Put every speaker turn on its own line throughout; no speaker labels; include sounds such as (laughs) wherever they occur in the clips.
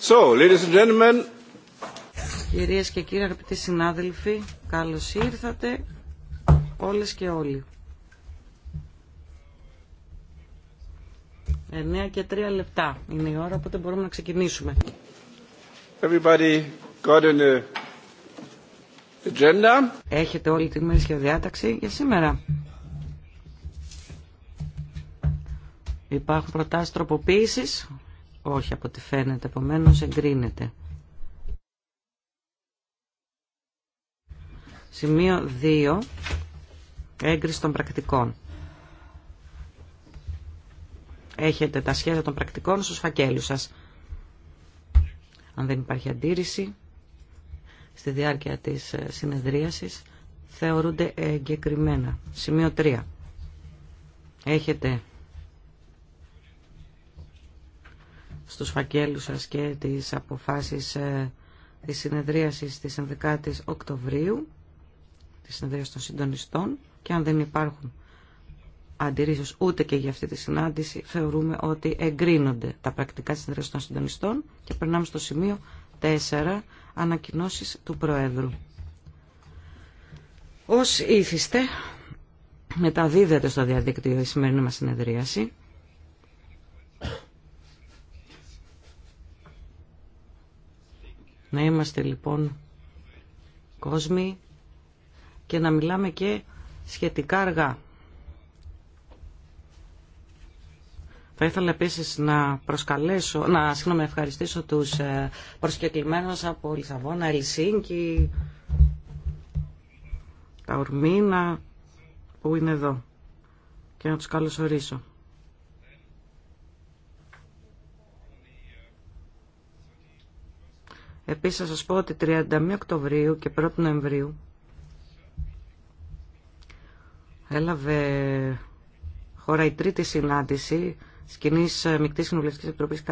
So, ladies and
gentlemen. Κυρίες και κύριοι αγαπητοί συνάδελφοι, καλώς ήρθατε όλες και όλοι. 9 και 3 λεπτά είναι η ώρα, οπότε μπορούμε να ξεκινήσουμε.
Everybody got an uh, agenda.
Έχετε όλη τη μέρη σχεδιάταξη για σήμερα. Υπάρχουν προτάσεις τροποποίησης. Όχι από ό,τι φαίνεται, επομένω εγκρίνεται. Σημείο 2. Έγκριση των πρακτικών. Έχετε τα σχέδια των πρακτικών στους φακέλους σας. Αν δεν υπάρχει αντίρρηση στη διάρκεια της ε, συνεδρίασης, θεωρούνται εγκεκριμένα. Σημείο 3. Έχετε στους φακέλους σας και τις αποφάσεις ε, της συνεδρίασης της 11ης Οκτωβρίου, της συνεδρίασης των συντονιστών και αν δεν υπάρχουν αντιρρήσεις ούτε και για αυτή τη συνάντηση θεωρούμε ότι εγκρίνονται τα πρακτικά της συνεδρίασης των συντονιστών και περνάμε στο σημείο 4 ανακοινώσεις του Προέδρου. Ως ήθιστε μεταδίδεται στο διαδίκτυο η σημερινή μας συνεδρίαση Να είμαστε λοιπόν κόσμοι και να μιλάμε και σχετικά αργά. Θα ήθελα επίσης να προσκαλέσω, να συγγνώμη, ευχαριστήσω τους ε, προσκεκλημένους από Λισαβόνα, Ελσίνκη, τα Ορμίνα που είναι εδώ και να τους καλωσορίσω. Επίσης θα σας πω ότι 31 Οκτωβρίου και 1 Νοεμβρίου έλαβε χώρα η τρίτη συνάντηση της κοινή ε, μεικτής κοινοβουλευτική Επιτροπής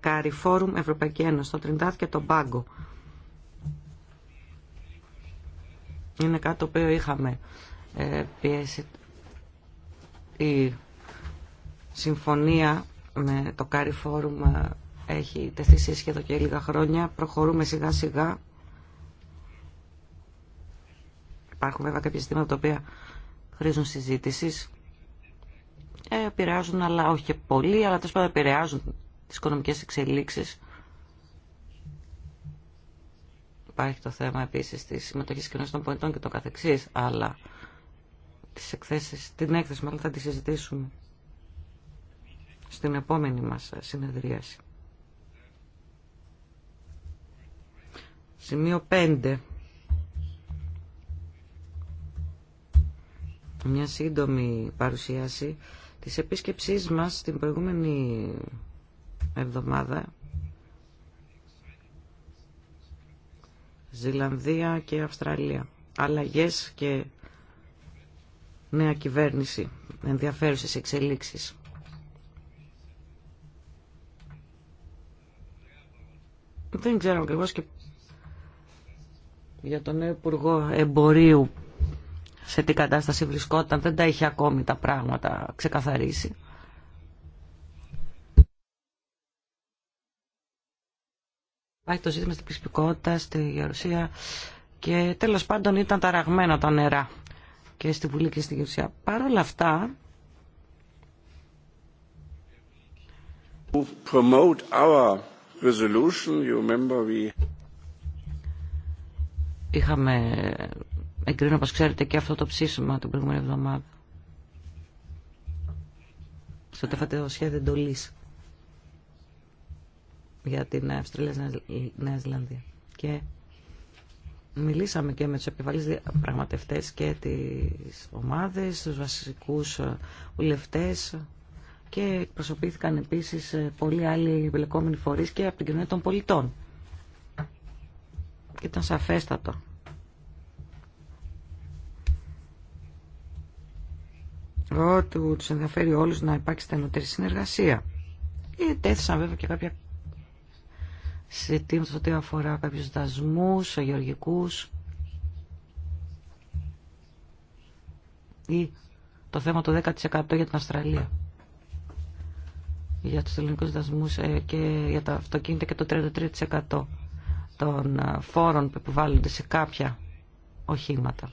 Καριφόρουμ Ευρωπαϊκή Ένωση, στο Τριντάθ και τον Πάγκο. Είναι κάτι το οποίο είχαμε ε, πιέσει. Η συμφωνία με το Κάριφόρουμ έχει τεθεί σε ισχύ εδώ και λίγα χρόνια. Προχωρούμε σιγά σιγά. Υπάρχουν βέβαια κάποια ζητήματα τα οποία χρήζουν συζήτηση. Ε, επηρεάζουν, αλλά όχι και πολύ, αλλά τέλο πάντων επηρεάζουν τι οικονομικέ εξελίξει. Υπάρχει το θέμα επίση τη συμμετοχή κοινωνία των πολιτών και το καθεξή, αλλά τις εκθέσεις, την έκθεση μάλλον θα τη συζητήσουμε στην επόμενη μας συνεδρίαση. Σημείο 5. Μια σύντομη παρουσίαση της επίσκεψής μας την προηγούμενη εβδομάδα Ζηλανδία και Αυστραλία. Αλλαγές και νέα κυβέρνηση, ενδιαφέρουσες εξελίξεις. Δεν ξέρω ακριβώ και για τον νέο Υπουργό Εμπορίου σε τι κατάσταση βρισκόταν, δεν τα είχε ακόμη τα πράγματα ξεκαθαρίσει. Υπάρχει το ζήτημα στην πισπικότητα, στη Γερουσία και τέλος πάντων ήταν ταραγμένα τα νερά και στη Βουλή και στη Γερουσία. Παρ' όλα αυτά,
promote our resolution. You we
είχαμε εγκρίνω όπως ξέρετε και αυτό το ψήσιμο την προηγούμενη εβδομάδα στο τεφατέο σχέδιο εντολή για την Αυστραλία Νέα Ζηλανδία. Και μιλήσαμε και με τους επιβαλείς πραγματευτές και τις ομάδες, τους βασικούς ουλευτές και εκπροσωπήθηκαν επίσης πολλοί άλλοι εμπλεκόμενοι φορείς και από την κοινωνία των πολιτών. ήταν σαφέστατο ότι τους ενδιαφέρει όλους να υπάρξει στενότερη συνεργασία. Και ε, τέθησαν βέβαια και κάποια ζητήματα ό,τι αφορά κάποιους δασμούς, γεωργικούς ή το θέμα το 10% για την Αυστραλία για τους ελληνικούς δασμούς ε, και για τα αυτοκίνητα και το 33% των ε, φόρων που επιβάλλονται σε κάποια οχήματα.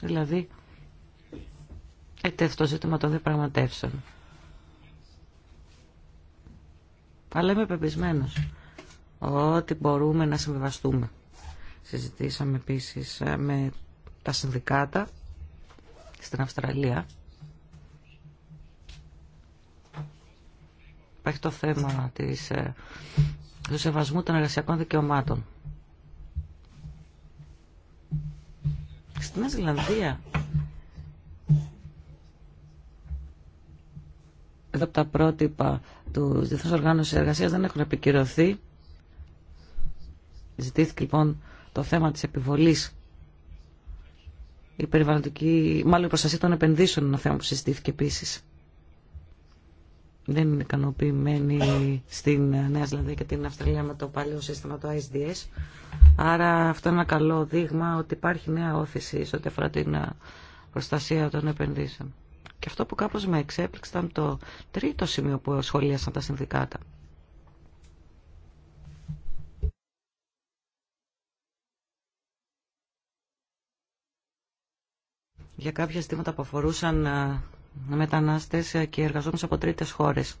Δηλαδή, το αυτό το ζήτημα των διαπραγματεύσεων. Αλλά είμαι ότι μπορούμε να συμβιβαστούμε. Συζητήσαμε επίση ε, με τα συνδικάτα στην Αυστραλία. Υπάρχει το θέμα της, ε, του σεβασμού των εργασιακών δικαιωμάτων. Στην Ζηλανδία Εδώ από τα πρότυπα του Διεθνούς Οργάνωσης Εργασίας δεν έχουν επικυρωθεί. Ζητήθηκε λοιπόν το θέμα της επιβολής η περιβαλλοντική, μάλλον η προστασία των επενδύσεων είναι ένα θέμα που συζητήθηκε επίση. Δεν είναι ικανοποιημένη στην Νέα Ζηλανδία και την Αυστραλία με το παλιό σύστημα το ISDS. Άρα αυτό είναι ένα καλό δείγμα ότι υπάρχει νέα όθηση σε ό,τι αφορά την προστασία των επενδύσεων. Και αυτό που κάπως με εξέπληξε ήταν το τρίτο σημείο που σχολίασαν τα συνδικάτα. για κάποια ζητήματα που αφορούσαν ε, μετανάστες ε, και εργαζόμενους από τρίτες χώρες.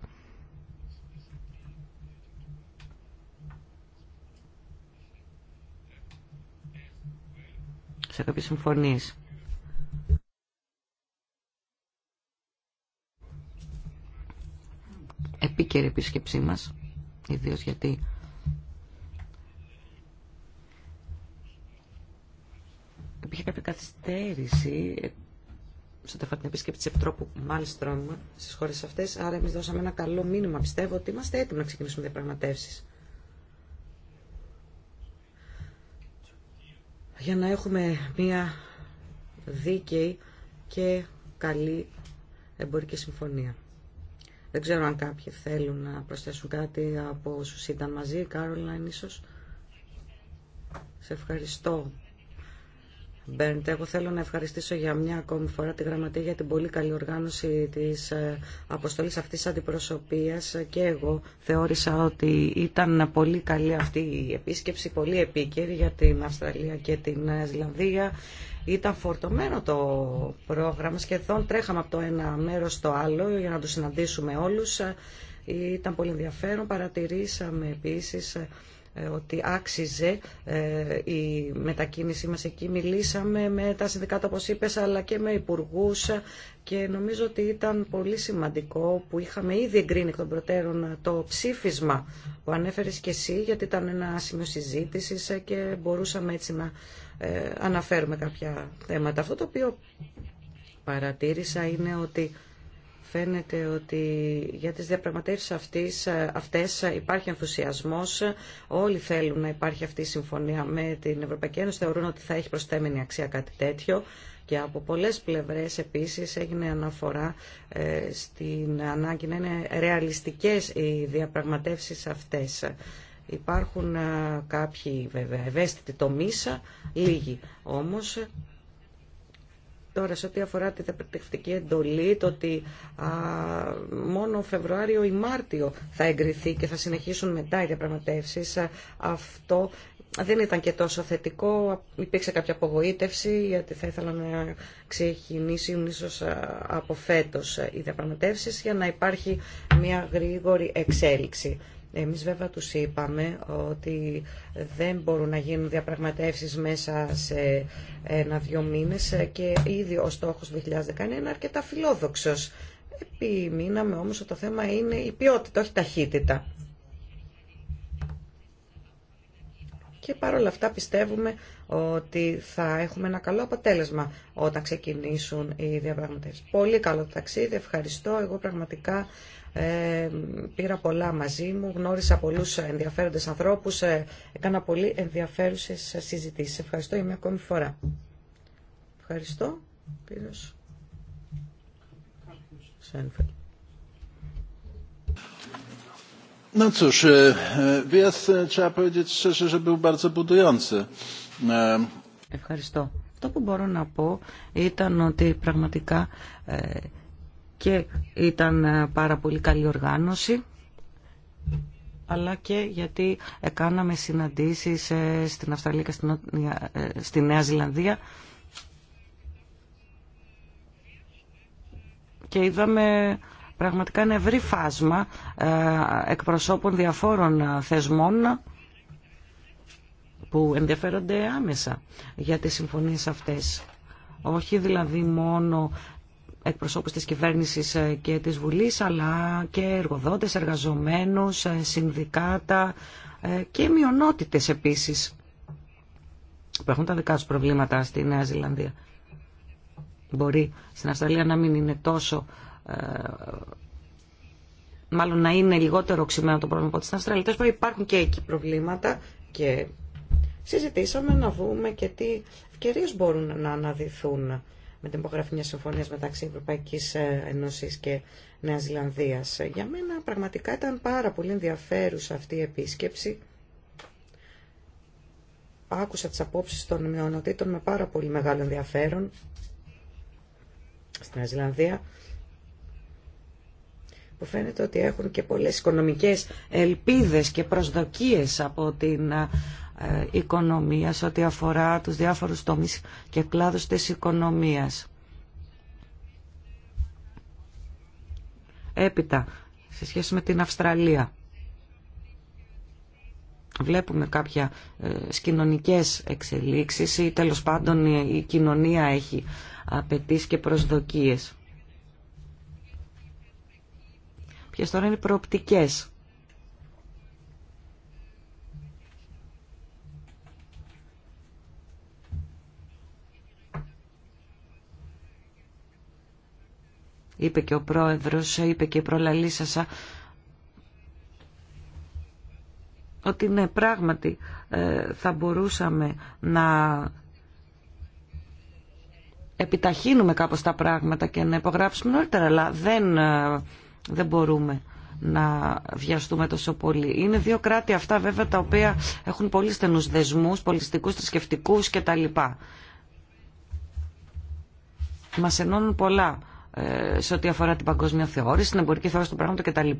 Σε κάποιες συμφωνίες. Η επίσκεψή μας, ιδίως γιατί υπήρχε κάποια καθυστέρηση σε αυτή την επίσκεψη τη Επιτρόπου Μάλστρομ στι χώρε αυτέ. Άρα, εμεί δώσαμε ένα καλό μήνυμα. Πιστεύω ότι είμαστε έτοιμοι να ξεκινήσουμε διαπραγματεύσει. Για να έχουμε μια δίκαιη και καλή εμπορική συμφωνία. Δεν ξέρω αν κάποιοι θέλουν να προσθέσουν κάτι από όσους ήταν μαζί. Κάρολα, ίσως. Σε ευχαριστώ. Εγώ θέλω να ευχαριστήσω για μια ακόμη φορά τη Γραμματεία για την πολύ καλή οργάνωση της ε, αποστολής αυτής τη αντιπροσωπείας και εγώ θεώρησα ότι ήταν πολύ καλή αυτή η επίσκεψη, πολύ επίκαιρη για την Αυστραλία και την Ισλανδία. Ε, ήταν φορτωμένο το πρόγραμμα, σχεδόν τρέχαμε από το ένα μέρος στο άλλο για να το συναντήσουμε όλους. Ε, ήταν πολύ ενδιαφέρον, παρατηρήσαμε επίσης ε, ότι άξιζε ε, η μετακίνησή μας εκεί. Μιλήσαμε με τα συνδικάτα, όπως είπες, αλλά και με υπουργού και νομίζω ότι ήταν πολύ σημαντικό που είχαμε ήδη εγκρίνει εκ των προτέρων το ψήφισμα που ανέφερες και εσύ, γιατί ήταν ένα σημείο συζήτηση και μπορούσαμε έτσι να ε, αναφέρουμε κάποια θέματα. Αυτό το οποίο παρατήρησα είναι ότι Φαίνεται ότι για τις διαπραγματεύσεις αυτές αυτές υπάρχει ενθουσιασμός. Όλοι θέλουν να υπάρχει αυτή η συμφωνία με την Ευρωπαϊκή Ένωση. Θεωρούν ότι θα έχει προσθέμενη αξία κάτι τέτοιο. Και από πολλές πλευρές επίσης έγινε αναφορά ε, στην ανάγκη να είναι ρεαλιστικές οι διαπραγματεύσεις αυτές. Υπάρχουν ε, κάποιοι βέβαια ευαίσθητοι τομείς, λίγοι όμως, Τώρα, σε ό,τι αφορά τη διαπραγματευτική εντολή, το ότι μόνο Φεβρουάριο ή Μάρτιο θα εγκριθεί και θα συνεχίσουν μετά οι διαπραγματεύσει, αυτό δεν ήταν και τόσο θετικό. Υπήρξε κάποια απογοήτευση, γιατί θα ήθελα να ξεκινήσουν ίσω από φέτο ε, οι διαπραγματεύσει για να υπάρχει μια γρήγορη εξέλιξη. Εμείς βέβαια τους είπαμε ότι δεν μπορούν να γίνουν διαπραγματεύσεις μέσα σε ένα-δυο μήνες και ήδη ο στόχος του 2019 είναι αρκετά φιλόδοξος. Επιμείναμε όμως ότι το θέμα είναι η ποιότητα, όχι ταχύτητα. Και παρόλα αυτά πιστεύουμε ότι θα έχουμε ένα καλό αποτέλεσμα όταν ξεκινήσουν οι διαπραγματεύσεις. Πολύ καλό ταξίδι, ευχαριστώ. Εγώ πραγματικά ε, πήρα πολλά μαζί μου, γνώρισα πολλούς ενδιαφέροντες ανθρώπους, ε, έκανα πολύ ενδιαφέρουσες συζητήσεις. Ευχαριστώ για μια ακόμη φορά. Ευχαριστώ. No cóż,
e, e, e, trzeba powiedzieć szczerze, że był bardzo budujący.
Ευχαριστώ. Αυτό που μπορώ να πω ήταν ότι πραγματικά ε, και ήταν ε, πάρα πολύ καλή οργάνωση αλλά και γιατί κάναμε συναντήσεις ε, στην Αυστραλία και ε, στη Νέα Ζηλανδία και είδαμε πραγματικά ένα ευρύ φάσμα εκπροσώπων διαφόρων θεσμών που ενδιαφέρονται άμεσα για τις συμφωνίες αυτές. Όχι δηλαδή μόνο εκπροσώπους της κυβέρνησης ε, και της Βουλής, αλλά και εργοδότες, εργαζομένους, ε, συνδικάτα ε, και μειονότητες επίσης που έχουν τα δικά τους προβλήματα στη Νέα Ζηλανδία. Μπορεί στην Αυστραλία να μην είναι τόσο μάλλον να είναι λιγότερο οξυμένο το πρόβλημα από τις Αυστραλία. που υπάρχουν και εκεί προβλήματα και συζητήσαμε να δούμε και τι ευκαιρίες μπορούν να αναδυθούν με την υπογραφή μια συμφωνία μεταξύ Ευρωπαϊκή ε, Ένωση και Νέα Ζηλανδία. Για μένα πραγματικά ήταν πάρα πολύ ενδιαφέρουσα αυτή η επίσκεψη. Άκουσα τις απόψεις των μειονοτήτων με πάρα πολύ μεγάλο ενδιαφέρον στην Ζηλανδία που φαίνεται ότι έχουν και πολλές οικονομικές ελπίδες και προσδοκίες από την ε, οικονομίας ό,τι αφορά τους διάφορους τομείς και κλάδους της οικονομίας. Έπειτα, σε σχέση με την Αυστραλία, βλέπουμε κάποια ε, κοινωνικές εξελίξεις ή τέλος πάντων η κοινωνία έχει απαιτήσει και προσδοκίες. Ποιες τώρα είναι οι προοπτικές είπε και ο πρόεδρος, είπε και η προλαλήσασα, ότι ναι, πράγματι ε, θα μπορούσαμε να επιταχύνουμε κάπως τα πράγματα και να υπογράψουμε νωρίτερα, αλλά δεν, ε, δεν μπορούμε να βιαστούμε τόσο πολύ. Είναι δύο κράτη αυτά βέβαια τα οποία έχουν πολύ στενούς δεσμούς, πολιτιστικούς, θρησκευτικού κτλ. Μας ενώνουν πολλά ε, σε ό,τι αφορά την παγκόσμια θεώρηση, την εμπορική θεώρηση του πράγματο κτλ.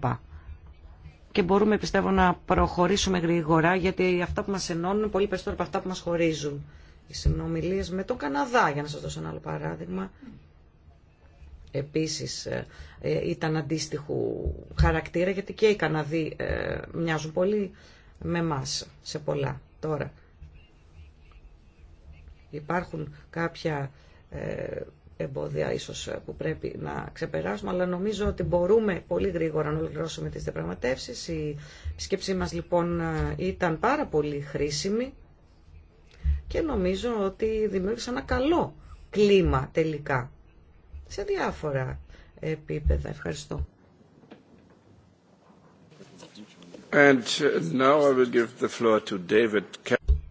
Και μπορούμε, πιστεύω, να προχωρήσουμε γρήγορα, γιατί αυτά που μας ενώνουν είναι πολύ περισσότερο από αυτά που μας χωρίζουν. Οι συνομιλίε με τον Καναδά, για να σας δώσω ένα άλλο παράδειγμα, επίσης ε, ε, ήταν αντίστοιχου χαρακτήρα, γιατί και οι Καναδοί μοιάζουν πολύ με εμά σε πολλά τώρα. Υπάρχουν κάποια εμπόδια ίσως ε, που πρέπει να ξεπεράσουμε, αλλά νομίζω ότι μπορούμε πολύ γρήγορα να ολοκληρώσουμε τις διαπραγματεύσεις. Η σκέψη μας λοιπόν ε, ήταν πάρα πολύ χρήσιμη και νομίζω ότι δημιούργησε ένα καλό κλίμα τελικά σε διάφορα επίπεδα. Ευχαριστώ.
And uh, now I will give the floor to David.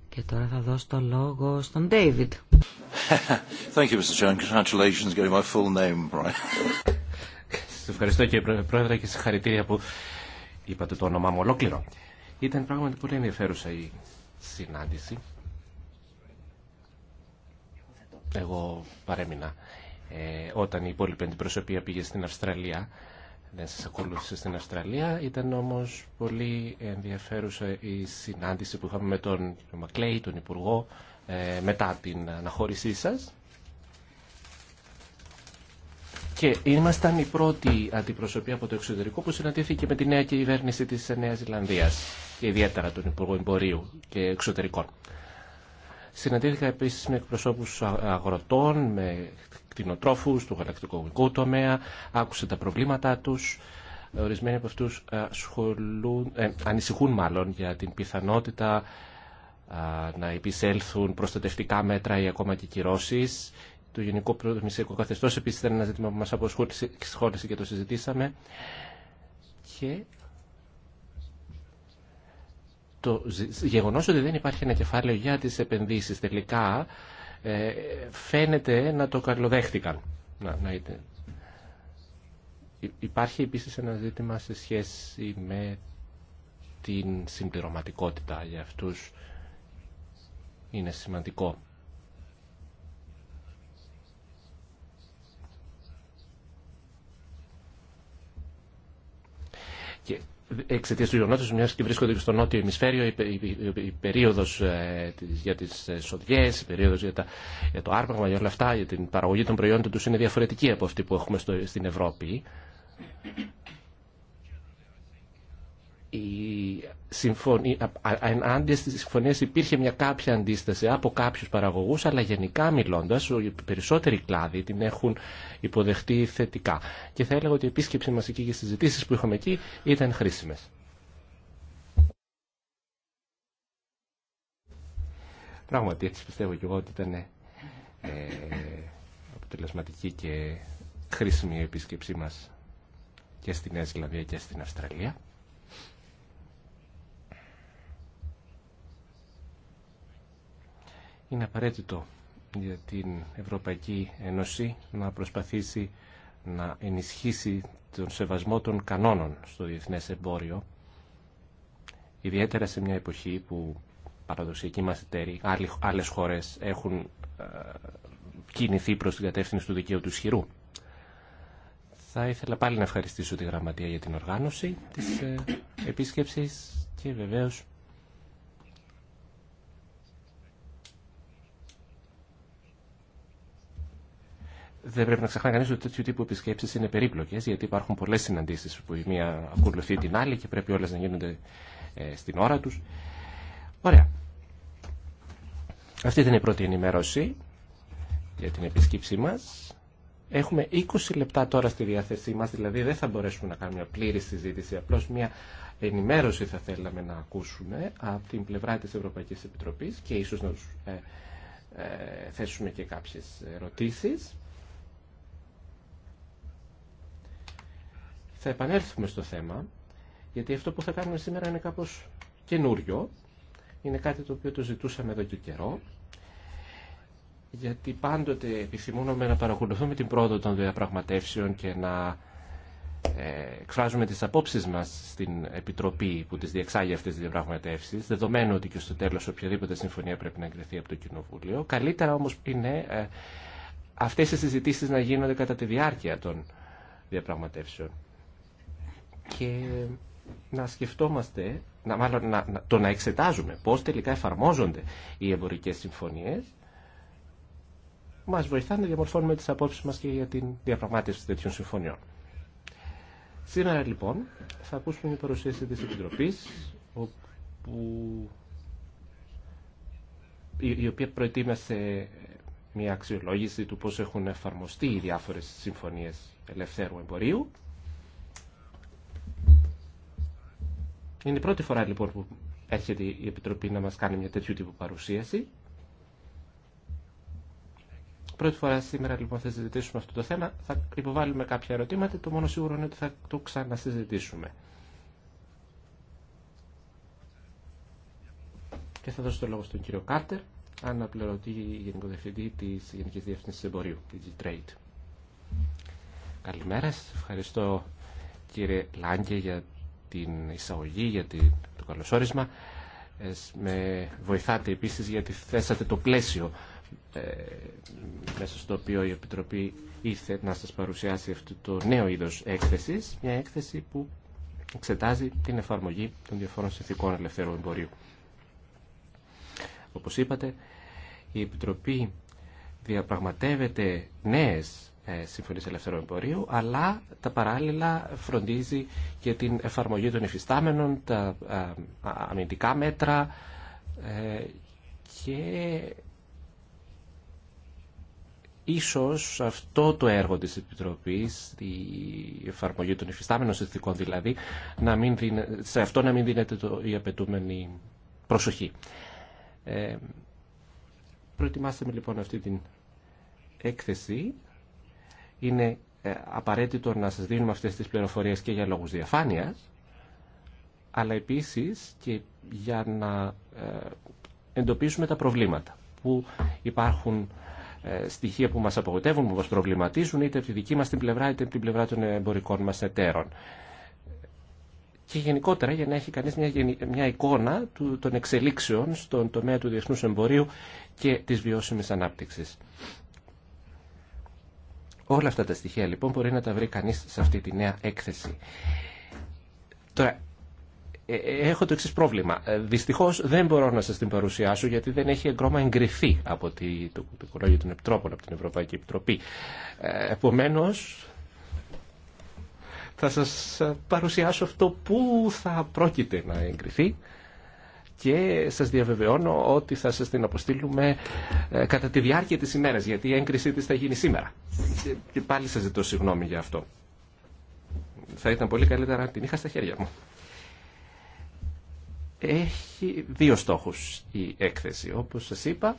Και τώρα θα δώσω το λόγο στον David. (laughs) Thank you, Mr. Chairman. Congratulations getting my full name
Σας ευχαριστώ κύριε Πρόεδρε και συγχαρητήρια που είπατε το όνομά μου ολόκληρο. Ήταν πράγματι πολύ ενδιαφέρουσα η συνάντηση. Εγώ παρέμεινα ε, όταν η υπόλοιπη αντιπροσωπεία πήγε στην Αυστραλία. Δεν σας ακολούθησε στην Αυστραλία. Ήταν όμως πολύ ενδιαφέρουσα η συνάντηση που είχαμε με τον Μακλέη, τον Υπουργό ε, μετά την αναχώρησή σας. Και ήμασταν η πρώτη αντιπροσωπή από το εξωτερικό που συναντήθηκε με τη νέα κυβέρνηση της Νέας Ζηλανδίας και ιδιαίτερα τον Υπουργό Εμπορίου και Εξωτερικών. Συναντήθηκα επίσης με εκπροσώπους αγροτών, με κτηνοτρόφους του γαλακτικού τομέα, άκουσε τα προβλήματά τους. Ορισμένοι από αυτούς ε, ανησυχούν μάλλον για την πιθανότητα να επισέλθουν προστατευτικά μέτρα ή ακόμα και κυρώσεις. Το Γενικό Προμηθευτικό καθεστώ. Επίση ήταν ένα ζήτημα που μας αποσχόλησε και το συζητήσαμε. Και το γεγονό ότι δεν υπάρχει ένα κεφάλαιο για τις επενδύσεις τελικά ε, φαίνεται να το καλοδέχτηκαν. Να, να είτε. Υπάρχει επίσης ένα ζήτημα σε σχέση με την συμπληρωματικότητα για αυτούς είναι σημαντικό. Και εξαιτία του γεγονότο, μια και βρίσκονται στο νότιο ημισφαίριο, η περίοδο ε, για τι ε, σοδιές, η περίοδο για, για το άρπαγμα, για όλα αυτά, για την παραγωγή των προϊόντων του είναι διαφορετική από αυτή που έχουμε στην Ευρώπη ενάντια στις συμφωνίες υπήρχε μια κάποια αντίσταση από κάποιους παραγωγούς, αλλά γενικά μιλώντας, οι περισσότεροι κλάδοι την έχουν υποδεχτεί θετικά. Και θα έλεγα ότι η επίσκεψη μας εκεί και οι συζητήσεις που είχαμε εκεί ήταν χρήσιμες. Πράγματι, έτσι πιστεύω και εγώ ότι ήταν ε, αποτελεσματική και χρήσιμη η επίσκεψή μας και στη Νέα και στην Αυστραλία. Είναι απαραίτητο για την Ευρωπαϊκή Ένωση να προσπαθήσει να ενισχύσει τον σεβασμό των κανόνων στο διεθνές εμπόριο, ιδιαίτερα σε μια εποχή που παραδοσιακοί μας εταίροι, άλλες χώρες έχουν ε, κινηθεί προς την κατεύθυνση του δικαίου του ισχυρού. Θα ήθελα πάλι να ευχαριστήσω τη Γραμματεία για την οργάνωση της ε, επίσκεψης και βεβαίως δεν πρέπει να ξεχνά κανεί ότι τέτοιου τύπου επισκέψει είναι περίπλοκε, γιατί υπάρχουν πολλέ συναντήσει που η μία ακολουθεί την άλλη και πρέπει όλε να γίνονται ε, στην ώρα του. Ωραία. Αυτή ήταν η πρώτη ενημέρωση για την επισκέψή μα. Έχουμε 20 λεπτά τώρα στη διάθεσή μα, δηλαδή δεν θα μπορέσουμε να κάνουμε μια πλήρη συζήτηση, απλώ μια ενημέρωση θα θέλαμε να ακούσουμε από την πλευρά τη Ευρωπαϊκή Επιτροπή και ίσω να του. Ε, ε, θέσουμε και κάποιες ερωτήσεις. Θα επανέλθουμε στο θέμα, γιατί αυτό που θα κάνουμε σήμερα είναι κάπως καινούριο. Είναι κάτι το οποίο το ζητούσαμε εδώ και καιρό. Γιατί πάντοτε επιθυμούμε να παρακολουθούμε την πρόοδο των διαπραγματεύσεων και να ε, εκφράζουμε τις απόψεις μας στην Επιτροπή που τις διεξάγει αυτές τις διαπραγματεύσεις, δεδομένου ότι και στο τέλος οποιαδήποτε συμφωνία πρέπει να εγκριθεί από το Κοινοβούλιο. Καλύτερα όμως είναι ε, αυτές οι συζητήσεις να γίνονται κατά τη διάρκεια των διαπραγματεύσεων και να σκεφτόμαστε, να, μάλλον να, να, το να εξετάζουμε πώς τελικά εφαρμόζονται οι εμπορικές συμφωνίες μας βοηθά να διαμορφώνουμε τις απόψεις μας και για την διαπραγμάτευση τέτοιων συμφωνιών. Σήμερα λοιπόν θα ακούσουμε την παρουσίαση της Επιτροπής όπου... η οποία προετοίμασε μια αξιολόγηση του πώς έχουν εφαρμοστεί οι διάφορες συμφωνίες ελευθέρου εμπορίου Είναι η πρώτη φορά λοιπόν που έρχεται η Επιτροπή να μας κάνει μια τέτοιου τύπου παρουσίαση. Πρώτη φορά σήμερα λοιπόν θα συζητήσουμε αυτό το θέμα. Θα υποβάλουμε κάποια ερωτήματα. Το μόνο σίγουρο είναι ότι θα το ξανασυζητήσουμε. Και θα δώσω το λόγο στον κύριο Κάρτερ, αναπληρωτή Γενικό Διευθυντή τη Γενικής Διεύθυνσης Εμπορίου, DigiTrade. Καλημέρα Ευχαριστώ κύριε Λάγκε για την εισαγωγή, για το καλωσόρισμα. Με βοηθάτε επίσης γιατί θέσατε το πλαίσιο ε, μέσα στο οποίο η Επιτροπή ήρθε να σας παρουσιάσει αυτό το νέο είδος έκθεσης, μια έκθεση που εξετάζει την εφαρμογή των διαφόρων συνθήκων ελευθερού εμπορίου. Όπως είπατε, η Επιτροπή διαπραγματεύεται νέες ε, συμφωνίες ελευθερών εμπορίου, αλλά τα παράλληλα φροντίζει και την εφαρμογή των υφιστάμενων, τα αμυντικά μέτρα ε, και ίσως αυτό το έργο της Επιτροπής, η εφαρμογή των υφιστάμενων συνθήκων δηλαδή, να μην σε αυτό να μην δίνεται το, η απαιτούμενη προσοχή. Ε, προετοιμάσαμε λοιπόν αυτή την έκθεση είναι ε, απαραίτητο να σας δίνουμε αυτές τις πληροφορίες και για λόγους διαφάνειας, αλλά επίσης και για να ε, εντοπίσουμε τα προβλήματα που υπάρχουν ε, στοιχεία που μας απογοητεύουν, που μας προβληματίζουν είτε από τη δική μας την πλευρά είτε από την πλευρά των εμπορικών μας εταίρων. Και γενικότερα για να έχει κανείς μια, εικόνα του, των εξελίξεων στον τομέα του διεθνούς εμπορίου και της βιώσιμης ανάπτυξης. Όλα αυτά τα στοιχεία λοιπόν μπορεί να τα βρει κανείς σε αυτή τη νέα έκθεση. Τώρα, ε, ε, έχω το εξή πρόβλημα. Ε, Δυστυχώ δεν μπορώ να σα την παρουσιάσω γιατί δεν έχει εγκρόμα εγκριθεί από τη, το, το Κολόγιο των Επιτρόπων, από την Ευρωπαϊκή Επιτροπή. Επομένω, θα σας παρουσιάσω αυτό που θα πρόκειται να εγκριθεί και σας διαβεβαιώνω ότι θα σας την αποστείλουμε ε, κατά τη διάρκεια της ημέρας, γιατί η έγκρισή της θα γίνει σήμερα. Και πάλι σας ζητώ συγγνώμη για αυτό. Θα ήταν πολύ καλύτερα να την είχα στα χέρια μου. Έχει δύο στόχους η έκθεση. Όπως σας είπα,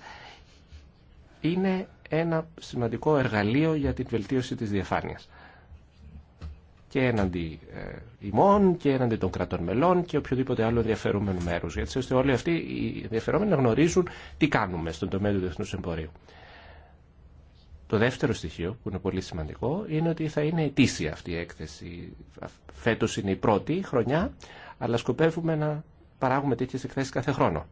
είναι ένα σημαντικό εργαλείο για την βελτίωση της διαφάνειας και έναντι ε, ημών και έναντι των κρατών μελών και οποιοδήποτε άλλο ενδιαφερόμενο μέρους. Γιατί ώστε όλοι αυτοί οι ενδιαφερόμενοι να γνωρίζουν τι κάνουμε στον τομέα του διεθνούς εμπορίου. Το δεύτερο στοιχείο που είναι πολύ σημαντικό είναι ότι θα είναι ετήσια αυτή η έκθεση. Φέτος είναι η πρώτη χρονιά, αλλά σκοπεύουμε να παράγουμε τέτοιε εκθέσει κάθε χρόνο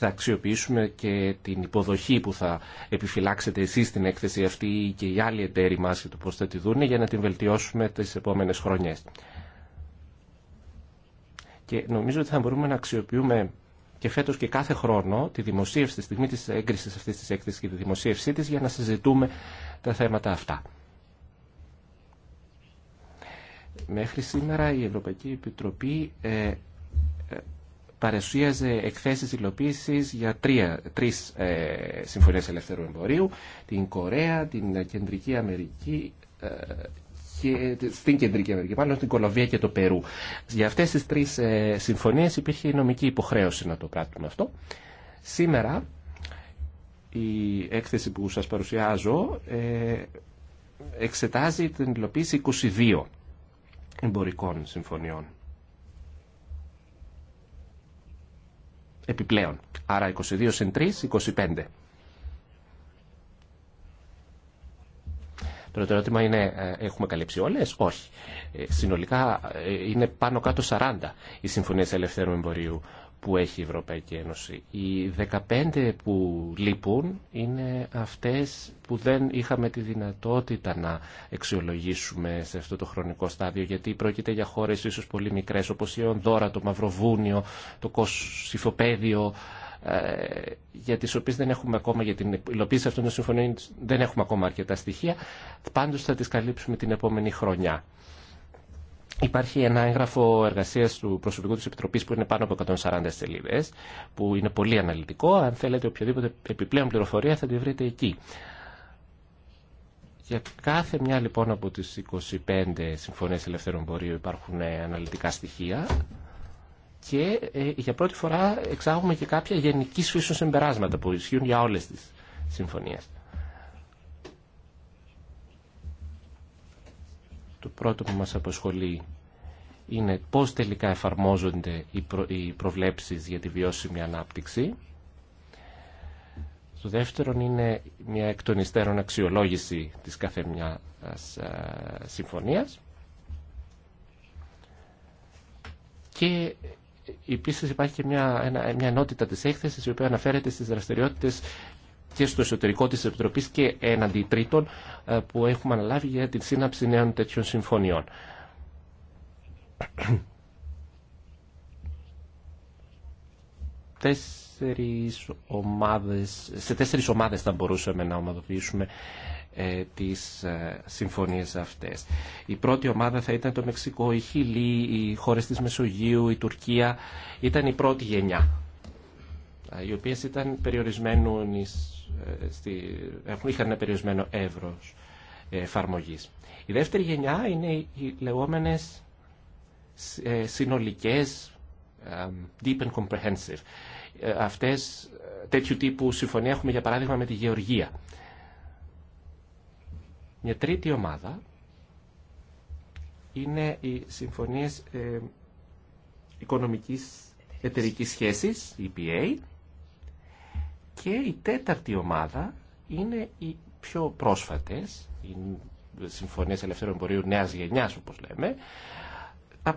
θα αξιοποιήσουμε και την υποδοχή που θα επιφυλάξετε εσείς στην έκθεση αυτή και οι άλλοι εταίροι μας για το πώς θα τη δούνε για να την βελτιώσουμε τις επόμενες χρονιές. Και νομίζω ότι θα μπορούμε να αξιοποιούμε και φέτος και κάθε χρόνο τη δημοσίευση, τη στιγμή της έγκρισης αυτής της έκθεσης και τη δημοσίευσή της για να συζητούμε τα θέματα αυτά. Μέχρι σήμερα η Ευρωπαϊκή Επιτροπή ε, παρουσίαζε εκθέσεις υλοποίησης για τρία, τρεις ε, συμφωνίες ελευθερού εμπορίου, την Κορέα, την Κεντρική Αμερική ε, και, στην Κεντρική Αμερική, μάλλον στην Κολομβία και το Περού. Για αυτές τις τρεις ε, συμφωνίες υπήρχε η νομική υποχρέωση να το πράττουμε αυτό. Σήμερα η έκθεση που σας παρουσιάζω ε, εξετάζει την υλοποίηση 22 εμπορικών συμφωνιών επιπλέον. Άρα 22 συν 3, 25. το ερώτημα είναι, ε, έχουμε καλύψει όλε. Όχι. Ε, συνολικά ε, είναι πάνω κάτω 40 οι συμφωνίε ελευθέρου εμπορίου που έχει η Ευρωπαϊκή Ένωση. Οι 15 που λείπουν είναι αυτές που δεν είχαμε τη δυνατότητα να εξιολογήσουμε σε αυτό το χρονικό στάδιο, γιατί πρόκειται για χώρες ίσως πολύ μικρές, όπως η Ονδόρα, το Μαυροβούνιο, το Κωσυφοπαίδιο, ε, για τις οποίες δεν έχουμε ακόμα, για την υλοποίηση αυτών των συμφωνίων δεν έχουμε ακόμα αρκετά στοιχεία, πάντως θα τις καλύψουμε την επόμενη χρονιά. Υπάρχει ένα έγγραφο εργασία του προσωπικού τη Επιτροπή που είναι πάνω από 140 σελίδε, που είναι πολύ αναλυτικό. Αν θέλετε οποιαδήποτε επιπλέον πληροφορία θα τη βρείτε εκεί. Για κάθε μια λοιπόν από τις 25 συμφωνίες ελευθερών πορείου υπάρχουν αναλυτικά στοιχεία και ε, για πρώτη φορά εξάγουμε και κάποια γενική φύσεων συμπεράσματα που ισχύουν για όλες τις συμφωνίες. Το πρώτο που μας απασχολεί είναι πώς τελικά εφαρμόζονται οι προβλέψεις για τη βιώσιμη ανάπτυξη. Το δεύτερο είναι μια εκ των υστέρων αξιολόγηση της κάθε μιας ε, συμφωνίας. Και επίση υπάρχει και μια, μια ενότητα της έκθεσης η οποία αναφέρεται στις δραστηριότητες και στο εσωτερικό της Επιτροπής και έναντι τρίτων ε, που έχουμε αναλάβει για την σύναψη νέων τέτοιων συμφωνιών. Τέσσερις ομάδες, σε τέσσερις ομάδες θα μπορούσαμε να ομαδοποιήσουμε ε, τις ε, συμφωνίες αυτές. Η πρώτη ομάδα θα ήταν το Μεξικό, η Χιλή, οι χώρες της Μεσογείου, η Τουρκία. Ήταν η πρώτη γενιά, οι οποίες ήταν περιορισμένου είχαν ένα περιορισμένο εύρος εφαρμογή. Η δεύτερη γενιά είναι οι λεγόμενες ε, συνολικές deep and comprehensive. Ε, αυτές ε, τέτοιου τύπου συμφωνία έχουμε για παράδειγμα με τη Γεωργία. Μια τρίτη ομάδα είναι οι συμφωνίες οικονομικής εταιρικής σχέσης, EPA, και η τέταρτη ομάδα είναι οι πιο πρόσφατες, οι συμφωνίες ελευθέρων εμπορίου νέας γενιάς όπως λέμε,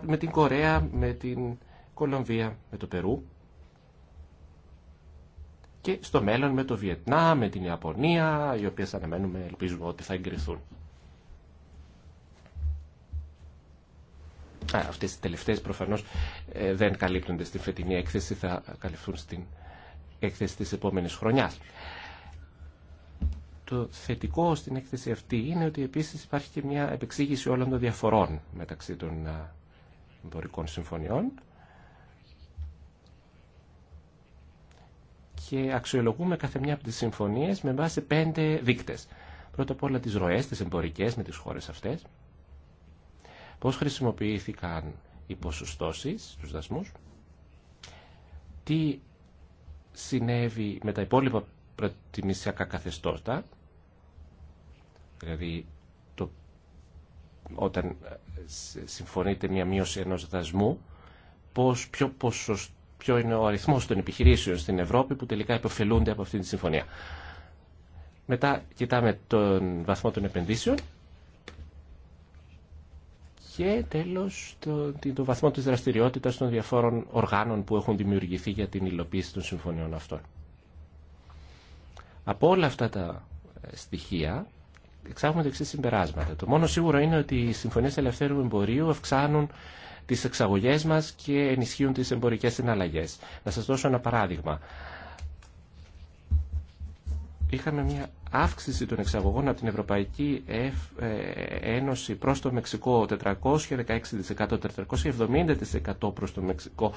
με την Κορέα, με την Κολομβία, με το Περού και στο μέλλον με το Βιετνά, με την Ιαπωνία, οι οποίες αναμένουμε, ελπίζουμε ότι θα εγκριθούν. αυτές οι τελευταίες προφανώς ε, δεν καλύπτονται στην φετινή έκθεση, θα καλυφθούν στην έκθεση της επόμενης χρονιάς. Το θετικό στην έκθεση αυτή είναι ότι επίσης υπάρχει και μια επεξήγηση όλων των διαφορών μεταξύ των εμπορικών συμφωνιών και αξιολογούμε κάθε μια από τις συμφωνίες με βάση πέντε δείκτες. Πρώτα απ' όλα τις ροές, τις εμπορικές με τις χώρες αυτές, πώς χρησιμοποιήθηκαν οι ποσοστώσεις τους δασμούς, τι συνέβη με τα υπόλοιπα προτιμησιακά καθεστώτα, δηλαδή το, όταν ε, συμφωνείται μια μείωση ενός δασμού, πώς, ποιο, είναι ο αριθμός των επιχειρήσεων στην Ευρώπη που τελικά υποφελούνται από αυτή τη συμφωνία. Μετά κοιτάμε τον βαθμό των επενδύσεων και τέλος το, το βαθμό της δραστηριότητας των διαφόρων οργάνων που έχουν δημιουργηθεί για την υλοποίηση των συμφωνιών αυτών. Από όλα αυτά τα ε, στοιχεία εξάγουμε δεξί συμπεράσματα. Το μόνο σίγουρο είναι ότι οι συμφωνίες ελευθέρου εμπορίου αυξάνουν τις εξαγωγές μας και ενισχύουν τις εμπορικές συναλλαγές. Να σας δώσω ένα παράδειγμα είχαμε μια αύξηση των εξαγωγών από την Ευρωπαϊκή ε, Ένωση προς το Μεξικό 416%, 470% προς το Μεξικό,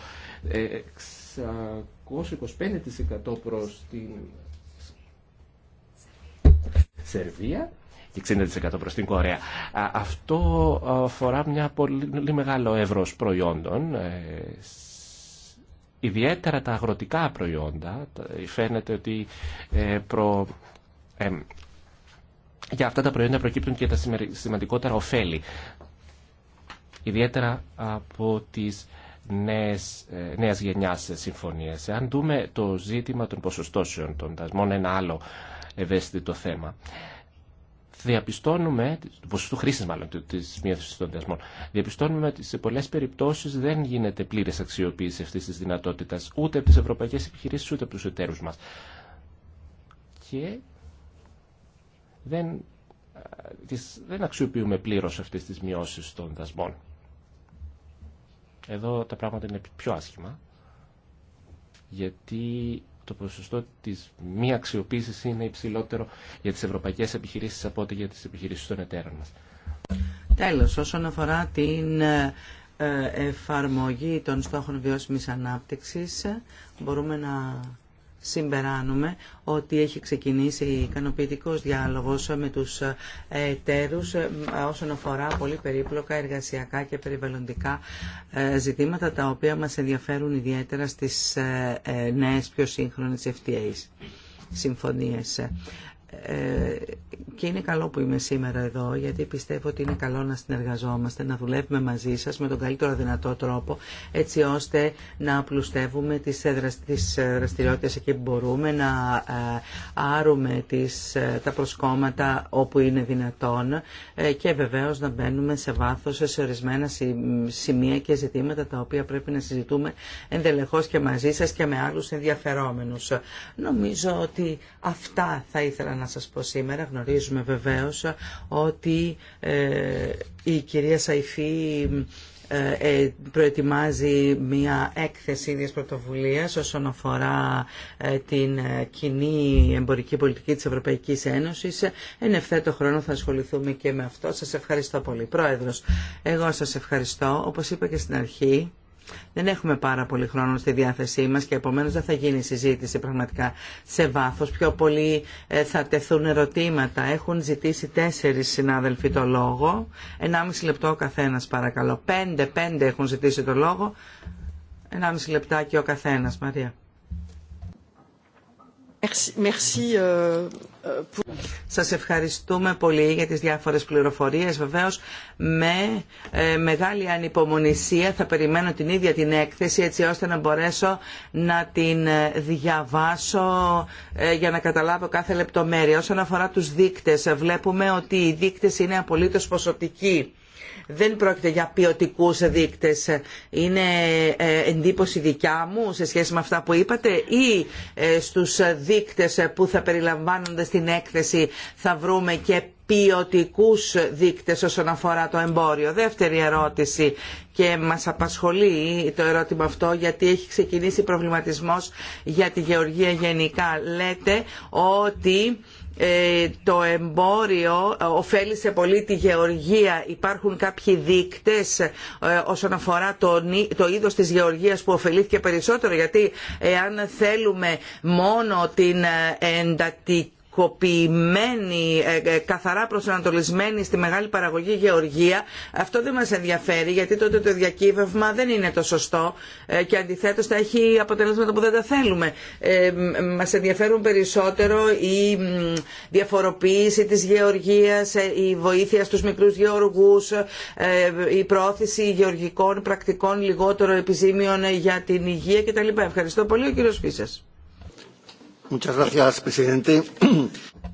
625% ε, προς την Σερβία και 60% προς την Κορέα. Αυτό αφορά μια πολύ μεγάλο εύρος προϊόντων ε, ιδιαίτερα τα αγροτικά προϊόντα, φαίνεται ότι ε, προ... ε, για αυτά τα προϊόντα προκύπτουν και τα σημαντικότερα ωφέλη. Ιδιαίτερα από τις νέες, ε, νέες γενιάς συμφωνίες. Αν δούμε το ζήτημα των ποσοστώσεων των δασμών, ένα άλλο ευαίσθητο θέμα διαπιστώνουμε, ποσοστού μάλλον τη μείωση των δεσμών, διαπιστώνουμε ότι σε πολλέ περιπτώσει δεν γίνεται πλήρε αξιοποίηση αυτή τη δυνατότητα ούτε από τι ευρωπαϊκέ επιχειρήσει ούτε από του εταίρου μα. Και δεν, ε, δεν αξιοποιούμε πλήρω αυτέ τι μειώσει των δασμών. Εδώ τα πράγματα είναι πιο άσχημα γιατί το ποσοστό της μη αξιοποίηση είναι υψηλότερο για τις ευρωπαϊκές επιχειρήσεις από ό,τι για τις επιχειρήσεις των εταίρων
μα. Τέλος, όσον αφορά την ε, ε, εφαρμογή των στόχων βιώσιμη ανάπτυξη, μπορούμε να συμπεράνουμε ότι έχει ξεκινήσει ικανοποιητικό διάλογος με τους εταίρους ε, όσον αφορά πολύ περίπλοκα εργασιακά και περιβαλλοντικά ε, ζητήματα τα οποία μας ενδιαφέρουν ιδιαίτερα στις ε, νέες πιο σύγχρονες FTAs συμφωνίες. Ε, και είναι καλό που είμαι σήμερα εδώ γιατί πιστεύω ότι είναι καλό να συνεργαζόμαστε, να δουλεύουμε μαζί σας με τον καλύτερο δυνατό τρόπο έτσι ώστε να απλουστεύουμε τις, τις δραστηριότητες εκεί που μπορούμε, να ε, άρουμε τις, ε, τα προσκόμματα όπου είναι δυνατόν και βεβαίως να μπαίνουμε σε βάθος σε ορισμένα σημεία και ζητήματα τα οποία πρέπει να συζητούμε εντελεχώς και μαζί σας και με άλλους ενδιαφερόμενους.
Νομίζω
ότι αυτά θα ήθελα να να σας πω σήμερα. Γνωρίζουμε βεβαίως ότι ε, η κυρία Σαϊφή ε, ε, προετοιμάζει μια έκθεση ίδιας πρωτοβουλίας όσον αφορά την κοινή εμπορική πολιτική της Ευρωπαϊκής Ένωσης. Εν ευθέτω χρόνο θα ασχοληθούμε και με αυτό. Σας ευχαριστώ πολύ. Πρόεδρος, εγώ σας ευχαριστώ. Όπως είπα και στην αρχή, δεν έχουμε πάρα πολύ χρόνο στη διάθεσή μας και επομένως δεν θα γίνει συζήτηση πραγματικά σε βάθος. Πιο πολύ ε, θα τεθούν ερωτήματα. Έχουν ζητήσει τέσσερι συνάδελφοι το λόγο. Ενάμιση λεπτό ο καθένας παρακαλώ. Πέντε, πέντε έχουν ζητήσει το λόγο. Ενάμιση λεπτάκι ο καθένας, Μαρία. Euh, euh, Σας ευχαριστούμε πολύ για τις διάφορες πληροφορίες. Βεβαίως με ε, μεγάλη ανυπομονησία θα περιμένω την ίδια την έκθεση έτσι ώστε να μπορέσω να την ε, διαβάσω ε, για να καταλάβω κάθε λεπτομέρεια. Όσον αφορά τους δείκτες βλέπουμε ότι οι δείκτες είναι απολύτως ποσοτικοί δεν πρόκειται για ποιοτικού δείκτε. Είναι ε, εντύπωση δικιά μου σε σχέση με αυτά που είπατε ή ε, στους δείκτε που θα περιλαμβάνονται στην έκθεση θα βρούμε και ποιοτικού δείκτε όσον αφορά το εμπόριο. Δεύτερη ερώτηση και μας απασχολεί το ερώτημα αυτό γιατί έχει ξεκινήσει προβληματισμός για τη γεωργία γενικά. Λέτε ότι ε, το εμπόριο ωφέλησε πολύ τη γεωργία. Υπάρχουν κάποιοι δείκτες ε, όσον αφορά το, το είδος της γεωργίας που ωφελήθηκε περισσότερο γιατί εάν θέλουμε μόνο την ε, εντατική ενεργοποιημένη, ε, ε, καθαρά προσανατολισμένη στη μεγάλη παραγωγή γεωργία, αυτό δεν μας ενδιαφέρει γιατί τότε το διακύβευμα δεν είναι το σωστό ε, και αντιθέτως θα έχει αποτελέσματα που δεν τα θέλουμε. Μας ενδιαφέρουν περισσότερο η διαφοροποίηση της γεωργίας, η βοήθεια στους μικρούς γεωργούς, η πρόθεση γεωργικών πρακτικών λιγότερο επιζήμιων για την υγεία κτλ. Ευχαριστώ πολύ ο κύριος Φίσας.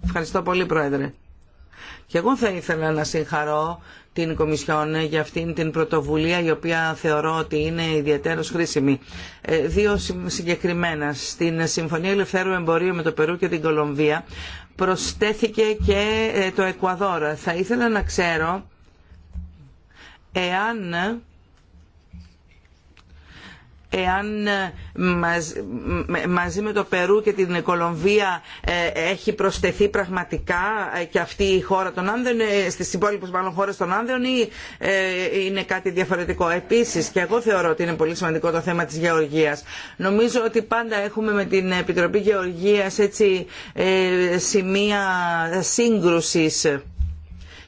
Ευχαριστώ πολύ, Πρόεδρε. Και εγώ θα ήθελα να συγχαρώ την Κομισιόν για αυτήν την πρωτοβουλία η οποία θεωρώ ότι είναι ιδιαίτερως χρήσιμη. Ε, δύο συγκεκριμένα. Στην Συμφωνία Ελευθέρου Εμπορίου με το Περού και την Κολομβία προστέθηκε και ε, το Εκουαδόρ. Θα ήθελα να ξέρω εάν εάν ε, μαζί με το Περού και την Κολομβία ε, έχει προσθεθεί πραγματικά ε, και αυτή η χώρα των Άνδεων, στις υπόλοιπες μάλλον χώρες των Άνδεων ή είναι κάτι διαφορετικό. Επίσης, και εγώ θεωρώ ότι είναι πολύ σημαντικό το θέμα της γεωργίας. Νομίζω ότι πάντα έχουμε με την Επιτροπή Γεωργίας έτσι σημεία σύγκρουσης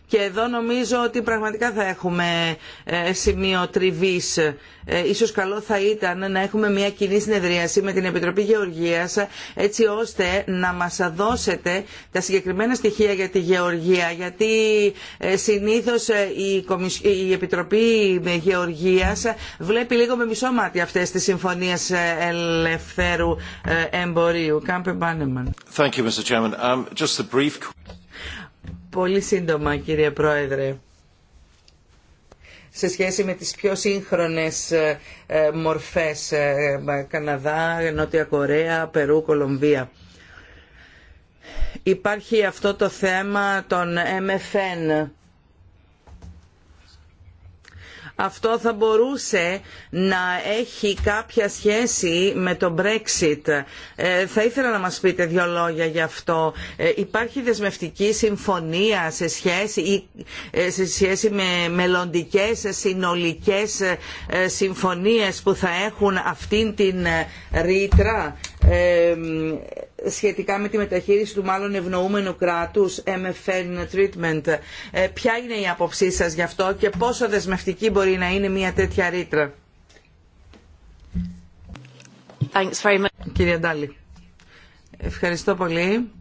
και εδώ νομίζω ότι πραγματικά θα έχουμε ε, σημείο τριβής. Ε, ίσως καλό θα ήταν να έχουμε μια κοινή συνεδρίαση με την Επιτροπή Γεωργίας έτσι ώστε να μας δώσετε τα συγκεκριμένα στοιχεία για τη Γεωργία γιατί ε, συνήθως η Επιτροπή Γεωργίας βλέπει λίγο με μισό μάτι αυτές τις συμφωνίες ελευθέρου εμπορίου. Κάμπε Μπάνεμαν.
Um,
Πολύ σύντομα κύριε Πρόεδρε σε σχέση με τις πιο σύγχρονες ε, ε, μορφές ε, Καναδά, Νότια Κορέα, Περού, Κολομβία. Υπάρχει αυτό το θέμα των MFN αυτό θα μπορούσε να έχει κάποια σχέση με το Brexit. Ε, θα ήθελα να μας πείτε δύο λόγια γι' αυτό. Ε, υπάρχει δεσμευτική συμφωνία σε σχέση, ε, σε σχέση με μελλοντικές συνολικές συμφωνίες που θα έχουν αυτήν την ρήτρα σχετικά με τη μεταχείριση του μάλλον ευνοούμενου κράτους, MFN treatment. Ε, ποια είναι η άποψή σας γι' αυτό και πόσο δεσμευτική μπορεί να είναι μια τέτοια ρήτρα. Thanks Κύριε Ντάλη, ευχαριστώ πολύ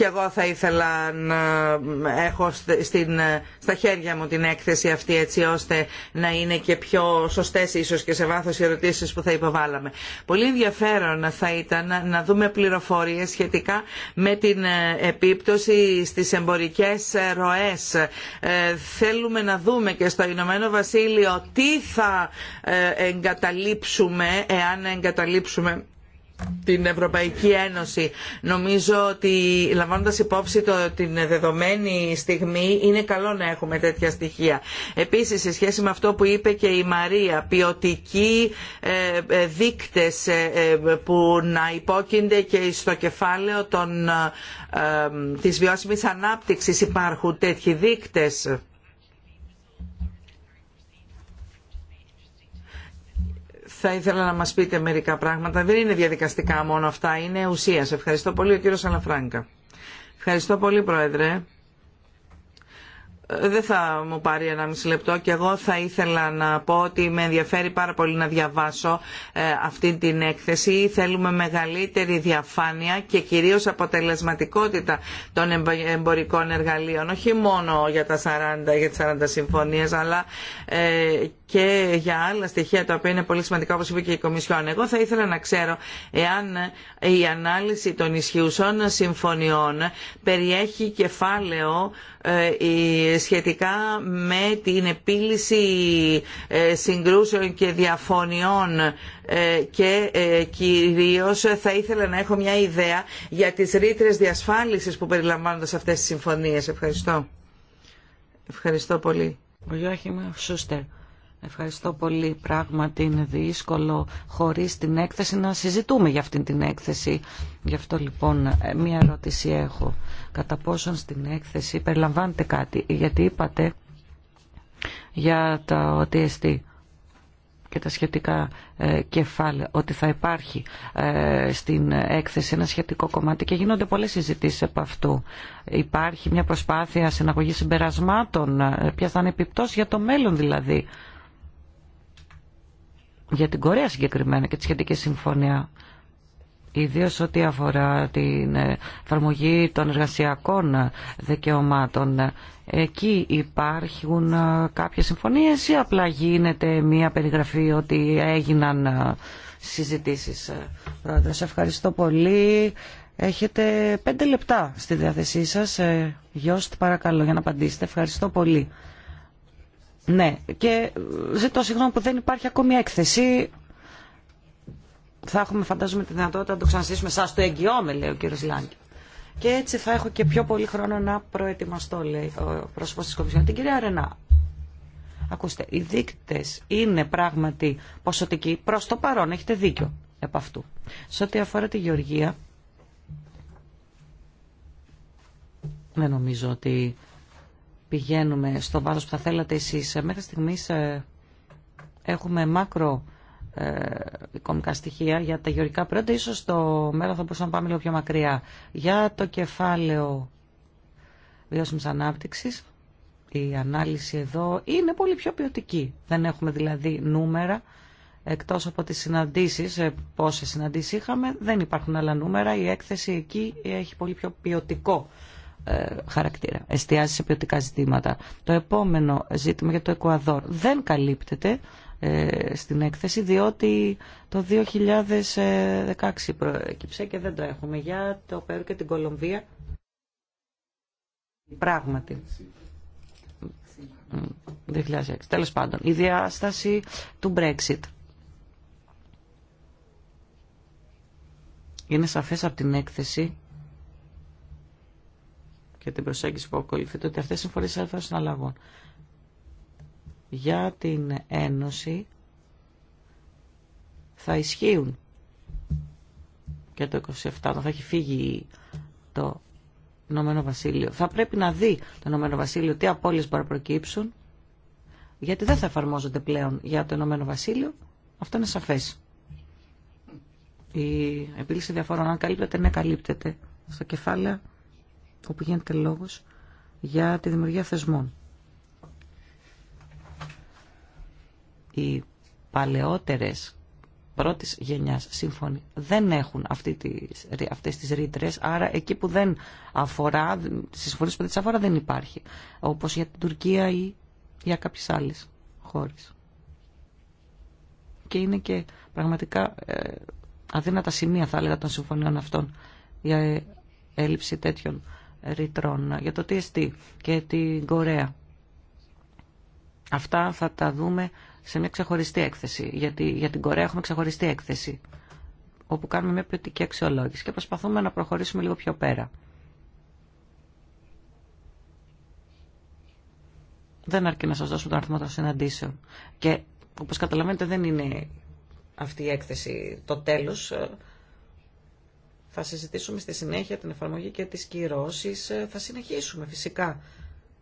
και εγώ θα ήθελα να έχω στην, στα χέρια μου την έκθεση αυτή έτσι ώστε να είναι και πιο σωστές ίσως και σε βάθος οι ερωτήσεις που θα υποβάλαμε. Πολύ ενδιαφέρον θα ήταν να δούμε πληροφορίες σχετικά με την ε, επίπτωση στις εμπορικές ε, ροές. Ε, θέλουμε να δούμε και στο Ηνωμένο Βασίλειο τι θα εγκαταλείψουμε εάν εγκαταλείψουμε την Ευρωπαϊκή Ένωση. Νομίζω ότι λαμβάνοντας υπόψη το, την δεδομένη στιγμή είναι καλό να έχουμε τέτοια στοιχεία. Επίσης σε σχέση με αυτό που είπε και η Μαρία, ποιοτικοί ε, ε δείκτες ε, ε, που να υπόκεινται και στο κεφάλαιο των, ε, της βιώσιμης ανάπτυξης υπάρχουν τέτοιοι δείκτες. θα ήθελα να μας πείτε μερικά πράγματα. Δεν είναι διαδικαστικά μόνο αυτά, είναι ουσίας. Ευχαριστώ πολύ ο κύριος Αλαφράγκα. Ευχαριστώ πολύ Πρόεδρε δεν θα μου πάρει ένα μισή λεπτό και εγώ θα ήθελα να πω ότι με ενδιαφέρει πάρα πολύ να διαβάσω ε, αυτή την έκθεση. Θέλουμε μεγαλύτερη διαφάνεια και κυρίως αποτελεσματικότητα των εμπορικών εργαλείων, όχι μόνο για, τα 40, για τις 40 συμφωνίες, αλλά ε, και για άλλα στοιχεία τα οποία είναι πολύ σημαντικά όπως είπε και η Κομισιόν. Εγώ θα ήθελα να ξέρω εάν η ανάλυση των ισχυουσών συμφωνιών περιέχει κεφάλαιο ε, σχετικά με την επίλυση ε, συγκρούσεων και διαφωνιών ε, και κυρίως θα ήθελα να έχω μια ιδέα για τις ρήτρες διασφάλισης που περιλαμβάνονται σε αυτές τις συμφωνίες. Ευχαριστώ. Ευχαριστώ πολύ. Ευχαριστώ πολύ.
Πράγματι είναι δύσκολο χωρίς την έκθεση να συζητούμε για αυτήν την έκθεση. Γι' αυτό λοιπόν ε, μία ερώτηση έχω. Κατά πόσον στην έκθεση περιλαμβάνετε κάτι. Γιατί είπατε για το έστι και τα σχετικά ε, κεφάλαια ότι θα υπάρχει ε, στην έκθεση ένα σχετικό κομμάτι και γίνονται πολλές συζητήσεις από αυτού. Υπάρχει μια προσπάθεια συναγωγής συμπερασμάτων, ποια θα είναι επιπτώσει για το μέλλον δηλαδή για την Κορέα συγκεκριμένα και τη σχετική συμφωνία. Ιδίω ό,τι αφορά την ε, εφαρμογή των εργασιακών δικαιωμάτων. Εκεί υπάρχουν ε, κάποιες συμφωνίες ή απλά γίνεται μία περιγραφή ότι έγιναν ε, συζητήσεις. Πρόεδρε, ευχαριστώ πολύ. Έχετε πέντε λεπτά στη διάθεσή σας. Γιώστ, παρακαλώ, για να απαντήσετε. Ευχαριστώ πολύ. Ναι, και ζητώ συγγνώμη που δεν υπάρχει ακόμη έκθεση. Θα έχουμε φαντάζομαι τη δυνατότητα να το ξανασύσουμε σας το εγγυώμαι, λέει ο κύριος Λάγκη. Και έτσι θα έχω και πιο πολύ χρόνο να προετοιμαστώ, λέει ο πρόσωπο τη Κομισιόν. Την κυρία Ρενά, ακούστε, οι δείκτες είναι πράγματι ποσοτικοί προς το παρόν, έχετε δίκιο επ' αυτού. Σε ό,τι αφορά τη Γεωργία, δεν νομίζω ότι πηγαίνουμε στο βάθος που θα θέλατε εσείς. Μέχρι στιγμής ε, έχουμε μάκρο οικονομικά ε, στοιχεία για τα γεωρικά πρώτα. Ίσως στο μέλλον θα μπορούσαμε να πάμε λίγο πιο μακριά. Για το κεφάλαιο βιώσιμης ανάπτυξης, η ανάλυση εδώ είναι πολύ πιο ποιοτική. Δεν έχουμε δηλαδή νούμερα. Εκτός από τις συναντήσεις, ε, πόσες συναντήσεις είχαμε, δεν υπάρχουν άλλα νούμερα. Η έκθεση εκεί έχει πολύ πιο ποιοτικό ε, χαρακτήρα, εστιάζει σε ποιοτικά ζητήματα. Το επόμενο ζήτημα για το Εκουαδόρ δεν καλύπτεται ε, στην έκθεση διότι το 2016 προέκυψε και δεν το έχουμε για το Περού και την Κολομβία πράγματι 2006 τέλος πάντων η διάσταση του Brexit είναι σαφές από την έκθεση και την προσέγγιση που ακολουθείται ότι αυτές οι συμφωνίες έφεραν συναλλαγών για την Ένωση θα ισχύουν και το 27 θα έχει φύγει το Ηνωμένο Βασίλειο. Θα πρέπει να δει το Ηνωμένο Βασίλειο τι απώλειες μπορεί να προκύψουν γιατί δεν θα εφαρμόζονται πλέον για το Ηνωμένο Βασίλειο. Αυτό είναι σαφές. Η επίλυση διαφορών αν καλύπτεται, ναι καλύπτεται. Στο κεφάλαιο όπου γίνεται λόγος για τη δημιουργία θεσμών. Οι παλαιότερες πρώτης γενιάς σύμφωνοι δεν έχουν αυτή τις, αυτές τις ρήτρε, άρα εκεί που δεν αφορά, στις συμφωνίες που δεν αφορά δεν υπάρχει, όπως για την Τουρκία ή για κάποιες άλλες χώρες. Και είναι και πραγματικά ε, αδύνατα σημεία θα έλεγα των συμφωνιών αυτών για ε, έλλειψη τέτοιων ρητρών για το TST και την Κορέα. Αυτά θα τα δούμε σε μια ξεχωριστή έκθεση, γιατί για την Κορέα έχουμε ξεχωριστή έκθεση, όπου κάνουμε μια ποιοτική αξιολόγηση και προσπαθούμε να προχωρήσουμε λίγο πιο πέρα. Δεν αρκεί να σας δώσουμε τον αριθμό των συναντήσεων. Και όπως καταλαβαίνετε δεν είναι αυτή η έκθεση το τέλος. Θα συζητήσουμε στη συνέχεια την εφαρμογή και τις κυρώσεις. Θα συνεχίσουμε φυσικά.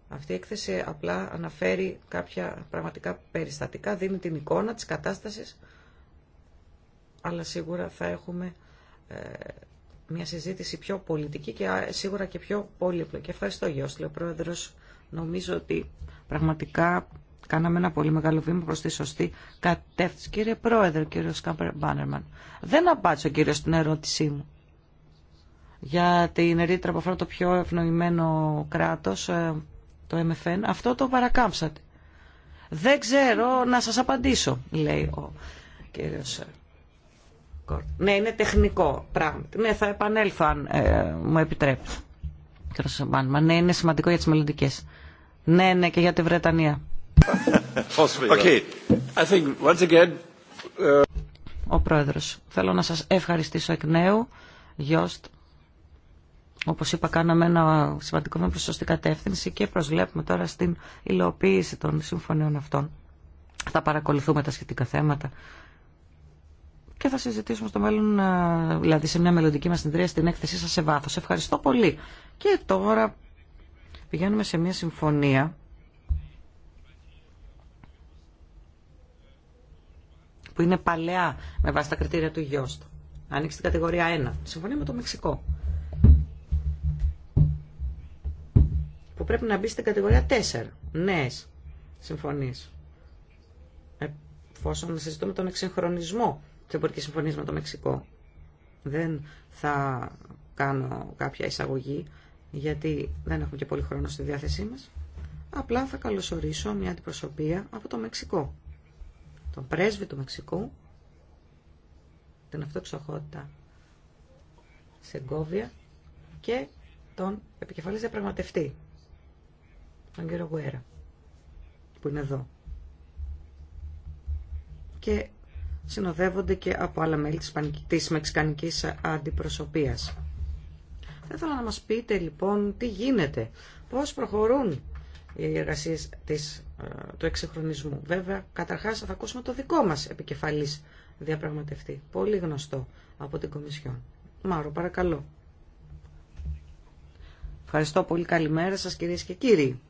Αυτή η έκθεση απλά αναφέρει κάποια πραγματικά περιστατικά, δίνει την εικόνα της κατάστασης, αλλά σίγουρα θα έχουμε ε, μια συζήτηση πιο πολιτική και σίγουρα και πιο πολύπλοκη. Ευχαριστώ, Γιώστη. ο Πρόεδρος. Νομίζω ότι πραγματικά κάναμε ένα πολύ μεγάλο βήμα προς τη σωστή κατεύθυνση. Κύριε Πρόεδρε, κύριο Σκάμπερ Μπάνερμαν, δεν απάντησε ο κύριος στην ερώτησή μου για την ρήτρα που αφορά το πιο ευνοημένο κράτος, ε, το MFN, αυτό το παρακάμψατε. Δεν ξέρω να σας απαντήσω, λέει ο κύριος ε, Κόρτ. Ναι, είναι τεχνικό πράγμα. Ναι, θα επανέλθω αν ε, μου επιτρέπει. Ναι, είναι σημαντικό για τις μελλοντικές Ναι, ναι, και για τη Βρετανία. Uh, ο Πρόεδρος, θέλω να σας ευχαριστήσω εκ νέου. Γιώστ, όπως είπα, κάναμε ένα σημαντικό με προς σωστή κατεύθυνση και προσβλέπουμε τώρα στην υλοποίηση των συμφωνιών αυτών. Θα παρακολουθούμε τα σχετικά θέματα και θα συζητήσουμε στο μέλλον, ε, δηλαδή σε μια μελλοντική μας συνδρία, στην έκθεσή σας σε βάθος. Ευχαριστώ πολύ. Και τώρα πηγαίνουμε σε μια συμφωνία που είναι παλαιά με βάση τα κριτήρια του Γιώστο. Ανοίξει την κατηγορία 1. Συμφωνία με το Μεξικό. πρέπει να μπει στην κατηγορία 4. Νέες συμφωνίες. Εφόσον συζητούμε τον εξυγχρονισμό τη εμπορική συμφωνία με το Μεξικό. Δεν θα κάνω κάποια εισαγωγή γιατί δεν έχουμε και πολύ χρόνο στη διάθεσή μας. Απλά θα καλωσορίσω μια αντιπροσωπεία από το Μεξικό. Τον πρέσβη του Μεξικού, την αυτοξοχότητα Σεγκόβια και τον επικεφαλής διαπραγματευτή τον κύριο Γουέρα, που είναι εδώ. Και συνοδεύονται και από άλλα μέλη της, της Μεξικανικής Αντιπροσωπείας. Θα ήθελα να μας πείτε λοιπόν τι γίνεται, πώς προχωρούν οι εργασίες της, ε, του εξυγχρονισμού. Βέβαια, καταρχάς θα ακούσουμε το δικό μας επικεφαλής διαπραγματευτή, πολύ γνωστό από την Κομισιόν. Μάρο, παρακαλώ. Ευχαριστώ πολύ. Καλημέρα σας κυρίες και κύριοι.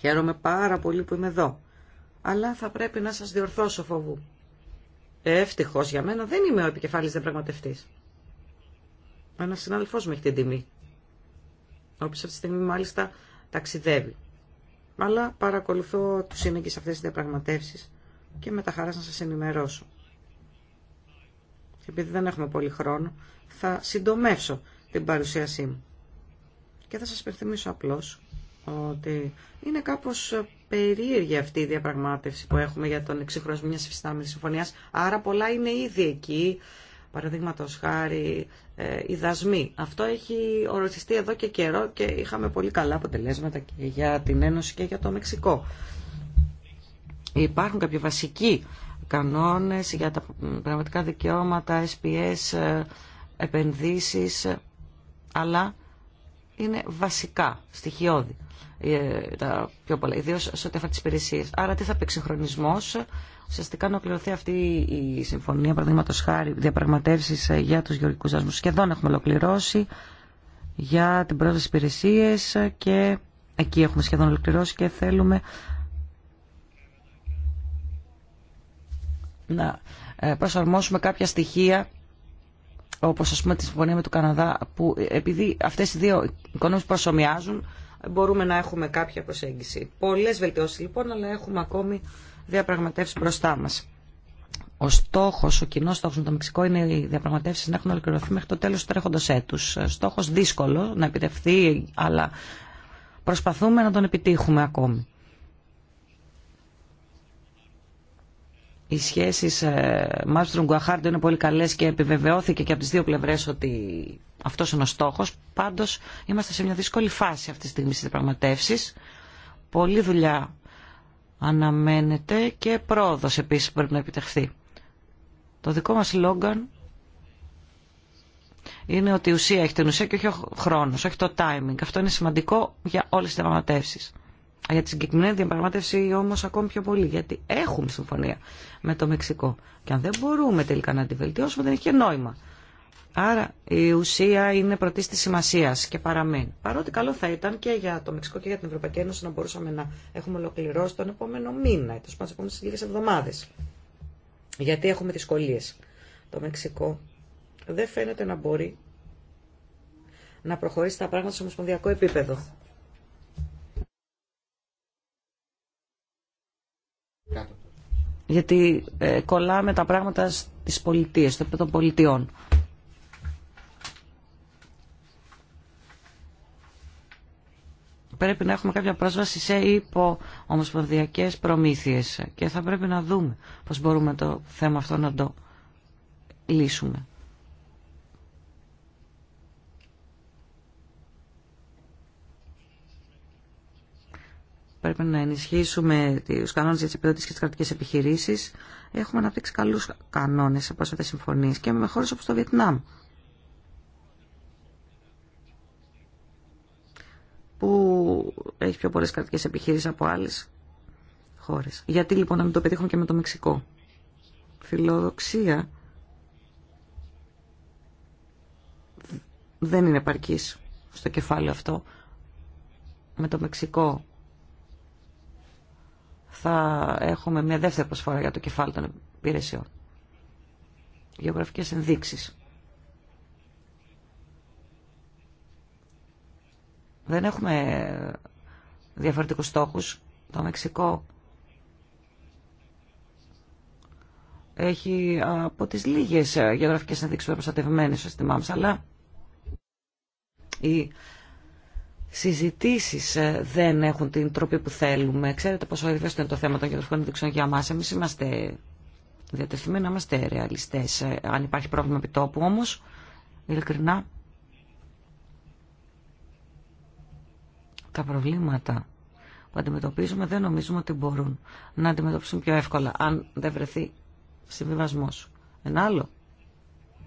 Χαίρομαι πάρα πολύ που είμαι εδώ. Αλλά θα πρέπει να σας διορθώσω φοβού. Ευτυχώς για μένα δεν είμαι ο επικεφάλης διαπραγματευτής. Ένα συνάδελφό μου έχει την τιμή. Όπως αυτή τη στιγμή μάλιστα ταξιδεύει. Αλλά παρακολουθώ του σύνεγγυ αυτές τις διαπραγματεύσεις και με τα χαρά να σα ενημερώσω. Επειδή δεν έχουμε πολύ χρόνο, θα συντομεύσω την παρουσίασή μου. Και θα σας υπενθυμίσω απλώς ότι είναι κάπως περίεργη αυτή η διαπραγμάτευση που έχουμε για τον εξυγχρονισμό μιας φυστάμενης συμφωνίας. Άρα πολλά είναι ήδη εκεί, παραδείγματο χάρη ε, οι δασμοί. Αυτό έχει οριστεί εδώ και καιρό και είχαμε πολύ καλά αποτελέσματα και για την Ένωση και για το Μεξικό. Υπάρχουν κάποιοι βασικοί κανόνες για τα πραγματικά δικαιώματα, SPS, ε, επενδύσεις, ε, αλλά είναι βασικά, στοιχειώδη, ε, τα πιο πολλά, ιδίω σε ό,τι αφορά τι υπηρεσίε. Άρα, τι θα πει εξυγχρονισμό, ουσιαστικά να ολοκληρωθεί αυτή η συμφωνία, παραδείγματο χάρη, διαπραγματεύσει ε, για του γεωργικού δασμού. Σχεδόν έχουμε ολοκληρώσει για την πρόσβαση υπηρεσίε και εκεί έχουμε σχεδόν ολοκληρώσει και θέλουμε να ε, προσαρμόσουμε κάποια στοιχεία όπως ας πούμε τη συμφωνία με το Καναδά, που επειδή αυτές οι δύο οικονομίες προσωμιάζουν, μπορούμε να έχουμε κάποια προσέγγιση. Πολλές βελτιώσεις λοιπόν, αλλά έχουμε ακόμη διαπραγματεύσεις μπροστά μας. Ο στόχο, ο κοινό στόχο με το Μεξικό είναι οι διαπραγματεύσει να έχουν ολοκληρωθεί μέχρι το τέλο του τρέχοντο έτου. Στόχο δύσκολο να επιτευχθεί, αλλά προσπαθούμε να τον επιτύχουμε ακόμη. οι σχέσεις Μάστρου ε, Γκουαχάρντο είναι πολύ καλές και επιβεβαιώθηκε και από τις δύο πλευρές ότι αυτός είναι ο στόχος. Πάντως είμαστε σε μια δύσκολη φάση αυτή τη στιγμή στις διαπραγματεύσεις. Πολύ δουλειά αναμένεται και πρόοδος επίσης πρέπει να επιτευχθεί. Το δικό μας λόγκαν είναι ότι η ουσία έχει την ουσία και όχι ο χρόνος, όχι το timing. Αυτό είναι σημαντικό για όλες τις διαπραγματεύσεις. Για τη συγκεκριμένη διαπραγμάτευση όμω ακόμη πιο πολύ. Γιατί έχουμε συμφωνία με το Μεξικό. Και αν δεν μπορούμε τελικά να τη βελτιώσουμε, δεν έχει και νόημα. Άρα η ουσία είναι πρωτή τη σημασία και παραμένει. Παρότι καλό θα ήταν και για το Μεξικό και για την Ευρωπαϊκή Ένωση να μπορούσαμε να έχουμε ολοκληρώσει τον επόμενο μήνα ή τι επόμενε λίγε εβδομάδε. Γιατί έχουμε δυσκολίε. Το Μεξικό δεν φαίνεται να μπορεί να προχωρήσει τα πράγματα σε ομοσπονδιακό επίπεδο. Γιατί ε, κολλάμε τα πράγματα στις πολιτείες, στο επίπεδο των πολιτιών. Πρέπει να έχουμε κάποια πρόσβαση σε υποομοσπονδιακές προμήθειες και θα πρέπει να δούμε πώς μπορούμε το θέμα αυτό να το λύσουμε. Πρέπει να ενισχύσουμε του κανόνε για τι επιδοτήσει και τι κρατικέ επιχειρήσει. Έχουμε αναπτύξει καλού κανόνε σε πρόσφατε συμφωνίε και με χώρε όπω το Βιετνάμ. Που έχει πιο πολλέ κρατικέ επιχειρήσει από άλλε χώρε. Γιατί λοιπόν να μην το πετύχουμε και με το Μεξικό. Φιλοδοξία δεν είναι επαρκή στο κεφάλαιο αυτό. Με το Μεξικό θα έχουμε μια δεύτερη προσφορά για το κεφάλι των υπηρεσιών. Γεωγραφικές ενδείξεις. Δεν έχουμε διαφορετικούς στόχους. Το Μεξικό έχει από τις λίγες γεωγραφικές ενδείξεις που είναι προστατευμένες στο αλλά η συζητήσεις ε, δεν έχουν την τροπή που θέλουμε. Ξέρετε πόσο ευαίσθητο είναι το θέμα των κεντροφικών ενδείξεων για μας. Εμείς είμαστε διατεθειμένοι να είμαστε ρεαλιστές. Ε, αν υπάρχει πρόβλημα επιτόπου όμως, ειλικρινά, τα προβλήματα που αντιμετωπίζουμε δεν νομίζουμε ότι μπορούν να αντιμετωπίσουν πιο εύκολα αν δεν βρεθεί συμβιβασμό. Ένα άλλο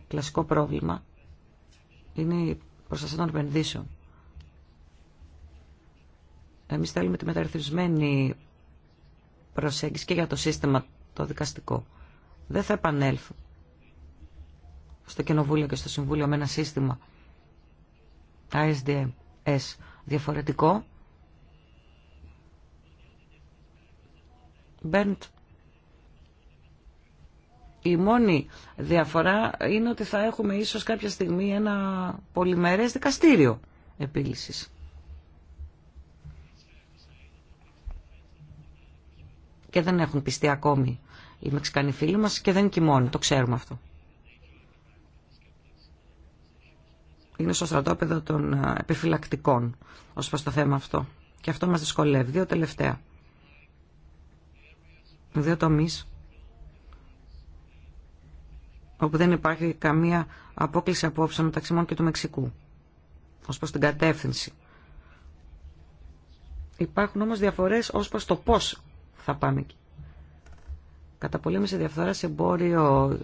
κλασικό πρόβλημα είναι η προστασία των επενδύσεων. Εμεί θέλουμε τη μεταρρυθμισμένη προσέγγιση και για το σύστημα το δικαστικό. Δεν θα επανέλθω στο Κοινοβούλιο και στο Συμβούλιο με ένα σύστημα ISDS διαφορετικό. Μπέρντ, η μόνη διαφορά είναι ότι θα έχουμε ίσως κάποια στιγμή ένα πολυμερές δικαστήριο επίλυσης. και δεν έχουν πιστεί ακόμη οι Μεξικανοί φίλοι μας και δεν είναι και μόνοι, το ξέρουμε αυτό. Είναι στο στρατόπεδο των επιφυλακτικών ως προς το θέμα αυτό. Και αυτό μας δυσκολεύει. Δύο τελευταία. Δύο τομείς όπου δεν υπάρχει καμία απόκληση απόψεων μεταξύ μόνο και του Μεξικού ως προς την κατεύθυνση. Υπάρχουν όμως διαφορές ως προς το πώς θα πάμε εκεί. Καταπολέμηση διαφθορά σε εμπόριο.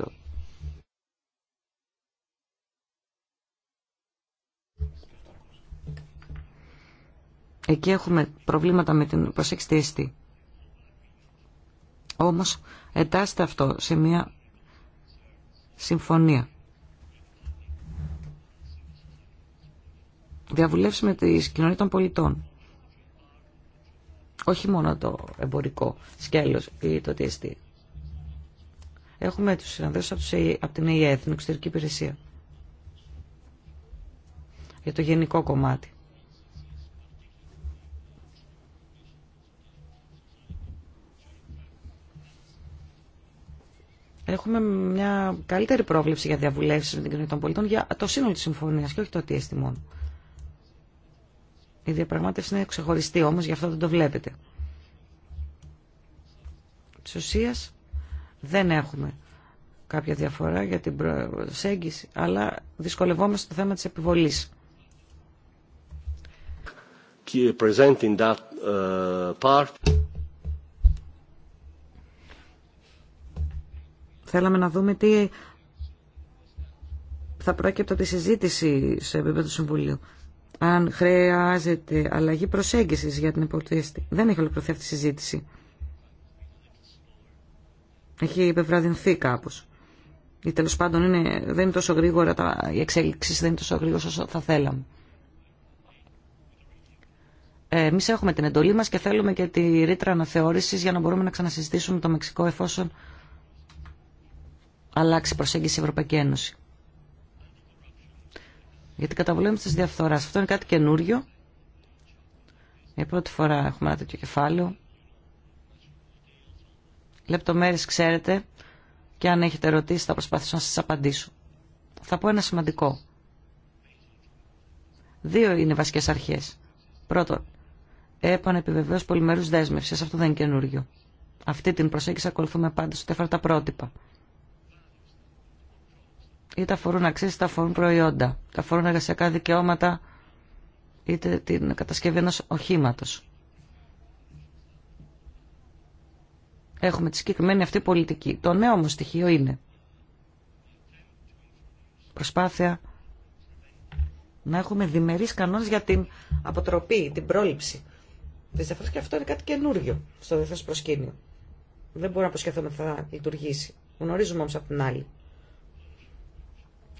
Εκεί έχουμε προβλήματα με την προσεξτήστη. Όμως ετάστε αυτό σε μια συμφωνία. Διαβουλεύσουμε με τις κοινωνία των πολιτών όχι μόνο το εμπορικό σκέλος ή το TST. Έχουμε τους συναδέλφους ΕΕ, από την ΕΕ, την Εξωτερική Υπηρεσία, για το γενικό κομμάτι. Έχουμε μια καλύτερη πρόβλεψη για διαβουλεύσεις με την κοινωνία των πολιτών για το σύνολο της συμφωνίας και όχι το TST μόνο. Η διαπραγμάτευση είναι ξεχωριστή όμως, γι' αυτό δεν το βλέπετε. Της ουσίας δεν έχουμε κάποια διαφορά για την προσέγγιση, αλλά δυσκολευόμαστε στο θέμα της επιβολής.
Uh,
Θέλαμε να δούμε τι θα πρόκειται από τη συζήτηση σε επίπεδο του Συμβουλίου αν χρειάζεται αλλαγή προσέγγισης για την υποτίστη. Δεν έχει ολοκληρωθεί αυτή η συζήτηση. Έχει υπευραδυνθεί κάπως. Ή τέλος πάντων είναι, δεν είναι τόσο γρήγορα, τα, η εξέλιξη δεν είναι τόσο γρήγορα όσο θα θέλαμε. Ε, Εμεί έχουμε την εντολή μας και θέλουμε και τη ρήτρα αναθεώρησης για να μπορούμε να ξανασυζητήσουμε το Μεξικό εφόσον αλλάξει προσέγγιση η Ευρωπαϊκή Ένωση. Γιατί την τη της διαφθοράς. Αυτό είναι κάτι καινούριο. Για ε, πρώτη φορά έχουμε ένα τέτοιο κεφάλαιο. Λεπτομέρειες ξέρετε και αν έχετε ερωτήσει θα προσπαθήσω να σας απαντήσω. Θα πω ένα σημαντικό. Δύο είναι οι βασικές αρχές. Πρώτον, επιβεβαίως πολυμερούς δέσμευσης. Αυτό δεν είναι καινούριο. Αυτή την προσέγγιση ακολουθούμε πάντα στο τα πρότυπα είτε αφορούν αξίες, είτε αφορούν προϊόντα, είτε αφορούν εργασιακά δικαιώματα, είτε την κατασκευή ενός οχήματος. Έχουμε τη συγκεκριμένη αυτή πολιτική. Το νέο όμως στοιχείο είναι προσπάθεια να έχουμε διμερείς κανόνες για την αποτροπή, την πρόληψη. Δυστυχώς και αυτό είναι κάτι καινούριο στο δεύτερο προσκήνιο. Δεν μπορούμε να προσκεφθούμε ότι θα λειτουργήσει. Γνωρίζουμε όμως από την άλλη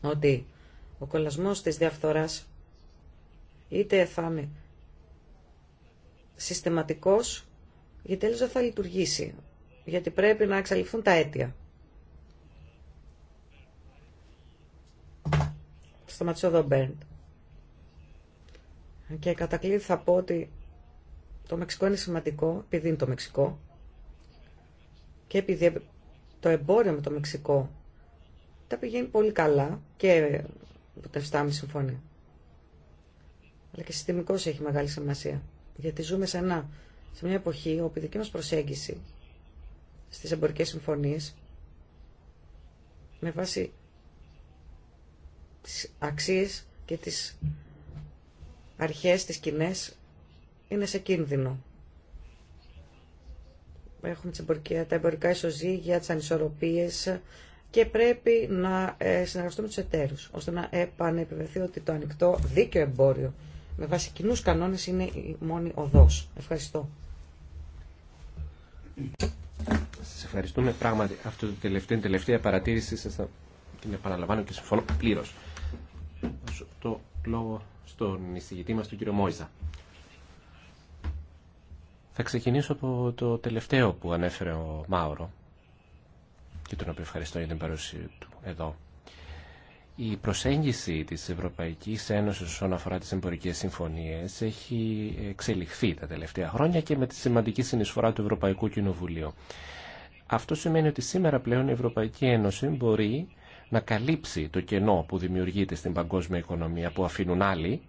ότι ο κολλασμός της διαφθοράς είτε θα είναι συστηματικός, γιατί τέλος θα λειτουργήσει, γιατί πρέπει να εξαλειφθούν τα αίτια. Σταματήσω εδώ, Μπέρντ. Και κατακλείδη θα πω ότι το Μεξικό είναι σημαντικό, επειδή είναι το Μεξικό, και επειδή το εμπόριο με το Μεξικό τα πηγαίνει πολύ καλά και από τα συμφωνία. Αλλά και συστημικό έχει μεγάλη σημασία. Γιατί ζούμε σε, ένα, σε μια εποχή όπου η δική μα προσέγγιση στι εμπορικέ συμφωνίε με βάση τις αξίες και τις αρχές, τι κοινέ είναι σε κίνδυνο. Έχουμε τα εμπορικά ισοζύγια, τι ανισορροπίε, και πρέπει να ε, συνεργαστούμε με τους ώστε να επανεπιβεβαιωθεί ότι το ανοιχτό δίκαιο εμπόριο με βάση κοινού κανόνες είναι η μόνη οδός. Ευχαριστώ.
Σα ευχαριστούμε πράγματι. Αυτό το τελευταίο, τελευταία παρατήρηση σα την επαναλαμβάνω και συμφωνώ πλήρω. Το λόγο στον εισηγητή μα τον κύριο Μόιζα. Θα ξεκινήσω από το τελευταίο που ανέφερε ο Μάουρο και τον οποίο ευχαριστώ για την παρουσία του εδώ. Η προσέγγιση της Ευρωπαϊκής Ένωσης όσον αφορά τις εμπορικές συμφωνίες έχει εξελιχθεί τα τελευταία χρόνια και με τη σημαντική συνεισφορά του Ευρωπαϊκού Κοινοβουλίου. Αυτό σημαίνει ότι σήμερα πλέον η Ευρωπαϊκή Ένωση μπορεί να καλύψει το κενό που δημιουργείται στην παγκόσμια οικονομία που αφήνουν άλλοι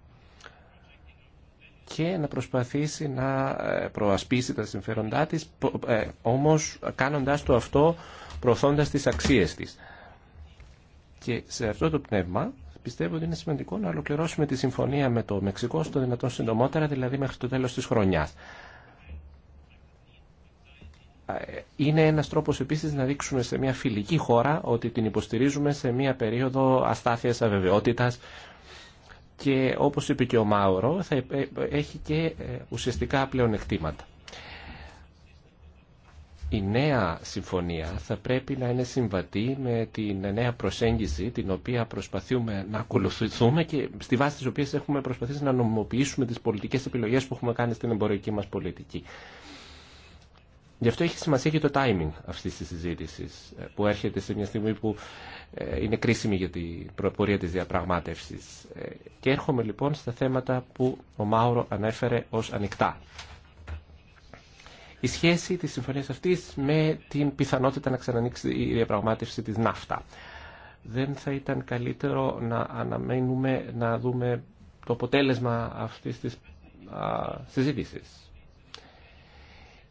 και να προσπαθήσει να ε, προασπίσει τα συμφέροντά της, ε, όμως κάνοντας το αυτό προωθώντας τις αξίες της. Και σε αυτό το πνεύμα πιστεύω ότι είναι σημαντικό να ολοκληρώσουμε τη συμφωνία με το Μεξικό στο δυνατόν συντομότερα, δηλαδή μέχρι το τέλος της χρονιάς. Ε, είναι ένας τρόπος επίσης να δείξουμε σε μια φιλική χώρα ότι την υποστηρίζουμε σε μια περίοδο αστάθειας αβεβαιότητας και όπως είπε και ο Μάουρο θα ε, έχει και ε, ουσιαστικά πλεονεκτήματα η νέα συμφωνία θα πρέπει να είναι συμβατή με την νέα προσέγγιση την οποία προσπαθούμε να ακολουθούμε και στη βάση της οποίας έχουμε προσπαθήσει να νομιμοποιήσουμε τις πολιτικές επιλογές που έχουμε κάνει στην εμπορική μας πολιτική. Γι' αυτό έχει σημασία και το timing αυτής της συζήτησης ε, που έρχεται σε μια στιγμή που ε, είναι κρίσιμη για την πορεία της διαπραγμάτευσης. Ε, και έρχομαι λοιπόν στα θέματα που ο Μάουρο ανέφερε ως ανοιχτά η σχέση της συμφωνίας αυτής με την πιθανότητα να ξανανοίξει η διαπραγμάτευση της ναύτα. Δεν θα ήταν καλύτερο να αναμένουμε να δούμε το αποτέλεσμα αυτής της α, συζήτησης.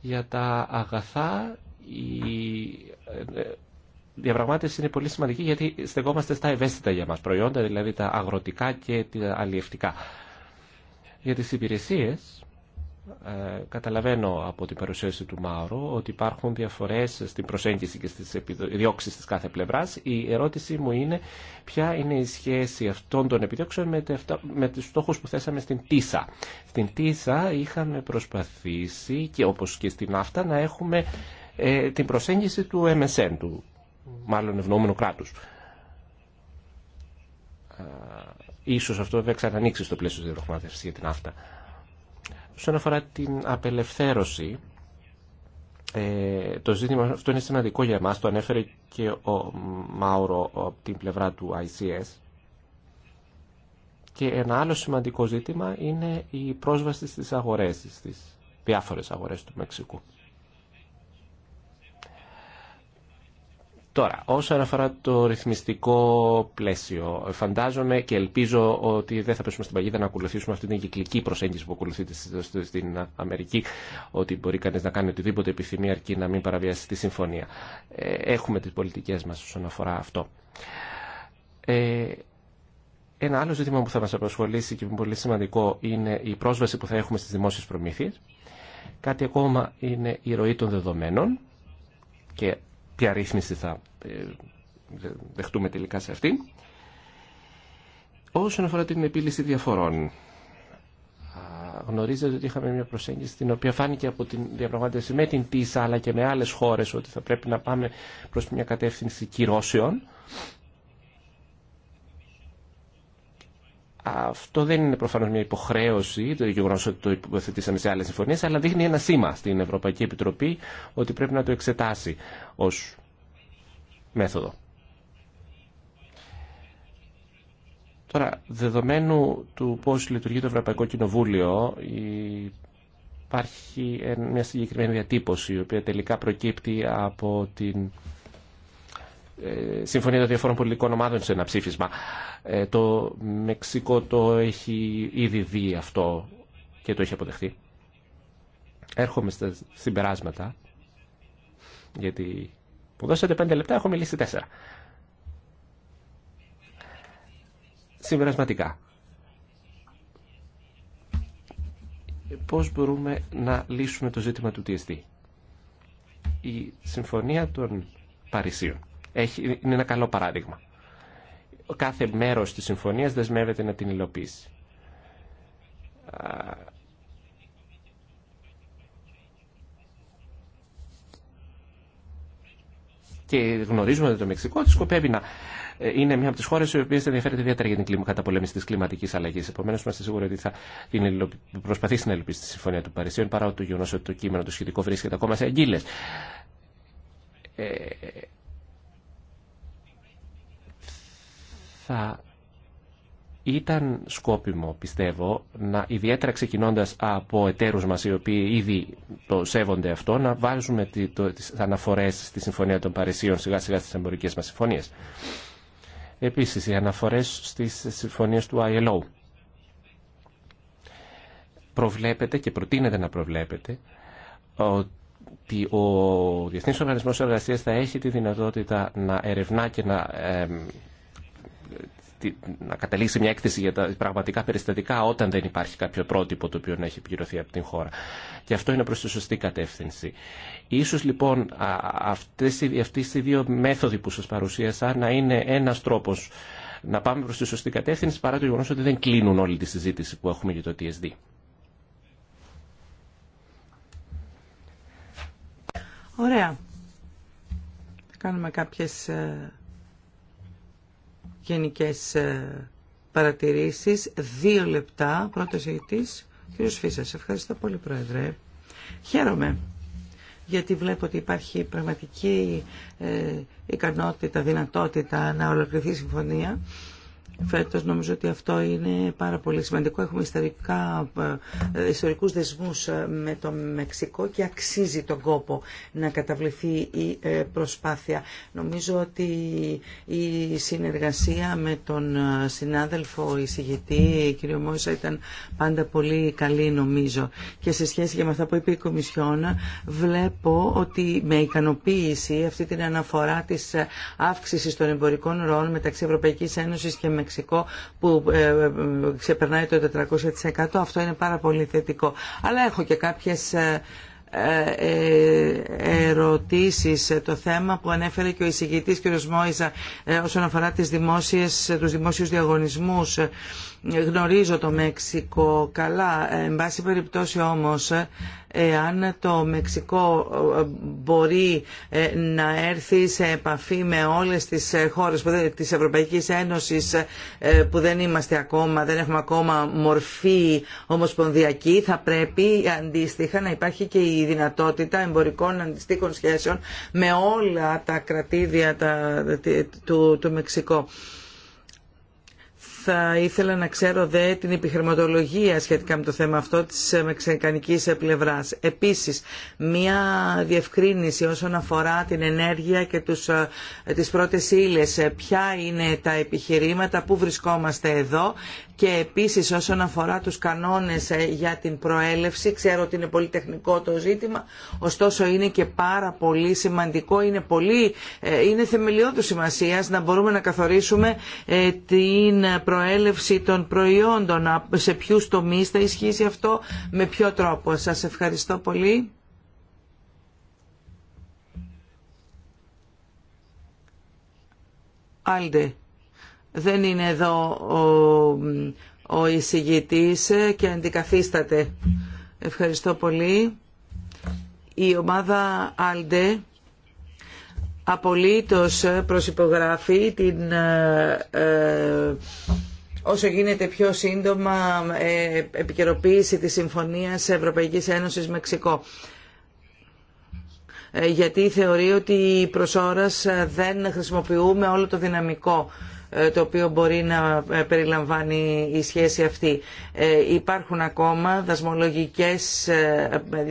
Για τα αγαθά η ε, ε, διαπραγμάτευση είναι πολύ σημαντική γιατί στεγόμαστε στα ευαίσθητα για μας προϊόντα, δηλαδή τα αγροτικά και τα αλλιευτικά. Για τις υπηρεσίες ε, καταλαβαίνω από την παρουσίαση του Μάουρο ότι υπάρχουν διαφορές στην προσέγγιση και στις διώξεις της κάθε πλευράς. Η ερώτησή μου είναι ποια είναι η σχέση αυτών των επιδιώξεων με, με τους στόχους που θέσαμε στην ΤΙΣΑ. Στην ΤΙΣΑ είχαμε προσπαθήσει και όπως και στην ΑΦΤΑ να έχουμε ε, την προσέγγιση του MSN, του μάλλον ευνοούμενου κράτους. Ε, ίσως αυτό βέβαια ξανανοίξει στο πλαίσιο της για την ΑΦΤΑ. Όσον αφορά την απελευθέρωση, ε, το ζήτημα αυτό είναι σημαντικό για μας, το ανέφερε και ο Μάουρο από την πλευρά του ICS. Και ένα άλλο σημαντικό ζήτημα είναι η πρόσβαση στις αγορές, στις διάφορες αγορές του Μεξικού. Τώρα, όσον αφορά το ρυθμιστικό πλαίσιο, φαντάζομαι και ελπίζω ότι δεν θα πέσουμε στην παγίδα να ακολουθήσουμε αυτή την κυκλική προσέγγιση που ακολουθείται στην Αμερική, ότι μπορεί κανεί να κάνει οτιδήποτε επιθυμεί αρκεί να μην παραβιάσει τη συμφωνία. Ε, έχουμε τι πολιτικέ μας όσον αφορά αυτό. Ε, ένα άλλο ζήτημα που θα μα απασχολήσει και που είναι πολύ σημαντικό είναι η πρόσβαση που θα έχουμε στι δημόσιε προμήθειε. Κάτι ακόμα είναι η ροή των δεδομένων και ποια ρύθμιση θα ε, δεχτούμε τελικά σε αυτή. Όσον αφορά την επίλυση διαφορών, γνωρίζετε ότι είχαμε μια προσέγγιση την οποία φάνηκε από την διαπραγμάτευση με την ΤΙΣΑ αλλά και με άλλες χώρες ότι θα πρέπει να πάμε προς μια κατεύθυνση κυρώσεων Αυτό δεν είναι προφανώ μια υποχρέωση, το γεγονό ότι το υποθετήσαμε σε άλλε συμφωνίε, αλλά δείχνει ένα σήμα στην Ευρωπαϊκή Επιτροπή ότι πρέπει να το εξετάσει ω μέθοδο. Τώρα, δεδομένου του πώς λειτουργεί το Ευρωπαϊκό Κοινοβούλιο, υπάρχει μια συγκεκριμένη διατύπωση, η οποία τελικά προκύπτει από την ε, συμφωνία των διαφόρων πολιτικών ομάδων σε ένα ψήφισμα. Ε, το Μεξικό το έχει ήδη δει αυτό και το έχει αποδεχτεί. Έρχομαι στα συμπεράσματα, γιατί μου δώσατε πέντε λεπτά, έχω μιλήσει τέσσερα. Συμπερασματικά. Πώς μπορούμε να λύσουμε το ζήτημα του TSD. Η Συμφωνία των Παρισίων έχει, είναι ένα καλό παράδειγμα. Κάθε μέρος της συμφωνίας δεσμεύεται να την υλοποιήσει. Και γνωρίζουμε ότι το Μεξικό τη σκοπεύει να ε, είναι μια από τι χώρε οι οποίε ενδιαφέρεται ιδιαίτερα για την καταπολέμηση τη κλιματική αλλαγή. Επομένω, είμαστε σίγουροι ότι θα προσπαθήσει να ελπίσει τη Συμφωνία του Παρισίων παρά το γεγονό ότι το κείμενο του σχετικό βρίσκεται ακόμα σε αγγείλε. Ε, θα ήταν σκόπιμο, πιστεύω, να, ιδιαίτερα ξεκινώντας από εταίρους μας οι οποίοι ήδη το σέβονται αυτό, να βάζουμε τις αναφορές στη Συμφωνία των Παρισίων σιγά σιγά στις εμπορικές μας συμφωνίες. Επίσης, οι αναφορές στις συμφωνίες του ILO. Προβλέπεται και προτείνεται να προβλέπεται ότι ο Διεθνής Οργανισμός Εργασίας θα έχει τη δυνατότητα να ερευνά και να να καταλήξει μια έκθεση για τα πραγματικά περιστατικά όταν δεν υπάρχει κάποιο πρότυπο το οποίο να έχει πληρωθεί από την χώρα. Και αυτό είναι προς τη σωστή κατεύθυνση. Ίσως λοιπόν αυτές, αυτές οι δύο μέθοδοι που σας παρουσίασα να είναι ένας τρόπος να πάμε προς τη σωστή κατεύθυνση παρά το γεγονό ότι δεν κλείνουν όλη τη συζήτηση που έχουμε για το TSD.
Ωραία. Κάνουμε κάποιες ε, γενικές ε, παρατηρήσεις. Δύο λεπτά. Πρώτος ηγητής, κύριος Φίσας. Ευχαριστώ πολύ, Πρόεδρε. Χαίρομαι γιατί βλέπω ότι υπάρχει πραγματική ε, ικανότητα, δυνατότητα να ολοκληρωθεί η συμφωνία φέτος. Νομίζω ότι αυτό είναι πάρα πολύ σημαντικό. Έχουμε ιστορικά, ε, ιστορικούς δεσμούς ε, με το Μεξικό και αξίζει τον κόπο να καταβληθεί η ε, προσπάθεια. Νομίζω ότι η συνεργασία με τον συνάδελφο εισηγητή κύριο Μόησα ήταν πάντα πολύ καλή νομίζω και σε σχέση και με αυτά που είπε η Κομισιόνα βλέπω ότι με ικανοποίηση αυτή την αναφορά της αύξησης των εμπορικών ροών μεταξύ Ευρωπαϊκής Ένωσης και Μεξικού Μεξικό που ε, ε, ξεπερνάει το 400%. Αυτό είναι πάρα πολύ θετικό. Αλλά έχω και κάποιες ε, ερωτήσεις το θέμα που ανέφερε και ο εισηγητής κ. Μόιζα όσον αφορά τις δημόσιες, τους δημόσιους διαγωνισμούς Γνωρίζω το Μέξικο καλά. Ε, εν πάση περιπτώσει όμως, εάν το Μεξικό ε, μπορεί ε, να έρθει σε επαφή με όλες τις χώρες της Ευρωπαϊκής Ένωσης που δεν είμαστε ακόμα, δεν έχουμε ακόμα μορφή ομοσπονδιακή, θα πρέπει αντίστοιχα να υπάρχει και η δυνατότητα εμπορικών αντιστοίχων σχέσεων με όλα τα κρατήδια του, του θα ήθελα να ξέρω δε την επιχειρηματολογία σχετικά με το θέμα αυτό της ε, μεξικανικής ε, πλευράς. Επίσης, μία διευκρίνηση όσον αφορά την ενέργεια και τους, ε, τις πρώτες ύλες. Ποια είναι τα επιχειρήματα, πού βρισκόμαστε εδώ και επίση όσον αφορά τους κανόνες ε, για την προέλευση, ξέρω ότι είναι πολύ τεχνικό το ζήτημα, ωστόσο είναι και πάρα πολύ σημαντικό, είναι, πολύ, ε, είναι θεμελιώδου σημασίας να μπορούμε να καθορίσουμε ε, την προέλευση των προϊόντων, σε ποιου τομεί θα ισχύσει αυτό, με ποιο τρόπο. Σας ευχαριστώ πολύ. Άλντε δεν είναι εδώ ο, ο και αντικαθίσταται. Ευχαριστώ πολύ. Η ομάδα Άλντε απολύτως προσυπογράφει την ε, ε όσο γίνεται πιο σύντομα ε, επικαιροποίηση της Συμφωνίας Ευρωπαϊκής Ένωσης Μεξικό ε, γιατί θεωρεί ότι προς ώρας δεν χρησιμοποιούμε όλο το δυναμικό ε, το οποίο μπορεί να ε, περιλαμβάνει η σχέση αυτή. Ε, υπάρχουν ακόμα δασμολογικές,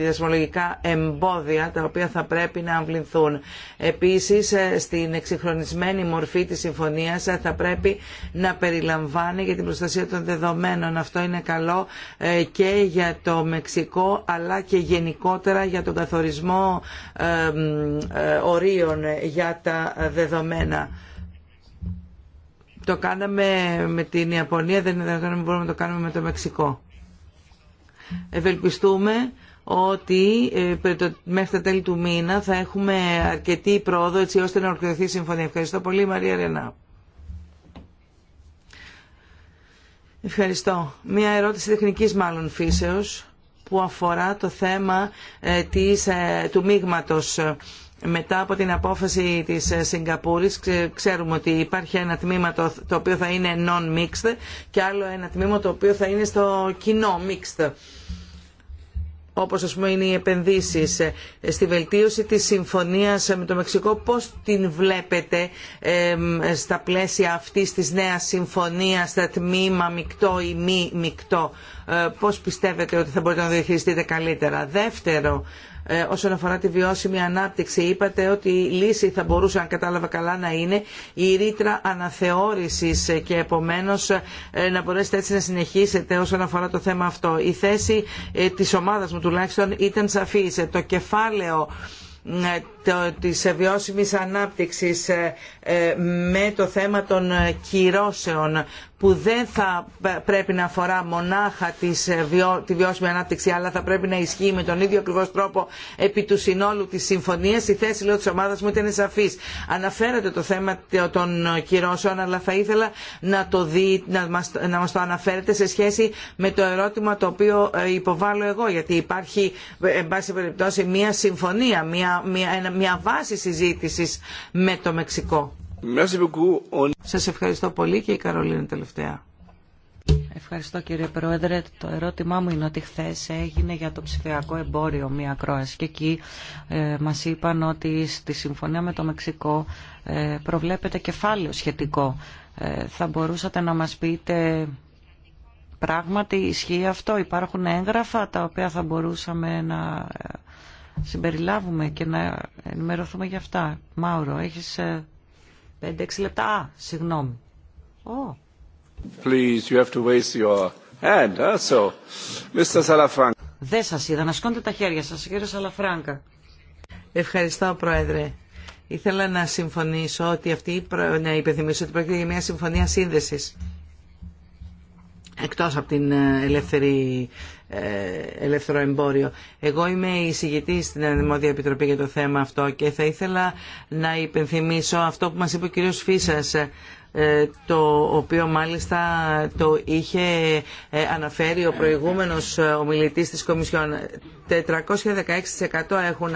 δασμολογικά εμπόδια τα οποία θα πρέπει να αμβληθούν. Επίσης στην εξυγχρονισμένη μορφή της συμφωνίας θα πρέπει να περιλαμβάνει για την προστασία των δεδομένων. Αυτό είναι καλό και για το Μεξικό αλλά και γενικότερα για τον καθορισμό ορίων για τα δεδομένα. Το κάναμε με την Ιαπωνία, δεν είναι δυνατόν να μπορούμε να το κάνουμε με το Μεξικό. Ευελπιστούμε ότι ε, μέχρι τα τέλη του μήνα θα έχουμε αρκετή πρόοδο έτσι ώστε να ορκωθεί η συμφωνία. Ευχαριστώ πολύ Μαρία Ρενά. Ευχαριστώ. Μία ερώτηση τεχνικής μάλλον φύσεως που αφορά το θέμα ε, της, ε, του μείγματος μετά από την απόφαση της ε, Σιγκαπούρης ξέρουμε ότι υπάρχει ένα τμήμα το οποίο θα είναι non-mixed και άλλο ένα τμήμα το οποίο θα είναι στο κοινό mixed όπως ας πούμε είναι οι επενδύσεις ε, στη βελτίωση της συμφωνίας με το Μεξικό πώς την βλέπετε ε, στα πλαίσια αυτής της νέας συμφωνίας στα τμήμα μεικτό ή μη μεικτό πώ πώς πιστεύετε ότι θα μπορείτε να διαχειριστείτε καλύτερα δεύτερο ε, όσον αφορά τη βιώσιμη ανάπτυξη. Είπατε ότι η λύση θα μπορούσε, αν κατάλαβα καλά, να είναι η ρήτρα αναθεώρησης και επομένως ε, να μπορέσετε έτσι να συνεχίσετε όσον αφορά το θέμα αυτό. Η θέση ε, της ομάδας μου τουλάχιστον ήταν σαφής. Το κεφάλαιο τη βιώσιμης ανάπτυξης ε, ε, με το θέμα των κυρώσεων που δεν θα πρέπει να αφορά μονάχα ε, τη βιώσιμη ανάπτυξη αλλά θα πρέπει να ισχύει με τον ίδιο ακριβώ τρόπο επί του συνόλου της συμφωνίας η θέση λέω, της ομάδας μου ήταν σαφής. Αναφέρατε το θέμα των κυρώσεων αλλά θα ήθελα να, το να, μας, να μας το αναφέρετε σε σχέση με το ερώτημα το οποίο υποβάλλω εγώ γιατί υπάρχει εν πάση περιπτώσει μια συμφωνία, μια βάση συζήτησης με το Μεξικό. Σας ευχαριστώ πολύ και η Καρολίνα τελευταία.
Ευχαριστώ κύριε Πρόεδρε. Το ερώτημά μου είναι ότι χθε έγινε για το ψηφιακό εμπόριο μία ακρόαση και εκεί ε, μας είπαν ότι στη συμφωνία με το Μεξικό ε, προβλέπεται κεφάλαιο σχετικό. Ε, θα μπορούσατε να μας πείτε πράγματι ισχύει αυτό, υπάρχουν έγγραφα τα οποία θα μπορούσαμε να ε, συμπεριλάβουμε και να ενημερωθούμε για αυτά. Μάουρο, έχεις 5-6 ε, λεπτά. Α, συγγνώμη.
Please, you have to waste your hand, Mr. Salafranca.
Δεν σας είδα, να σκόντε τα χέρια
σας, κύριε Σαλαφράγκα. Ευχαριστώ, Πρόεδρε. Ήθελα να συμφωνήσω ότι αυτή, να υπενθυμίσω ότι πρόκειται για μια συμφωνία σύνδεσης εκτός από την ε, ελεύθερη ε, ελεύθερο εμπόριο. Εγώ είμαι συγητή στην Ανεμόδια Επιτροπή για το θέμα αυτό και θα ήθελα να υπενθυμίσω αυτό που μας είπε ο κύριος Φίσας ε, το οποίο μάλιστα το είχε ε, αναφέρει ο προηγούμενος ε, ομιλητής της Κομισιόν. 416% έχουν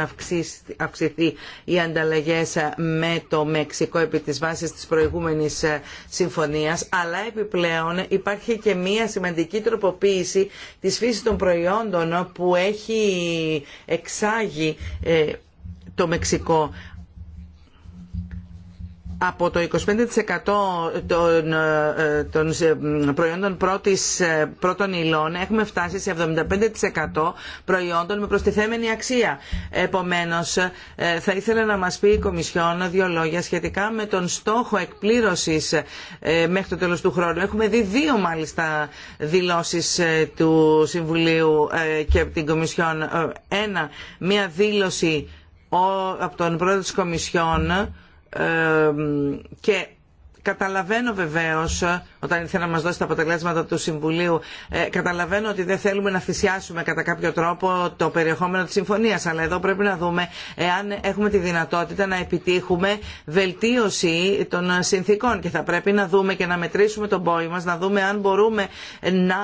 αυξηθεί οι ανταλλαγές με το Μεξικό επί της βάσης της προηγούμενης συμφωνίας, αλλά επιπλέον υπάρχει και μία σημαντική τροποποίηση της φύσης των προϊόντων που έχει εξάγει το Μεξικό από το 25% των, ε, προϊόντων πρώτης, ε, πρώτων υλών έχουμε φτάσει σε 75% προϊόντων με προστιθέμενη αξία. Επομένως, ε, θα ήθελα να μας πει η Κομισιόν δύο λόγια σχετικά με τον στόχο εκπλήρωσης μέχρι το τέλος του χρόνου. Έχουμε δει δύο μάλιστα δηλώσεις του Συμβουλίου και από την Κομισιόν. Ένα, μία δήλωση από τον πρόεδρο της Κομισιόν και καταλαβαίνω βεβαίως όταν ήρθε να μα δώσει τα αποτελέσματα του Συμβουλίου. Ε, καταλαβαίνω ότι δεν θέλουμε να θυσιάσουμε κατά κάποιο τρόπο το περιεχόμενο τη συμφωνία, αλλά εδώ πρέπει να δούμε εάν έχουμε τη δυνατότητα να επιτύχουμε βελτίωση των συνθήκων και θα πρέπει να δούμε και να μετρήσουμε τον πόη μα, να δούμε αν μπορούμε να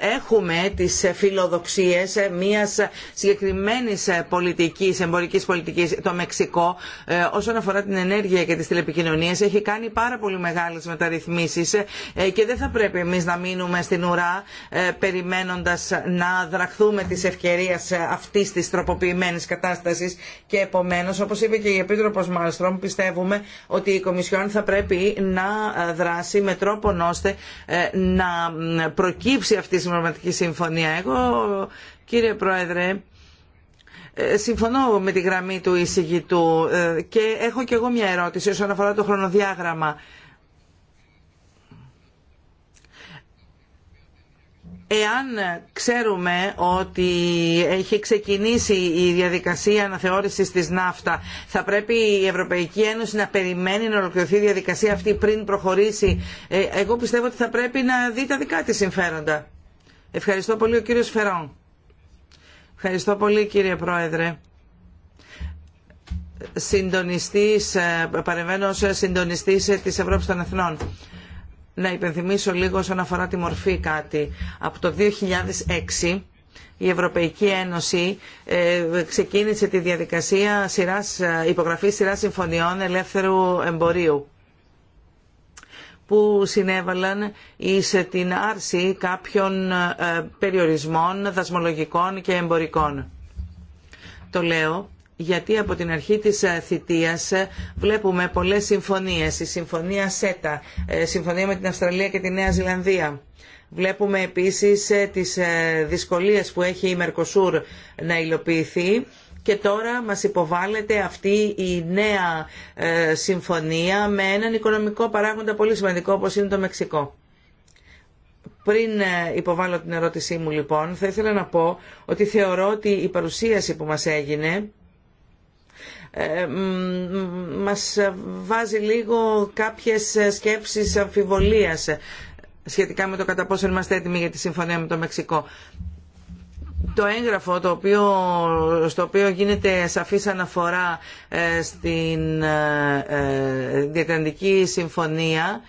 ε, έχουμε τι φιλοδοξίε μια συγκεκριμένη πολιτικής, εμπορικής πολιτικής. Το Μεξικό ε, όσον αφορά την ενέργεια και τις τηλεπικοινωνίες έχει κάνει πάρα πολύ μεγάλε μεταρρυθμίσεις ε, ε, και δεν θα πρέπει εμείς να μείνουμε στην ουρά ε, περιμένοντας να δραχθούμε της ευκαιρίας ε, αυτής της τροποποιημένης κατάστασης και επομένως όπως είπε και η Επίτροπος Μάλστρομ πιστεύουμε ότι η Κομισιόν θα πρέπει να δράσει με τρόπο ώστε να προκύψει αυτή η συμπροματική συμφωνία. Εγώ κύριε Πρόεδρε συμφωνώ με τη γραμμή του εισηγητού και έχω και εγώ μια ερώτηση όσον αφορά το χρονοδιάγραμμα Εάν ξέρουμε ότι έχει ξεκινήσει η διαδικασία αναθεώρησης της ναύτα, θα πρέπει η Ευρωπαϊκή Ένωση να περιμένει να ολοκληρωθεί η διαδικασία αυτή πριν προχωρήσει. Ε, εγώ πιστεύω ότι θα πρέπει να δει τα δικά της συμφέροντα. Ευχαριστώ πολύ ο κύριος Φερόν. Ευχαριστώ πολύ κύριε Πρόεδρε συντονιστής, ε, παρεμβαίνω ως συντονιστής ε, της Ευρώπης των Εθνών να υπενθυμίσω λίγο όσον αφορά τη μορφή κάτι. Από το 2006 η Ευρωπαϊκή Ένωση ε, ξεκίνησε τη διαδικασία σειράς, ε, υπογραφής σειράς συμφωνιών ελεύθερου εμπορίου που συνέβαλαν εις την άρση κάποιων ε, περιορισμών δασμολογικών και εμπορικών. Το λέω γιατί από την αρχή της ε, θητείας ε, βλέπουμε πολλές συμφωνίες. Η συμφωνία ΣΕΤΑ, ε, συμφωνία με την Αυστραλία και τη Νέα Ζηλανδία. Βλέπουμε επίσης τις δυσκολίες που έχει η Μερκοσούρ να υλοποιηθεί και τώρα μας υποβάλλεται αυτή η νέα συμφωνία με έναν οικονομικό παράγοντα πολύ σημαντικό όπως είναι το Μεξικό. Πριν υποβάλω την ερώτησή μου λοιπόν, θα ήθελα να πω ότι θεωρώ ότι η παρουσίαση που μας έγινε ε, μας βάζει λίγο κάποιες σκέψεις αμφιβολίας σχετικά με το κατά πόσο είμαστε έτοιμοι για τη συμφωνία με το Μεξικό. Το έγγραφο το οποίο, στο οποίο γίνεται σαφής αναφορά ε, στην ε, ε Συμφωνία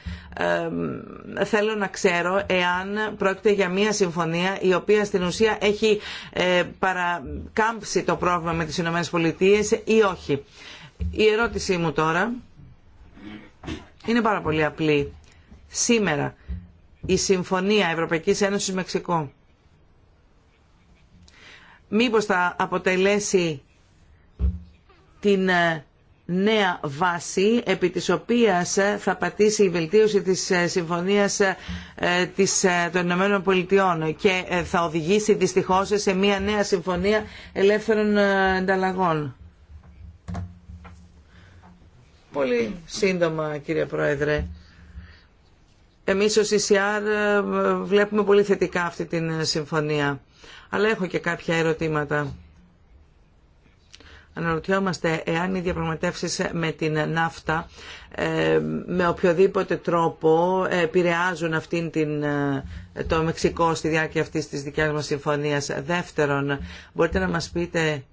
θέλω να ξέρω εάν πρόκειται για μια συμφωνία η οποία στην ουσία έχει ε, παρακάμψει το πρόβλημα με τις Ηνωμένες Πολιτείες ή όχι. Η ερώτησή μου τώρα είναι πάρα πολύ απλή. Σήμερα η Συμφωνία Ευρωπαϊκής Ένωσης Μεξικό μήπως θα αποτελέσει την ε, νέα βάση επί της οποίας θα πατήσει η βελτίωση της ε, συμφωνίας ε, ε, των Ηνωμένων Πολιτειών και θα οδηγήσει δυστυχώς σε μια νέα συμφωνία ελεύθερων ανταλλαγών. Πολύ σύντομα κύριε Πρόεδρε. Εμείς ως ECR βλέπουμε πολύ θετικά αυτή την συμφωνία. Αλλά έχω και κάποια ερωτήματα. Αναρωτιόμαστε εάν οι διαπραγματεύσεις με την ναύτα ε, με οποιοδήποτε τρόπο επηρεάζουν αυτήν την, ε, το Μεξικό στη διάρκεια αυτής της δικιάς μας συμφωνίας. Δεύτερον, μπορείτε να μας πείτε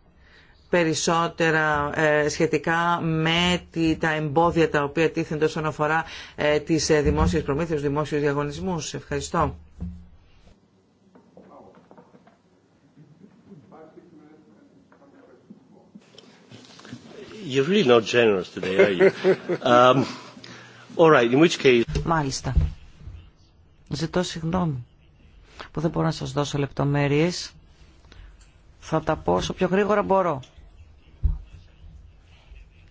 περισσότερα ε, σχετικά με τα εμπόδια τα οποία τίθενται όσον αφορά τις δημόσιες προμήθειες, δημόσιους διαγωνισμούς. Ευχαριστώ.
You're really not generous today, are you? Um, all right, in which case...
Μάλιστα. Ζητώ συγγνώμη που δεν μπορώ να σας δώσω λεπτομέρειες. Θα τα πω όσο πιο γρήγορα μπορώ.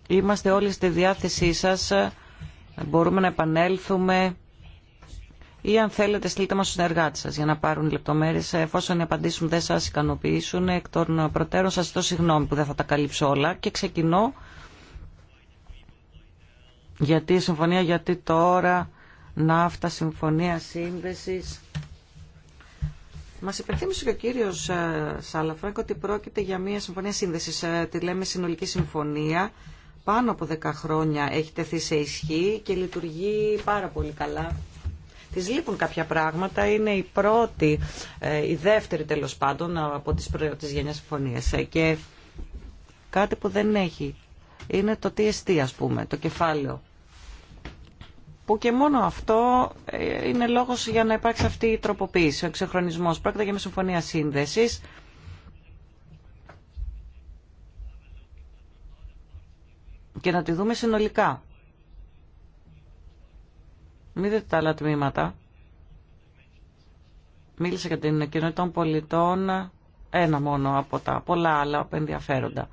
Είμαστε όλοι στη διάθεσή σας. Μπορούμε να επανέλθουμε ή αν θέλετε στείλτε μας στους συνεργάτες σας για να πάρουν λεπτομέρειες. Εφόσον οι απαντήσουν δεν σας ικανοποιήσουν εκ των προτέρων σας ζητώ συγγνώμη που δεν θα τα καλύψω όλα και ξεκινώ γιατί η συμφωνία, γιατί τώρα ναύτα, συμφωνία σύνδεσης. Μας υπενθύμισε και ο κύριος ε, Σάλαφρακ ότι πρόκειται για μια συμφωνία σύνδεσης, ε, τη λέμε συνολική συμφωνία. Πάνω από 10 χρόνια έχει τεθεί σε ισχύ και λειτουργεί πάρα πολύ καλά. Της λείπουν κάποια πράγματα, είναι η πρώτη, ε, η δεύτερη τέλος πάντων από τις πρώτες γενιάς συμφωνίες. Και κάτι που δεν έχει είναι το TST ας πούμε, το κεφάλαιο που και μόνο αυτό ε, είναι λόγος για να υπάρξει αυτή η τροποποίηση, ο εξεχρονισμός. Πρόκειται για μια συμφωνία σύνδεσης. Και να τη δούμε συνολικά. Μην δείτε τα άλλα τμήματα. Μίλησα για την κοινότητα των πολιτών, ένα μόνο από τα πολλά άλλα ενδιαφέροντα.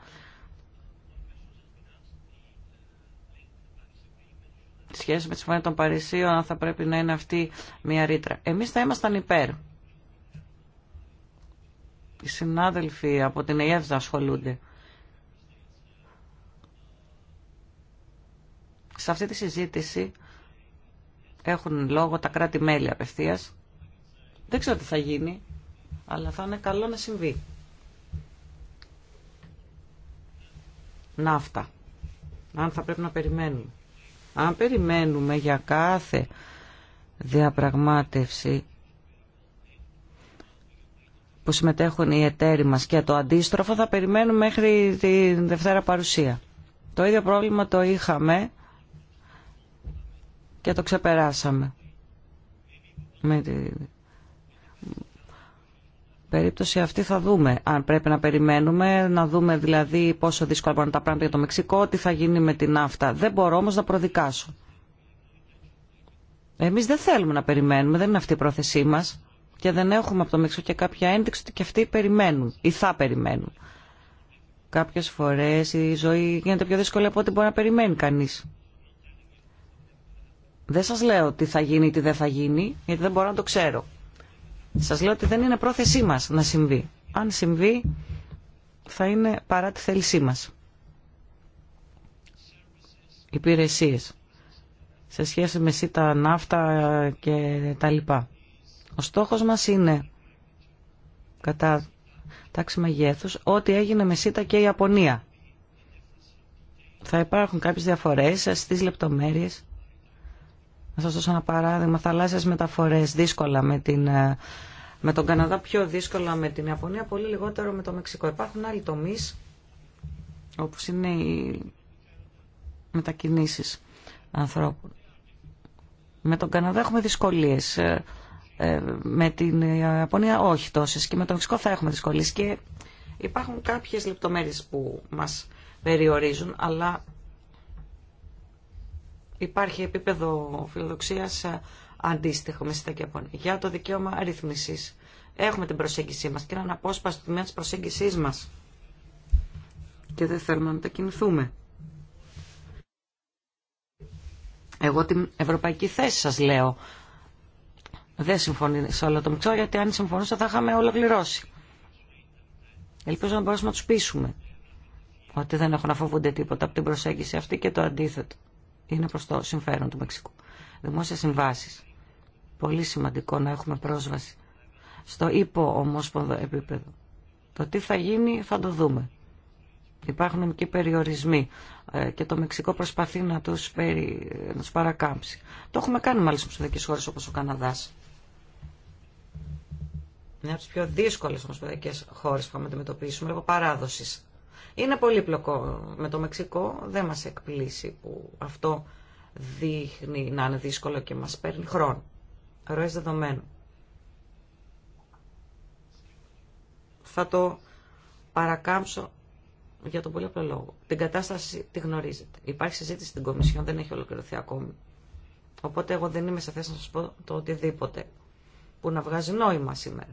σχέση με τη Συμφωνία των Παρισίων, αν θα πρέπει να είναι αυτή μια ρήτρα. Εμείς θα ήμασταν υπέρ. Οι συνάδελφοι από την θα ΕΕ ασχολούνται. Σε αυτή τη συζήτηση έχουν λόγο τα κράτη-μέλη απευθείας. Δεν ξέρω τι θα γίνει, αλλά θα είναι καλό να συμβεί. Να αυτά. Αν θα πρέπει να περιμένουμε. Αν περιμένουμε για κάθε διαπραγμάτευση που συμμετέχουν οι εταίροι μας και το αντίστροφο θα περιμένουμε μέχρι τη Δευτέρα παρουσία. Το ίδιο πρόβλημα το είχαμε και το ξεπεράσαμε περίπτωση αυτή θα δούμε αν πρέπει να περιμένουμε, να δούμε δηλαδή πόσο δύσκολα μπορούν τα πράγματα για το Μεξικό, τι θα γίνει με την ναύτα. Δεν μπορώ όμως να προδικάσω. Εμείς δεν θέλουμε να περιμένουμε, δεν είναι αυτή η πρόθεσή μας και δεν έχουμε από το Μεξικό και κάποια ένδειξη ότι και αυτοί περιμένουν ή θα περιμένουν. Κάποιες φορές η ζωή γίνεται πιο δύσκολη από ό,τι μπορεί να περιμένει κανείς. Δεν σας λέω τι θα γίνει ή τι δεν θα γίνει, γιατί δεν μπορώ να το ξέρω. Σας λέω ότι δεν είναι πρόθεσή μας να συμβεί. Αν συμβεί θα είναι παρά τη θέλησή μας. Υπηρεσίες σε σχέση με σίτα, ναύτα και τα λοιπά. Ο στόχος μας είναι κατά τάξη μεγέθους ό,τι έγινε με σύτα και η Ιαπωνία. Θα υπάρχουν κάποιες διαφορές στις λεπτομέρειες να σας δώσω ένα παράδειγμα. Θαλάσσιες μεταφορές δύσκολα με, την, ε, με τον Καναδά, πιο δύσκολα με την Ιαπωνία, πολύ λιγότερο με το Μεξικό. Υπάρχουν άλλοι τομείς όπως είναι οι μετακινήσεις ανθρώπων. Με τον Καναδά έχουμε δυσκολίες. Ε, ε, με την Ιαπωνία όχι τόσες και με το Μεξικό θα έχουμε δυσκολίες και υπάρχουν κάποιες λεπτομέρειες που μας περιορίζουν αλλά υπάρχει επίπεδο φιλοδοξίας ε, αντίστοιχο με συνταγή Για το δικαίωμα αριθμισή. Έχουμε την προσέγγισή μας και έναν απόσπαστο τμήμα της προσέγγισής μας. Και δεν θέλουμε να μετακινηθούμε. Εγώ την ευρωπαϊκή θέση σας λέω. Δεν συμφωνεί σε όλο το μυξό, γιατί αν συμφωνούσα θα είχαμε ολοκληρώσει. Ελπίζω να μπορέσουμε να τους πείσουμε ότι δεν έχουν να φοβούνται τίποτα από την προσέγγιση αυτή και το αντίθετο είναι προ το συμφέρον του Μεξικού. Δημόσια συμβάσει. Πολύ σημαντικό να έχουμε πρόσβαση στο υπο-ομόσπονδο επίπεδο. Το τι θα γίνει θα το δούμε. Υπάρχουν νομικοί περιορισμοί ε, και το Μεξικό προσπαθεί να τους, ε, να παρακάμψει. Το έχουμε κάνει μάλιστα στους δικές χώρες όπως ο Καναδάς. Μια από τις πιο δύσκολες ομοσπονδιακές χώρες που θα αντιμετωπίσουμε λόγω παράδοσης είναι πολύπλοκο με το Μεξικό, δεν μας εκπλήσει που αυτό δείχνει να είναι δύσκολο και μας παίρνει χρόνο. Ροές δεδομένου. Θα το παρακάμψω για τον πολύ απλό λόγο. Την κατάσταση τη γνωρίζετε. Υπάρχει συζήτηση στην Κομισιόν, δεν έχει ολοκληρωθεί ακόμη. Οπότε εγώ δεν είμαι σε θέση να σας πω το οτιδήποτε που να βγάζει νόημα σήμερα.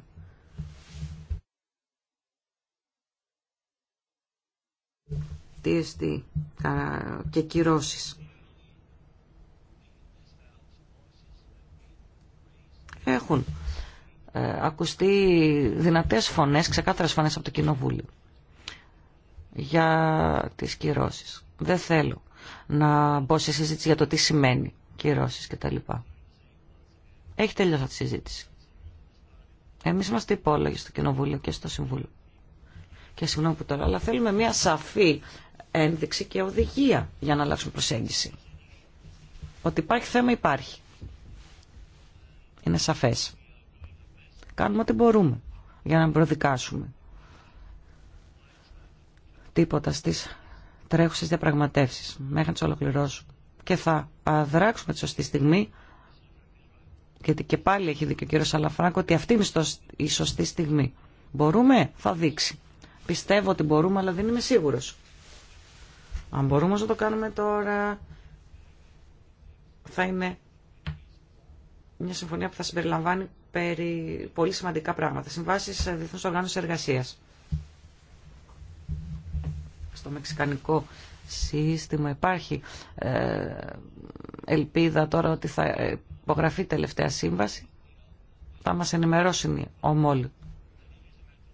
και κυρώσεις. Έχουν ε, ακουστεί δυνατές φωνές, ξεκάθαρες φωνές από το Κοινοβούλιο για τις κυρώσεις. Δεν θέλω να μπω σε συζήτηση για το τι σημαίνει κυρώσεις κτλ. Έχει τελειώσει αυτή η συζήτηση. Εμείς είμαστε υπόλογοι στο Κοινοβούλιο και στο Συμβούλιο. Και συγγνώμη που τώρα, αλλά θέλουμε μια σαφή ένδειξη και οδηγία για να αλλάξουν προσέγγιση. Ότι υπάρχει θέμα υπάρχει. Είναι σαφές. Κάνουμε ό,τι μπορούμε για να προδικάσουμε. Τίποτα στις τρέχουσες διαπραγματεύσεις μέχρι να τις ολοκληρώσουμε. Και θα αδράξουμε τη σωστή στιγμή γιατί και πάλι έχει δει και ο κύριος Αλαφράκο ότι αυτή είναι η σωστή στιγμή. Μπορούμε, θα δείξει. Πιστεύω ότι μπορούμε, αλλά δεν είμαι σίγουρος. Αν μπορούμε να το κάνουμε τώρα, θα είναι μια συμφωνία που θα συμπεριλαμβάνει περί πολύ σημαντικά πράγματα. Συμβάσει ε, διεθνού οργάνωση εργασία. Στο μεξικανικό σύστημα υπάρχει ε, ελπίδα τώρα ότι θα υπογραφεί τελευταία σύμβαση. Θα μας ενημερώσει ομόλοι.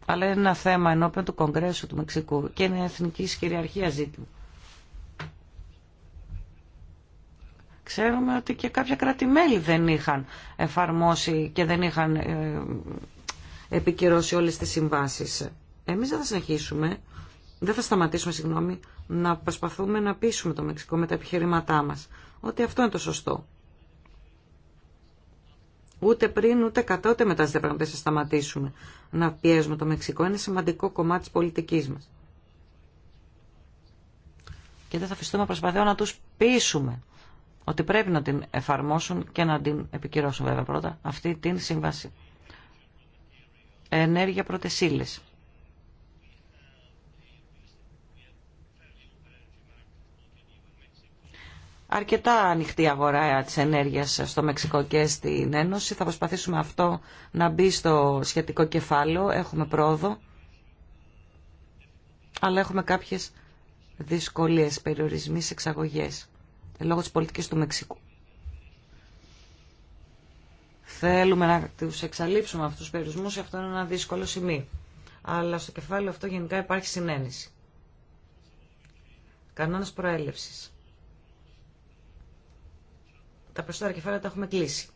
Αλλά είναι ένα θέμα ενώπιον του Κογκρέσου του Μεξικού και είναι εθνική κυριαρχία ζήτημα. Ξέρουμε ότι και κάποια κράτη-μέλη δεν είχαν εφαρμόσει και δεν είχαν ε, επικυρώσει όλες τις συμβάσεις. Εμείς δεν θα συνεχίσουμε, δεν θα σταματήσουμε, συγγνώμη, να προσπαθούμε να πείσουμε το Μεξικό με τα επιχειρήματά μας. Ότι αυτό είναι το σωστό. Ούτε πριν, ούτε κατά, ούτε μετά δεν θα σταματήσουμε να πιέζουμε το Μεξικό. Είναι σημαντικό κομμάτι της πολιτικής μας. Και δεν θα αφιστούμε να προσπαθούμε να τους πείσουμε ότι πρέπει να την εφαρμόσουν και να την επικυρώσουν βέβαια πρώτα αυτή την σύμβαση. Ενέργεια πρωτεσίλες. αρκετά ανοιχτή αγορά ε, της ενέργειας στο Μεξικό και στην Ένωση. Θα προσπαθήσουμε αυτό να μπει στο σχετικό κεφάλαιο. Έχουμε πρόοδο, αλλά έχουμε κάποιες δυσκολίες, περιορισμοί σε εξαγωγές λόγω της πολιτικής του Μεξικού. Θέλουμε να του εξαλείψουμε αυτούς τους περιορισμού αυτό είναι ένα δύσκολο σημείο. Αλλά στο κεφάλαιο αυτό γενικά υπάρχει συνένεση. Κανόνας προέλευση. Τα περισσότερα κεφάλαια τα έχουμε κλείσει.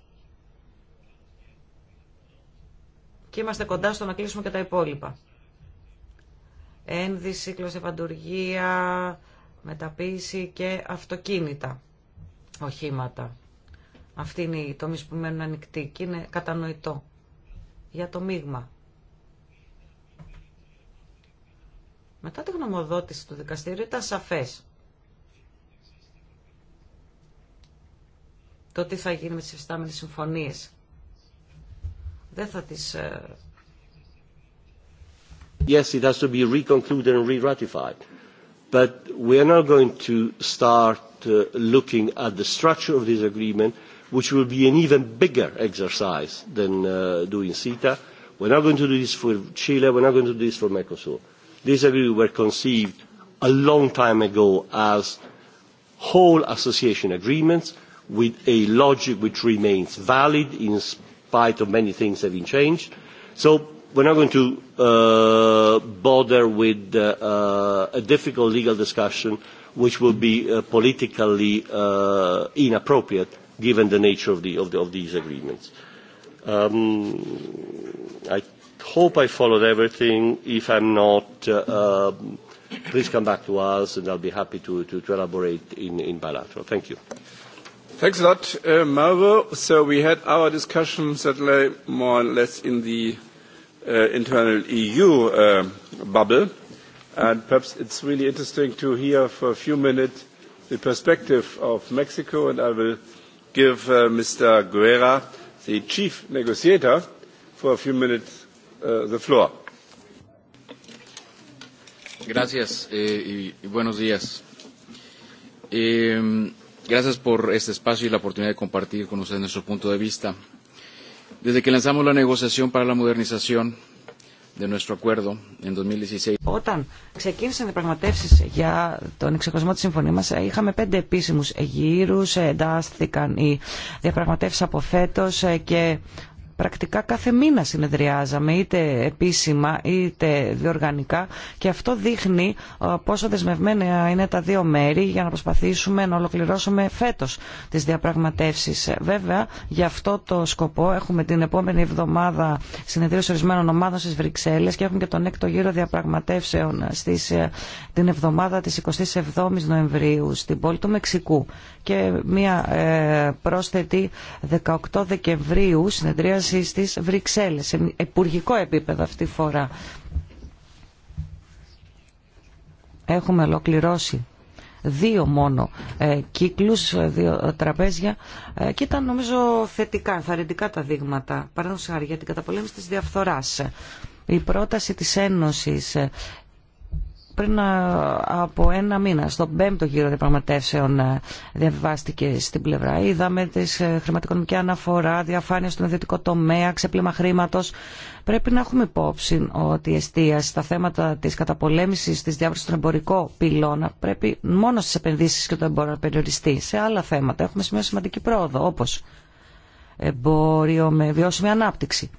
Και είμαστε κοντά στο να κλείσουμε και τα υπόλοιπα. Ένδυση, κλωσεφαντουργία, μεταποίηση και αυτοκίνητα οχήματα. Αυτή είναι η τομή που μένουν ανοιχτή και είναι κατανοητό για το μείγμα. Μετά τη γνωμοδότηση του δικαστηρίου ήταν σαφές το τι θα γίνει με τις εφιστάμενες συμφωνίες. Δεν θα τις... Ε,
yes, it has to be reconcluded and ratified But we are now going to start looking at the structure of this agreement, which will be an even bigger exercise than doing CETA. We are not going to do this for Chile. We are not going to do this for Mercosur. These agreements were conceived a long time ago as whole association agreements with a logic which remains valid in spite of many things having changed. We're not going to bother with a difficult legal discussion which will be politically inappropriate given the nature of these agreements. I hope I followed everything. If I'm not, please come back to us and I'll be happy to elaborate in bilateral. Thank you.
Thanks a lot, Marvo. So we had our discussion certainly more or less in the internal EU bubble. And perhaps it's really interesting to hear for a few minutes the perspective of Mexico, and I will give Mr. Guerra, the chief negotiator, for a few minutes the floor.
Gracias y buenos días. Gracias por este espacio y la oportunidad de compartir con ustedes nuestro punto de vista. Όταν
ξεκίνησαν οι πραγματεύσει για τον εξοικονομισμό τη συμφωνία μα, είχαμε πέντε επίσημου γύρου, εντάσθηκαν οι διαπραγματεύσει από φέτο ε, και πρακτικά κάθε μήνα συνεδριάζαμε είτε επίσημα είτε διοργανικά και αυτό δείχνει ε, πόσο δεσμευμένα είναι τα δύο μέρη για να προσπαθήσουμε να ολοκληρώσουμε φέτος τις διαπραγματεύσεις. Βέβαια για αυτό το σκοπό έχουμε την επόμενη εβδομάδα συνεδρίωση ορισμένων ομάδων στις Βρυξέλλες και έχουμε και τον έκτο γύρο διαπραγματεύσεων στις, ε, την εβδομάδα της 27ης Νοεμβρίου στην πόλη του Μεξικού και μια ε, πρόσθετη 18 Δεκεμβρίου συνεδρία συνεδρίαση Βρυξέλλες, σε υπουργικό επίπεδο αυτή τη φορά. Έχουμε ολοκληρώσει δύο μόνο ε, κύκλους, δύο τραπέζια ε, και ήταν νομίζω θετικά, ενθαρρυντικά τα δείγματα. χάρη για την καταπολέμηση της διαφθοράς. Η πρόταση της Ένωσης ε, πριν ε, από ένα μήνα, στον πέμπτο γύρο διαπραγματεύσεων, ε, διαβιβάστηκε στην πλευρά. Είδαμε τη ε, χρηματοοικονομική αναφορά, διαφάνεια στον ιδιωτικό τομέα, ξέπλυμα χρήματο. Πρέπει να έχουμε υπόψη ότι η εστίαση στα θέματα τη καταπολέμηση τη διάβρωση των εμπορικών πυλώνα πρέπει μόνο στι επενδύσει και το εμπόριο να περιοριστεί. Σε άλλα θέματα έχουμε σημαντική πρόοδο, όπω εμπόριο με βιώσιμη ανάπτυξη.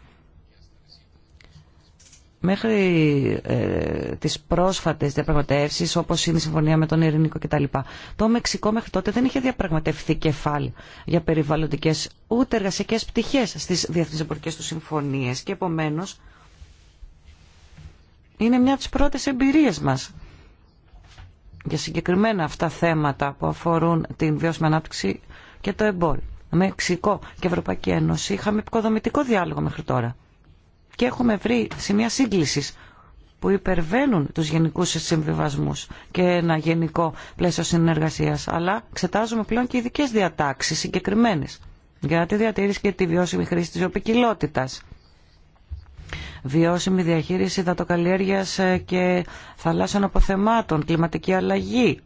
Μέχρι ε, τις πρόσφατες διαπραγματεύσεις όπως είναι η συμφωνία με τον Ειρηνικό κτλ. Το Μεξικό μέχρι τότε δεν είχε διαπραγματευτεί κεφάλι για περιβαλλοντικές ούτε εργασιακές πτυχές στις διεθνείς εμπορικές του συμφωνίες και επομένως είναι μια από τις πρώτες εμπειρίες μας για συγκεκριμένα αυτά θέματα που αφορούν την βιώσιμη ανάπτυξη και το εμπόριο. Μεξικό και Ευρωπαϊκή Ένωση είχαμε επικοδομητικό διάλογο μέχρι τώρα και έχουμε βρει σημεία σύγκληση που υπερβαίνουν τους γενικούς συμβιβασμούς και ένα γενικό πλαίσιο συνεργασίας, αλλά εξετάζουμε πλέον και ειδικέ διατάξεις συγκεκριμένες για τη διατήρηση και τη βιώσιμη χρήση της βιοπικιλότητας. Βιώσιμη διαχείριση δατοκαλλιέργειας ε, και θαλάσσιων αποθεμάτων, κλιματική αλλαγή,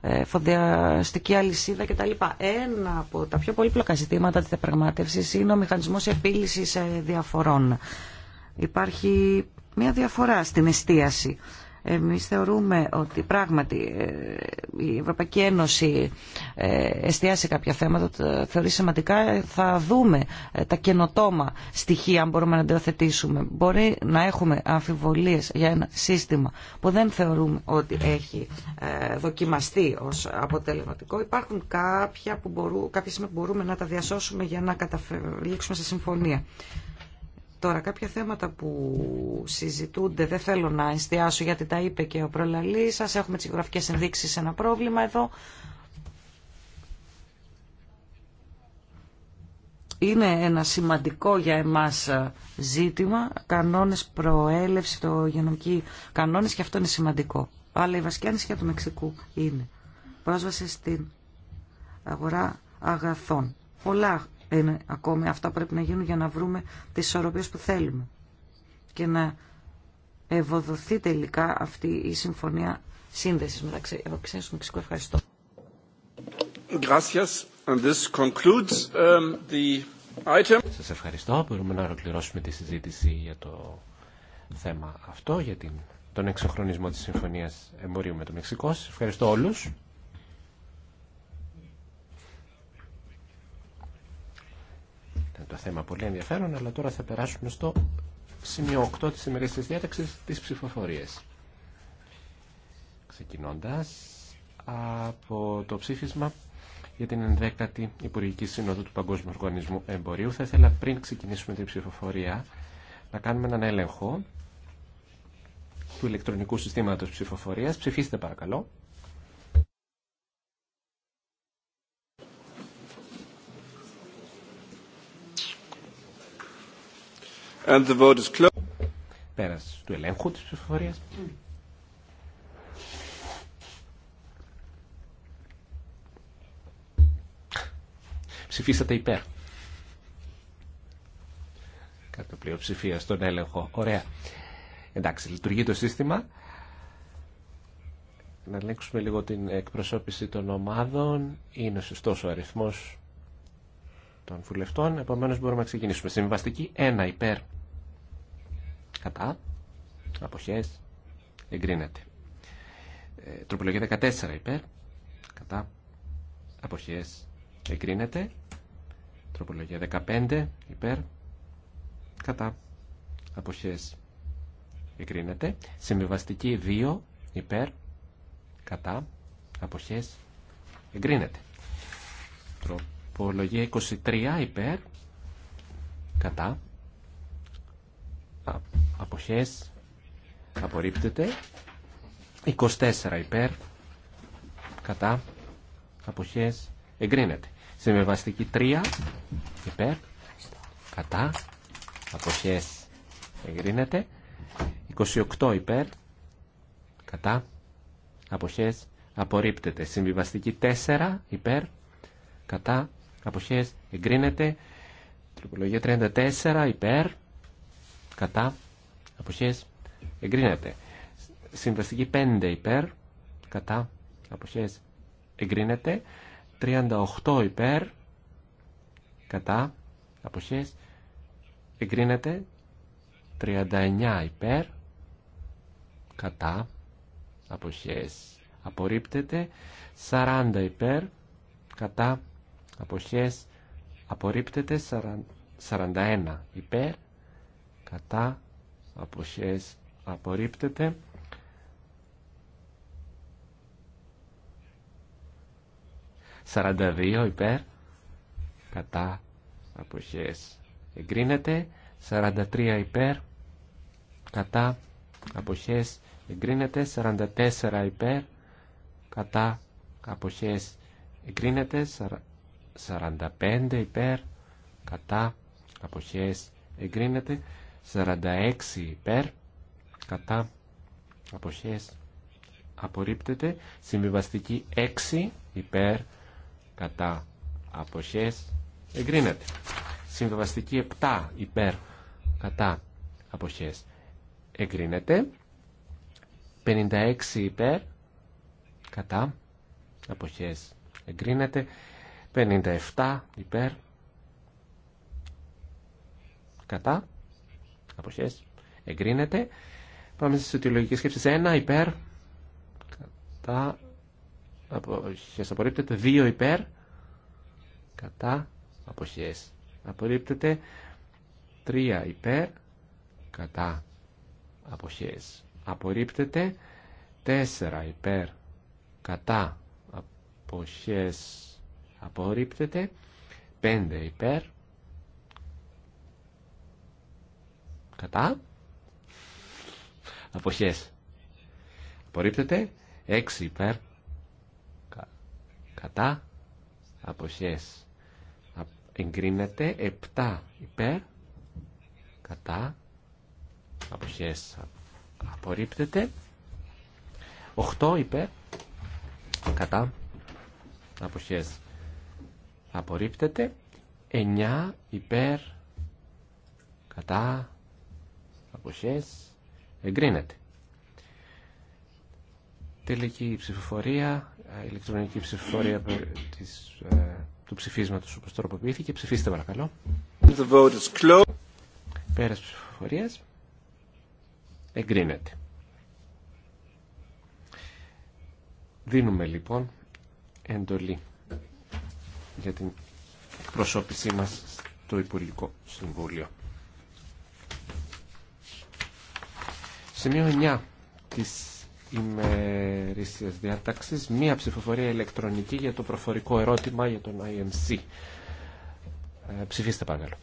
ε, φωδιαστική αλυσίδα κτλ. Ένα από τα πιο πολύπλοκα ζητήματα τη διαπραγμάτευσης είναι ο μηχανισμός επίλυση ε, διαφορών. Υπάρχει μια διαφορά στην εστίαση. Εμείς θεωρούμε ότι πράγματι ε, η Ευρωπαϊκή Ένωση ε, εστιάσει κάποια θέματα, θεωρεί σημαντικά. Θα δούμε ε, τα καινοτόμα στοιχεία, αν μπορούμε να αντιοθετήσουμε. Μπορεί να έχουμε αμφιβολίες για ένα σύστημα που δεν θεωρούμε ότι έχει δοκιμαστεί ως αποτελεσματικό. Υπάρχουν κάποια που μπορούμε, που μπορούμε να τα διασώσουμε για να καταλήξουμε σε συμφωνία. Τώρα κάποια θέματα που συζητούνται δεν θέλω να εστιάσω γιατί τα είπε και ο προλαλή σα. Έχουμε τις γραφικές σε ένα πρόβλημα εδώ. είναι ένα σημαντικό για εμάς ε, ζήτημα, κανόνες προέλευση, το γενομική κανόνες και αυτό είναι σημαντικό. Αλλά η βασική ανησυχία του Μεξικού είναι πρόσβαση στην αγορά αγαθών. Πολλά είναι ακόμη. Αυτά πρέπει να γίνουν για να βρούμε τις ισορροπίες που θέλουμε και να ευοδοθεί τελικά αυτή η συμφωνία σύνδεσης μεταξύ Ευρωξένου και Μεξικού. Ευχαριστώ.
Gracias. Um, Σας
ευχαριστώ. Μπορούμε να ολοκληρώσουμε τη συζήτηση για το θέμα αυτό, για τον εξοχρονισμό της Συμφωνίας Εμπορίου με το Μεξικό. Σας ευχαριστώ όλους. ήταν το θέμα πολύ ενδιαφέρον, αλλά τώρα θα περάσουμε στο σημείο 8 της ημερής της διάταξης της ψηφοφορίας. Ξεκινώντας από το ψήφισμα για την 11η Υπουργική Σύνοδο του Παγκόσμιου Οργανισμού Εμπορίου, θα ήθελα πριν ξεκινήσουμε την ψηφοφορία να κάνουμε έναν έλεγχο του ηλεκτρονικού συστήματος ψηφοφορίας. Ψηφίστε παρακαλώ.
And του ελέγχου της
ψηφοφορίας. Ψηφίσατε υπέρ. Κάτω πλειοψηφία στον έλεγχο. Ωραία. Εντάξει, λειτουργεί το σύστημα. Να ελέγξουμε λίγο την εκπροσώπηση των ομάδων. Είναι σωστός ο αριθμός των βουλευτών. Επομένως μπορούμε να ξεκινήσουμε. Συμβαστική 1 υπέρ Κατά. αποχέ, Εγκρίνεται. Ε, τροπολογία 14 υπέρ. Κατά. Αποχές. Εγκρίνεται. Τροπολογία 15 υπέρ. Κατά. Αποχές. Εγκρίνεται. Συμβιβαστική 2 υπέρ. Κατά. Αποχές. Εγκρίνεται. Τροπολογία 23 υπέρ. Κατά αποχές απορρίπτεται 24 υπέρ κατά αποχές εγκρίνεται συμβεβαστική 3 υπέρ κατά αποχές εγκρίνεται 28 υπέρ κατά αποχές απορρίπτεται συμβιβαστική 4 υπέρ κατά αποχές εγκρίνεται τροπολογία 34 υπέρ κατά αποχές εγκρίνεται. Συμβαστική 5 υπέρ, κατά, αποχές εγκρίνεται. 38 υπέρ, κατά, αποχές εγκρίνεται. 39 υπέρ, κατά, αποχές απορρίπτεται. 40 υπέρ, κατά, αποχές απορρίπτεται. 41 υπέρ, κατά, αποχές απορρίπτεται. Σαράντα δύο υπέρ, κατά αποχές εγκρίνεται. Σαράντα τρία υπέρ, κατά αποχές εγκρίνεται. Σαράντα τέσσερα υπέρ, κατά αποχές εγκρίνεται. Σαράντα πέντε υπέρ, κατά αποχές εγκρίνεται. 46 υπέρ, κατά, αποχές, απορρίπτεται. Συμβιβαστική 6 υπέρ, κατά, αποχές, εγκρίνεται. Συμβιβαστική 7 υπέρ, κατά, αποχές, εγκρίνεται. 56 υπέρ, κατά, αποχές, εγκρίνεται. 57 υπέρ, κατά, αποχές εγκρίνεται. Πάμε στις αιτιολογικές σκέψεις 1 υπέρ κατά αποχές 2 υπέρ κατά αποχές απορρίπτεται 3 υπέρ κατά αποχές απορρίπτεται 4 υπέρ κατά αποχές απορρίπτεται 5 υπέρ Κατά. Αποχές. Απορρίπτεται. 6 υπέρ. Κατά. Αποχές. Εγκρίνεται. 7 υπέρ. Κατά. Αποχές. Απορρίπτεται. 8 υπέρ. Κατά. Αποχές. Απορρίπτεται. 9 υπέρ. Κατά αποχές εγκρίνεται. Τελική ψηφοφορία, ε, ηλεκτρονική ψηφοφορία της, ε, του ψηφίσματος όπως τροποποιήθηκε. Ψηφίστε παρακαλώ. The vote is closed. Πέρας ψηφοφορίας εγκρίνεται. Δίνουμε λοιπόν εντολή για την προσώπησή μας στο Υπουργικό Συμβούλιο. Σημείο 9 της ημερήσιας διάταξης, μία ψηφοφορία ηλεκτρονική για το προφορικό ερώτημα για τον IMC. Ε, ψηφίστε παρακαλώ.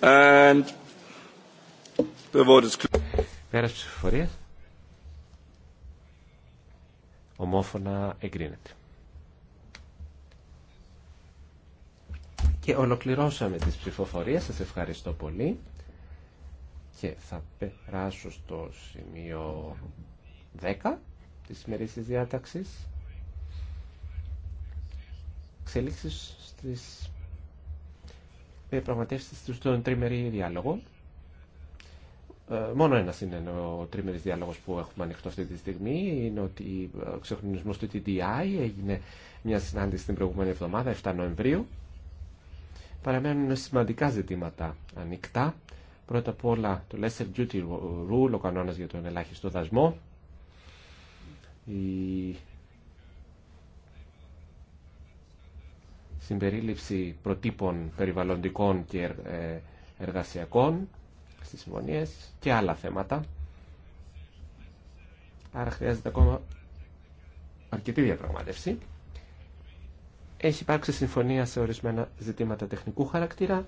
And the
ψηφοφορία. Ομόφωνα εγκρίνεται. και ολοκληρώσαμε τις ψηφοφορίες. Σας ευχαριστώ πολύ και θα περάσω στο σημείο 10 της της διάταξης. Εξελίξεις στις διαπραγματεύσεις στον τριμερή διάλογο. Ε, μόνο ένα είναι ο τρίμερη διάλογο που έχουμε ανοιχτό αυτή τη στιγμή. Είναι ότι ε, ο ξεχρονισμό του TDI έγινε μια συνάντηση την προηγούμενη εβδομάδα, 7 Νοεμβρίου παραμένουν σημαντικά ζητήματα ανοιχτά. Πρώτα απ' όλα το lesser duty rule, ο κανόνας για τον ελάχιστο δασμό. Η συμπερίληψη προτύπων περιβαλλοντικών και ε, εργασιακών στις και άλλα θέματα. Άρα χρειάζεται ακόμα αρκετή διαπραγμάτευση. Έχει υπάρξει συμφωνία σε ορισμένα ζητήματα τεχνικού χαρακτήρα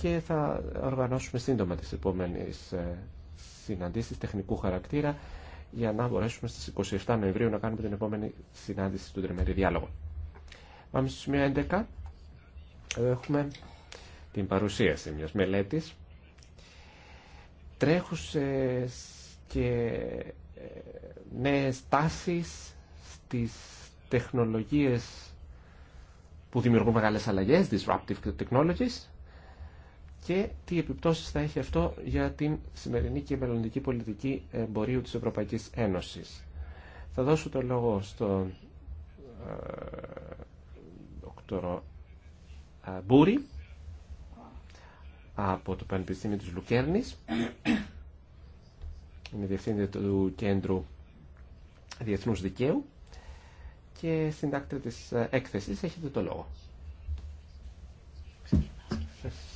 και θα οργανώσουμε σύντομα τις επόμενες ε, συναντήσεις τεχνικού χαρακτήρα για να μπορέσουμε στις 27 Νοεμβρίου να κάνουμε την επόμενη συνάντηση του τριμερή διάλογο. Πάμε στο σημείο 11. Εδώ έχουμε την παρουσίαση μιας μελέτης. Τρέχουσες και ε, νέες τάσεις στις τεχνολογίες που δημιουργούν μεγάλες αλλαγές, disruptive technologies, και τι επιπτώσεις θα έχει αυτό για την σημερινή και μελλοντική πολιτική εμπορίου της Ευρωπαϊκής Ένωσης. Θα δώσω το λόγο στον δόκτωρο ε, ε, Μπούρη από το Πανεπιστήμιο της Λουκέρνης. Είναι διευθύντη του Κέντρου Διεθνούς Δικαίου και συντάκτρια της ε, έκθεσης. Έχετε το λόγο.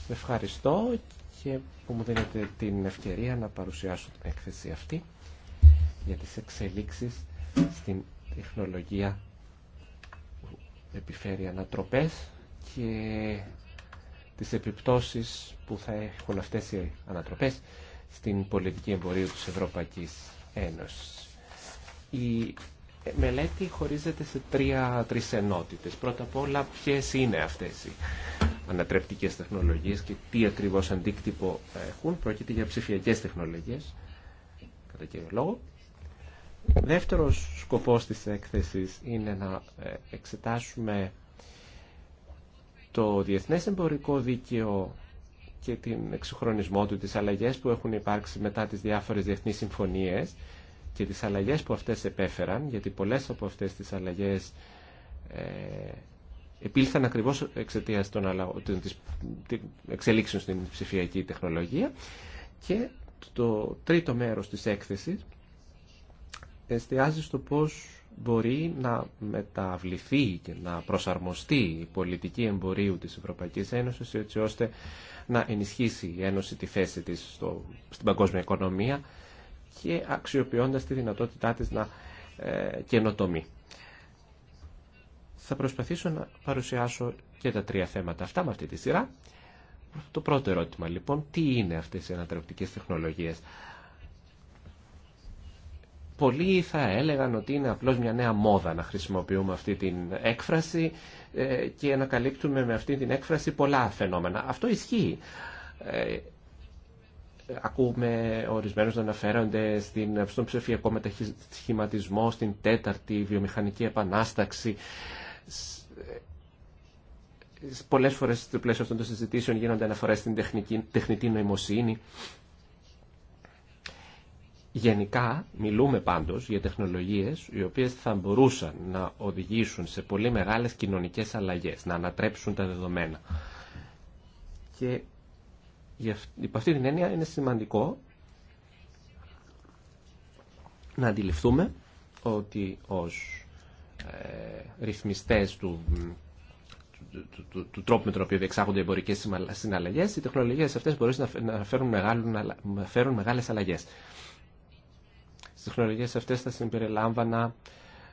Ευχαριστώ και που μου δίνετε την ευκαιρία να παρουσιάσω την έκθεση αυτή για τις εξελίξεις στην τεχνολογία που επιφέρει ανατροπές και τις επιπτώσεις που θα έχουν αυτές οι ανατροπές στην πολιτική εμπορία της Ευρωπαϊκής Ένωσης μελέτη χωρίζεται σε τρία, τρεις ενότητες. Πρώτα απ' όλα ποιες είναι αυτές οι ανατρεπτικές τεχνολογίες και τι ακριβώς αντίκτυπο έχουν. Πρόκειται για ψηφιακές τεχνολογίες, κατά κύριο λόγο. Δεύτερος σκοπός της έκθεσης είναι να ε, εξετάσουμε το διεθνές εμπορικό δίκαιο και την εξυγχρονισμό του, τις αλλαγές που έχουν υπάρξει μετά τις διάφορες διεθνείς συμφωνίες και τις αλλαγές που αυτές επέφεραν, γιατί πολλές από αυτές τις αλλαγές ε, επήλθαν ακριβώς εξαιτία των της εξελίξεων στην ψηφιακή τεχνολογία και το τρίτο μέρος της έκθεσης εστιάζει στο πώς μπορεί να μεταβληθεί και να προσαρμοστεί η πολιτική εμπορίου της Ευρωπαϊκής Ένωσης έτσι ώστε να ενισχύσει η Ένωση τη θέση της στο, στην παγκόσμια οικονομία και αξιοποιώντας τη δυνατότητά της να ε, καινοτομεί. Θα προσπαθήσω να παρουσιάσω και τα τρία θέματα αυτά με αυτή τη σειρά. Το πρώτο ερώτημα λοιπόν, τι είναι αυτές οι ανατρεπτικές τεχνολογίες. Πολλοί θα έλεγαν ότι είναι απλώς μια νέα μόδα να χρησιμοποιούμε αυτή την έκφραση ε, και να καλύπτουμε με αυτή την έκφραση πολλά φαινόμενα. Αυτό ισχύει. Ε, Ακούμε ορισμένους να αναφέρονται στην, στον ψηφιακό μεταχειρισματισμό, στην τέταρτη βιομηχανική επανάσταξη. Ε, πολλές φορές στο πλαίσιο αυτών των συζητήσεων γίνονται αναφορές στην τεχνική, τεχνητή νοημοσύνη. Γενικά μιλούμε πάντως για τεχνολογίες οι οποίες θα μπορούσαν να οδηγήσουν σε πολύ μεγάλες κοινωνικές αλλαγές, να ανατρέψουν τα δεδομένα. Και Υπό αυτή την έννοια είναι σημαντικό να αντιληφθούμε ότι ως ε, ρυθμιστές του, του, του, του, τρόπου με τον οποίο διεξάγονται οι εμπορικέ συναλλαγέ, οι τεχνολογίες αυτές μπορούν να φέρουν, μεγάλες να φέρουν μεγάλες αλλαγέ. Στι τεχνολογίε αυτέ θα συμπεριλάμβανα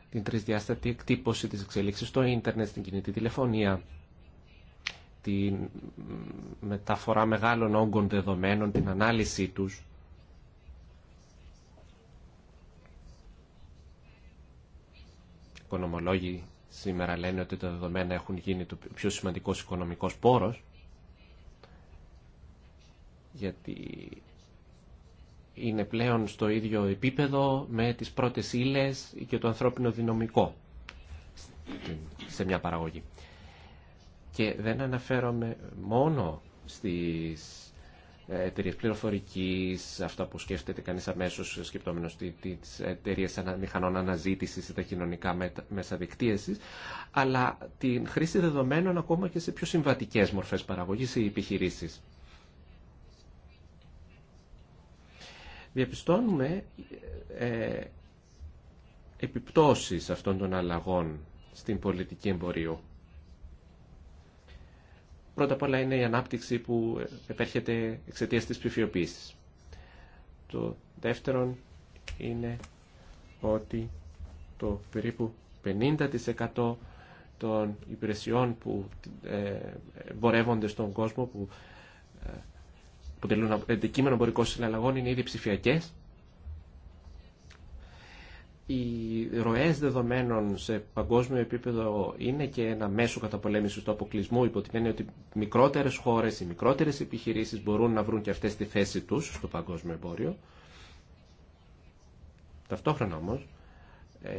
την τρισδιάστατη εκτύπωση της εξέλιξη στο ίντερνετ, στην κινητή τηλεφωνία, τη μεταφορά μεγάλων όγκων δεδομένων, την ανάλυση τους. Οικονομολόγοι σήμερα λένε ότι τα δεδομένα έχουν γίνει το πιο σημαντικό οικονομικός πόρος, γιατί είναι πλέον στο ίδιο επίπεδο με τις πρώτες ύλες και το ανθρώπινο δυναμικό σε μια παραγωγή. Και δεν αναφέρομαι μόνο στις ε, εταιρείε πληροφορική, αυτά που σκέφτεται κανεί αμέσω σκεπτόμενο τι εταιρείε μηχανών αναζήτηση ή τα κοινωνικά μέσα δικτύωση, αλλά την χρήση δεδομένων ακόμα και σε πιο συμβατικέ μορφέ παραγωγή ή επιχειρήσει. Διαπιστώνουμε ε, επιπτώσεις αυτών των αλλαγών στην πολιτική εμπορίου. Πρώτα απ' όλα είναι η ανάπτυξη που επέρχεται εξαιτία τη ψηφιοποίηση. Το δεύτερον είναι ότι το περίπου 50% των υπηρεσιών που ε, εμπορεύονται στον κόσμο, που ε, αποτελούν αντικείμενο εμπορικών συναλλαγών, είναι ήδη ψηφιακές οι ροέ δεδομένων σε παγκόσμιο επίπεδο είναι και ένα μέσο πολέμηση του αποκλεισμού υπό την έννοια ότι μικρότερε χώρε οι μικρότερε επιχειρήσει μπορούν να βρουν και αυτέ τη θέση του στο παγκόσμιο εμπόριο. Ταυτόχρονα όμω, ε,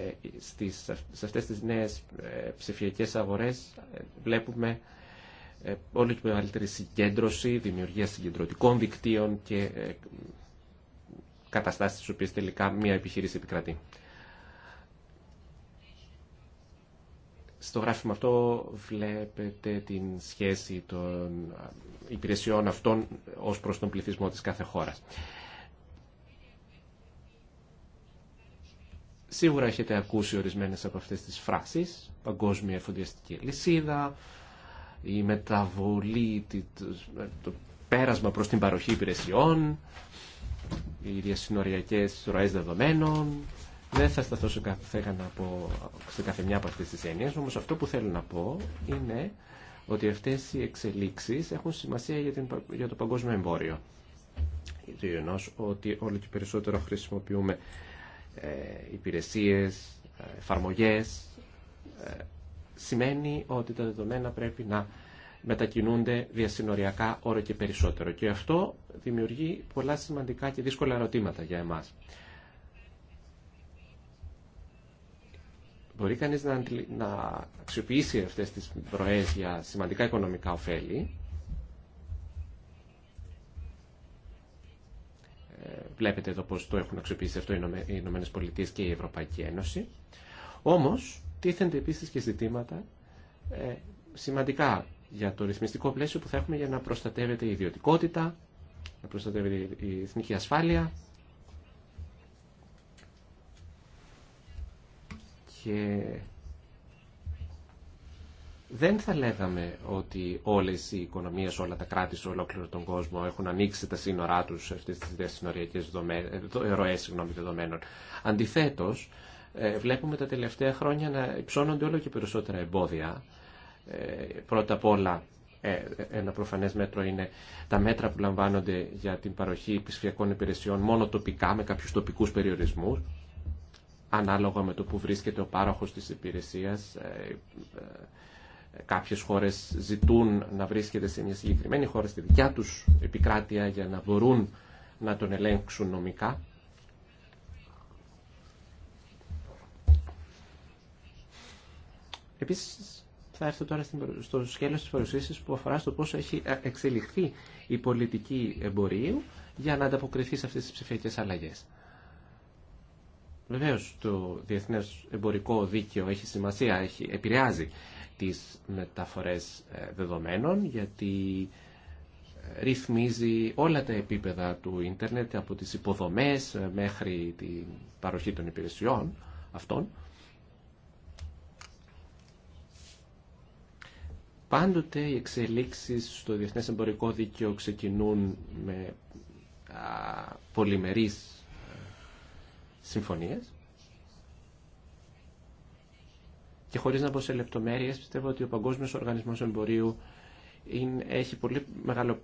σε αυτές τις νέες ε, ψηφιακές αγορές ε, βλέπουμε όλο και μεγαλύτερη συγκέντρωση, δημιουργία συγκεντρωτικών δικτύων και καταστάσεις στις οποίες τελικά μία επιχείρηση επικρατεί. Στο γράφημα αυτό βλέπετε την σχέση των υπηρεσιών αυτών ως προς τον πληθυσμό της κάθε χώρας. Σίγουρα έχετε ακούσει ορισμένες από αυτές τις φράσεις, παγκόσμια εφοδιαστική λυσίδα, η μεταβολή, το πέρασμα προς την παροχή υπηρεσιών, οι διασυνοριακές ροές δεδομένων, δεν θα σταθώ σε κάθε, πω, σε κάθε μια από αυτές τις έννοιες, όμως αυτό που θέλω να πω είναι ότι αυτές οι εξελίξεις έχουν σημασία για, την, για το παγκόσμιο εμπόριο. Το γεγονό ότι όλο και περισσότερο χρησιμοποιούμε ε, υπηρεσίες, ε, εφαρμογές, ε, σημαίνει ότι τα δεδομένα πρέπει να μετακινούνται διασυνοριακά όρο και περισσότερο. Και αυτό δημιουργεί πολλά σημαντικά και δύσκολα ερωτήματα για εμάς. Μπορεί κανείς να, να αξιοποιήσει αυτές τις προές για σημαντικά οικονομικά ωφέλη. Ε, βλέπετε εδώ πώς το έχουν αξιοποιήσει αυτό οι Ηνωμένες Πολιτείες και η Ευρωπαϊκή Ένωση. Όμως, τίθενται επίσης και ζητήματα ε, σημαντικά για το ρυθμιστικό πλαίσιο που θα έχουμε για να προστατεύεται η ιδιωτικότητα, να προστατεύεται η εθνική ασφάλεια, και δεν θα λέγαμε ότι όλες οι οικονομίες, όλα τα κράτη σε ολόκληρο τον κόσμο έχουν ανοίξει τα σύνορά τους σε αυτές τις διασυνοριακές ροές συγγνώμη, δεδομένων. Αντιθέτως, ε, βλέπουμε τα τελευταία χρόνια να υψώνονται όλο και περισσότερα εμπόδια. Ε, πρώτα απ' όλα, ε, ένα προφανές μέτρο είναι τα μέτρα που λαμβάνονται για την παροχή ψηφιακών υπηρεσιών μόνο τοπικά, με κάποιους τοπικούς περιορισμούς ανάλογα με το που βρίσκεται ο πάροχος της υπηρεσίας. Ε, ε, κάποιες χώρες ζητούν να βρίσκεται σε μια συγκεκριμένη χώρα στη δικιά τους επικράτεια για να μπορούν να τον ελέγξουν νομικά. Επίσης, θα έρθω τώρα στο σχέδιο της παρουσίασης που αφορά στο πώς έχει ε, εξελιχθεί η πολιτική εμπορίου για να ανταποκριθεί σε αυτές τις ψηφιακές αλλαγές. Βεβαίω το διεθνέ εμπορικό δίκαιο έχει σημασία, έχει, επηρεάζει τις μεταφορές ε, δεδομένων γιατί ε, ρυθμίζει όλα τα επίπεδα του ίντερνετ από τις υποδομές ε, μέχρι την παροχή των υπηρεσιών αυτών. Πάντοτε οι εξελίξεις στο διεθνές εμπορικό δίκαιο ξεκινούν με πολυμερείς συμφωνίες και χωρίς να πω σε λεπτομέρειες πιστεύω ότι ο Παγκόσμιος Οργανισμός Εμπορίου είναι, έχει, πολύ μεγάλο,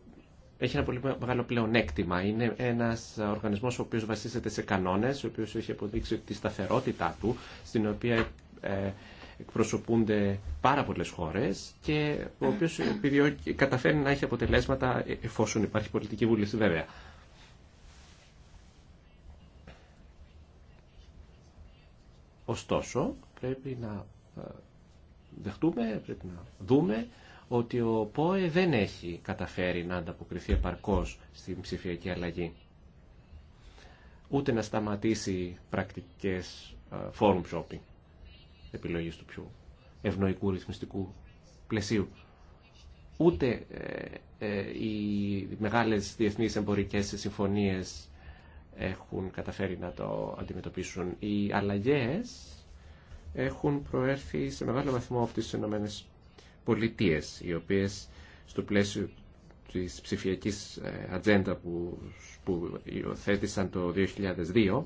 έχει ένα πολύ μεγάλο πλεονέκτημα. Είναι ένας οργανισμός ο οποίος βασίζεται σε κανόνες, ο οποίος έχει αποδείξει τη σταθερότητά του, στην οποία ε, εκπροσωπούνται πάρα πολλές χώρες και ο οποίος καταφέρνει να έχει αποτελέσματα εφόσον υπάρχει πολιτική βούληση βέβαια. Ωστόσο, πρέπει να ε, δεχτούμε, πρέπει να δούμε ότι ο ΠΟΕ δεν έχει καταφέρει να ανταποκριθεί επαρκώς στην ψηφιακή αλλαγή. Ούτε να σταματήσει πρακτικές ε, forum shopping, επιλογής του πιο ευνοϊκού ρυθμιστικού πλαισίου. Ούτε ε, οι μεγάλες διεθνείς εμπορικές συμφωνίες έχουν καταφέρει να το αντιμετωπίσουν. Οι αλλαγές έχουν προέρθει σε μεγάλο βαθμό από τις Ηνωμένε Πολιτείε, οι οποίες στο πλαίσιο της ψηφιακή ε, ατζέντα που, που υιοθέτησαν το 2002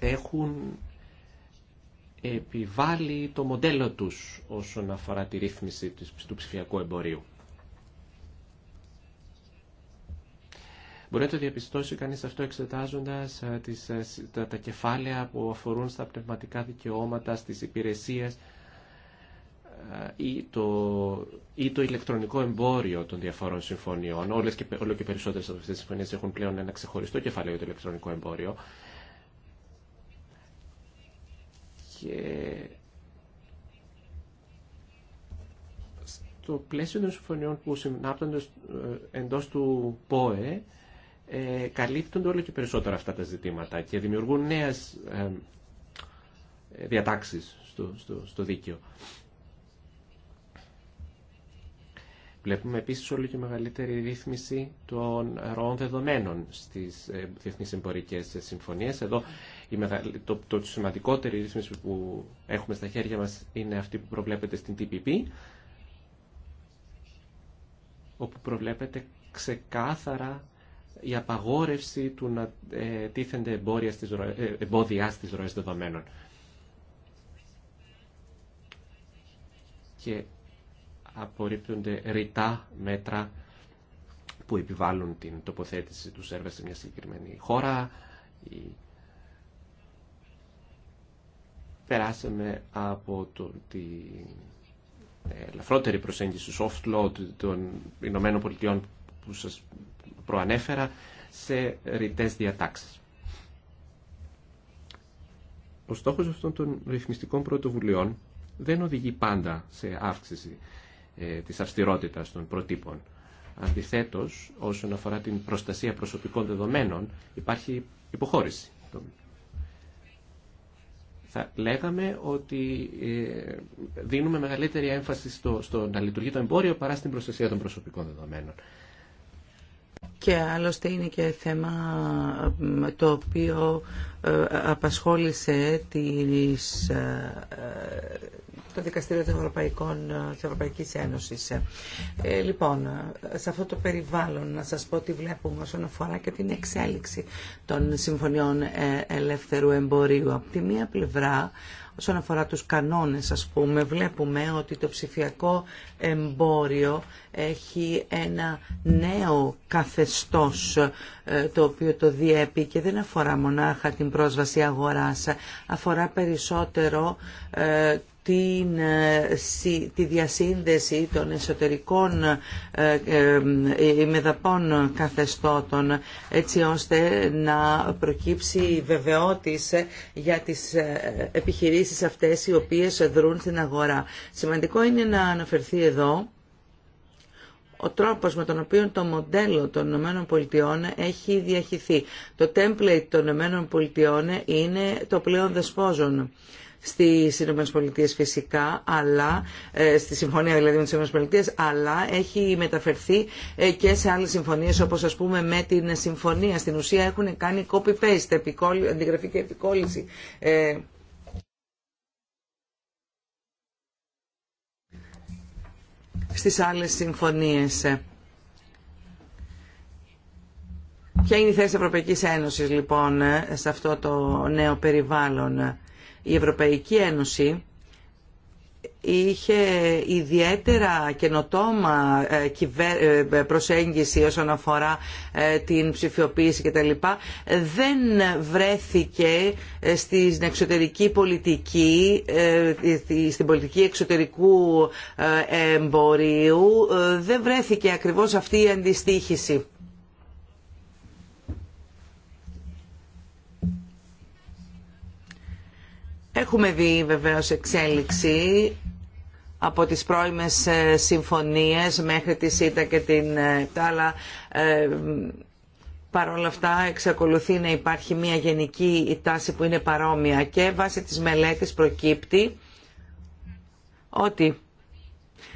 έχουν επιβάλει το μοντέλο τους όσον αφορά τη ρύθμιση του ψηφιακού εμπορίου. Μπορεί να το διαπιστώσει κανείς αυτό εξετάζοντας ε, τις, ε, τα, τα κεφάλαια που αφορούν στα πνευματικά δικαιώματα, στις υπηρεσίες ε, ή το, ή το ηλεκτρονικό εμπόριο των διαφορών συμφωνιών. Όλες και, όλο και περισσότερες από αυτές τις συμφωνίες έχουν πλέον ένα ξεχωριστό κεφάλαιο για το ηλεκτρονικό εμπόριο. Και στο πλαίσιο των συμφωνιών που συνάπτονται εντός του ΠΟΕ ε, καλύπτονται όλο και περισσότερα αυτά τα ζητήματα και δημιουργούν νέες ε, διατάξεις στο, στο, στο δίκαιο. Βλέπουμε επίσης όλο και μεγαλύτερη ρύθμιση των ροών δεδομένων στις ε, διεθνείς εμπορικές συμφωνίες. Εδώ η το, το σημαντικότερη ρύθμιση που έχουμε στα χέρια μας είναι αυτή που προβλέπεται στην TPP, όπου προβλέπεται ξεκάθαρα η απαγόρευση του να ε, τίθενται εμπόδια στις, ροές, ε, εμπόδια στις ροές δεδομένων. Και απορρίπτονται ρητά μέτρα που επιβάλλουν την τοποθέτηση του σερβερ σε μια συγκεκριμένη χώρα. Περάσαμε από το, τη ε, ελαφρότερη προσέγγιση soft law των Ηνωμένων Πολιτειών που σας προανέφερα σε ρητές διατάξεις. Ο στόχος αυτών των ρυθμιστικών πρωτοβουλειών δεν οδηγεί πάντα σε αύξηση ε, της αυστηρότητας των προτύπων. Αντιθέτως, όσον αφορά την προστασία προσωπικών δεδομένων, υπάρχει υποχώρηση. Θα λέγαμε ότι ε, δίνουμε μεγαλύτερη έμφαση στο, στο να λειτουργεί το εμπόριο παρά στην προστασία των προσωπικών δεδομένων
και άλλωστε είναι και θέμα το οποίο ε, απασχόλησε τις ε, το Δικαστήριο των Ευρωπαϊκών, της Ευρωπαϊκής Ένωσης. Ε, λοιπόν, σε αυτό το περιβάλλον να σας πω τι βλέπουμε όσον αφορά και την εξέλιξη των συμφωνιών ε, ελεύθερου εμπορίου. Από τη μία πλευρά, όσον αφορά τους κανόνες, ας πούμε, βλέπουμε ότι το ψηφιακό εμπόριο έχει ένα νέο καθεστώς ε, το οποίο το διέπει και δεν αφορά μονάχα την πρόσβαση αγοράς, αφορά περισσότερο ε, την, ε, τη διασύνδεση των εσωτερικών ε, ε, ημεδαπών καθεστώτων έτσι ώστε να προκύψει βεβαιότης για τις επιχειρήσεις αυτές οι οποίες δρούν στην αγορά. Σημαντικό είναι να αναφερθεί εδώ ο τρόπος με τον οποίο το μοντέλο των ΗΠΑ έχει διαχυθεί. Το template των ΗΠΑ είναι το πλέον δεσπόζων στις Ηνωμένες Πολιτείες φυσικά, αλλά, ε, στη συμφωνία δηλαδή με τις Ηνωμένες αλλά έχει μεταφερθεί ε, και σε άλλες συμφωνίες όπως ας πούμε με την συμφωνία. Στην ουσία έχουν κάνει copy-paste, αντιγραφή και επικόλληση. Ε, στις άλλες συμφωνίες. Ποια είναι η θέση της Ευρωπαϊκής Ένωσης λοιπόν σε αυτό το νέο περιβάλλον. Η Ευρωπαϊκή Ένωση είχε ιδιαίτερα καινοτόμα ε, ε, προσέγγιση όσον αφορά ε, την ψηφιοποίηση λοιπά, Δεν βρέθηκε στην εξωτερική πολιτική, στην πολιτική εξωτερικού εμπορίου, δεν βρέθηκε ακριβώς αυτή η αντιστοίχηση. Έχουμε δει βεβαίως εξέλιξη από τις πρώιμες ε, συμφωνίες μέχρι τη ΣΥΤΑ και την ε, ΤΑΛΑ. Παρ' ε, παρόλα αυτά εξακολουθεί να υπάρχει μια γενική τάση που είναι παρόμοια και βάσει της μελέτης προκύπτει ότι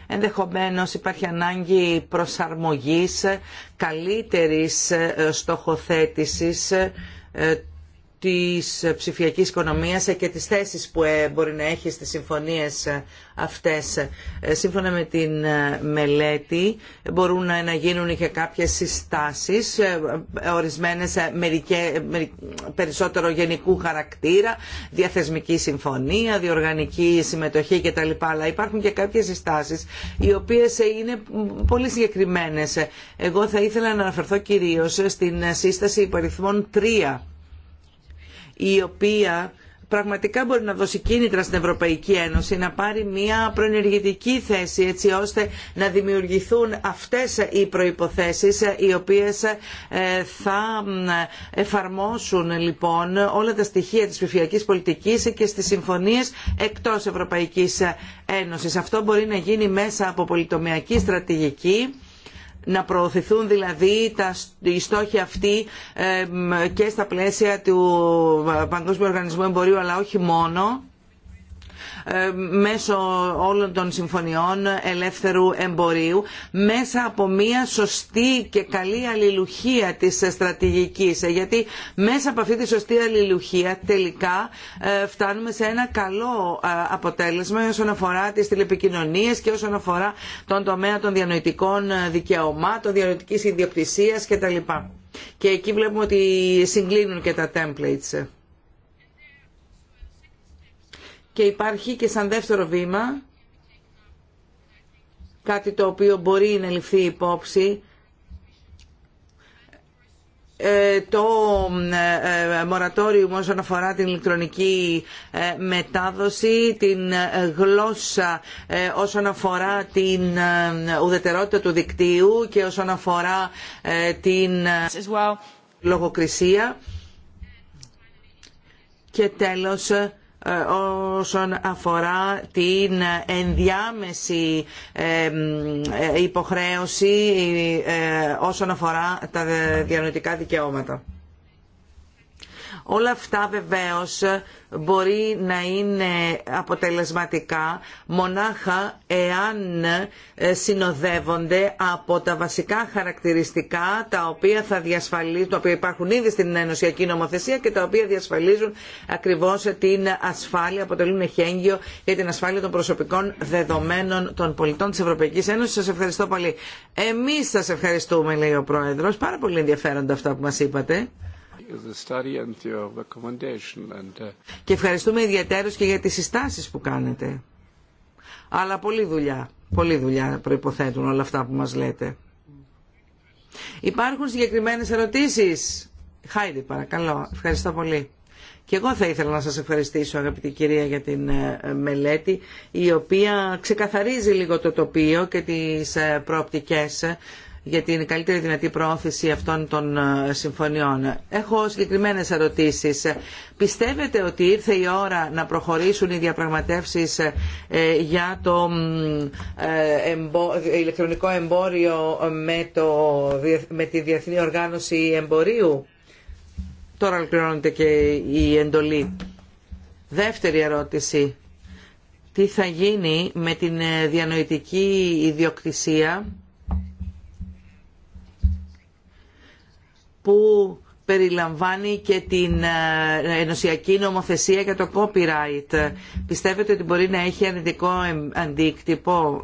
ενδεχομένως υπάρχει ανάγκη προσαρμογής, καλύτερης στοχοθέτησης της ψηφιακής οικονομίας και τις θέσεις που ε, μπορεί να έχει στις συμφωνίες ε, αυτές. Ε, σύμφωνα με την μελέτη μπορούν να γίνουν και κάποιες συστάσεις, ορισμένες μερικέ, περισσότερο γενικού χαρακτήρα, διαθεσμική συμφωνία, διοργανική συμμετοχή κτλ. Αλλά υπάρχουν και κάποιες συστάσεις οι οποίες είναι πολύ συγκεκριμένες. Εγώ θα ήθελα να αναφερθώ κυρίως στην σύσταση υπαριθμών 3 η οποία πραγματικά μπορεί να δώσει κίνητρα στην Ευρωπαϊκή Ένωση να πάρει μια προενεργητική θέση έτσι ώστε να δημιουργηθούν αυτές οι προϋποθέσεις ε, οι οποίες ε, θα εφαρμόσουν λοιπόν όλα τα στοιχεία της ψηφιακή πολιτικής και στις συμφωνίες εκτός Ευρωπαϊκής Ένωσης. Αυτό μπορεί να γίνει μέσα από πολυτομιακή στρατηγική να προωθηθούν δηλαδή τα, οι στόχοι αυτοί και στα πλαίσια του Παγκόσμιου Οργανισμού Εμπορίου αλλά όχι μόνο ε, μέσω όλων των συμφωνιών ελεύθερου εμπορίου μέσα από μια σωστή και καλή αλληλουχία της στρατηγικής ε, γιατί μέσα από αυτή τη σωστή αλληλουχία τελικά ε, φτάνουμε σε ένα καλό αποτέλεσμα όσον αφορά τις τηλεπικοινωνίες και όσον αφορά τον τομέα των διανοητικών δικαιωμάτων, διανοητικής ιδιοκτησίας κτλ. Και εκεί βλέπουμε ότι συγκλίνουν και τα templates και υπάρχει και σαν δεύτερο βήμα κάτι το οποίο μπορεί να ληφθεί υπόψη ε, το ε, ε, μορατόριο όσον αφορά την ηλεκτρονική μετάδοση, την γλώσσα όσον αφορά την ουδετερότητα του δικτύου και όσον αφορά την λογοκρισία. Και τέλος, όσον αφορά την ενδιάμεση υποχρέωση ε, όσον αφορά τα διανοητικά δικαιώματα. Όλα αυτά βεβαίως μπορεί να είναι αποτελεσματικά μονάχα εάν ε, συνοδεύονται από τα βασικά χαρακτηριστικά τα οποία θα διασφαλίζουν, τα οποία υπάρχουν ήδη στην ενωσιακή νομοθεσία και τα οποία διασφαλίζουν ακριβώς την ασφάλεια, αποτελούν εχέγγυο για την ασφάλεια των προσωπικών δεδομένων των πολιτών της Ευρωπαϊκής Ένωσης. Σας ευχαριστώ πολύ. Εμείς σας ευχαριστούμε, λέει ο Πρόεδρος. Πάρα πολύ ενδιαφέροντα αυτά που μας είπατε.
Uh,
και ευχαριστούμε ιδιαίτερως και για τις συστάσεις που κάνετε. Αλλά πολλή δουλειά, πολλή δουλειά προϋποθέτουν όλα αυτά που μας λέτε. Υπάρχουν συγκεκριμένες ερωτήσεις. Χάιντι παρακαλώ. Ευχαριστώ πολύ. Και εγώ θα ήθελα να σας ευχαριστήσω αγαπητή κυρία για την ε, μελέτη η οποία ξεκαθαρίζει λίγο το τοπίο και τις ε, προοπτικές για την καλύτερη δυνατή προώθηση αυτών των ε, συμφωνιών. Έχω συγκεκριμένες ερωτήσεις. Πιστεύετε ότι ήρθε η ώρα να προχωρήσουν οι διαπραγματεύσεις ε, για το ε, ηλεκτρονικό εμπόριο με, με τη Διεθνή Οργάνωση Εμπορίου. Τώρα ολοκληρώνεται και η εντολή. Δεύτερη ερώτηση. Τι θα γίνει με την διανοητική ιδιοκτησία που περιλαμβάνει και την ε, ενωσιακή νομοθεσία για το copyright. Πιστεύετε ότι μπορεί να έχει αρνητικό αντίκτυπο.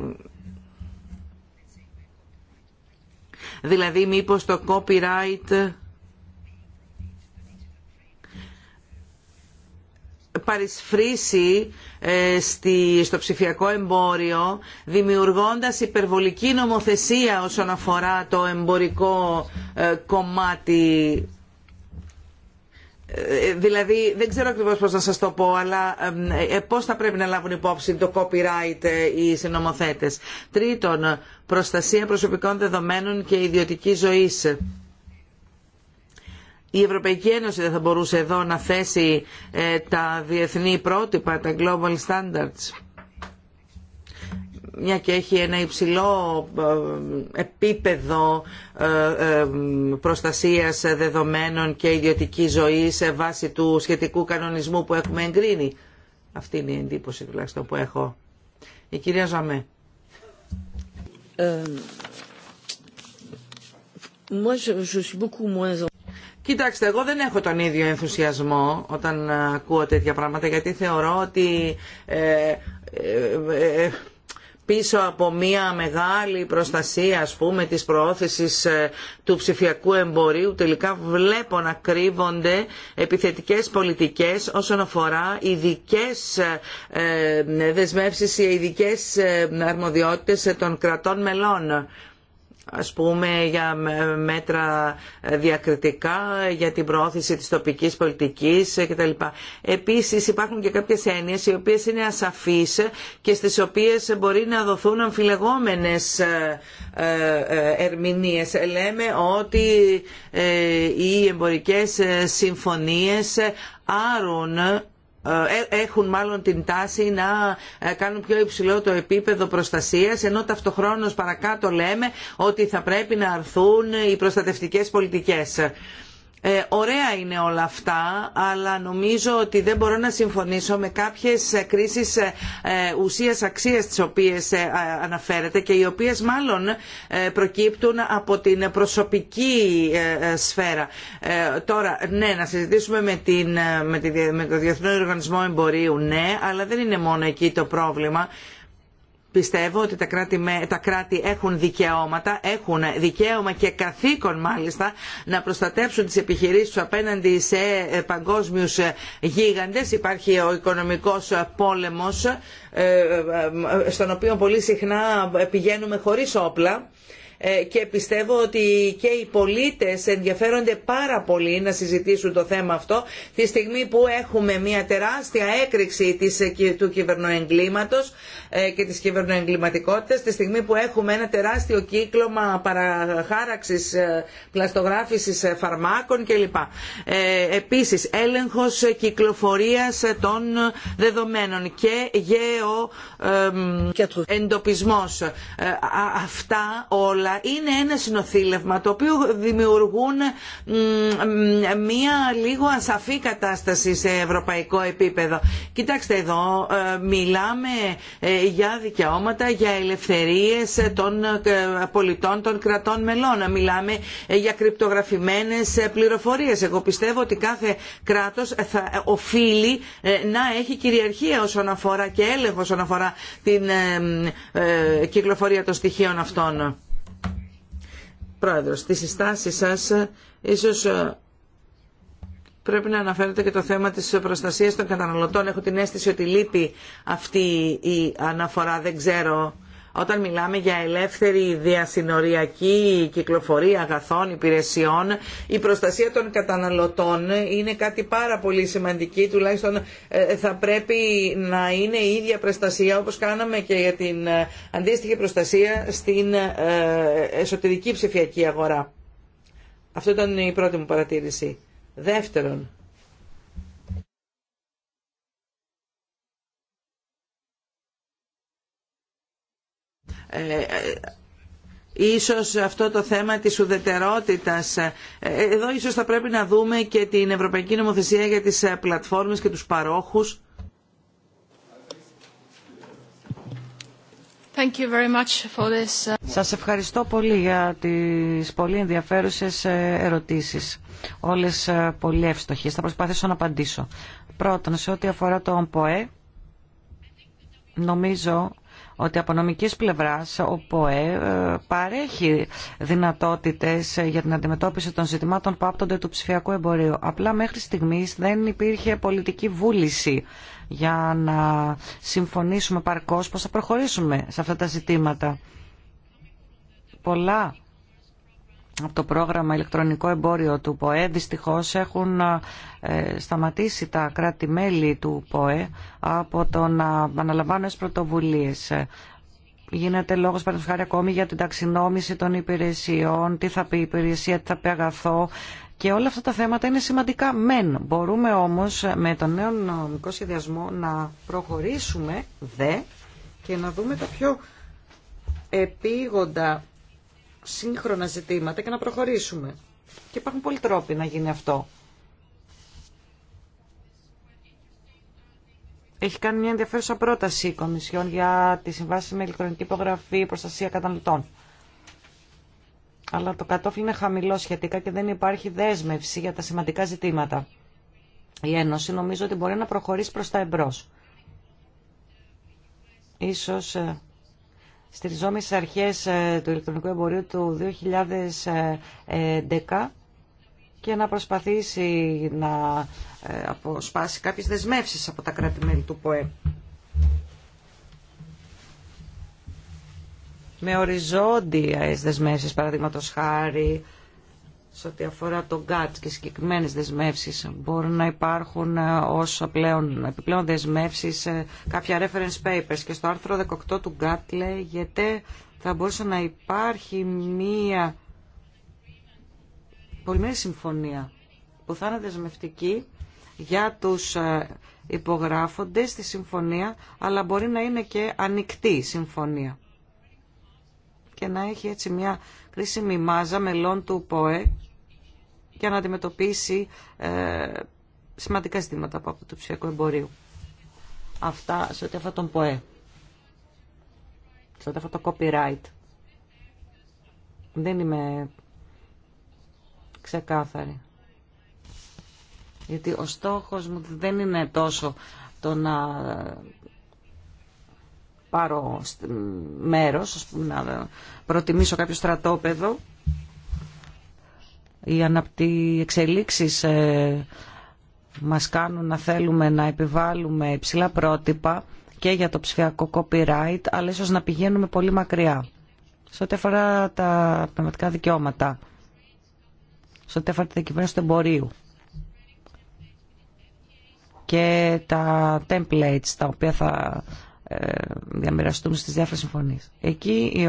Δηλαδή μήπως το copyright παρισφρήσει ε, στο ψηφιακό εμπόριο δημιουργώντας υπερβολική νομοθεσία όσον αφορά το εμπορικό ε, κομμάτι ε, δηλαδή δεν ξέρω ακριβώς πώς να σας το πω αλλά ε, πώς θα πρέπει να λάβουν υπόψη το copyright οι συνομοθέτες. Τρίτον, προστασία προσωπικών δεδομένων και ιδιωτικής ζωής η Ευρωπαϊκή Ένωση δεν θα μπορούσε εδώ να θέσει ε, τα διεθνή πρότυπα, τα global standards μια και έχει ένα υψηλό ε, επίπεδο ε, προστασίας δεδομένων και ιδιωτική ζωή σε βάση του σχετικού κανονισμού που έχουμε εγκρίνει. Αυτή είναι η εντύπωση τουλάχιστον που έχω. Η κυρία Ζαμέ. Κοιτάξτε, εγώ δεν έχω τον ίδιο ενθουσιασμό όταν ακούω τέτοια πράγματα γιατί θεωρώ ότι ε, ε, ε, πίσω από μια μεγάλη προστασία ας πούμε της προώθησης του ψηφιακού εμπορίου τελικά βλέπω να κρύβονται επιθετικές πολιτικές όσον αφορά ειδικέ δεσμεύσεις ή ειδικέ αρμοδιότητες των κρατών μελών ας πούμε για μέτρα διακριτικά, για την προώθηση της τοπικής πολιτικής κτλ. Επίσης υπάρχουν και κάποιες έννοιες οι οποίες είναι ασαφείς και στις οποίες μπορεί να δοθούν αμφιλεγόμενες ε, ε, ερμηνείες. Λέμε ότι ε, οι εμπορικές συμφωνίες άρουν ε, έχουν μάλλον την τάση να ε, κάνουν πιο υψηλό το επίπεδο προστασίας ενώ ταυτοχρόνως παρακάτω λέμε ότι θα πρέπει να αρθούν οι προστατευτικές πολιτικές. Ε, ωραία είναι όλα αυτά, αλλά νομίζω ότι δεν μπορώ να συμφωνήσω με κάποιες ε, κρίσεις ουσία, ε, ουσίας αξίας τις οποίες αναφέρετε και οι οποίες μάλλον προκύπτουν από την προσωπική σφαίρα. Τώρα, ναι, να συζητήσουμε με, το Διεθνό Οργανισμό Εμπορίου, ναι, αλλά δεν είναι μόνο εκεί το πρόβλημα πιστεύω ότι τα κράτη, τα κράτη έχουν δικαιώματα, έχουν δικαίωμα και καθήκον μάλιστα να προστατεύσουν τις επιχειρήσεις τους απέναντι σε ε, παγκόσμιους ε, γίγαντες. Υπάρχει ο οικονομικός ε, πόλεμος στον οποίο πολύ συχνά πηγαίνουμε χωρίς όπλα και πιστεύω ότι και οι πολίτες ενδιαφέρονται πάρα πολύ να συζητήσουν το θέμα αυτό τη στιγμή που έχουμε μια τεράστια έκρηξη του κυβερνοεγκλήματος ε, και τις κυβερνοεγκληματικότητας τη στιγμή που έχουμε ένα τεράστιο κύκλωμα παραχάραξης, ε, πλαστογράφησης ε, φαρμάκων κλπ. Επίσης, έλεγχος κυκλοφορίας των δεδομένων και γεω εντοπισμός. Αυτά όλα είναι ένα συνοθήλευμα το οποίο δημιουργούν μία λίγο ασαφή κατάσταση σε ευρωπαϊκό επίπεδο. Κοιτάξτε εδώ, μιλάμε για δικαιώματα, για ελευθερίες των ε, πολιτών των κρατών μελών. μιλάμε ε, για κρυπτογραφημένες ε, πληροφορίες. Εγώ πιστεύω ότι κάθε κράτος θα οφείλει να έχει κυριαρχία όσον αφορά και έλεγχο όσον αφορά την κυκλοφορία των στοιχείων αυτών. Πρόεδρος, τις συστάσεις σας ίσως πρέπει να αναφέρεται και το θέμα της προστασίας των καταναλωτών. Έχω την αίσθηση ότι λείπει αυτή η αναφορά, δεν ξέρω. Όταν μιλάμε για ελεύθερη διασυνοριακή κυκλοφορία αγαθών, υπηρεσιών, η προστασία των καταναλωτών είναι κάτι πάρα πολύ σημαντική. Τουλάχιστον ε, θα πρέπει να είναι η ίδια προστασία όπως κάναμε και για την ε, αντίστοιχη προστασία στην ε, εσωτερική ψηφιακή αγορά. Αυτό ήταν η πρώτη μου παρατήρηση. Δεύτερον, ε, ε, Ίσως αυτό το θέμα της ουδετερότητας. Ε, εδώ ίσως θα πρέπει να δούμε και την Ευρωπαϊκή Νομοθεσία για τις ε, πλατφόρμες και τους παρόχους
Uh, Σας ευχαριστώ πολύ για τις πολύ ενδιαφέρουσες ε, ερωτήσεις. Όλες ε, πολύ εύστοχες. Θα προσπαθήσω να απαντήσω. Πρώτον, σε ό,τι αφορά το ΟΠΟΕ, νομίζω ότι από νομικής πλευράς ο ΠΟΕ ε, παρέχει δυνατότητες για την αντιμετώπιση των ζητημάτων που άπτονται του ψηφιακού εμπορίου. Απλά μέχρι στιγμής δεν υπήρχε πολιτική βούληση για να συμφωνήσουμε παρκώς πώς θα προχωρήσουμε σε αυτά τα ζητήματα. Πολλά από το πρόγραμμα ηλεκτρονικό εμπόριο του ΠΟΕ δυστυχώς έχουν ε, σταματήσει τα κράτη-μέλη του ΠΟΕ από το να αναλαμβάνουν πρωτοβουλίες. Γίνεται λόγος παραδείγματος ακόμη για την ταξινόμηση των υπηρεσιών, τι θα πει η υπηρεσία, τι θα πει αγαθό, και όλα αυτά τα θέματα είναι σημαντικά μεν. Μπορούμε όμως με τον νέο νομικό σχεδιασμό να προχωρήσουμε δε και να δούμε τα πιο επίγοντα σύγχρονα ζητήματα και να προχωρήσουμε. Και υπάρχουν πολλοί τρόποι να γίνει αυτό. Έχει κάνει μια ενδιαφέρουσα πρόταση η Κομισιόν για τη συμβάση με ηλεκτρονική υπογραφή προστασία καταναλωτών αλλά το κατόφλι είναι χαμηλό σχετικά και δεν υπάρχει δέσμευση για τα σημαντικά ζητήματα. Η Ένωση νομίζω ότι μπορεί να προχωρήσει προς τα εμπρός. Ίσως ε, στηριζόμενοι αρχές ε, του ηλεκτρονικού εμπορίου του 2011 ε, και να προσπαθήσει να αποσπάσει κάποιες δεσμεύσεις από τα κράτη-μέλη του ΠΟΕ. με οριζόντια δεσμεύσεις, παραδείγματο χάρη, σε ό,τι αφορά το ΚΑΤ και συγκεκριμένες δεσμεύσεις. Μπορούν να υπάρχουν όσο πλέον, επιπλέον δεσμεύσεις, ε, κάποια reference papers. Και στο άρθρο 18 του ΓΚΑΤ λέγεται θα μπορούσε να υπάρχει μία πολυμερή συμφωνία που θα είναι δεσμευτική για τους ε, υπογράφοντες στη συμφωνία, αλλά μπορεί να είναι και ανοιχτή συμφωνία και να έχει έτσι μια κρίσιμη μάζα μελών του ΠΟΕ για να αντιμετωπίσει ε, σημαντικά ζητήματα από το ψηφιακό εμπορίο. Αυτά σε ό,τι αφορά τον ΠΟΕ. Σε ό,τι αφορά το copyright. Δεν είμαι ξεκάθαρη. Γιατί ο στόχος μου δεν είναι τόσο το να πάρω μέρος, να προτιμήσω κάποιο στρατόπεδο. Οι αναπτύ εξελίξεις ε, μας κάνουν να θέλουμε να επιβάλλουμε υψηλά πρότυπα και για το ψηφιακό copyright, αλλά ίσως να πηγαίνουμε πολύ μακριά. Σε ό,τι αφορά τα πνευματικά δικαιώματα, σε ό,τι αφορά τη κυβέρνηση του εμπορίου και τα templates τα οποία θα ε, διαμοιραστούν στις διάφορες συμφωνίες. Εκεί η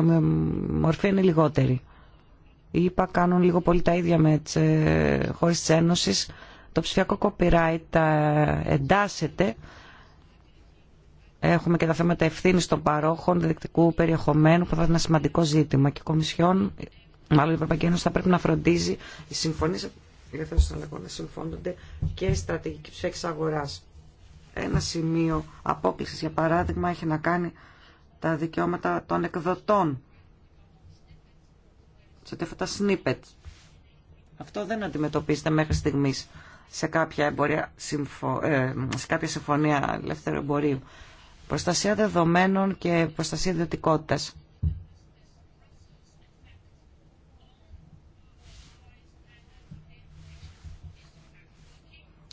μορφή είναι λιγότερη. Οι ΙΠΑ κάνουν λίγο πολύ τα ίδια με τις ε, χώρες της Ένωσης. Το ψηφιακό copyright ε, εντάσσεται. Έχουμε και τα θέματα ευθύνη των παρόχων διεκτικού περιεχομένου που θα είναι ένα σημαντικό ζήτημα. Και η Κομισιόν, μάλλον η Ευρωπαϊκή Ένωση, θα πρέπει να φροντίζει οι συμφωνίε συμφώνονται και στρατηγική ψηφιακή αγορά. Ένα σημείο απόκλησης, για παράδειγμα, έχει να κάνει τα δικαιώματα των εκδοτών. Σε αυτά τα Αυτό δεν αντιμετωπίζεται μέχρι στιγμής σε κάποια, εμπορία, ε, σε συμφωνία ελεύθερου εμπορίου. Προστασία δεδομένων και προστασία ιδιωτικότητας.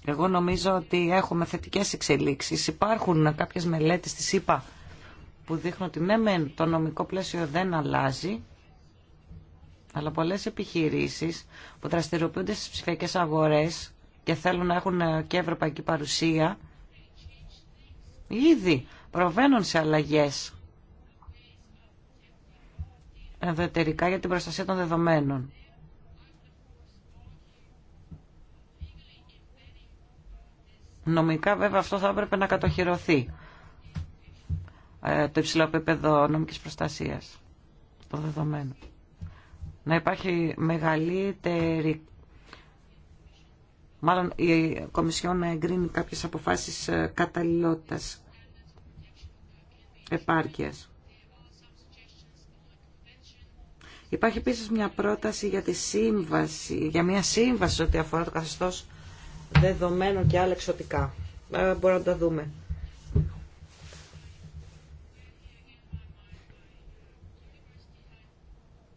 Εγώ νομίζω ότι έχουμε θετικές εξελίξεις. Υπάρχουν κάποιες μελέτες της ΕΠΑ που δείχνουν ότι ναι μεν το νομικό πλαίσιο δεν αλλάζει, αλλά πολλές επιχειρήσεις που δραστηριοποιούνται στις ψηφιακές αγορές και θέλουν να έχουν και ευρωπαϊκή παρουσία, ήδη προβαίνουν σε αλλαγές ενδοτερικά για την προστασία των δεδομένων. Νομικά βέβαια αυτό θα έπρεπε να κατοχυρωθεί ε, το υψηλό επίπεδο νομικής προστασίας το δεδομένο Να υπάρχει μεγαλύτερη μάλλον η Κομισιόν να εγκρίνει κάποιες αποφάσεις ε, καταλληλότητας επάρκειας. Υπάρχει επίσης μια πρόταση για τη σύμβαση, για μια σύμβαση ό,τι αφορά το καθεστώς δεδομένων και άλλα εξωτικά. Ε, μπορούμε να τα δούμε.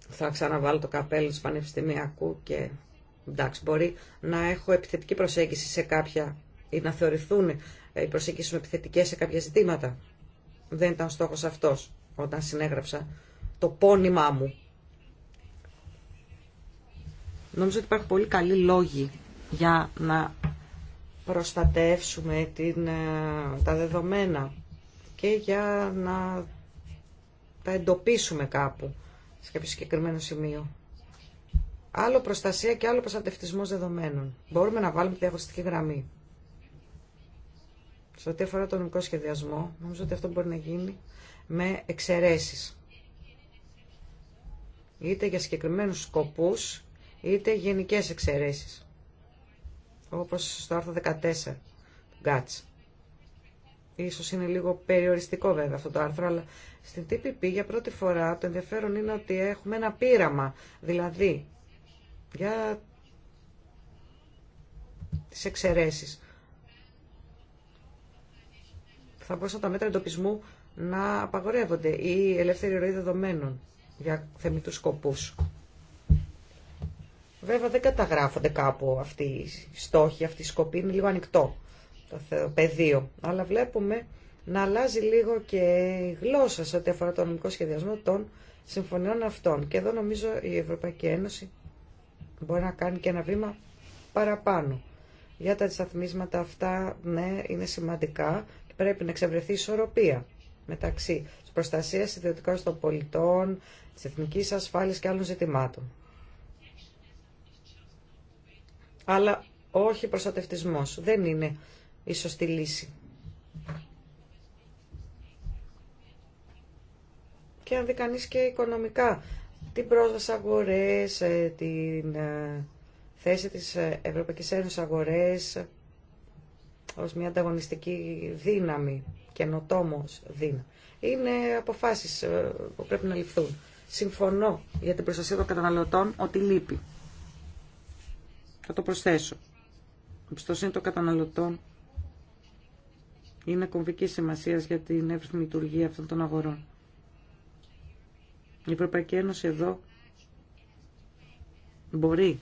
Θα ξαναβάλω το καπέλο του πανεπιστημιακού και εντάξει μπορεί να έχω επιθετική προσέγγιση σε κάποια ή να θεωρηθούν ε, οι προσεγγιση μου επιθετικές σε κάποια ζητήματα. Δεν ήταν στόχος αυτός όταν συνέγραψα το πόνημά μου. Νομίζω ότι υπάρχουν πολύ καλοί λόγοι για να προστατεύσουμε την, ε, τα δεδομένα και για να τα εντοπίσουμε κάπου σε κάποιο συγκεκριμένο σημείο. Άλλο προστασία και άλλο προστατευτισμό δεδομένων. Μπορούμε να βάλουμε τη διαχωριστική γραμμή. Σε ό,τι αφορά τον νομικό σχεδιασμό, νομίζω ότι αυτό μπορεί να γίνει με εξαιρέσεις. Είτε για συγκεκριμένους σκοπούς, είτε γενικές εξαιρέσεις όπως στο άρθρο 14 του Ίσως είναι λίγο περιοριστικό βέβαια αυτό το άρθρο, αλλά στην TPP για πρώτη φορά το ενδιαφέρον είναι ότι έχουμε ένα πείραμα, δηλαδή για τις εξαιρέσεις. Θα μπορούσαν τα μέτρα εντοπισμού να απαγορεύονται ή ελεύθερη ροή δεδομένων για θεμητούς σκοπούς. Βέβαια δεν καταγράφονται κάπου αυτοί οι στόχοι, αυτή η σκοπή, είναι λίγο ανοιχτό το πεδίο. Αλλά βλέπουμε να αλλάζει λίγο και η γλώσσα σε ό,τι αφορά το νομικό σχεδιασμό των συμφωνιών αυτών. Και εδώ νομίζω η Ευρωπαϊκή Ένωση μπορεί να κάνει και ένα βήμα παραπάνω. Για τα αντισταθμίσματα αυτά, ναι, είναι σημαντικά και πρέπει να εξευρεθεί ισορροπία μεταξύ της προστασίας ιδιωτικών των πολιτών, της εθνικής ασφάλειας και άλλων ζητημάτων αλλά όχι προστατευτισμός. Δεν είναι η σωστή λύση. Και αν δει κανείς και οικονομικά την πρόσβαση αγορές, ε, την ε, θέση της Ευρωπαϊκής Ένωσης αγορές ως μια ανταγωνιστική δύναμη, καινοτόμος δύναμη. Είναι αποφάσεις ε, που πρέπει να ληφθούν. Συμφωνώ για την προστασία των καταναλωτών ότι λείπει. Θα το προσθέσω. Η εμπιστοσύνη των καταναλωτών είναι κομβική σημασία για την εύρυθμη λειτουργία αυτών των αγορών. Η Ευρωπαϊκή Ένωση εδώ μπορεί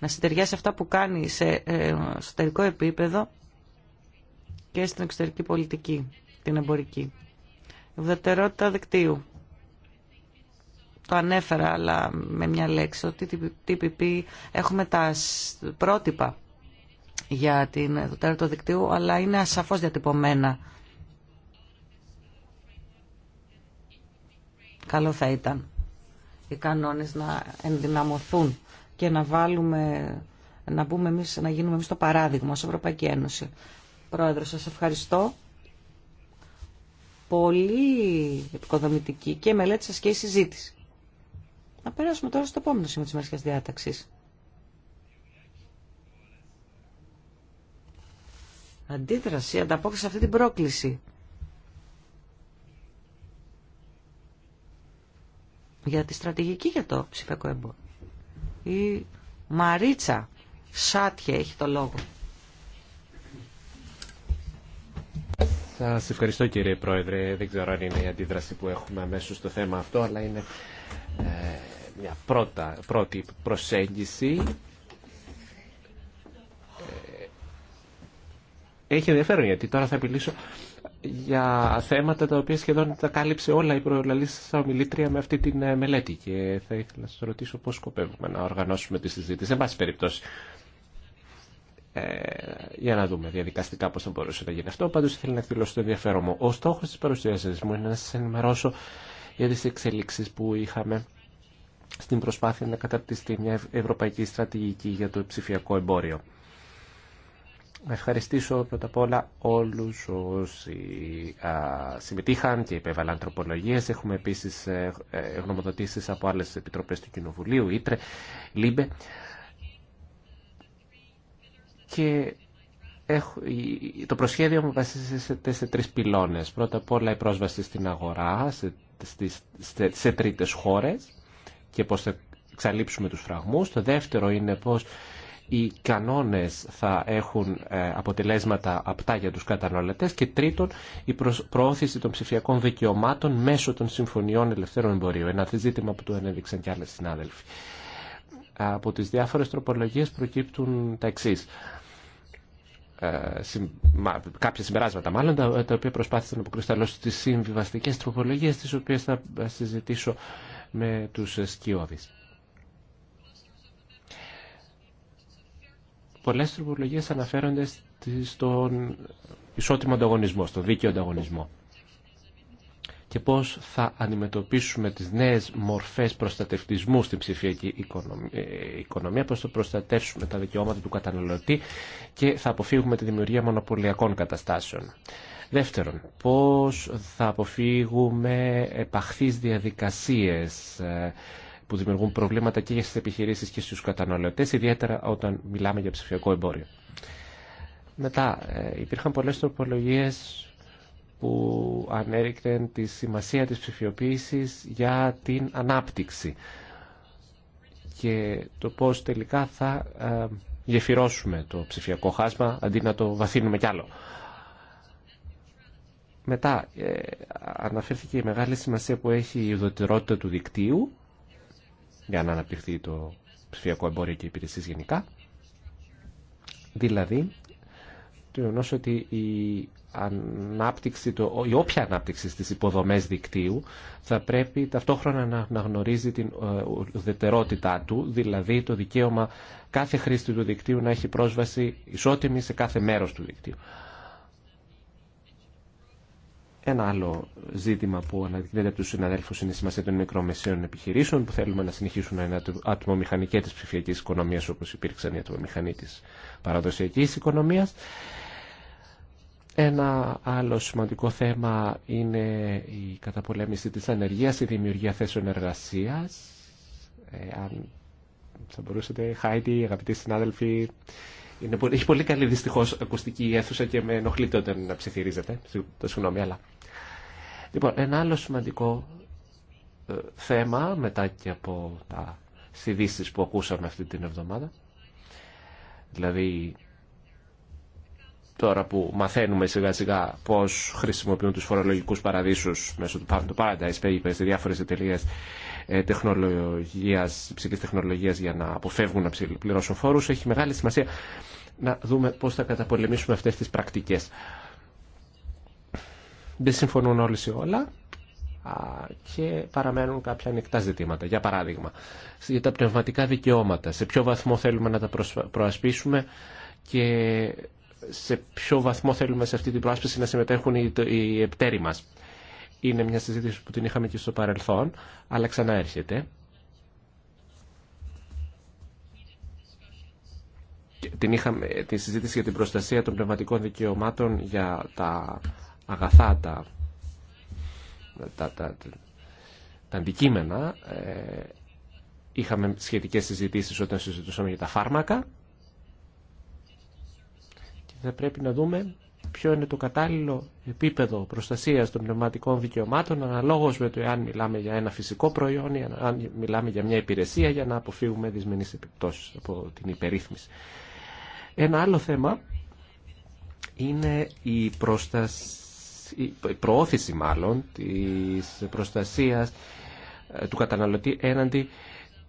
να συντεριάσει αυτά που κάνει σε ε, εσωτερικό επίπεδο και στην εξωτερική πολιτική, την εμπορική. Ουδετερότητα δικτύου το ανέφερα αλλά με μια λέξη, ότι TPP έχουμε τα πρότυπα για την τέλο του δικτύου, αλλά είναι ασαφώς διατυπωμένα. Καλό θα ήταν οι κανόνες να ενδυναμωθούν και να βάλουμε, να, μπούμε εμείς, να γίνουμε εμείς το παράδειγμα ως Ευρωπαϊκή Ένωση. Πρόεδρο, σας ευχαριστώ. Πολύ επικοδομητική και μελέτη σας και η συζήτηση. Να περάσουμε τώρα στο επόμενο σημείο της μερικής διάταξης. Αντίδραση, ανταπόκριση σε αυτή την πρόκληση. Για τη στρατηγική για το ψηφιακό εμπόριο. Η Μαρίτσα Σάτια έχει το λόγο.
Σας ευχαριστώ κύριε Πρόεδρε. Δεν ξέρω αν είναι η αντίδραση που έχουμε αμέσως στο θέμα αυτό, αλλά είναι ε, μια πρώτα, πρώτη προσέγγιση ε, έχει ενδιαφέρον γιατί τώρα θα μιλήσω για θέματα τα οποία σχεδόν τα κάλυψε όλα η προλαλήσα ομιλήτρια με αυτή τη ε, μελέτη και θα ήθελα να σας ρωτήσω πώς σκοπεύουμε να οργανώσουμε τη συζήτηση. Εν πάση περιπτώσει, ε, για να δούμε διαδικαστικά πώς θα μπορούσε να γίνει αυτό. Πάντως ήθελα να εκδηλώσω το ενδιαφέρον μου. Ο στόχος της παρουσίασης μου είναι να σας ενημερώσω για τις εξελίξεις που είχαμε στην προσπάθεια να καταρτιστεί μια ευρωπαϊκή στρατηγική για το ψηφιακό εμπόριο. Να ευχαριστήσω πρώτα απ' όλα όλους όσοι συμμετείχαν και υπέβαλαν τροπολογίες. Έχουμε επίσης ε, ε, γνωμοδοτήσεις από άλλες επιτροπές του Κοινοβουλίου, Ήτρε, Λίμπε. Και το προσχέδιο μου βασίζεται σε τρεις πυλώνες. Πρώτα απ' όλα η πρόσβαση στην αγορά, σε σε τρίτες χώρες και πώς θα εξαλείψουμε τους φραγμούς. Το δεύτερο είναι πώς οι κανόνες θα έχουν ε, αποτελέσματα απτά για τους κατανοητές και τρίτον η προώθηση των ψηφιακών δικαιωμάτων μέσω των συμφωνιών ελευθέρων εμπορίου. Ένα ζήτημα που το ανέδειξαν και άλλες συνάδελφοι. Από τις διάφορες τροπολογίες προκύπτουν τα εξής. Ε, κάποια συμπεράσματα μάλλον τα, τα οποία προσπάθησαν να αποκρισταλώσουν στις συμβιβαστικές τροπολογίες τις οποίες θα συζητήσω με τους σκιώδεις. Πολλές τροπολογίες αναφέρονται στον ισότιμο ανταγωνισμό, στον δίκαιο ανταγωνισμό και πώς θα αντιμετωπίσουμε τις νέες μορφές προστατευτισμού στην ψηφιακή ε, οικονομία, πώς θα προστατεύσουμε τα δικαιώματα του καταναλωτή και θα αποφύγουμε τη δημιουργία μονοπωλιακών καταστάσεων. Δεύτερον, πώς θα αποφύγουμε επαχθείς διαδικασίες ε, που δημιουργούν προβλήματα και για στις επιχειρήσεις και στους καταναλωτές, ιδιαίτερα όταν μιλάμε για ψηφιακό εμπόριο. Μετά, ε, υπήρχαν πολλές τροπολογίες που ανέρικτεν τη σημασία της ψηφιοποίησης για την ανάπτυξη και το πώς τελικά θα ε, γεφυρώσουμε το ψηφιακό χάσμα αντί να το βαθύνουμε κι άλλο. Μετά ε, αναφέρθηκε η μεγάλη σημασία που έχει η ειδωτερότητα του δικτύου για να αναπτυχθεί το ψηφιακό εμπόριο και οι υπηρεσίες γενικά. Δηλαδή το γεγονό ότι η, ανάπτυξη, το, η όποια ανάπτυξη στις υποδομές δικτύου θα πρέπει ταυτόχρονα να, γνωρίζει την ε, ουδετερότητά του, δηλαδή το δικαίωμα κάθε χρήστη του δικτύου να έχει πρόσβαση ισότιμη σε κάθε μέρος του δικτύου. Ένα άλλο ζήτημα που αναδεικνύεται από του συναδέλφου είναι η σημασία των μικρομεσαίων επιχειρήσεων που θέλουμε να συνεχίσουν να είναι ατμομηχανικέ τη ψηφιακή οικονομία όπω υπήρξαν οι ατμομηχανοί τη παραδοσιακή οικονομία. Ένα άλλο σημαντικό θέμα είναι η καταπολέμηση της ανεργίας, η δημιουργία θέσεων εργασίας. Ε, αν θα μπορούσατε, Χάιντι, αγαπητοί συνάδελφοι, είναι, έχει πολύ καλή δυστυχώς ακουστική αίθουσα και με ενοχλείται όταν ψιθυρίζετε. Το συγγνώμη, αλλά... Λοιπόν, ένα άλλο σημαντικό ε, θέμα μετά και από τα ειδήσει που ακούσαμε αυτή την εβδομάδα. Δηλαδή τώρα που μαθαίνουμε σιγά σιγά πώς χρησιμοποιούν τους φορολογικούς παραδείσους μέσω του Paradise Papers σε διάφορες εταιρείε ε, τεχνολογίας, υψηλής τεχνολογίας για να αποφεύγουν να πληρώσουν φόρους έχει μεγάλη σημασία να δούμε πώς θα καταπολεμήσουμε αυτές τις πρακτικές. Δεν συμφωνούν όλοι σε όλα και παραμένουν κάποια ανοιχτά ζητήματα. Για παράδειγμα, για τα πνευματικά δικαιώματα, σε ποιο βαθμό θέλουμε να τα προασπίσουμε και σε ποιο βαθμό θέλουμε σε αυτή την πρόσπιση να συμμετέχουν οι, οι μας. Είναι μια συζήτηση που την είχαμε και στο παρελθόν, αλλά ξανά έρχεται. Την είχαμε τη συζήτηση για την προστασία των πνευματικών δικαιωμάτων για τα αγαθά, τα, τα αντικείμενα. Ε, είχαμε σχετικές συζητήσεις όταν συζητούσαμε για τα φάρμακα θα πρέπει να δούμε ποιο είναι το κατάλληλο επίπεδο προστασίας των πνευματικών δικαιωμάτων αναλόγως με το εάν μιλάμε για ένα φυσικό προϊόν ή αν μιλάμε για μια υπηρεσία για να αποφύγουμε δυσμενείς επιπτώσεις από την υπερρύθμιση. Ένα άλλο θέμα είναι η, η προώθηση μάλλον της προστασίας ε, του καταναλωτή έναντι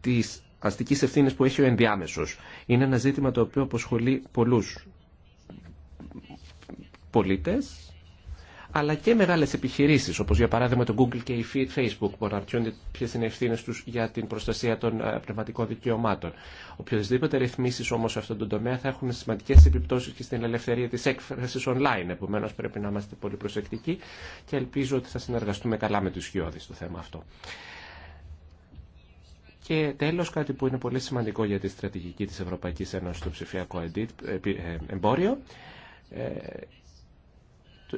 της αστικής ευθύνης που έχει ο ενδιάμεσος. Είναι ένα ζήτημα το οποίο αποσχολεί πολλούς πολίτες αλλά και μεγάλες επιχειρήσεις όπως για παράδειγμα το Google και η Facebook που αναρτιούνται ποιε είναι οι ευθύνε του για την προστασία των ε, πνευματικών δικαιωμάτων. Οποιοδεσδήποτε ρυθμίσεις όμως σε αυτόν τον τομέα θα έχουν σημαντικές επιπτώσεις και στην ελευθερία της έκφρασης online. Επομένω πρέπει να είμαστε πολύ προσεκτικοί και ελπίζω ότι θα συνεργαστούμε καλά με τους χιώδεις στο θέμα αυτό. Και τέλος κάτι που είναι πολύ σημαντικό για τη στρατηγική της Ευρωπαϊκής Ένωσης στο ψηφιακό ε, ε, εμπόριο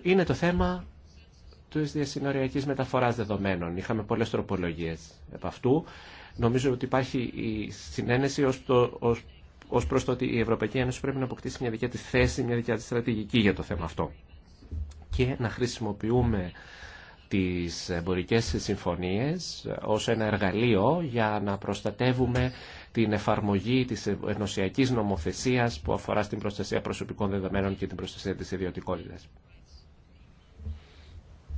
είναι το θέμα της διασυνοριακή μεταφορά δεδομένων. Είχαμε πολλέ τροπολογίες από αυτού. Νομίζω ότι υπάρχει η συνένεση ως, το, ως, ως προς το ότι η Ευρωπαϊκή Ένωση πρέπει να αποκτήσει μια δικιά της θέση, μια δικιά της στρατηγική για το θέμα αυτό. Και να χρησιμοποιούμε τις εμπορικές συμφωνίες ε, ως ένα εργαλείο για να προστατεύουμε την εφαρμογή της ε, ενωσιακής νομοθεσίας που αφορά στην προστασία προσωπικών δεδομένων και την προστασία της ιδιωτικότητα.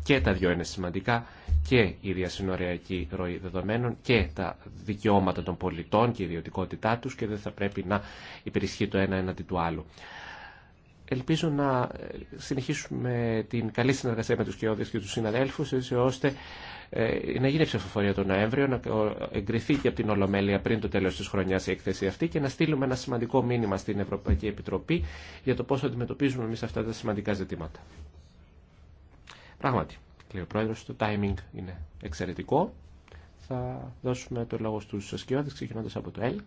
Και τα δύο είναι σημαντικά και η διασυνοριακή ροή δεδομένων και τα δικαιώματα των πολιτών και η ιδιωτικότητά τους και δεν θα πρέπει να υπερισχύει το ένα έναντι του άλλου. Ελπίζω να ε, συνεχίσουμε την καλή συνεργασία με τους κοιόδες και τους συναδέλφους έτσι ώστε ε, να γίνει ψηφοφορία τον Νοέμβριο, να εγκριθεί και από την Ολομέλεια πριν το τέλος της χρονιάς η έκθεση αυτή και να στείλουμε ένα σημαντικό μήνυμα στην Ευρωπαϊκή Επιτροπή για το πώς αντιμετωπίζουμε εμεί αυτά τα σημαντικά ζητήματα. Πράγματι, λέει ο πρόεδρος, το timing είναι εξαιρετικό. Θα δώσουμε το λόγο στου ασκιώδες ξεκινώντας από το ΕΛΚ.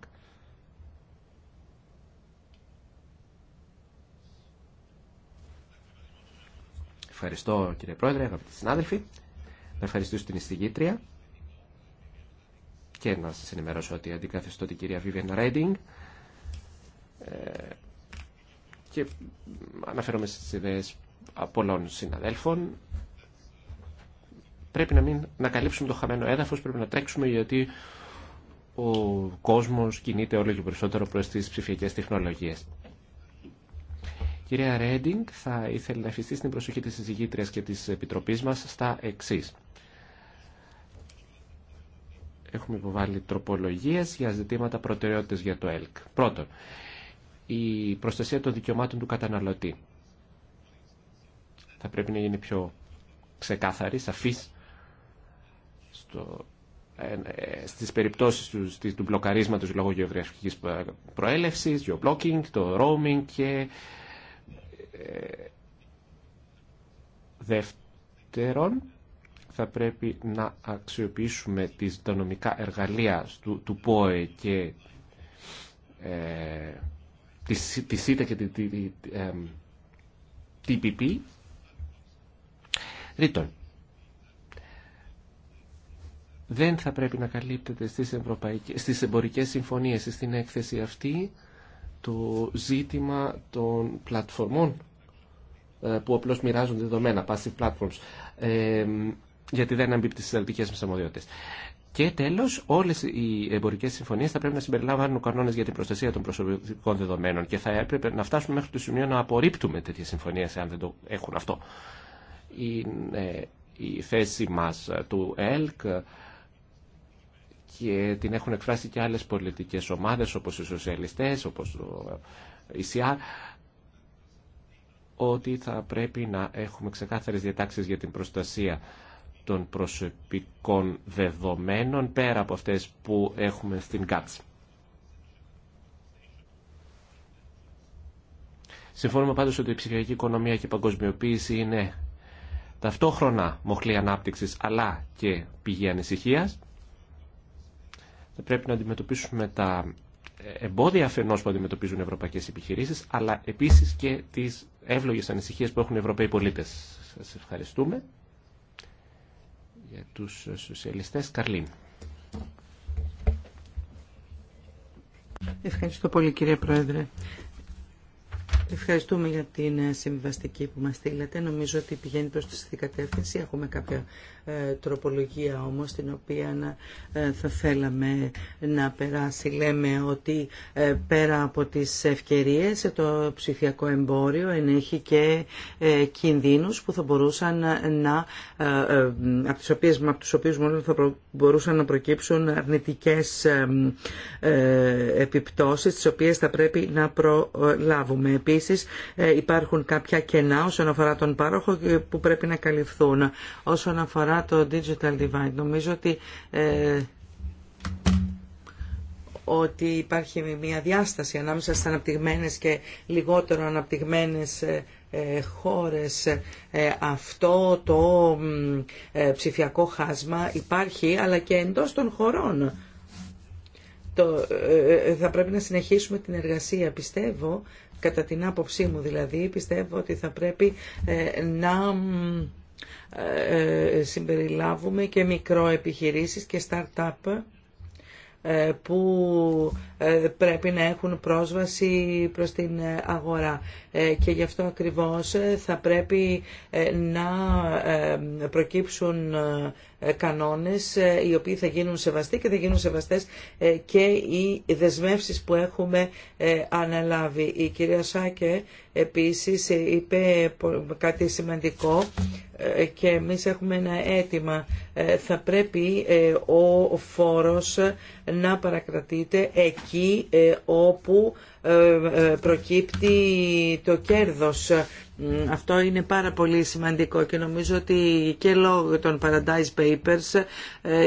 Ευχαριστώ κύριε Πρόεδρε, αγαπητοί συνάδελφοι. Να ευχαριστήσω την εισηγήτρια και να σας ενημερώσω ότι αντικαθιστώ την κυρία Vivian Ρέντινγκ ε, και αναφέρομαι στις ιδέες πολλών συναδέλφων Πρέπει να, μην, να καλύψουμε το χαμένο έδαφο, πρέπει να τρέξουμε γιατί ο κόσμος κινείται όλο και περισσότερο προς τις ψηφιακέ τεχνολογίες. Κυρία Ρέντινγκ, θα ήθελα να αφιστεί στην προσοχή τη συζητήτριας και τη επιτροπή μα στα εξή. Έχουμε υποβάλει τροπολογίες για ζητήματα προτεραιότητε για το ΕΛΚ. Πρώτον, η προστασία των δικαιωμάτων του καταναλωτή. Θα πρέπει να γίνει πιο ξεκάθαρη, σαφής στο, ε, στις περιπτώσεις του, του μπλοκαρίσματος λόγω γεωγραφικής προέλευσης, geoblocking, το roaming και ε, δεύτερον θα πρέπει να αξιοποιήσουμε τις δονομικά εργαλεία του, του ΠΟΕ και ε, τη, τη ΣΥΤΑ και τη, τη, τη ε, TPP δεν θα πρέπει να καλύπτεται στις, στις εμπορικές συμφωνίες στην έκθεση αυτή το ζήτημα των πλατφορμών ε, που απλώς μοιράζουν δεδομένα, passive platforms, ε, γιατί δεν αμπίπτει στις αλπικές μας αμμοδιότητες. Και τέλο, όλε οι εμπορικέ συμφωνίε θα πρέπει να συμπεριλαμβάνουν κανόνε για την προστασία των προσωπικών δεδομένων και θα έπρεπε να φτάσουμε μέχρι το σημείο να απορρίπτουμε τέτοιε συμφωνίε, αν δεν το έχουν αυτό. Ε, η θέση μα του ΕΛΚ και την έχουν εκφράσει και άλλες πολιτικές ομάδες όπως οι σοσιαλιστές, όπως το ΣΥΑΡ, ότι θα πρέπει να έχουμε ξεκάθαρες διατάξεις για την προστασία των προσωπικών δεδομένων πέρα από αυτές που έχουμε στην ΚΑΤΣ. Συμφωνούμε πάντως ότι η ψηφιακή οικονομία και η παγκοσμιοποίηση είναι ταυτόχρονα μοχλή ανάπτυξης αλλά και πηγή ανησυχίας θα πρέπει να αντιμετωπίσουμε τα εμπόδια αφενό που αντιμετωπίζουν ευρωπαϊκές επιχειρήσεις, αλλά επίσης και τις εύλογε ανησυχίε που έχουν οι Ευρωπαίοι πολίτες. Σα ευχαριστούμε. Για τους σοσιαλιστές, Καρλίν.
Ευχαριστώ πολύ κύριε Πρόεδρε. Ευχαριστούμε για την συμβαστική που μας στείλατε. Νομίζω ότι πηγαίνει προς τη κατεύθυνση. Έχουμε κάποια ε, τροπολογία όμως την οποία ε, θα θέλαμε να περάσει. Λέμε ότι ε, πέρα από τις ευκαιρίες το ψηφιακό εμπόριο ενέχει και κινδύνους που θα μπορούσαν να, από τους οποίους, μόνο θα μπορούσαν να προκύψουν αρνητικές επιπτώσεις τις οποίες θα πρέπει να προλάβουμε. Επίσης υπάρχουν κάποια κενά όσον αφορά τον πάροχο που πρέπει να καλυφθούν. Όσον αφορά το digital divide. Νομίζω ότι, ε, ότι υπάρχει μια διάσταση ανάμεσα στις αναπτυγμένες και λιγότερο αναπτυγμένες ε, ε, χώρες αυτό το ψηφιακό χάσμα υπάρχει αλλά και εντός των χωρών. Το, θα πρέπει να συνεχίσουμε την εργασία πιστεύω, κατά την άποψή μου δηλαδή, πιστεύω ότι θα πρέπει να ε, ε, συμπεριλάβουμε και μικρό μικροεπιχειρήσεις και start-up ε, που ε, πρέπει να έχουν πρόσβαση προς την αγορά. Ε, και γι' αυτό ακριβώς ε, θα πρέπει να προκύψουν κανόνες οι οποίοι θα γίνουν σεβαστοί και θα γίνουν σεβαστές και οι δεσμεύσεις που έχουμε αναλάβει. Η κυρία Σάκε επίσης είπε κάτι σημαντικό και εμείς έχουμε ένα αίτημα. Θα πρέπει ο φόρος να παρακρατείται εκεί εκεί όπου ε, ε, προκύπτει το κέρδος. Ε, αυτό είναι πάρα πολύ σημαντικό και νομίζω ότι και λόγω των Paradise Papers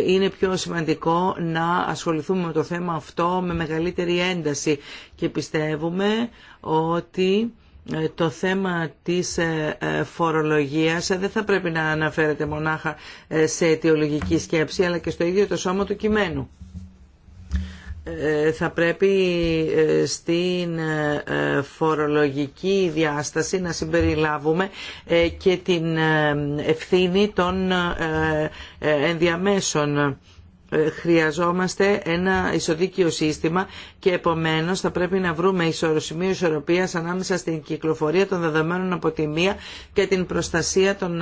είναι πιο σημαντικό να ασχοληθούμε με το θέμα αυτό με μεγαλύτερη ένταση και πιστεύουμε ότι το θέμα της φορολογίας δεν θα πρέπει να αναφέρεται μονάχα σε αιτιολογική σκέψη αλλά και στο ίδιο το σώμα του κειμένου. Ε, θα πρέπει ε, στην ε, φορολογική διάσταση να συμπεριλάβουμε και την ευθύνη των ενδιαμέσων χρειαζόμαστε ένα ισοδίκιο σύστημα και επομένως θα πρέπει να βρούμε ισορροσημείο ισορροπίας ανάμεσα στην κυκλοφορία των δεδομένων από τη μία και την προστασία των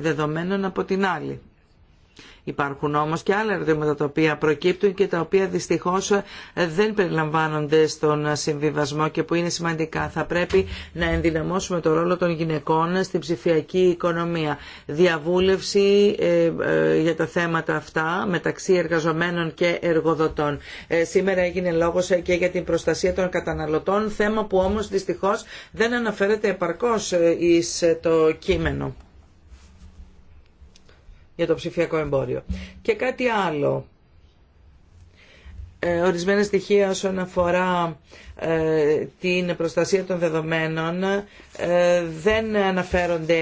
δεδομένων από την άλλη. Υπάρχουν όμως και άλλα ερωτήματα τα οποία προκύπτουν και τα οποία δυστυχώς ε, δεν περιλαμβάνονται στον ε, συμβιβασμό και που είναι σημαντικά. Θα πρέπει να ενδυναμώσουμε το ρόλο των γυναικών ε, στην ψηφιακή οικονομία. Διαβούλευση για τα θέματα αυτά μεταξύ εργαζομένων και εργοδοτών. Σήμερα έγινε λόγος και για την προστασία των καταναλωτών, θέμα που όμως δυστυχώς δεν αναφέρεται επαρκώς εις το κείμενο για το ψηφιακό εμπόριο. Και κάτι άλλο. Ε, ορισμένα στοιχεία όσον αφορά ε, την προστασία των δεδομένων ε, δεν αναφέρονται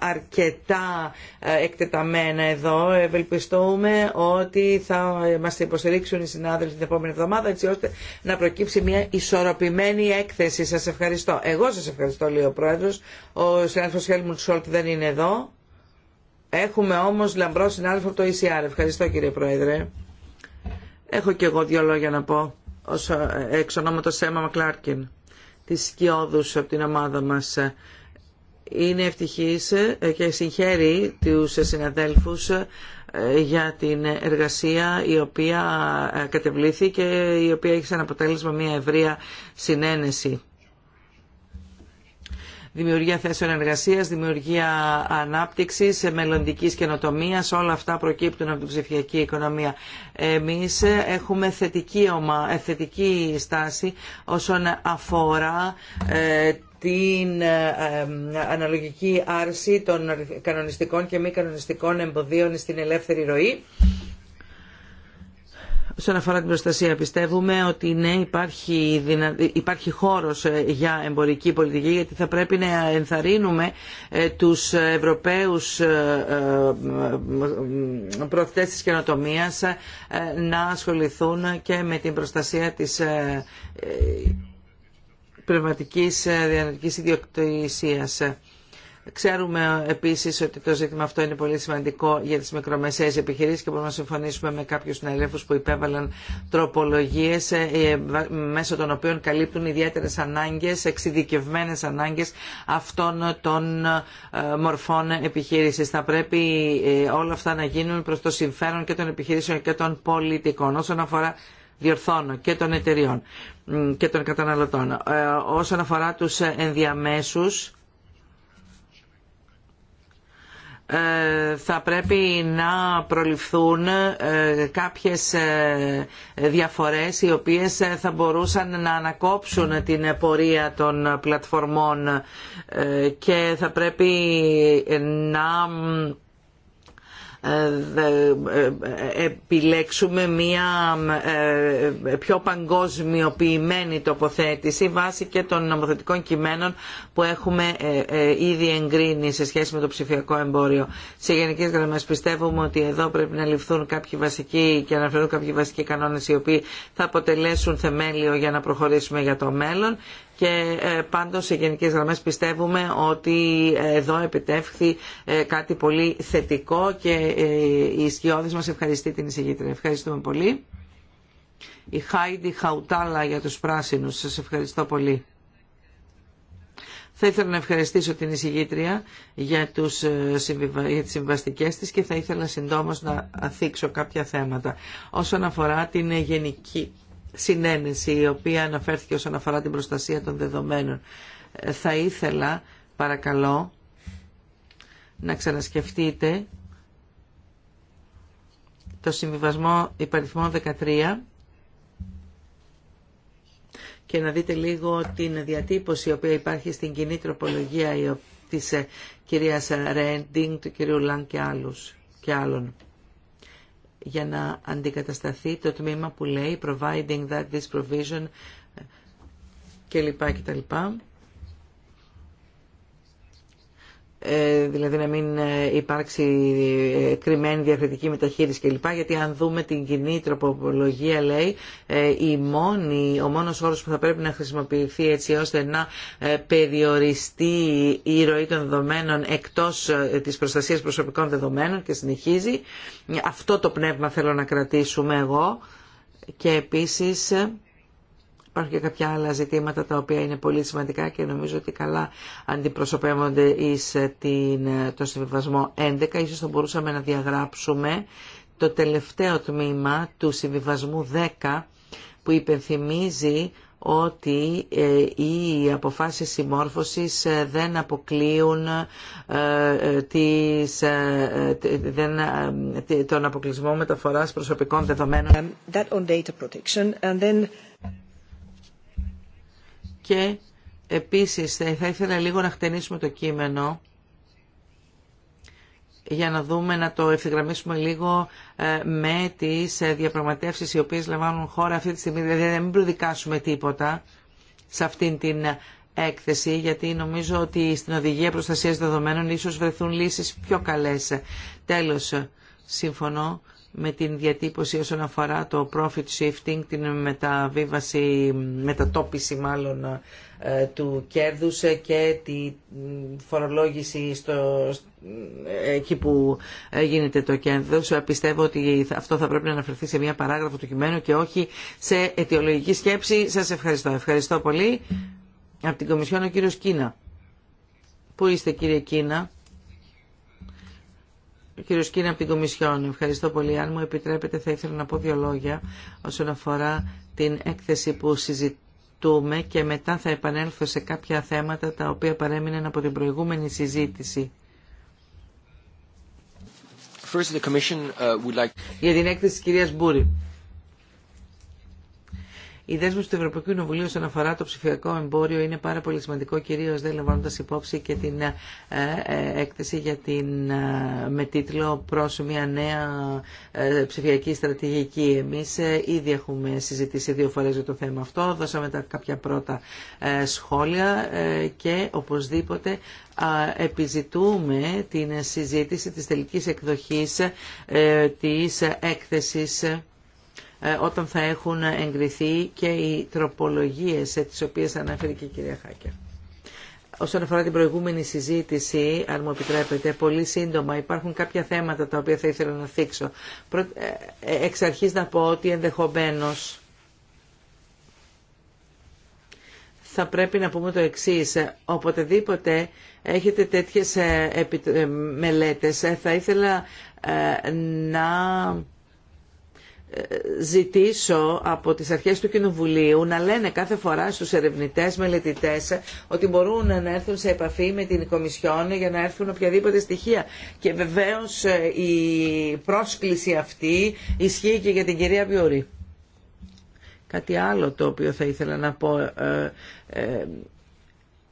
αρκετά εκτεταμένα εδώ. Ευελπιστούμε ότι θα μας υποστηρίξουν οι συνάδελφοι την επόμενη εβδομάδα έτσι ώστε να προκύψει μια ισορροπημένη έκθεση. Σας ευχαριστώ. Εγώ σας ευχαριστώ λέει ο Πρόεδρος. Ο συνάδελφος Χέλμουντ Σόλτ δεν είναι εδώ. Έχουμε όμως λαμπρό συνάδελφο από το ECR. Ευχαριστώ κύριε Πρόεδρε. Έχω και εγώ δύο λόγια να πω ε, εξ ονόματο Σέμα Μακλάρκιν της κιόδους από την ομάδα μας. Είναι ευτυχής ε, και συγχαίρει του συναδέλφους ε, για την εργασία η οποία κατεβλήθηκε και η οποία έχει σαν αποτέλεσμα μια ευρεία συνένεση δημιουργία θέσεων εργασία, δημιουργία ανάπτυξη, μελλοντική καινοτομία, όλα αυτά προκύπτουν από την ψηφιακή οικονομία. Εμεί έχουμε θετική, ομα, ε, θετική στάση όσον αφορά ε, την ε, αναλογική άρση των κανονιστικών και μη κανονιστικών εμποδίων στην ελεύθερη ροή σε αφορά την προστασία, πιστεύουμε ότι ναι, υπάρχει, χώρος ε, για εμπορική πολιτική, γιατί θα πρέπει να ενθαρρύνουμε ε, τους Ευρωπαίους ε, προθέσεις της καινοτομίας να ασχοληθούν και με την προστασία της πνευματικής διανοητικής ιδιοκτησίας Ξέρουμε επίση ότι το ζήτημα αυτό είναι πολύ σημαντικό για τι μικρομεσαίε επιχειρήσει και μπορούμε να συμφωνήσουμε με κάποιου συναδέλφου που υπέβαλαν τροπολογίε ε, μέσω των οποίων καλύπτουν ιδιαίτερε ανάγκε, εξειδικευμένε ανάγκε αυτών των ε, μορφών επιχείρηση. Θα πρέπει ε, όλα αυτά να γίνουν προ το συμφέρον και των επιχειρήσεων και των πολιτικών. Όσον αφορά διορθώνω και των εταιριών και των καταναλωτών. Όσον αφορά τους ενδιαμέσους, Ε, θα πρέπει να προληφθούν ε, κάποιες ε, διαφορές οι οποίες θα μπορούσαν να ανακόψουν την πορεία των πλατφορμών και θα πρέπει να ε, ε, ε, επιλέξουμε μια πιο παγκοσμιοποιημένη τοποθέτηση βάσει και των νομοθετικών κειμένων που έχουμε ήδη εγκρίνει σε σχέση με το ψηφιακό εμπόριο. Σε γενικέ γραμμέ πιστεύουμε ότι εδώ πρέπει να ληφθούν κάποιοι βασικοί και να αναφερθούν κάποιοι βασικοί κανόνε οι οποίοι θα αποτελέσουν θεμέλιο για να προχωρήσουμε για το μέλλον και ε, πάντως σε γενικές γραμμές πιστεύουμε ότι εδώ επιτεύχθη ε, κάτι πολύ θετικό και ε, η ισχυώδης μας ευχαριστεί την εισηγήτρια. Ευχαριστούμε πολύ. Η Χάιντι Χαουτάλα για τους πράσινους. Σας ευχαριστώ πολύ. Θα ήθελα να ευχαριστήσω την εισηγήτρια για, τους, για τις συμβαστικές της και θα ήθελα συντόμως να θίξω κάποια θέματα. Όσον αφορά την γενική συνένεση η οποία αναφέρθηκε όσον αφορά την προστασία των δεδομένων. Ε, θα ήθελα, παρακαλώ, να ξανασκεφτείτε το συμβιβασμό υπαριθμό 13 και να δείτε λίγο την διατύπωση η οποία υπάρχει στην κοινή τροπολογία της ε, κυρίας Ρέντινγκ, του κυρίου Λαν και, και άλλων για να αντικατασταθεί το τμήμα που λέει providing that this provision κλπ. Ε, δηλαδή να μην ε, υπάρξει ε, κρυμμένη διακριτική μεταχείριση κλπ. Γιατί αν δούμε την κοινή τροπολογία λέει η μόνη, ο μόνος όρος που θα πρέπει να χρησιμοποιηθεί έτσι ώστε να περιοριστεί η ροή των δεδομένων εκτός της προστασίας προσωπικών δεδομένων και συνεχίζει. Αυτό το πνεύμα θέλω να κρατήσουμε εγώ και επίσης Υπάρχουν και κάποια άλλα ζητήματα τα οποία είναι πολύ σημαντικά και νομίζω ότι καλά αντιπροσωπεύονται εις ε, την, ε, το συμβιβασμό 11. Ίσως θα μπορούσαμε να διαγράψουμε το τελευταίο τμήμα του συμβιβασμού 10 που υπενθυμίζει ότι ε, οι αποφάσεις συμμόρφωσης δεν αποκλείουν τις, δεν, τον αποκλεισμό μεταφοράς προσωπικών δεδομένων. Um, that on data protection and then και επίσης θα ήθελα λίγο να χτενίσουμε το κείμενο για να δούμε να το ευθυγραμμίσουμε λίγο ε, με τις ε, διαπραγματεύσεις οι οποίες λαμβάνουν χώρα αυτή τη στιγμή, δηλαδή να μην προδικάσουμε τίποτα σε αυτήν την έκθεση, γιατί νομίζω ότι στην Οδηγία Προστασίας Δεδομένων ίσως βρεθούν λύσεις πιο καλές. Τέλος, συμφωνώ με την διατύπωση όσον αφορά το profit shifting, την μεταβίβαση, μετατόπιση μάλλον ε, του κέρδους και τη φορολόγηση στο, ε, εκεί που ε, γίνεται το κέρδος. Πιστεύω ότι αυτό θα πρέπει να αναφερθεί σε μια παράγραφο του κειμένου και όχι σε αιτιολογική σκέψη. Σας ευχαριστώ. Ευχαριστώ πολύ. Από την Κομισιόν ο κύριος Κίνα. Πού είστε κύριε Κίνα κύριο Σκίνα από την Κομισιόν. Ευχαριστώ πολύ. Αν μου επιτρέπετε θα ήθελα να πω δύο λόγια όσον αφορά την έκθεση που συζητούμε και μετά θα επανέλθω σε κάποια θέματα τα οποία παρέμειναν από την προηγούμενη συζήτηση. First, the uh, Για την έκθεση της κυρίας Μπούρη. Η δέσμευση του Ευρωπαϊκού Κοινοβουλίου όσον αφορά το ψηφιακό εμπόριο είναι πάρα πολύ σημαντικό, κυρίω δεν λαμβάνοντα υπόψη και την ε, ε, έκθεση για την, ε, με τίτλο Προ μια νέα ψηφιακή στρατηγική. Εμεί ήδη έχουμε συζητήσει δύο φορέ για το θέμα αυτό, δώσαμε τα κάποια πρώτα σχόλια και οπωσδήποτε επιζητούμε την συζήτηση της τελικής εκδοχής της έκθεσης ε, όταν θα έχουν εγκριθεί και οι τροπολογίες σε τις οποίες αναφέρει και η κυρία Χάκερ. Όσον αφορά την προηγούμενη συζήτηση, αν μου επιτρέπετε, πολύ σύντομα υπάρχουν κάποια θέματα τα οποία θα ήθελα να θίξω. Ε, ε, εξ αρχής να πω ότι ενδεχομένως θα πρέπει να πούμε το εξής. Οποτεδήποτε έχετε τέτοιες μελέτες, θα ήθελα να ζητήσω από τις αρχές του Κοινοβουλίου να λένε κάθε φορά στους ερευνητές, μελετητές ότι μπορούν να έρθουν σε επαφή με την Κομισιόν για να έρθουν οποιαδήποτε στοιχεία. Και βεβαίως ε, η πρόσκληση αυτή ισχύει και για την κυρία Βιωρή. Κάτι άλλο το οποίο θα ήθελα να πω ε, ε,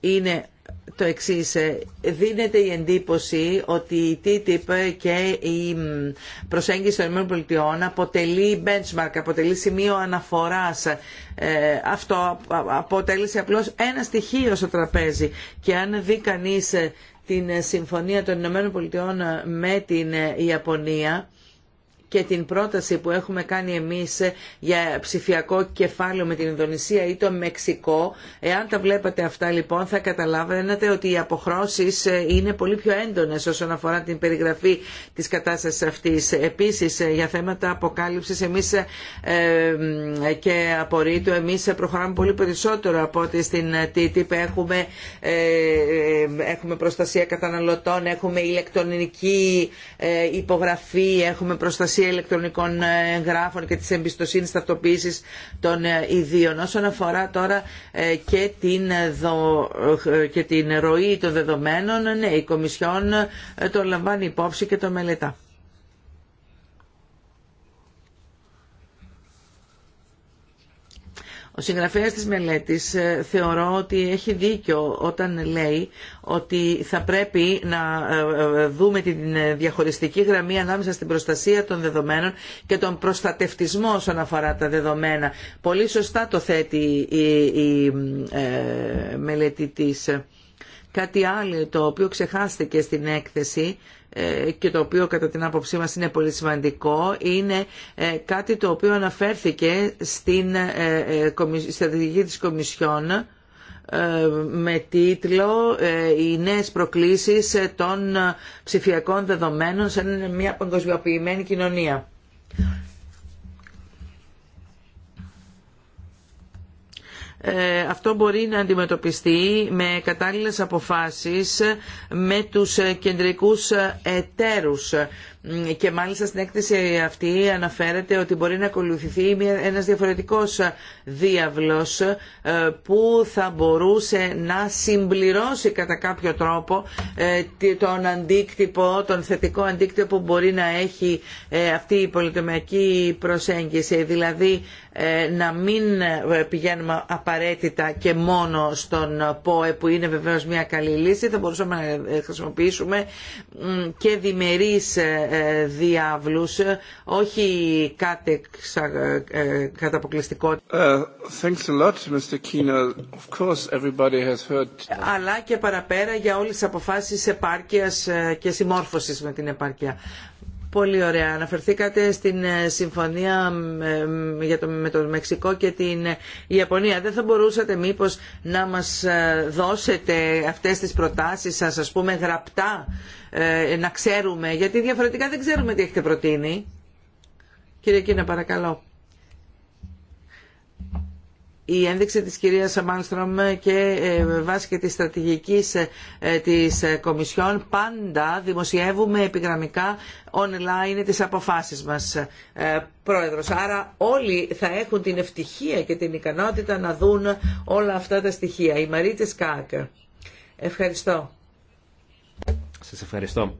είναι το εξής. Ε, δίνεται η εντύπωση ότι η TTIP και η προσέγγιση των ΗΠΑ αποτελεί benchmark, αποτελεί σημείο αναφοράς. Ε, αυτό αποτέλεσε απλώς ένα στοιχείο στο τραπέζι. Και αν δει κανείς ε, την συμφωνία των ΗΠΑ με την Ιαπωνία, και την πρόταση που έχουμε κάνει εμείς για ψηφιακό κεφάλαιο με την Ινδονησία ή το Μεξικό, εάν τα βλέπατε αυτά λοιπόν θα καταλάβαινατε ότι οι αποχρώσεις ε, είναι πολύ πιο έντονες όσον αφορά την περιγραφή της κατάστασης αυτής. Επίσης ε, για θέματα αποκάλυψης εμείς ε, ε και απορρίτου εμείς προχωράμε πολύ περισσότερο από ότι στην TTIP έχουμε, ε, έχουμε προστασία καταναλωτών, έχουμε ηλεκτρονική υπογραφή, έχουμε προστασία προστασία ηλεκτρονικών ε, εγγράφων και της εμπιστοσύνης ταυτοποίησης των ε, ιδίων. Όσον αφορά τώρα ε, και την, και την ροή των δεδομένων, ναι, η Κομισιόν το λαμβάνει υπόψη και το μελετά. Ο συγγραφέας της μελέτης ε, θεωρώ ότι έχει δίκιο όταν λέει ότι θα πρέπει να ε, ε, δούμε την διαχωριστική γραμμή ανάμεσα στην προστασία των δεδομένων και τον προστατευτισμό όσον αφορά τα δεδομένα. Πολύ σωστά το θέτει η, η μελέτη Κάτι άλλο το οποίο ξεχάστηκε στην έκθεση ε, και το οποίο κατά την άποψή μας είναι πολύ σημαντικό είναι ε, κάτι το οποίο αναφέρθηκε στην ε, στρατηγική της Κομισιόν με τίτλο «Οι νέες προκλήσεις των ψηφιακών δεδομένων σε μια παγκοσμιοποιημένη κοινωνία». Ε, αυτό μπορεί να αντιμετωπιστεί με κατάλληλες αποφάσεις με τους κεντρικούς εταίρους και μάλιστα στην έκθεση αυτή αναφέρεται ότι μπορεί να ακολουθηθεί ένας διαφορετικός διάβλος ε, που θα μπορούσε να συμπληρώσει κατά κάποιο τρόπο ε, τον αντίκτυπο, τον θετικό αντίκτυπο που μπορεί να έχει ε, αυτή η πολυτομιακή προσέγγιση. Δηλαδή να μην πηγαίνουμε απαραίτητα και μόνο στον ΠΟΕ που είναι βεβαίως μια καλή λύση. Θα μπορούσαμε να χρησιμοποιήσουμε και διμερείς ε, διάβλους, όχι κάτι ε, ε, κατά αποκλειστικό. Αλλά και παραπέρα για όλες τις αποφάσεις επάρκειας και συμμόρφωσης με την επάρκεια. Πολύ ωραία. Αναφερθήκατε στην ε, συμφωνία ε, το, με το Μεξικό και την ε, Ιαπωνία. Δεν θα μπορούσατε μήπως να μας δώσετε αυτές τις προτάσεις σας, ας πούμε, γραπτά, να ξέρουμε, γιατί διαφορετικά δεν ξέρουμε τι έχετε προτείνει. Κύριε Κίνα, παρακαλώ η ένδειξη της κυρίας Μάλστρομ και ε, βάσει και της στρατηγικής ε, της ε, Κομισιόν πάντα δημοσιεύουμε επιγραμμικά online τις αποφάσεις μας πρόεδρος. Άρα όλοι θα έχουν την ευτυχία και την ικανότητα να δουν όλα αυτά τα στοιχεία. Η Μαρίτη Σκάκ. Ευχαριστώ.
Σας ευχαριστώ.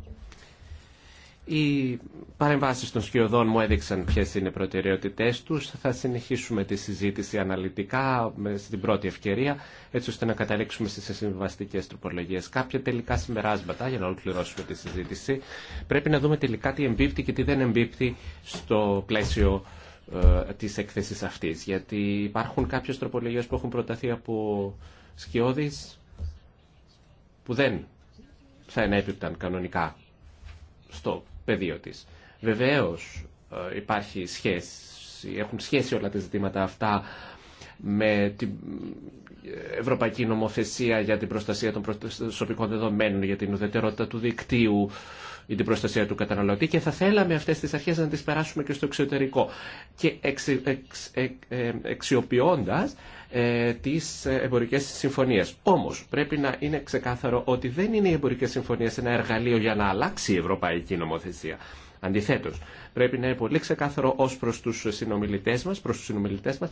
Οι παρεμβάσεις των σκιωδών μου έδειξαν ποιες είναι οι προτεραιότητές τους. Θα συνεχίσουμε τη συζήτηση αναλυτικά στην πρώτη ευκαιρία, έτσι ώστε να καταλήξουμε στις συμβαστικές τροπολογίες. Κάποια τελικά συμπεράσματα, για να ολοκληρώσουμε τη συζήτηση, πρέπει να δούμε τελικά τι εμπίπτει και τι δεν εμπίπτει στο πλαίσιο ε, της έκθεσης αυτής. Γιατί υπάρχουν κάποιες τροπολογίες που έχουν προταθεί από σκιώδεις που δεν θα ενέπιπταν κανονικά στο πεδίο της. Βεβαίως ε, υπάρχει σχέση, έχουν σχέση όλα τα ζητήματα αυτά με την Ευρωπαϊκή Νομοθεσία για την προστασία των προσωπικών δεδομένων, για την ουδετερότητα του δικτύου ή την προστασία του καταναλωτή και θα θέλαμε αυτές τις αρχές να τις περάσουμε και στο εξωτερικό. Και εξ, ε, ε, ε, τις ε, εμπορικέ συμφωνίε. Όμω, πρέπει να είναι ξεκάθαρο ότι δεν είναι οι εμπορικέ συμφωνίε ένα εργαλείο για να αλλάξει η ευρωπαϊκή νομοθεσία. Αντιθέτω, πρέπει να είναι πολύ ξεκάθαρο ω προ του συνομιλητέ μα, προ του συνομιλητέ μα,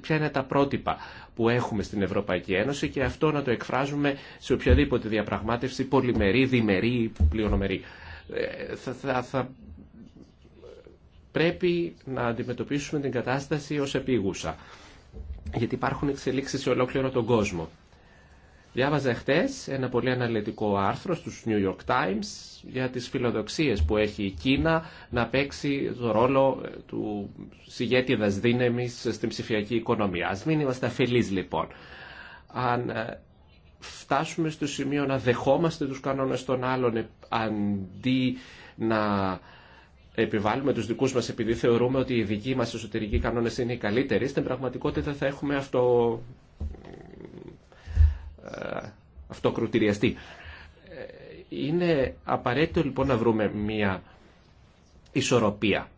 ποια είναι τα πρότυπα που έχουμε στην Ευρωπαϊκή Ένωση και αυτό να το εκφράζουμε σε οποιαδήποτε διαπραγμάτευση, πολυμερή, διμερή πλειονομερή. Ε, θα, θα, πρέπει να αντιμετωπίσουμε την κατάσταση ως επίγουσα γιατί υπάρχουν εξελίξεις σε ολόκληρο τον κόσμο. Διάβαζα χτες ένα πολύ αναλυτικό άρθρο στους New York Times για τις φιλοδοξίες που έχει η Κίνα να παίξει το ρόλο του συγγέτιδας δύναμης στην ψηφιακή οικονομία. Ας μην είμαστε αφελείς λοιπόν. Αν ε, φτάσουμε στο σημείο να δεχόμαστε τους κανόνες των άλλων ε, αντί να επιβάλλουμε τους δικούς μας επειδή θεωρούμε ότι οι δικοί μας εσωτερικοί κανόνες είναι οι καλύτεροι, στην πραγματικότητα θα έχουμε αυτό... Ε, αυτοκροτηριαστεί. Ε, είναι απαραίτητο λοιπόν να βρούμε μια ισορροπία.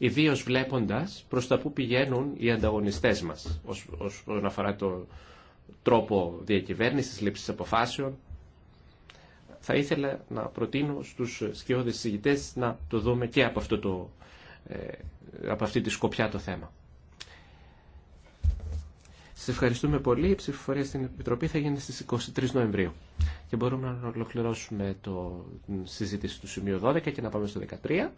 Ιδίω βλέποντα προ τα που πηγαίνουν οι ανταγωνιστές μας όσον αφορά το τρόπο διακυβέρνηση, λήψη αποφάσεων, θα ήθελα να προτείνω στους σκιώδες συζητητές να το δούμε και από, αυτό το, ε, από αυτή τη σκοπιά το θέμα. Σας ευχαριστούμε πολύ. Η ψηφοφορία στην Επιτροπή θα γίνει στις 23 Νοεμβρίου. Και μπορούμε να ολοκληρώσουμε το συζήτηση του σημείου 12 και να πάμε στο 13.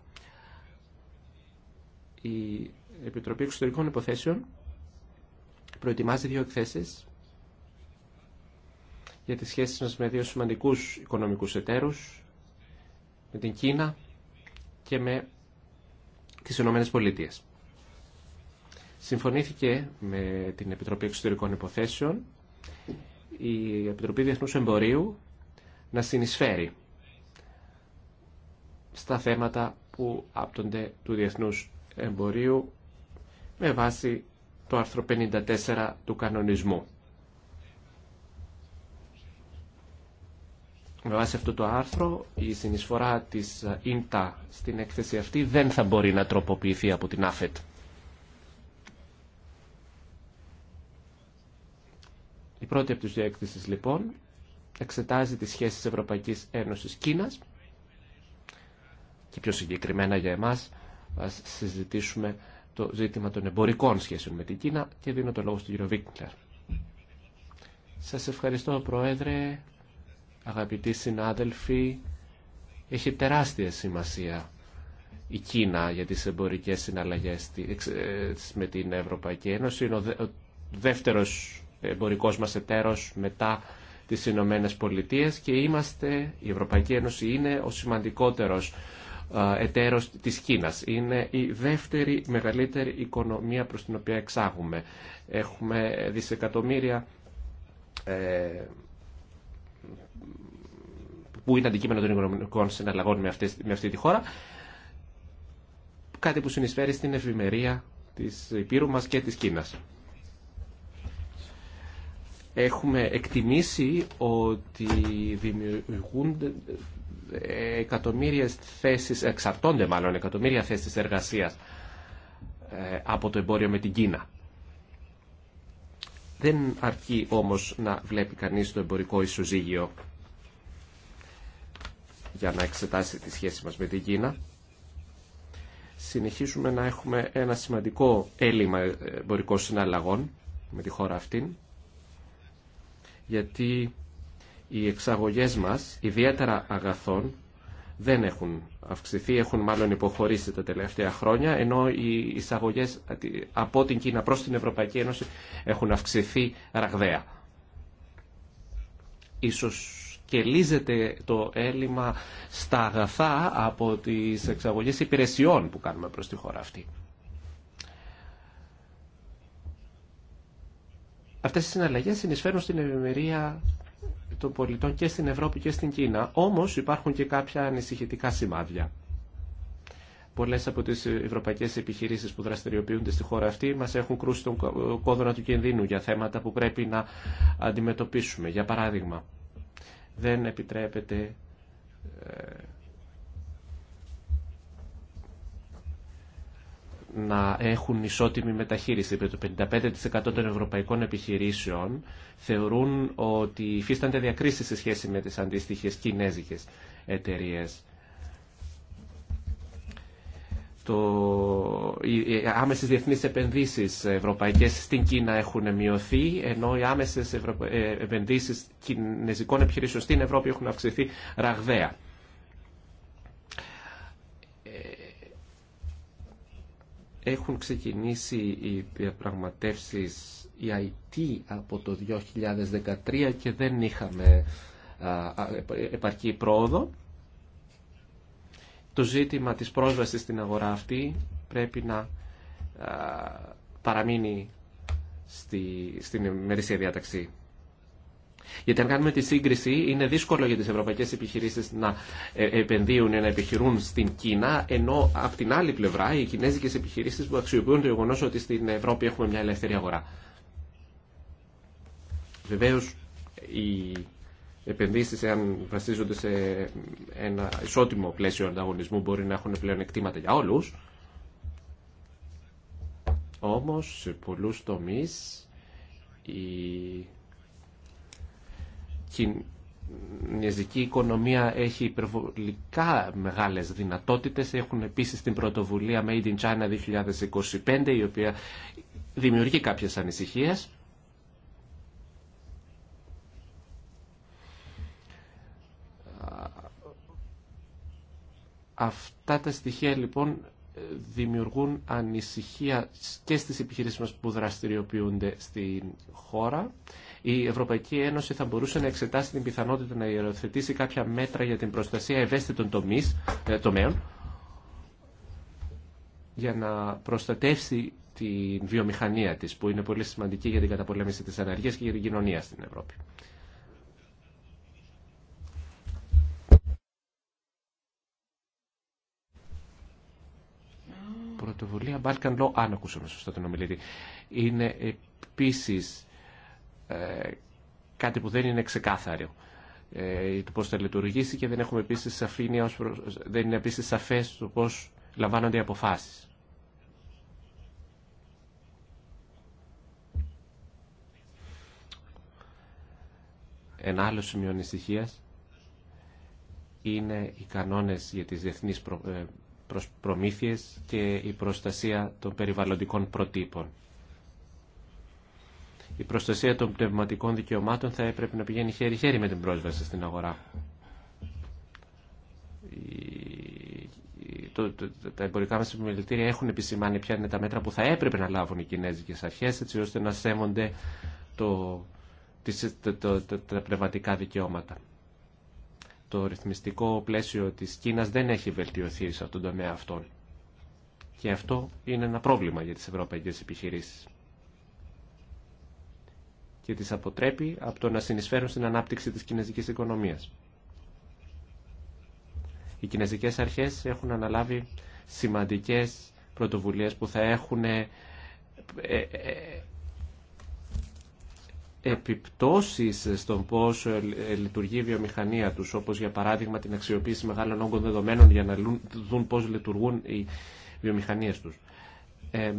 Η Επιτροπή Εξωτερικών Υποθέσεων προετοιμάζει δύο εκθέσεις για τις σχέσεις μας με δύο σημαντικούς οικονομικούς εταίρους, με την Κίνα και με τις Ηνωμένες Πολιτείες. Συμφωνήθηκε με την Επιτροπή Εξωτερικών Υποθέσεων η Επιτροπή Διεθνούς Εμπορίου να συνεισφέρει στα θέματα που άπτονται του Διεθνούς Εμπορίου με βάση το άρθρο 54 του κανονισμού. Με βάση αυτό το άρθρο, η συνεισφορά της ε, ΙΝΤΑ στην έκθεση αυτή δεν θα μπορεί να τροποποιηθεί από την ΑΦΕΤ. Η πρώτη από τις δύο έκθεσεις, λοιπόν, εξετάζει τις σχέσεις Ευρωπαϊκής Ένωσης Κίνας και πιο συγκεκριμένα για εμάς α συζητήσουμε το ζήτημα των εμπορικών σχέσεων με την Κίνα και δίνω το λόγο στον κύριο Βίκλερ. Σας ευχαριστώ Προέδρε, αγαπητοί συνάδελφοι, έχει τεράστια σημασία η Κίνα για τις εμπορικές συναλλαγές ε, με την Ευρωπαϊκή Ένωση. Είναι ο δεύτερος εμπορικός μας εταίρος μετά τις Ηνωμένε Πολιτείε και είμαστε, η Ευρωπαϊκή Ένωση είναι ο σημαντικότερος εταίρος της Κίνας. Είναι η δεύτερη μεγαλύτερη οικονομία προς την οποία εξάγουμε. Έχουμε δισεκατομμύρια ε, που είναι αντικείμενο των οικονομικών συναλλαγών με, αυτές, με αυτή τη χώρα. Κάτι που συνεισφέρει στην ευημερία της Υπήρου μας και της Κίνας. Έχουμε εκτιμήσει ότι δημιουργούνται ε, εκατομμύρια θέσεις, εξαρτώνται μάλλον εκατομμύρια θέσεις εργασίας ε, από το εμπόριο με την Κίνα. Δεν αρκεί όμως να βλέπει κανείς το εμπορικό ισοζύγιο για να εξετάσει τη σχέση μας με την Κίνα. Συνεχίζουμε να έχουμε ένα σημαντικό έλλειμμα εμπορικών συναλλαγών με τη χώρα αυτήν, γιατί οι εξαγωγές μας, ιδιαίτερα αγαθών, δεν έχουν αυξηθεί, έχουν μάλλον υποχωρήσει τα τελευταία χρόνια, ενώ οι εισαγωγές από την Κίνα προς την Ευρωπαϊκή Ένωση έχουν αυξηθεί ραγδαία. Ίσως και λύζεται το έλλειμμα στα αγαθά από τις εξαγωγές υπηρεσιών που κάνουμε προς τη χώρα αυτή. Αυτές οι συναλλαγές συνεισφέρουν στην ευημερία των πολιτών και στην Ευρώπη και στην Κίνα, όμως υπάρχουν και κάποια ανησυχητικά σημάδια. Πολλές από τις ευρωπαϊκές επιχειρήσεις που δραστηριοποιούνται στη χώρα αυτή μας έχουν κρούσει τον κόδωνα του κινδύνου για θέματα που πρέπει να αντιμετωπίσουμε. Για παράδειγμα, δεν επιτρέπεται ε, να έχουν ισότιμη μεταχείριση. Το 55% των ευρωπαϊκών επιχειρήσεων θεωρούν ότι υφίστανται διακρίσεις σε σχέση με τις αντίστοιχες κινέζικες εταιρείες το, οι άμεσες διεθνείς επενδύσεις ευρωπαϊκές στην Κίνα έχουν μειωθεί, ενώ οι άμεσες ε, επενδύσεις κινέζικων επιχειρήσεων στην Ευρώπη έχουν αυξηθεί ραγδαία. Ε, έχουν ξεκινήσει οι διαπραγματεύσεις IT από το 2013 και δεν είχαμε επαρκή πρόοδο το ζήτημα της πρόσβασης στην αγορά αυτή πρέπει να παραμείνει στη, στην ημερήσια διάταξη. Γιατί αν κάνουμε τη σύγκριση, είναι δύσκολο για τις ευρωπαϊκές επιχειρήσεις να ε, επενδύουν ή να επιχειρούν στην Κίνα, ενώ από την άλλη πλευρά οι κινέζικες επιχειρήσεις που αξιοποιούν το γεγονό ότι στην Ευρώπη έχουμε μια ελεύθερη αγορά. Βεβαίως, η επενδύσεις εάν βασίζονται σε ένα ισότιμο πλαίσιο ανταγωνισμού μπορεί να έχουν πλέον εκτίματα για όλους όμως σε πολλούς τομεί, η κινέζικη οικονομία έχει υπερβολικά μεγάλες δυνατότητες. Έχουν επίσης την πρωτοβουλία Made in China 2025 η οποία δημιουργεί κάποιες ανησυχίες. Αυτά τα στοιχεία λοιπόν ε, δημιουργούν ανησυχία και στις επιχειρήσεις μας που δραστηριοποιούνται στην χώρα. Η Ευρωπαϊκή Ένωση θα μπορούσε να εξετάσει την πιθανότητα να υιοθετήσει κάποια μέτρα για την προστασία ευαίσθητων τομείς, ε, τομέων για να προστατεύσει την βιομηχανία της που είναι πολύ σημαντική για την καταπολέμηση της αναργίας και για την κοινωνία στην Ευρώπη. πρωτοβουλία Balkan Law, αν ακούσαμε σωστά τον ομιλητή, είναι επίση ε, κάτι που δεν είναι ξεκάθαρο ε, το πώ θα λειτουργήσει και δεν έχουμε επίσης σαφήνεια, δεν είναι επίση σαφέ το πώ λαμβάνονται οι αποφάσεις. Ένα άλλο σημείο ανησυχία είναι οι κανόνες για τις διεθνείς ε, προμήθειες και η προστασία των περιβαλλοντικών προτύπων. Η προστασία των πνευματικών δικαιωμάτων θα έπρεπε να πηγαίνει χέρι-χέρι με την πρόσβαση στην αγορά. Τα εμπορικά μας επιμελητήρια έχουν επισημάνει ποια είναι τα μέτρα που θα έπρεπε να λάβουν οι κινέζικες αρχές έτσι ώστε να σέβονται τα πνευματικά δικαιώματα το ρυθμιστικό πλαίσιο της Κίνας δεν έχει βελτιωθεί σε αυτόν τον τομέα αυτόν. Και αυτό είναι ένα πρόβλημα για τις ευρωπαϊκές επιχειρήσεις. Και τις αποτρέπει από το να συνεισφέρουν στην ανάπτυξη της κινέζικης οικονομίας. Οι κινέζικες αρχές έχουν αναλάβει σημαντικές πρωτοβουλίες που θα έχουν ε, ε, επιπτώσεις στον πώς ε, λειτουργεί η βιομηχανία τους, όπως για παράδειγμα την αξιοποίηση μεγάλων όγκων δεδομένων για να δουν πώς λειτουργούν οι βιομηχανίες τους. Ε,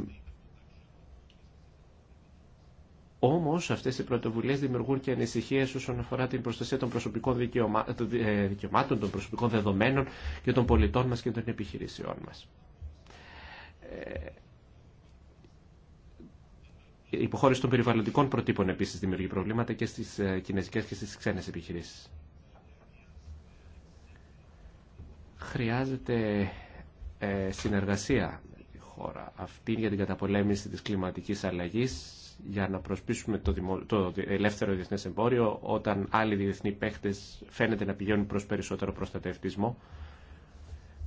όμως αυτές οι πρωτοβουλίες δημιουργούν και ανησυχίες όσον αφορά την προστασία των προσωπικών ε, δικαιωμάτων, των προσωπικών δεδομένων και των πολιτών μας και των επιχειρήσεών μας. Ε, η υποχώρηση των περιβαλλοντικών προτύπων επίση δημιουργεί προβλήματα και στις ε, κινέζικες και στις ξένες επιχειρήσεις. Χρειάζεται ε, συνεργασία τη χώρα αυτή για την καταπολέμηση της κλιματικής αλλαγής για να προσπίσουμε το, το ελεύθερο διεθνές εμπόριο όταν άλλοι διεθνοί παίχτες φαίνεται να πηγαίνουν προς περισσότερο προστατευτισμό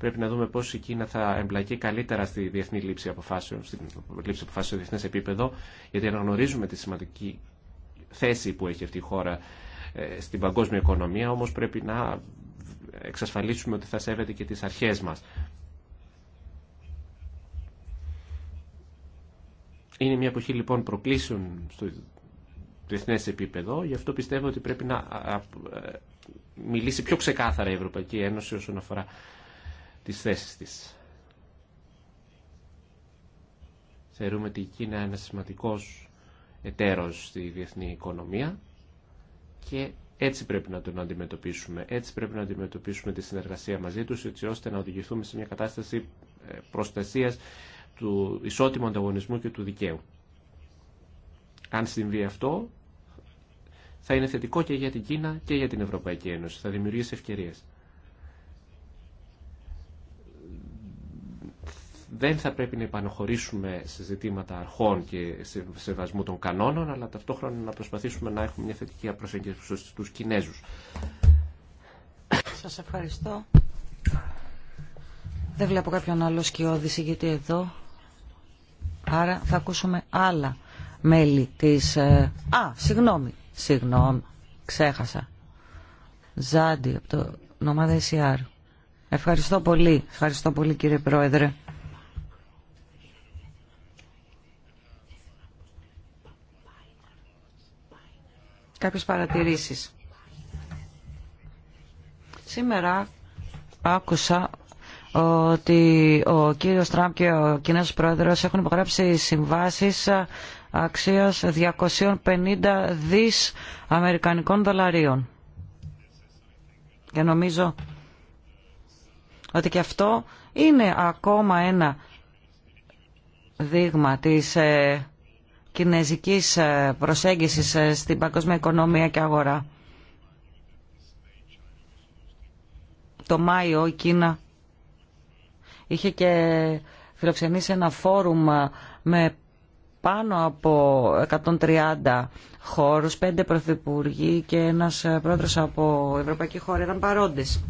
Πρέπει να δούμε πώς η Κίνα θα εμπλακεί καλύτερα στη διεθνή λήψη αποφάσεων, στη λήψη αποφάσεων σε διεθνές επίπεδο, γιατί αναγνωρίζουμε τη σημαντική θέση που έχει αυτή η χώρα ε, στην παγκόσμια οικονομία, όμως πρέπει να εξασφαλίσουμε ότι θα σέβεται και τις αρχές μας. Είναι μια εποχή λοιπόν προκλήσεων στο διεθνέ επίπεδο, γι' αυτό πιστεύω ότι πρέπει να ε, μιλήσει πιο ξεκάθαρα η Ευρωπαϊκή Ένωση όσον αφορά τις θέσεις της. Θεωρούμε ότι η Κίνα είναι ένας σημαντικός εταίρος στη διεθνή οικονομία και έτσι πρέπει να τον αντιμετωπίσουμε. Έτσι πρέπει να αντιμετωπίσουμε τη συνεργασία μαζί τους έτσι ώστε να οδηγηθούμε σε μια κατάσταση ε, προστασίας του ισότιμου ανταγωνισμού και του δικαίου. Αν συμβεί αυτό, θα είναι θετικό και για την Κίνα και για την Ευρωπαϊκή Ένωση. Θα δημιουργήσει ευκαιρίες. δεν θα πρέπει να επαναχωρήσουμε σε ζητήματα αρχών και σε σεβασμού των κανόνων, αλλά ταυτόχρονα να προσπαθήσουμε να έχουμε μια θετική προσέγγιση στους Κινέζους.
Σας ευχαριστώ. Δεν βλέπω κάποιον άλλο σκιώδηση γιατί εδώ. Άρα θα ακούσουμε άλλα μέλη της... Ε, α, συγγνώμη, συγγνώμη, ξέχασα. Ζάντι από το νομάδα ECR. Ευχαριστώ πολύ, ευχαριστώ πολύ κύριε Πρόεδρε. κάποιες παρατηρήσεις. Σήμερα άκουσα ότι ο κύριος Τραμπ και ο Κινέζος Πρόεδρος έχουν υπογράψει συμβάσεις αξίας 250 δις αμερικανικών δολαρίων. Και νομίζω ότι και αυτό είναι ακόμα ένα δείγμα της ε, κινέζικης ε, προσέγγισης ε, στην παγκόσμια οικονομία και αγορά. Το Μάιο η Κίνα είχε και φιλοξενήσει ένα φόρουμ ε, με πάνω από 130 χώρους, πέντε πρωθυπουργοί και ένας πρόεδρος από ευρωπαϊκή χώρα ήταν παρόντες.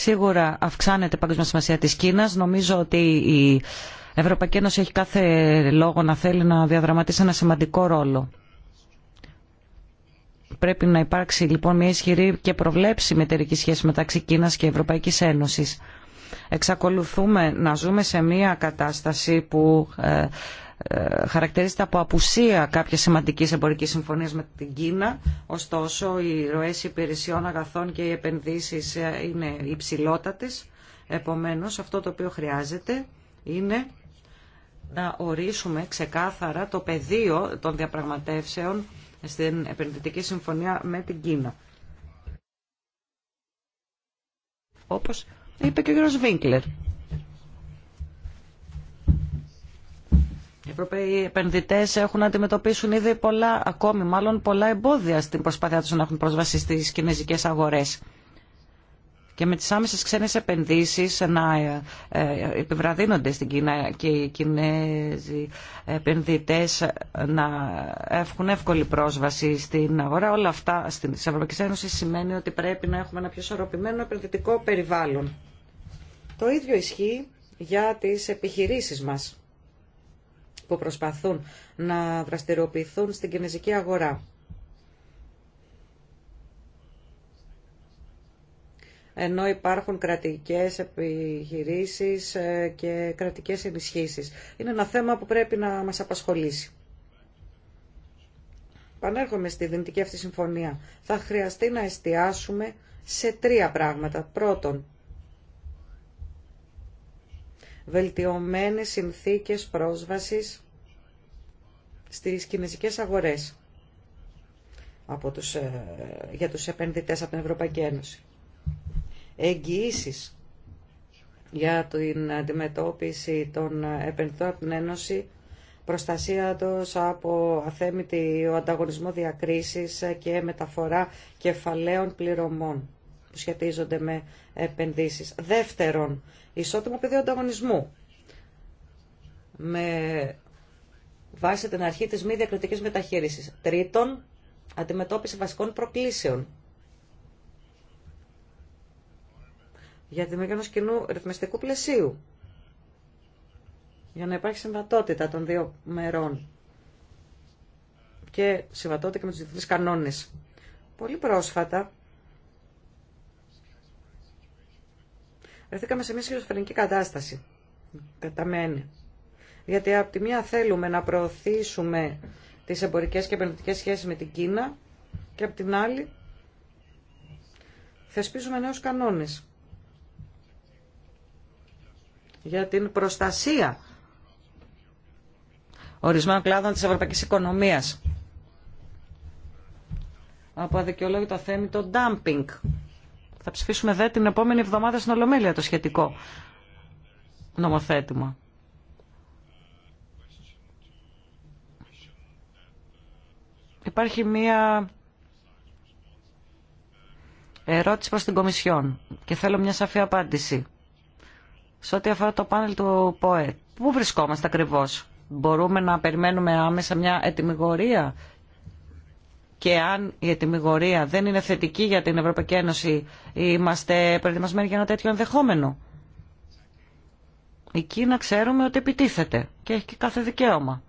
Σίγουρα αυξάνεται η παγκόσμια σημασία της Κίνας. Νομίζω ότι η Ευρωπαϊκή Ένωση έχει κάθε λόγο να θέλει να διαδραματίσει ένα σημαντικό ρόλο. Πρέπει να υπάρξει λοιπόν μια ισχυρή και προβλέψη μετερική σχέση μεταξύ Κίνας και Ευρωπαϊκής Ένωσης. Εξακολουθούμε να ζούμε σε μια κατάσταση που ε, ε, χαρακτηρίζεται από απουσία κάποια σημαντική εμπορική συμφωνία με την Κίνα. Ωστόσο, οι ροέ υπηρεσιών, αγαθών και οι επενδύσει ε, είναι υψηλότατε. Επομένω, αυτό το οποίο χρειάζεται είναι να ορίσουμε ξεκάθαρα το πεδίο των διαπραγματεύσεων στην επενδυτική συμφωνία με την Κίνα. Όπως είπε και ο κ. Βίνκλερ, Οι Ευρωπαίοι επενδυτέ έχουν να αντιμετωπίσουν ήδη πολλά, ακόμη μάλλον πολλά εμπόδια στην προσπάθειά του να έχουν πρόσβαση στι κινέζικε αγορέ. Και με τι άμεσε ξένε επενδύσει να ε, ε, επιβραδύνονται στην Κίνα και οι Κινέζοι επενδυτέ να έχουν εύκολη πρόσβαση στην αγορά, όλα αυτά στην Ευρωπαϊκή Ένωση σημαίνει ότι πρέπει να έχουμε ένα πιο σωροπημένο επενδυτικό περιβάλλον. Το ίδιο ισχύει για τις επιχειρήσεις μας που προσπαθούν να δραστηριοποιηθούν στην κινέζικη αγορά. ενώ υπάρχουν κρατικές επιχειρήσεις ε, και κρατικές ενισχύσεις. Είναι ένα θέμα που πρέπει να μας απασχολήσει. Πανέρχομαι στη δυνητική αυτή συμφωνία. Θα χρειαστεί να εστιάσουμε σε τρία πράγματα. Πρώτον, βελτιωμένες συνθήκες πρόσβασης στις κινέζικες αγορές από τους, ε, για τους επενδυτές από την Ευρωπαϊκή Ένωση. Εγγυήσεις για την αντιμετώπιση των επενδυτών από την Ένωση, προστασία τους από αθέμητη ο ανταγωνισμό διακρίσης και μεταφορά κεφαλαίων πληρωμών που σχετίζονται με επενδύσεις. Δεύτερον, ισότιμο πεδίο ανταγωνισμού. Με βάση την αρχή τη μη διακριτική μεταχείρισης. Τρίτον, αντιμετώπιση βασικών προκλήσεων. Για τη δημιουργία κοινού ρυθμιστικού πλαισίου. Για να υπάρχει συμβατότητα των δύο μερών. Και συμβατότητα και με τους διεθνεί κανόνες. Πολύ πρόσφατα βρεθήκαμε σε μια σχιζοφρενική κατάσταση. Καταμένη. Γιατί από τη μία θέλουμε να προωθήσουμε τις εμπορικές και επενδυτικές σχέσεις με την Κίνα και από την άλλη θεσπίζουμε νέους κανόνες για την προστασία ορισμένων κλάδων της ευρωπαϊκής οικονομίας από αδικαιολόγητο θέμη το dumping θα ψηφίσουμε δε την επόμενη εβδομάδα στην Ολομέλεια το σχετικό νομοθέτημα. Υπάρχει μία ερώτηση προς την Κομισιόν και θέλω μια σαφή απάντηση. Σε ό,τι αφορά το πάνελ του ΠΟΕ, πού βρισκόμαστε ακριβώς. Μπορούμε να περιμένουμε άμεσα μια ετοιμιγορία και αν η ετοιμιγορία δεν είναι θετική για την Ευρωπαϊκή Ένωση, είμαστε προετοιμασμένοι για ένα τέτοιο ενδεχόμενο. Η Κίνα ξέρουμε ότι επιτίθεται και έχει και κάθε δικαίωμα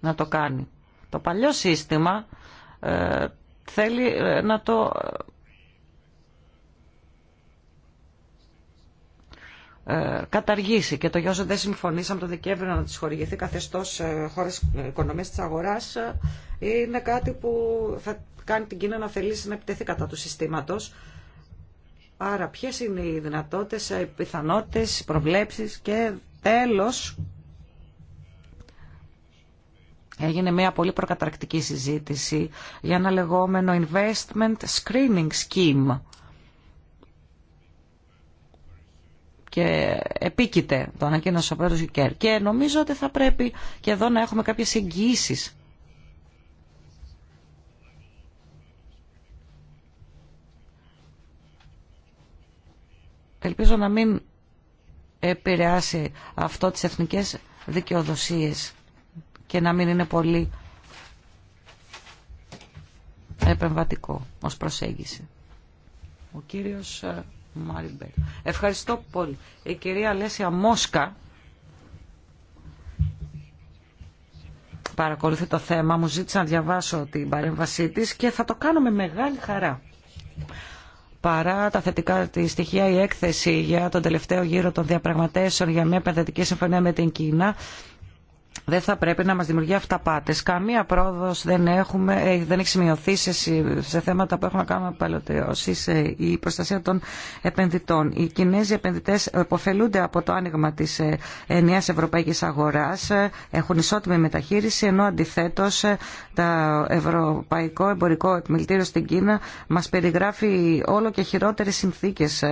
να το κάνει. Το παλιό σύστημα ε, θέλει ε, να το Ε, καταργήσει και το γιος δεν συμφωνήσαμε το Δεκέμβριο να τις χορηγηθεί καθεστώς ε, χώρες οικονομίας της αγοράς ε, είναι κάτι που θα κάνει την Κίνα να θελήσει να επιτεθεί κατά του συστήματος. Άρα ποιες είναι οι δυνατότητες, οι πιθανότητες, οι προβλέψεις και τέλος έγινε μια πολύ προκαταρκτική συζήτηση για ένα λεγόμενο investment screening scheme και επίκειται, το ανακοίνωσε ο πρόεδρος Γιουκέρ. Και νομίζω ότι θα πρέπει και εδώ να έχουμε κάποιες εγγυήσεις. Ελπίζω να μην επηρεάσει αυτό τις εθνικές δικαιοδοσίες και να μην είναι πολύ επεμβατικό ως προσέγγιση. Ο κύριος ε, Ευχαριστώ πολύ. Η κυρία Αλέσια Μόσκα παρακολουθεί το θέμα. Μου ζήτησε να διαβάσω την παρέμβασή τη και θα το κάνω με μεγάλη χαρά. Παρά τα θετικά τη στοιχεία, η έκθεση για τον τελευταίο γύρο των διαπραγματεύσεων για μια επενδυτική συμφωνία με την Κίνα δεν θα πρέπει να μας δημιουργεί αυταπάτες. Καμία πρόοδος δεν, έχουμε, ε, δεν έχει σημειωθεί σε, θέματα που έχουν να κάνουν με παλαιοτεώσεις. Ε, η προστασία των επενδυτών. Οι Κινέζοι επενδυτές υποφελούνται από το άνοιγμα της ε, ενιαίας ευρωπαϊκής αγοράς. Έχουν ισότιμη μεταχείριση, ενώ αντιθέτως το Ευρωπαϊκό Εμπορικό Επιμελητήριο στην Κίνα μας περιγράφει όλο και χειρότερες συνθήκες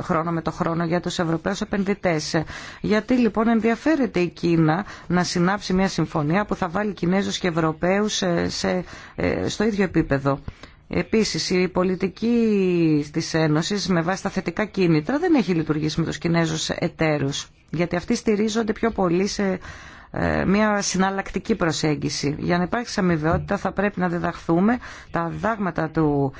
χρόνο με το χρόνο για τους Ευρωπαίους επενδυτές. Γιατί λοιπόν ενδιαφέρεται η Κίνα να συνάδει άψε μια συμφωνία που θα βάλει Κινέζους και Ευρωπαίους ε, σε, ε, στο ίδιο επίπεδο. Επίσης, η πολιτική της Ένωσης με βάση τα θετικά κίνητρα δεν έχει λειτουργήσει με τους Κινέζους εταίρους, γιατί αυτοί στηρίζονται πιο πολύ σε ε, μια συναλλακτική προσέγγιση. Για να υπάρχει αμοιβαιότητα θα πρέπει να διδαχθούμε τα δάγματα του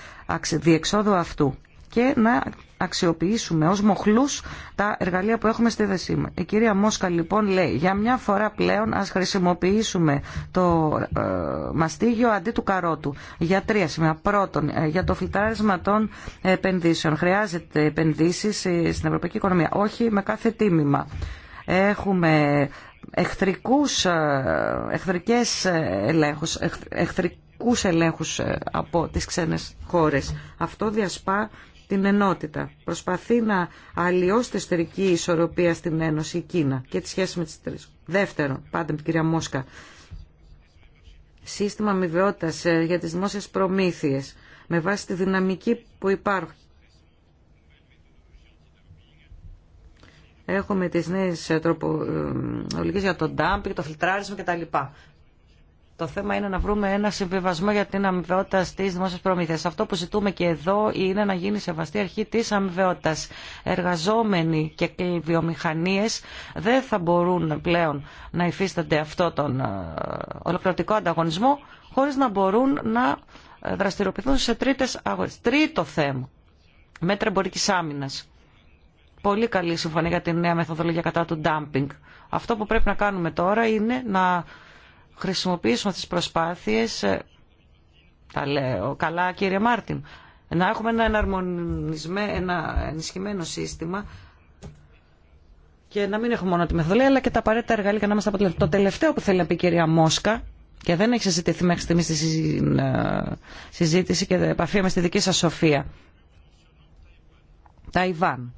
διεξόδου αυτού και να αξιοποιήσουμε ως μοχλούς τα εργαλεία που έχουμε στη δεσή μας. Η κυρία Μόσκα λοιπόν λέει για μια φορά πλέον ας χρησιμοποιήσουμε το ε, μαστίγιο αντί του καρότου για τρία σημεία. Πρώτον, ε, για το φυτάρισμα των επενδύσεων. Χρειάζεται επενδύσεις ε, στην ευρωπαϊκή οικονομία, όχι με κάθε τίμημα. Έχουμε εχθρικούς, εχθρικές ελέγχους, εχθρικούς ελέγχους από τις ξένες χώρες. Αυτό διασπά την ενότητα. Προσπαθεί να αλλοιώσει την εσωτερική ισορροπία στην Ένωση, η Κίνα και τη σχέση με τις τρεις. Δεύτερον, πάντα με την κυρία Μόσκα, σύστημα αμοιβαιότητας ε, για τις δημόσιες προμήθειες με βάση τη δυναμική που υπάρχει. Έχουμε τις νέες ε, τροπολογίες ε, για τον και το φιλτράρισμα κτλ. Το θέμα είναι να βρούμε ένα συμβιβασμό για την αμοιβαιότητα στι δημόσιε προμήθειε. Αυτό που ζητούμε και εδώ είναι να γίνει σεβαστή αρχή τη αμοιβαιότητα. Εργαζόμενοι και βιομηχανίε δεν θα μπορούν πλέον να υφίστανται αυτό τον ε, ολοκληρωτικό ανταγωνισμό χωρί να μπορούν να ε, δραστηριοποιηθούν σε τρίτε αγορέ. Τρίτο θέμα. Μέτρα εμπορική άμυνα. Πολύ καλή συμφωνία για τη νέα μεθοδολογία κατά του ντάμπινγκ. Αυτό που πρέπει να κάνουμε τώρα είναι να χρησιμοποιήσουμε τις προσπάθειες, ε, τα λέω καλά κύριε Μάρτιν, να έχουμε ένα, ένα ενισχυμένο σύστημα και να μην έχουμε μόνο τη μεθοδολογία αλλά και τα απαραίτητα εργαλεία για να είμαστε αποτελεσματικοί. Το τελευταίο που θέλει να πει η κυρία Μόσκα και δεν έχει συζητηθεί μέχρι στιγμή στη ε, συζήτηση και επαφή με στη δική σας σοφία. Ιβάν.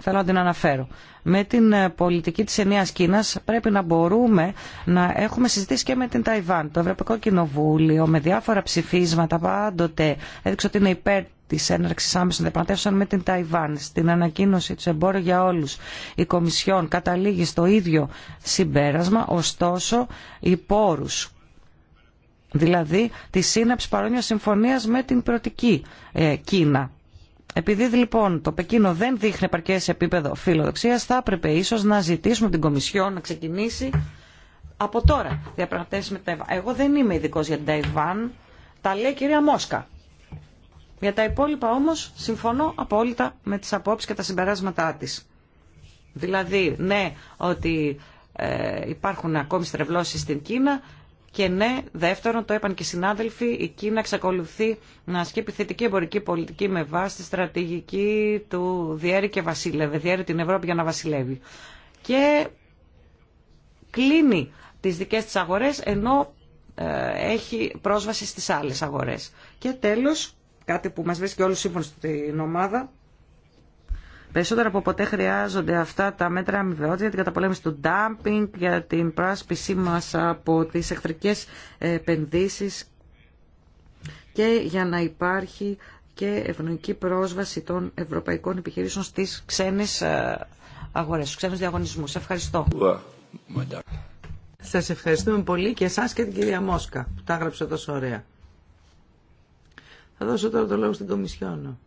Θέλω να την αναφέρω. Με την ε, πολιτική της ενία Κίνας πρέπει να μπορούμε να έχουμε συζητήσει και με την Ταϊβάν. Το Ευρωπαϊκό Κοινοβούλιο με διάφορα ψηφίσματα πάντοτε έδειξε ότι είναι υπέρ τη έναρξη άμεσων διαπραγματεύσεων με την Ταϊβάν. Στην ανακοίνωση του εμπόρου για όλου η Κομισιόν καταλήγει στο ίδιο συμπέρασμα, ωστόσο οι πόρου, Δηλαδή τη σύναψη παρόμοια συμφωνία με την πρωτική ε, Κίνα. Επειδή λοιπόν το Πεκίνο δεν δείχνει επαρκέ επίπεδο φιλοδοξία, θα έπρεπε ίσω να ζητήσουμε την Κομισιόν να ξεκινήσει από τώρα διαπραγματεύσει με την Ταϊβάν. Εγώ δεν είμαι ειδικό για την Ταϊβάν, τα λέει η κυρία Μόσκα. Για τα υπόλοιπα όμω συμφωνώ απόλυτα με τι απόψει και τα συμπεράσματά τη. Δηλαδή, ναι, ότι ε, υπάρχουν ακόμη στρεβλώσει στην Κίνα και ναι, δεύτερον, το είπαν και οι συνάδελφοι, η Κίνα εξακολουθεί να ασκεί επιθετική εμπορική πολιτική με βάση τη στρατηγική του διέρη και βασίλευε, δηλαδή διέρη την Ευρώπη για να βασιλεύει. Και κλείνει τις δικές της αγορές ενώ ε, έχει πρόσβαση στις άλλες αγορές. Και τέλος, κάτι που μας βρίσκει όλους σύμφωνοι στην ομάδα, Περισσότερο από ποτέ χρειάζονται αυτά τα μέτρα αμοιβαιότητα για την καταπολέμηση του ντάμπινγκ, για την πράσπισή μας από τις εχθρικές επενδύσεις και για να υπάρχει και ευνοϊκή πρόσβαση των ευρωπαϊκών επιχειρήσεων στις ξένες ε, αγορές, στους ξένους διαγωνισμούς. Ευχαριστώ.
Σα ευχαριστούμε πολύ και εσά και την κυρία Μόσκα που τα έγραψε τόσο ωραία. Θα δώσω τώρα το λόγο στην Κομισιόνα.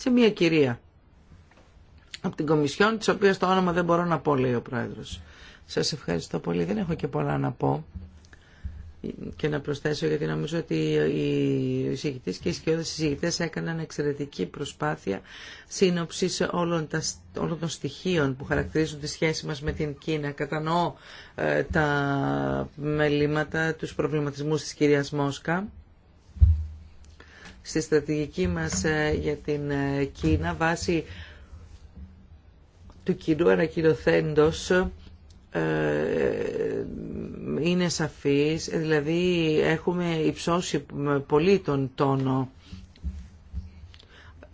σε μια κυρία από την Κομισιόν, της οποίας το όνομα δεν μπορώ να πω, λέει ο Πρόεδρος. Σας ευχαριστώ πολύ. Δεν έχω και πολλά να πω και να προσθέσω, γιατί νομίζω ότι οι εισηγητέ και οι σκιώδες εισηγητές έκαναν εξαιρετική προσπάθεια σύνοψη όλων, όλων των στοιχείων που χαρακτηρίζουν τη σχέση μας με την Κίνα. Κατανοώ ε, τα μελήματα, τους προβληματισμούς της κυρίας Μόσκα στη στρατηγική μας ε, για την ε, Κίνα βάσει του κοινού ανακοινωθέντος ε, είναι σαφής, δηλαδή έχουμε υψώσει πολύ τον τόνο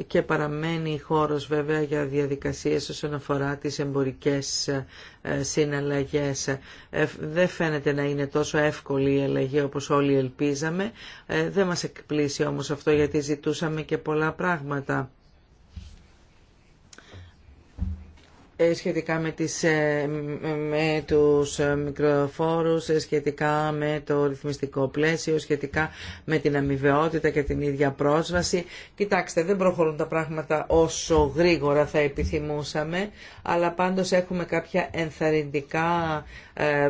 και παραμένει χώρος βέβαια για διαδικασίες όσον αφορά τις εμπορικές ε, συναλλαγές. Ε, δεν φαίνεται να είναι τόσο εύκολη η αλλαγή όπως όλοι ελπίζαμε. Ε, δεν μας εκπλήσει όμως αυτό γιατί ζητούσαμε και πολλά πράγματα. Ε, σχετικά με, τις, ε, με τους ε, μικροφόρους, σχετικά με το ρυθμιστικό πλαίσιο, σχετικά με την αμοιβαιότητα και την ίδια πρόσβαση. Κοιτάξτε, δεν προχωρούν τα πράγματα όσο γρήγορα θα επιθυμούσαμε, αλλά πάντως έχουμε κάποια ενθαρρυντικά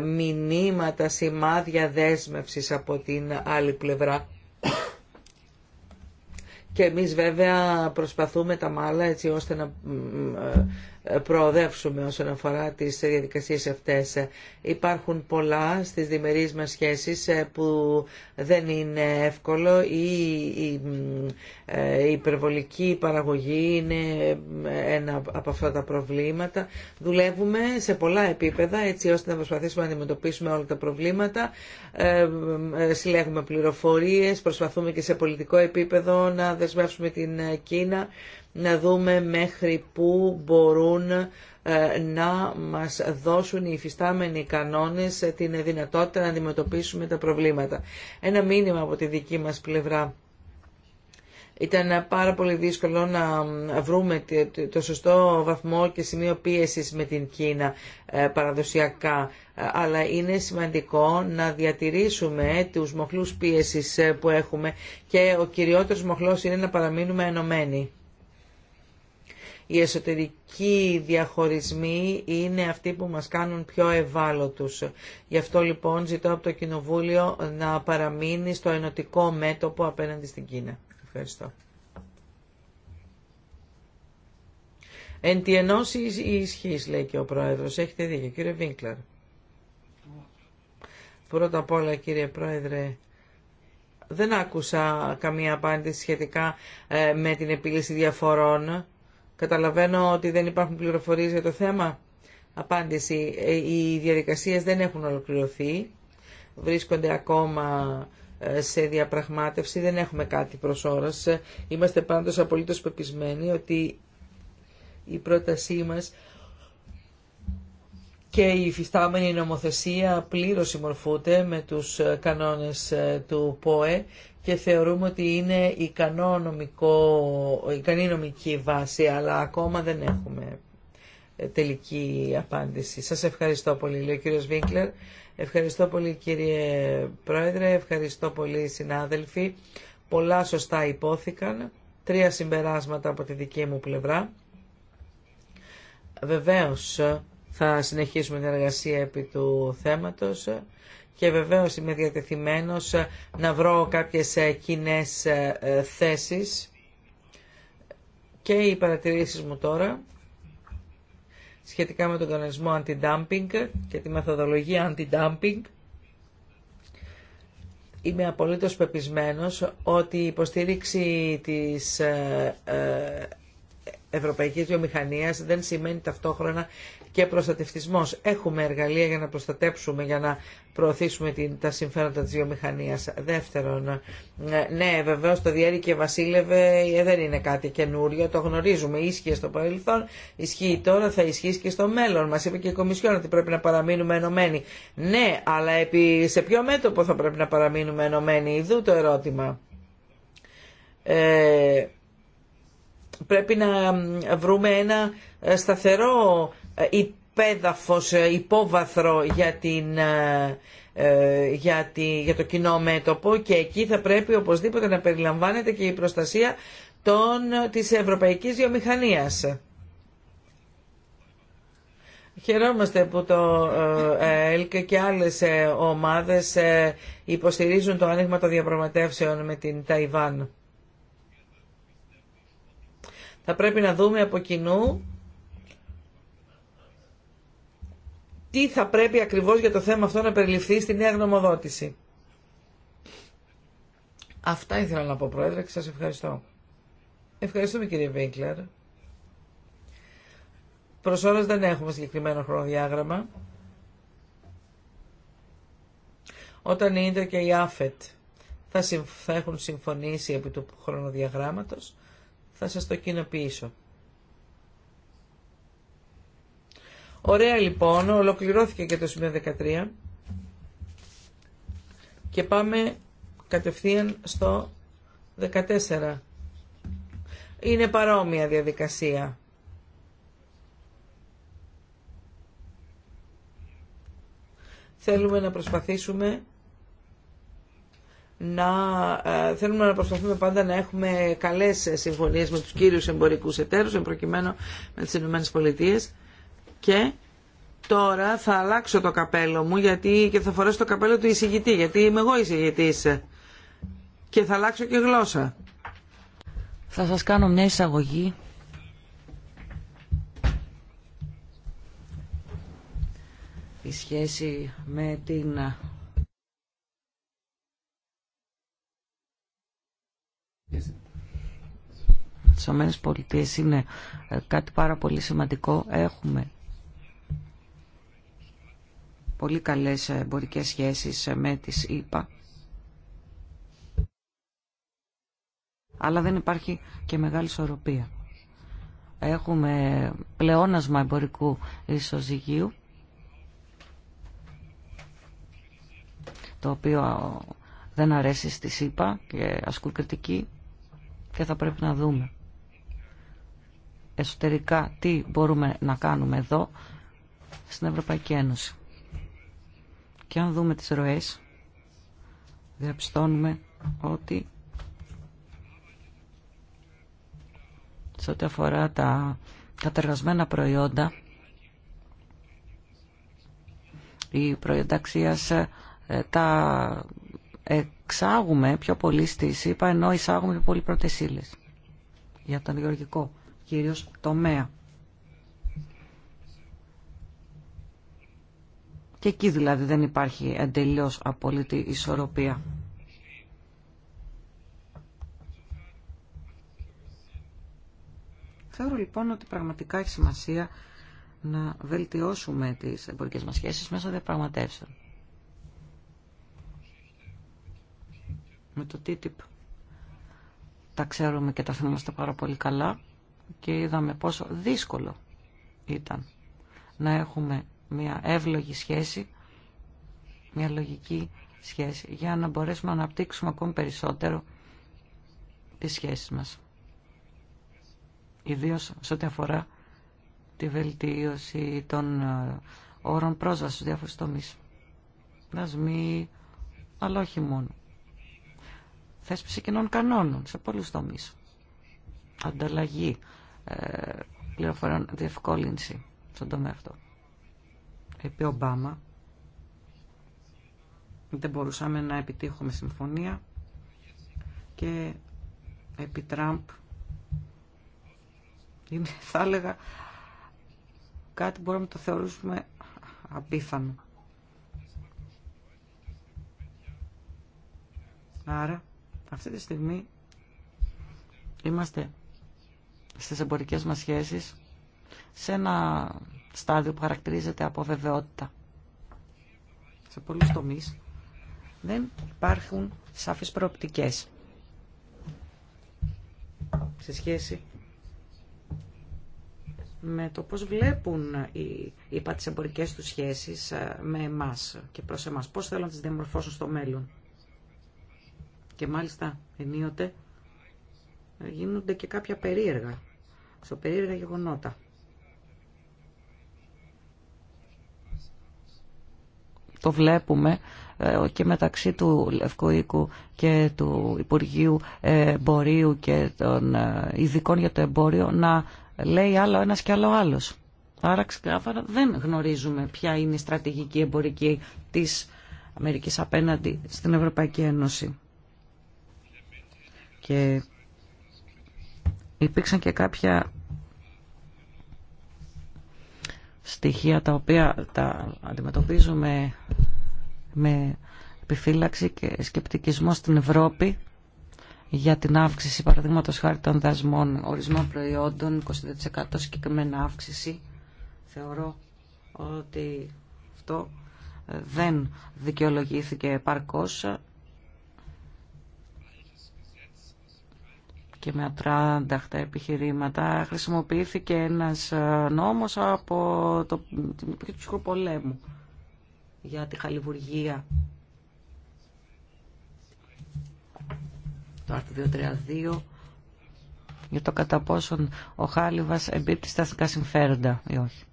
μηνύματα, σημάδια δέσμευσης από την άλλη πλευρά. Και εμείς βέβαια προσπαθούμε τα μάλλα έτσι ώστε να προοδεύσουμε όσον αφορά τις διαδικασίες αυτές. Υπάρχουν πολλά στις διμερείς μας σχέσεις ε, που δεν είναι εύκολο ή ε, η υπερβολική παραγωγή είναι ε, ένα από αυτά τα προβλήματα. Δουλεύουμε σε πολλά επίπεδα έτσι ώστε να προσπαθήσουμε να αντιμετωπίσουμε όλα τα προβλήματα. Συλλέγουμε πληροφορίες, προσπαθούμε και σε πολιτικό επίπεδο να δεσμεύσουμε την Κίνα να δούμε μέχρι πού μπορούν ε, να μας δώσουν οι υφιστάμενοι κανόνες ε, την δυνατότητα να αντιμετωπίσουμε τα προβλήματα. Ένα μήνυμα από τη δική μας πλευρά. Ήταν πάρα πολύ δύσκολο να ε, βρούμε το σωστό βαθμό και σημείο πίεσης με την Κίνα παραδοσιακά, αλλά είναι σημαντικό να διατηρήσουμε τους μοχλούς πίεσης που έχουμε και ο κυριότερος μοχλός είναι να παραμείνουμε ενωμένοι οι εσωτερικοί διαχωρισμοί είναι αυτοί που μας κάνουν πιο ευάλωτους. Γι' αυτό λοιπόν ζητώ από το Κοινοβούλιο να παραμείνει στο ενωτικό μέτωπο απέναντι στην Κίνα. Ευχαριστώ. Εν τη ενώση ισχύς, λέει και ο Πρόεδρος. Έχετε δίκιο, κύριε Βίνκλαρ. Πρώτα απ' όλα, κύριε Πρόεδρε, δεν άκουσα καμία απάντηση σχετικά ε, με την επίλυση διαφορών Καταλαβαίνω ότι δεν υπάρχουν πληροφορίες για το θέμα. Απάντηση. Ε, οι διαδικασίες δεν έχουν ολοκληρωθεί. Βρίσκονται ακόμα ε, σε διαπραγμάτευση. Δεν έχουμε κάτι προς ώρας. Είμαστε πάντως απολύτως πεπισμένοι ότι η πρότασή μας και η υφιστάμενη νομοθεσία πλήρως συμμορφούνται με τους ε, κανόνες ε, του ΠΟΕ και θεωρούμε ότι είναι ικανό νομικό, ικανή νομική βάση, αλλά ακόμα δεν έχουμε ε, τελική απάντηση. Σας ευχαριστώ πολύ, λέει ο κύριος Βίγκλερ. Ευχαριστώ πολύ κύριε Πρόεδρε, ευχαριστώ πολύ συνάδελφοι. Πολλά σωστά υπόθηκαν, τρία συμπεράσματα από τη δική μου πλευρά. Βεβαίως, θα συνεχίσουμε την εργασία επί του θέματος και βεβαίως είμαι διατεθειμένος να βρω κάποιες ε, κοινέ ε, ε, θέσεις και οι παρατηρήσεις μου τώρα σχετικά με τον κανονισμό anti-dumping και τη μεθοδολογία anti-dumping είμαι απολύτως πεπισμένος ότι η υποστήριξη της ευρωπαϊκής βιομηχανίας δεν σημαίνει ταυτόχρονα και προστατευτισμό. Έχουμε εργαλεία για να προστατέψουμε, για να προωθήσουμε την, τα συμφέροντα τη βιομηχανία. Δεύτερον, ε, ναι βεβαίω το διέρη και βασίλευε ε, δεν είναι κάτι καινούριο, το γνωρίζουμε, ίσχυε στο παρελθόν, ισχύει τώρα, θα ισχύσει και στο μέλλον. Μα είπε και η Κομισιόν ότι πρέπει να παραμείνουμε ενωμένοι. Ναι, αλλά επί, σε ποιο μέτωπο θα πρέπει να παραμείνουμε ενωμένοι, ειδού το ερώτημα. Ε, πρέπει να βρούμε ένα ε, σταθερό ε, υπέδαφος, ε, υπόβαθρο για, την, ε, για, τη, για το κοινό μέτωπο και εκεί θα πρέπει οπωσδήποτε να περιλαμβάνεται και η προστασία των, της ευρωπαϊκής βιομηχανίας. Χαιρόμαστε που το ΕΛΚ και άλλες ομάδες υποστηρίζουν το άνοιγμα των διαπραγματεύσεων με την Ταϊβάν. Θα πρέπει να δούμε από κοινού τι θα πρέπει ακριβώς για το θέμα αυτό να περιληφθεί στη νέα γνωμοδότηση. Αυτά ήθελα να πω, Πρόεδρε, και σας ευχαριστώ. Ευχαριστούμε, κύριε Βίγκλερ. Προς όλες δεν έχουμε συγκεκριμένο χρονοδιάγραμμα. Όταν η και η Άφετ θα, θα έχουν συμφωνήσει επί του χρονοδιαγράμματος, θα σας το κοινοποιήσω. Ωραία λοιπόν, ολοκληρώθηκε και το σημείο 13 και πάμε κατευθείαν στο 14. Είναι παρόμοια διαδικασία. Θέλουμε να προσπαθήσουμε να ε, θέλουμε να προσπαθούμε πάντα να έχουμε καλές συμφωνίες με τους κύριους εμπορικούς εταίρους, εν προκειμένου με τις ΗΠΑ. Και τώρα θα αλλάξω το καπέλο μου γιατί, και θα φορέσω το καπέλο του εισηγητή, γιατί είμαι εγώ εισηγητής. Και θα αλλάξω και γλώσσα.
Θα σας κάνω μια εισαγωγή. Η σχέση με την Στι Ηνωμένες Πολιτείες είναι ε, κάτι πάρα πολύ σημαντικό. Έχουμε πολύ καλές εμπορικέ σχέσεις με τις ΗΠΑ. Αλλά δεν υπάρχει και μεγάλη ισορροπία. Έχουμε πλεόνασμα εμπορικού ισοζυγίου, το οποίο δεν αρέσει στη ΣΥΠΑ και ασκούν κριτική και θα πρέπει να δούμε εσωτερικά τι μπορούμε να κάνουμε εδώ στην Ευρωπαϊκή Ένωση. Και αν δούμε τις ροές, διαπιστώνουμε ότι σε ό,τι αφορά τα κατεργασμένα προϊόντα, η προϊόντα αξίας, ε, τα εξάγουμε πιο πολύ στη ΣΥΠΑ, ενώ εισάγουμε πιο πολύ πρώτες ύλες για τον γεωργικό κυρίως τομέα. Και εκεί δηλαδή δεν υπάρχει εντελώς απόλυτη ισορροπία. Θεωρώ λοιπόν ότι πραγματικά έχει σημασία να βελτιώσουμε τις εμπορικές μας σχέσεις μέσω διαπραγματεύσεων. Με το TTIP τα ξέρουμε και τα θυμόμαστε πάρα πολύ καλά και είδαμε πόσο δύσκολο ήταν να έχουμε μια εύλογη σχέση, μια λογική σχέση, για να μπορέσουμε να αναπτύξουμε ακόμη περισσότερο τις σχέσεις μας. Ιδίως σε ό,τι αφορά τη βελτίωση των ε, όρων πρόσβασης στους διάφορους τομείς. Δασμοί, αλλά όχι μόνο. Θέσπιση κοινών κανόνων σε πολλούς τομείς. Ανταλλαγή, ε, πληροφοριών, διευκόλυνση στον τομέα αυτό επί Ομπάμα δεν μπορούσαμε να επιτύχουμε συμφωνία και επί Τραμπ είναι, θα έλεγα κάτι μπορούμε να το θεωρούσουμε απίθανο. Άρα αυτή τη στιγμή είμαστε στις εμπορικές μας σχέσεις σε ένα στάδιο που χαρακτηρίζεται από βεβαιότητα. Σε πολλούς τομείς δεν υπάρχουν σαφείς προοπτικές σε σχέση με το πώς βλέπουν οι, οι τις εμπορικές τους σχέσεις ε, με εμάς και προς εμάς. Πώς θέλουν να τις διαμορφώσουν στο μέλλον. Και μάλιστα ενίοτε ε, γίνονται και κάποια περίεργα, περίεργα γεγονότα. Το βλέπουμε ε, και μεταξύ του Οίκου και του Υπουργείου Εμπορίου και των ε, ειδικών για το εμπόριο να λέει άλλο ένας και άλλο άλλος. Άρα ξεκάθαρα δεν γνωρίζουμε ποια είναι η στρατηγική εμπορική της Αμερικής απέναντι στην Ευρωπαϊκή Ένωση. Και υπήρξαν και κάποια στοιχεία τα οποία τα αντιμετωπίζουμε με επιφύλαξη και σκεπτικισμό στην Ευρώπη για την αύξηση παραδείγματο χάρη των δασμών ορισμών προϊόντων 22% συγκεκριμένα αύξηση θεωρώ ότι αυτό ε, δεν δικαιολογήθηκε επαρκώς και με ατράνταχτα επιχειρήματα χρησιμοποιήθηκε ένας ε, νόμος από το, την εποχή του για τη χαλιβουργία. Το άρθρο 232 για το κατά πόσον ο Χάλιβας εμπίπτει στα αστικά συμφέροντα ή όχι.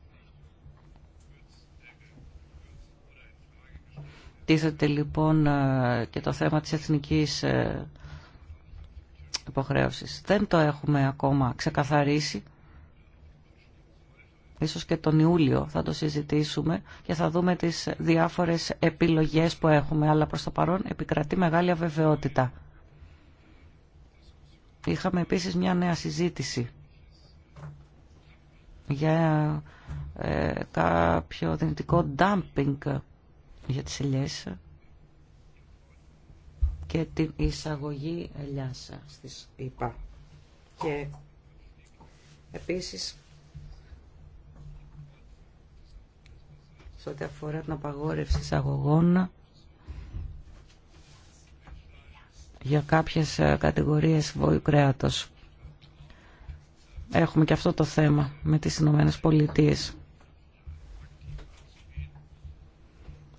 Τίθεται λοιπόν ε, και το θέμα της εθνικής ε, δεν το έχουμε ακόμα ξεκαθαρίσει. Ίσως και τον Ιούλιο θα το συζητήσουμε και θα δούμε τις διάφορες επιλογές που έχουμε, αλλά προς το παρόν επικρατεί μεγάλη αβεβαιότητα. Είχαμε επίσης μια νέα συζήτηση για ε, κάποιο δυνητικό dumping για τις ελιές και την εισαγωγή ελιάσα στις ΙΠΑ. Και επίσης, σε ό,τι αφορά την απαγόρευση εισαγωγών, για κάποιες ε, κατηγορίες βοηού Έχουμε και αυτό το θέμα με τις Ηνωμένες Πολιτείες.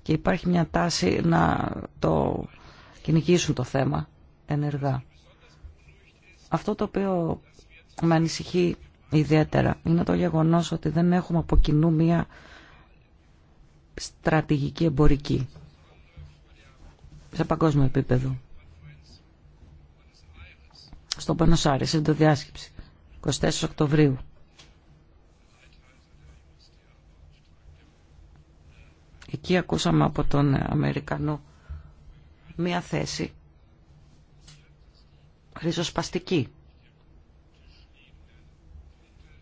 Και υπάρχει μια τάση να το κυνηγήσουν το θέμα ενεργά. Αυτό το οποίο με ανησυχεί ιδιαίτερα είναι το γεγονός ότι δεν έχουμε από κοινού μία στρατηγική εμπορική σε παγκόσμιο επίπεδο. Στο Πανοσάρι, σε διάσκεψη, 24 Οκτωβρίου. Εκεί ακούσαμε από τον Αμερικανό μια θέση ριζοσπαστική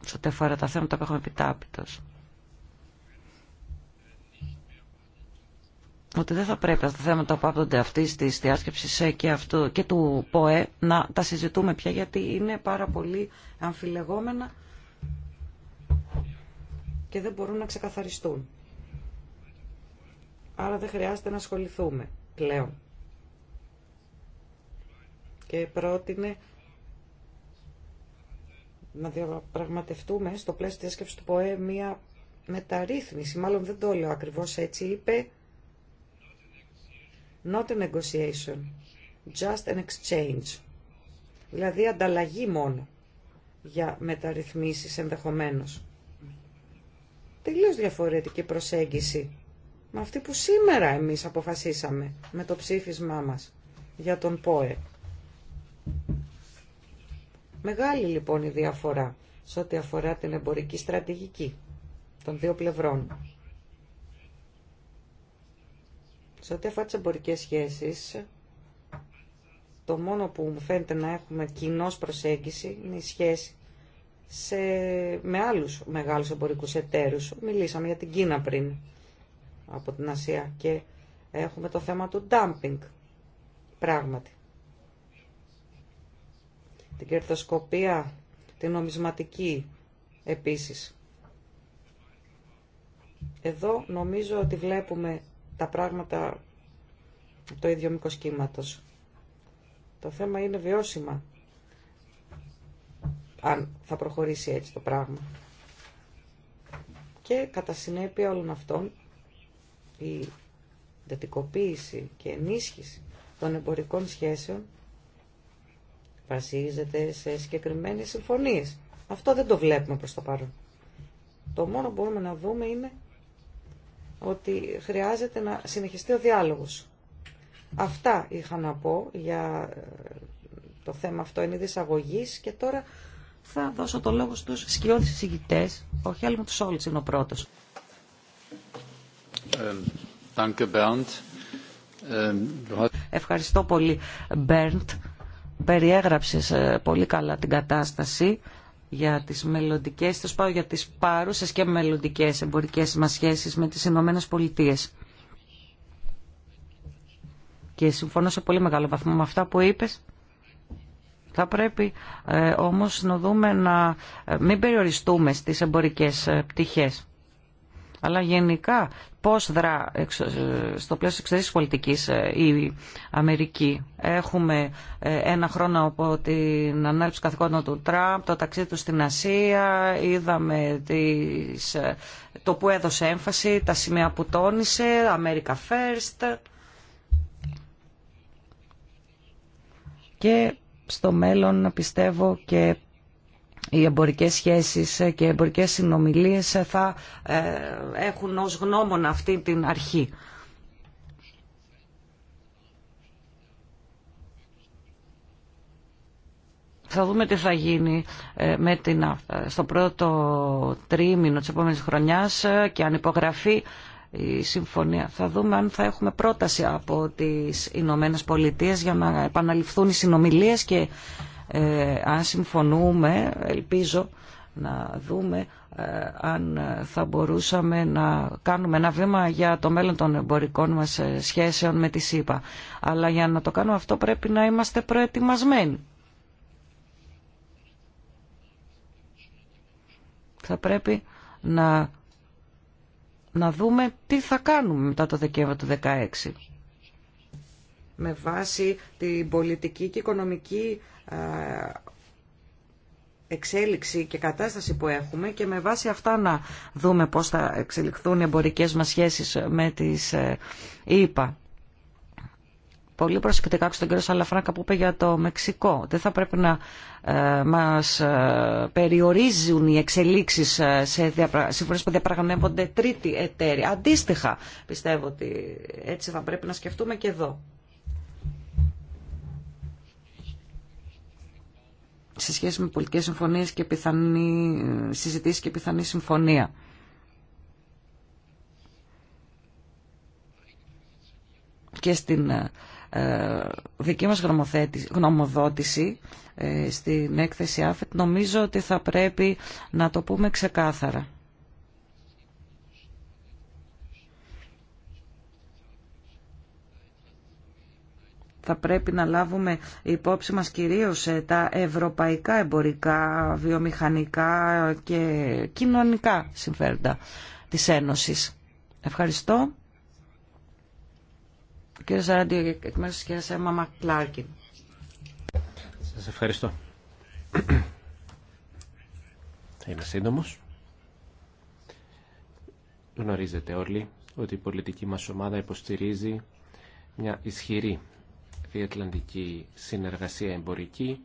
σε ό,τι τα θέματα που έχουμε επιτάπητος. Ότι δεν θα πρέπει τα θέματα που άπτονται αυτή τη διάσκεψη και, αυτού, και του ΠΟΕ να τα συζητούμε πια γιατί είναι πάρα πολύ αμφιλεγόμενα και δεν μπορούν να ξεκαθαριστούν. Άρα δεν χρειάζεται να ασχοληθούμε πλέον και πρότεινε να διαπραγματευτούμε στο πλαίσιο της του ΠΟΕ μία μεταρρύθμιση. Μάλλον δεν το λέω ακριβώς έτσι. Είπε not a negotiation, just an exchange. Δηλαδή ανταλλαγή μόνο για μεταρρυθμίσεις ενδεχομένως. Τελείως διαφορετική προσέγγιση με αυτή που σήμερα εμείς αποφασίσαμε με το ψήφισμά μας για τον ΠΟΕ. Μεγάλη λοιπόν η διαφορά σε ό,τι αφορά την εμπορική στρατηγική των δύο πλευρών. Σε ό,τι αφορά τις εμπορικές σχέσεις, το μόνο που μου φαίνεται να έχουμε κοινό προσέγγιση είναι η σχέση σε, με άλλους μεγάλους εμπορικούς εταίρους. Μιλήσαμε για την Κίνα πριν από την Ασία και έχουμε το θέμα του dumping. Πράγματι την κερδοσκοπία, την νομισματική επίσης. Εδώ νομίζω ότι βλέπουμε τα πράγματα το ίδιο μήκος Το θέμα είναι βιώσιμα, αν θα προχωρήσει έτσι το πράγμα. Και κατά συνέπεια όλων αυτών, η δετικοποίηση και ενίσχυση των εμπορικών σχέσεων βασίζεται σε συγκεκριμένες συμφωνίες. Αυτό δεν το βλέπουμε προς το παρόν. Το μόνο που μπορούμε να δούμε είναι ότι χρειάζεται να συνεχιστεί ο διάλογος. Αυτά είχα να πω για ε, το θέμα αυτό είναι εισαγωγής και τώρα θα δώσω το λόγο στους σκιώδεις συγκητές. Ο Χέλμου του Σόλτς είναι ο πρώτος. Ε, ε, Ευχαριστώ πολύ, Μπέρντ περιέγραψες ε, πολύ καλά την κατάσταση για τις μελλοντικές, θα για τις παρούσες και μελλοντικές εμπορικές μας σχέσεις με τις Ηνωμένες Πολιτείες. Και συμφωνώ σε πολύ μεγάλο βαθμό με αυτά που είπες. Θα πρέπει ε, όμως να δούμε να ε, μην περιοριστούμε στις εμπορικές πτυχές αλλά γενικά πώς δρά στο πλαίσιο εξωτερικής πολιτικής ε, η Αμερική. Έχουμε ε, ένα χρόνο από την ανάληψη καθηκόντων του Τραμπ, το ταξίδι του στην Ασία, είδαμε τις, ε, το που έδωσε έμφαση, τα σημεία που τόνισε, America First. Και στο μέλλον πιστεύω και οι εμπορικές σχέσεις και οι εμπορικές συνομιλίες θα ε, έχουν ως γνώμονα αυτή την αρχή. Θα δούμε τι θα γίνει ε, με την, ε, στο πρώτο τρίμηνο της επόμενης χρονιάς και αν υπογραφεί η συμφωνία. Θα δούμε αν θα έχουμε πρόταση από τις Ηνωμένε Πολιτείες για να επαναληφθούν οι συνομιλίες και ε, αν συμφωνούμε, ελπίζω να δούμε ε, αν θα μπορούσαμε να κάνουμε ένα βήμα για το μέλλον των εμπορικών μας ε, σχέσεων με τη ΣΥΠΑ. Αλλά για να το κάνουμε αυτό πρέπει να είμαστε προετοιμασμένοι. Θα πρέπει να, να δούμε τι θα κάνουμε μετά το Δεκέμβριο του 2016 με βάση την πολιτική και οικονομική ε, εξέλιξη και κατάσταση που έχουμε και με βάση αυτά να δούμε πώς θα εξελιχθούν οι εμπορικές μας σχέσεις με τις ε, ΗΠΑ. Πολύ προσεκτικά τον κύριο Σαλαφράκα που είπε για το Μεξικό. Δεν θα πρέπει να ε, μας περιορίζουν οι εξελίξεις σε διαπρα... συμφωνίες που διαπραγματεύονται τρίτη εταίρη. Αντίστοιχα πιστεύω ότι έτσι θα πρέπει να σκεφτούμε και εδώ. σε σχέση με πολιτικές συμφωνίες και πιθανή συζητήσεις και πιθανή συμφωνία. Και στην ε, ε, δική μας γνωμοδότηση ε, στην έκθεση ΑΦΕΤ νομίζω ότι θα πρέπει να το πούμε ξεκάθαρα. θα πρέπει να λάβουμε υπόψη μας κυρίως ε, τα ευρωπαϊκά εμπορικά, βιομηχανικά και κοινωνικά συμφέροντα της Ένωσης. Ευχαριστώ. Κύριε Σαραντιο, εκ μέρους της κυρίας Έμα
Σας ευχαριστώ. Θα είμαι σύντομος. Γνωρίζετε όλοι ότι η πολιτική μας ομάδα υποστηρίζει μια ισχυρή διατλαντική συνεργασία εμπορική,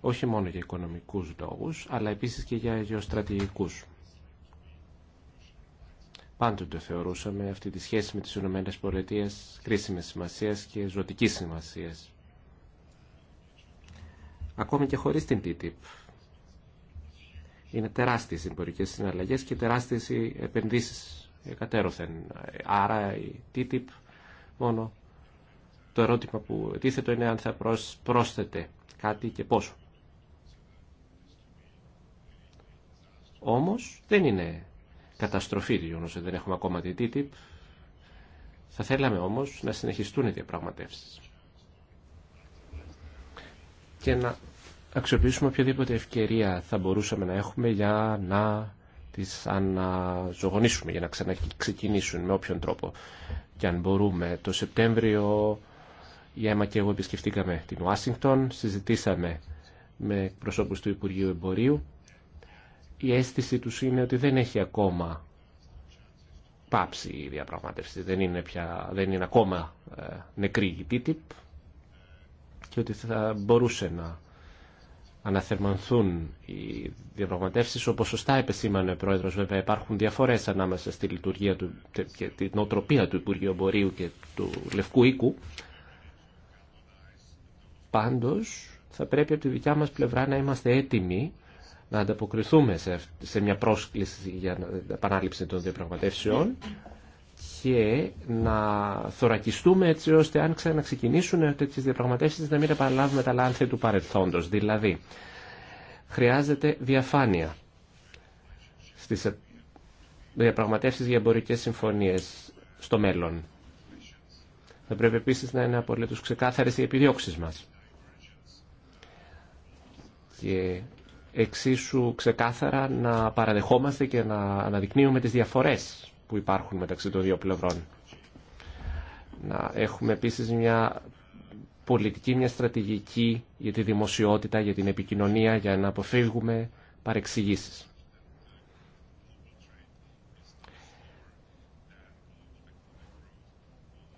όχι μόνο για οικονομικούς λόγους, αλλά επίσης και για γεωστρατηγικούς. Πάντοτε θεωρούσαμε αυτή τη σχέση με τις Ηνωμένες Πολιτείες κρίσιμες σημασίας και ζωτικής σημασίας. Ακόμη και χωρίς την TTIP. Είναι τεράστιες εμπορικές συναλλαγές και τεράστιες επενδύσεις κατέρωθεν. Άρα η TTIP μόνο το ερώτημα που τίθετο είναι αν θα πρόσθετε κάτι και πόσο. Όμως δεν είναι καταστροφή το δεν έχουμε ακόμα τη TTIP. Θα θέλαμε όμως να συνεχιστούν οι διαπραγματεύσεις και να αξιοποιήσουμε οποιαδήποτε ευκαιρία θα μπορούσαμε να έχουμε για να τις αναζωογονήσουμε, για να ξαναξεκινήσουν με όποιον τρόπο. Και αν μπορούμε το Σεπτέμβριο η Έμα και εγώ επισκεφτήκαμε την Ουάσιγκτον, συζητήσαμε με προσώπους του Υπουργείου Εμπορίου. Η αίσθηση τους είναι ότι δεν έχει ακόμα πάψει η διαπραγμάτευση, δεν είναι, πια, δεν είναι ακόμα ε, νεκρή η TTIP και ότι θα μπορούσε να αναθερμανθούν οι διαπραγματεύσεις όπως σωστά επεσήμανε ο Πρόεδρος βέβαια υπάρχουν διαφορές ανάμεσα στη λειτουργία του και την οτροπία του Υπουργείου Εμπορίου και του Λευκού Οίκου Πάντως, θα πρέπει από τη δικιά μας πλευρά να είμαστε έτοιμοι να ανταποκριθούμε σε, μια πρόσκληση για επανάληψη των διαπραγματεύσεων και να θωρακιστούμε έτσι ώστε αν ξαναξεκινήσουν τέτοιες διαπραγματεύσεις να μην επαναλάβουμε τα λάθη του παρελθόντος. Δηλαδή, χρειάζεται διαφάνεια στις διαπραγματεύσεις για εμπορικέ συμφωνίες στο μέλλον. Θα πρέπει επίσης να είναι απολύτως ξεκάθαρες οι επιδιώξεις μας και εξίσου ξεκάθαρα να παραδεχόμαστε και να αναδεικνύουμε τις διαφορές που υπάρχουν μεταξύ των δύο πλευρών. Να έχουμε επίσης μια πολιτική, μια στρατηγική για τη δημοσιότητα, για την επικοινωνία, για να αποφύγουμε παρεξηγήσεις.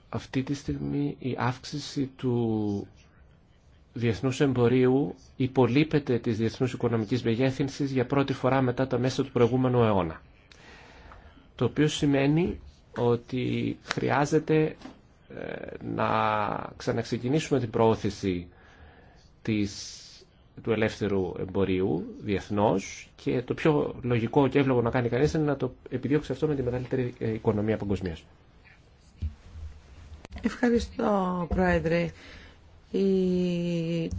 Αυτή τη στιγμή η αύξηση του διεθνούς εμπορίου υπολείπεται της διεθνούς οικονομικής μεγέθυνσης για πρώτη φορά μετά τα μέσα του προηγούμενου αιώνα. Το οποίο σημαίνει ότι χρειάζεται ε, να ξαναξεκινήσουμε την προώθηση της, του ελεύθερου εμπορίου διεθνώς και το πιο λογικό και εύλογο να κάνει κανείς είναι να το επιδιώξει αυτό με τη μεγαλύτερη ε, οικονομία παγκοσμίω.
Ευχαριστώ, Πρόεδρε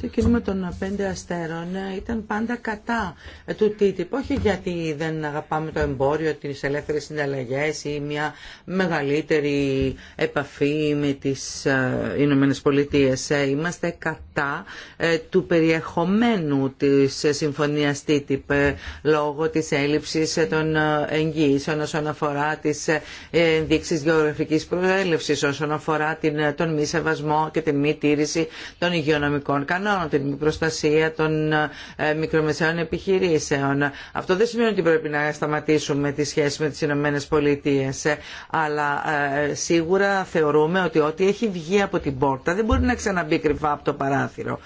το κίνημα των πέντε αστέρων ήταν πάντα κατά του TTIP. Όχι γιατί δεν αγαπάμε το εμπόριο, τις ελεύθερες συνταλλαγές ή μια μεγαλύτερη επαφή με τις ε, Ηνωμένες Πολιτείες. Ε, είμαστε κατά ε, του περιεχομένου της συμφωνίας TTIP λόγω της έλλειψης των εγγύησεων όσον αφορά τις ενδείξεις γεωγραφικής προέλευσης, όσον αφορά τον μη σεβασμό και τη μη τήρηση των υγειονομικών κανόνων, την προστασία των ε, μικρομεσαίων επιχειρήσεων. Αυτό δεν σημαίνει ότι πρέπει να σταματήσουμε τη σχέση με τις Ηνωμένε Πολιτείε, ε, αλλά ε, σίγουρα θεωρούμε ότι ό,τι έχει βγει από την πόρτα δεν μπορεί να ξαναμπεί κρυφά από το παράθυρο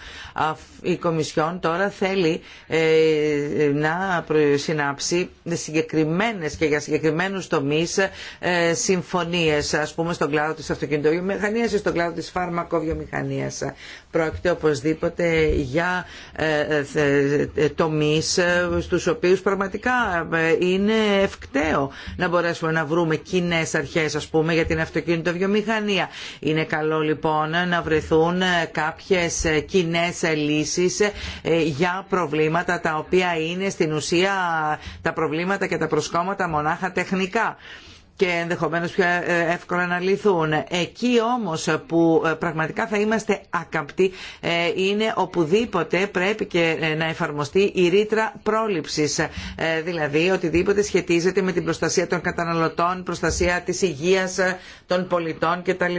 η Κομισιόν τώρα θέλει ε, να συνάψει συγκεκριμένες και για συγκεκριμένους τομείς ε, συμφωνίες ας πούμε στον κλάδο της αυτοκινητοβιομηχανίας ή στον κλάδο της φαρμακοβιομηχανίας. Πρόκειται οπωσδήποτε για ε, τομείς στους οποίους πραγματικά είναι ευκταίο να μπορέσουμε να βρούμε κοινέ αρχές ας πούμε για την αυτοκινητοβιομηχανία. Είναι καλό λοιπόν να βρεθούν κάποιες κοινέ λύσει ε, για προβλήματα τα οποία είναι στην ουσία τα προβλήματα και τα προσκόμματα μονάχα τεχνικά και ενδεχομένως πιο ε, εύκολα να λυθούν. Εκεί όμως που ε, πραγματικά θα είμαστε ακαπτοί είναι οπουδήποτε πρέπει και να εφαρμοστεί η ρήτρα πρόληψης. Δηλαδή οτιδήποτε σχετίζεται με την προστασία των καταναλωτών, προστασία της υγείας των πολιτών κτλ.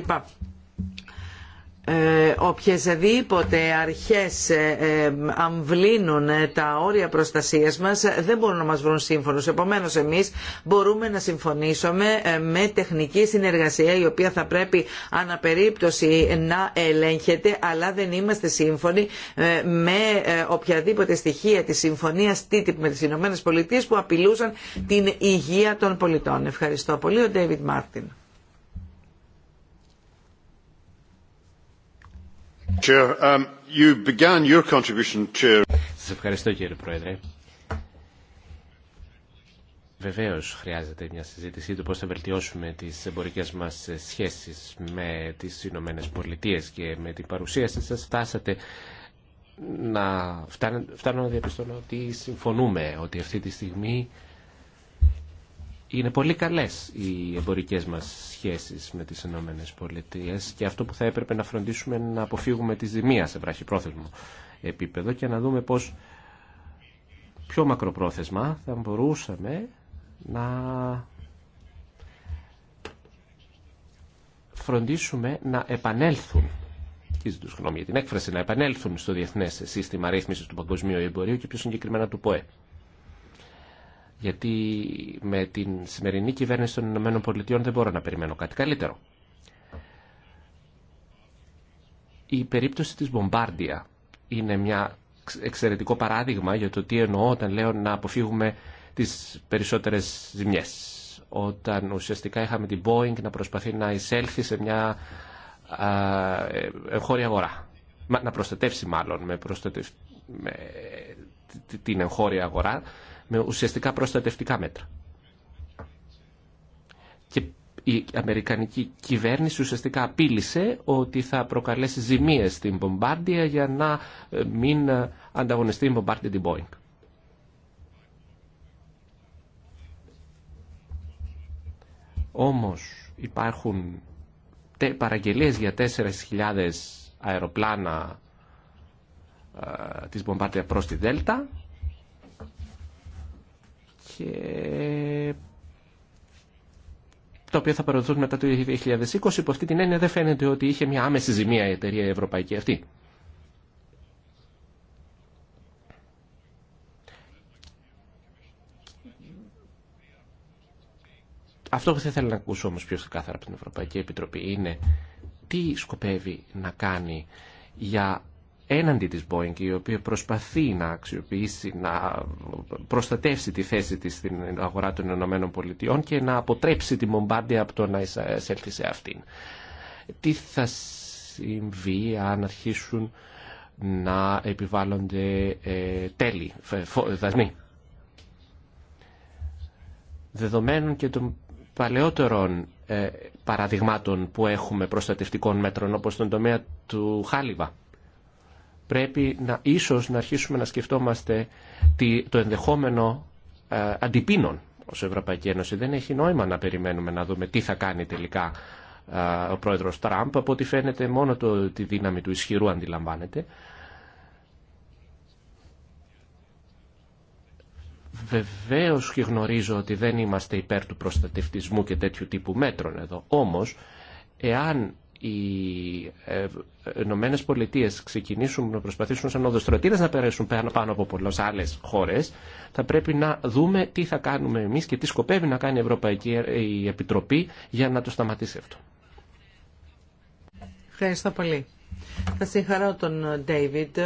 Ε, οποιασδήποτε αρχές ε, ε, αμβλύνουν τα όρια προστασίας μας δεν μπορούν να μας βρουν σύμφωνος. Επομένως εμείς μπορούμε να συμφωνήσουμε με τεχνική συνεργασία η οποία θα πρέπει αναπερίπτωση να ελέγχεται αλλά δεν είμαστε σύμφωνοι με οποιαδήποτε στοιχεία της συμφωνίας TTIP με τις Ηνωμένες που απειλούσαν την υγεία των πολιτών. Ευχαριστώ πολύ ο David Μάρτιν.
Um, σας ευχαριστώ κύριε Πρόεδρε. Βεβαίω χρειάζεται μια συζήτηση του πώ θα βελτιώσουμε τι εμπορικέ μα σχέσει με τι Ηνωμένε Πολιτείε και με την παρουσία σα φτάσατε να φτάνω να διαπιστώνω ότι συμφωνούμε ότι αυτή τη στιγμή είναι πολύ καλές οι εμπορικές μας σχέσεις με τις Ηνωμένε Πολιτείες και αυτό που θα έπρεπε να φροντίσουμε είναι να αποφύγουμε τη ζημία σε βραχυπρόθεσμο επίπεδο και να δούμε πώς πιο μακροπρόθεσμα θα μπορούσαμε να φροντίσουμε να επανέλθουν γνώμη για την έκφραση, να επανέλθουν στο διεθνές σύστημα ρύθμισης του παγκοσμίου εμπορίου και πιο συγκεκριμένα του ΠΟΕ γιατί με την σημερινή κυβέρνηση των Ηνωμένων Πολιτειών δεν μπορώ να περιμένω κάτι καλύτερο. Η περίπτωση της Μπομπάρντια είναι μια εξαιρετικό παράδειγμα για το τι εννοώ όταν λέω να αποφύγουμε τις περισσότερες ζημιές. Όταν ουσιαστικά είχαμε την Boeing να προσπαθεί να εισέλθει σε μια ε, εγχώρια αγορά. Να προστατεύσει μάλλον με, ε, την εγχώρια αγορά με ουσιαστικά προστατευτικά μέτρα. Και η Αμερικανική κυβέρνηση ουσιαστικά απείλησε ότι θα προκαλέσει ζημίες στην Μπομπάρντια για να ε, μην ε, ανταγωνιστεί η Μπομπάρντια την Boeing. Όμως υπάρχουν παραγγελίες για 4.000 αεροπλάνα ε, της Μπομπάρντια προς τη Δέλτα και το οποίο θα παραδοθούν μετά το 2020. Υπό αυτή την έννοια δεν φαίνεται ότι είχε μια άμεση ζημία η εταιρεία η ευρωπαϊκή αυτή. Αυτό που θα ήθελα να ακούσω όμως πιο κάθαρα από την Ευρωπαϊκή Επιτροπή είναι τι σκοπεύει να κάνει για έναντι της Boeing η οποία προσπαθεί να αξιοποιήσει, να προστατεύσει τη θέση της στην αγορά των Ηνωμένων Πολιτειών και να αποτρέψει τη Bombardier από το να εισέλθει σε αυτήν. Τι θα συμβεί αν αρχίσουν να επιβάλλονται ε, τέλη, δασμοί. Δεδομένων και των παλαιότερων ε, παραδειγμάτων που έχουμε προστατευτικών μέτρων όπως τον τομέα του Χάλιβα πρέπει να ίσως να αρχίσουμε να σκεφτόμαστε το ενδεχόμενο ε, αντιπίνων ως Ευρωπαϊκή Ένωση. Δεν έχει νόημα να περιμένουμε να δούμε τι θα κάνει τελικά ε, ο πρόεδρος Τραμπ, από ό,τι φαίνεται μόνο το, τη δύναμη του ισχυρού αντιλαμβάνεται. Βεβαίως και γνωρίζω ότι δεν είμαστε υπέρ του προστατευτισμού και τέτοιου τύπου μέτρων εδώ. Όμως, εάν οι ε, Ηνωμένε Πολιτείε ξεκινήσουν να προσπαθήσουν σαν οδοστρωτήρε να περάσουν πάνω από πολλέ άλλε χώρε, θα πρέπει να δούμε τι θα κάνουμε εμεί και τι σκοπεύει να κάνει η Ευρωπαϊκή ε, η Επιτροπή για να το σταματήσει αυτό.
Ευχαριστώ πολύ. Θα συγχαρώ τον Ντέιβιντ,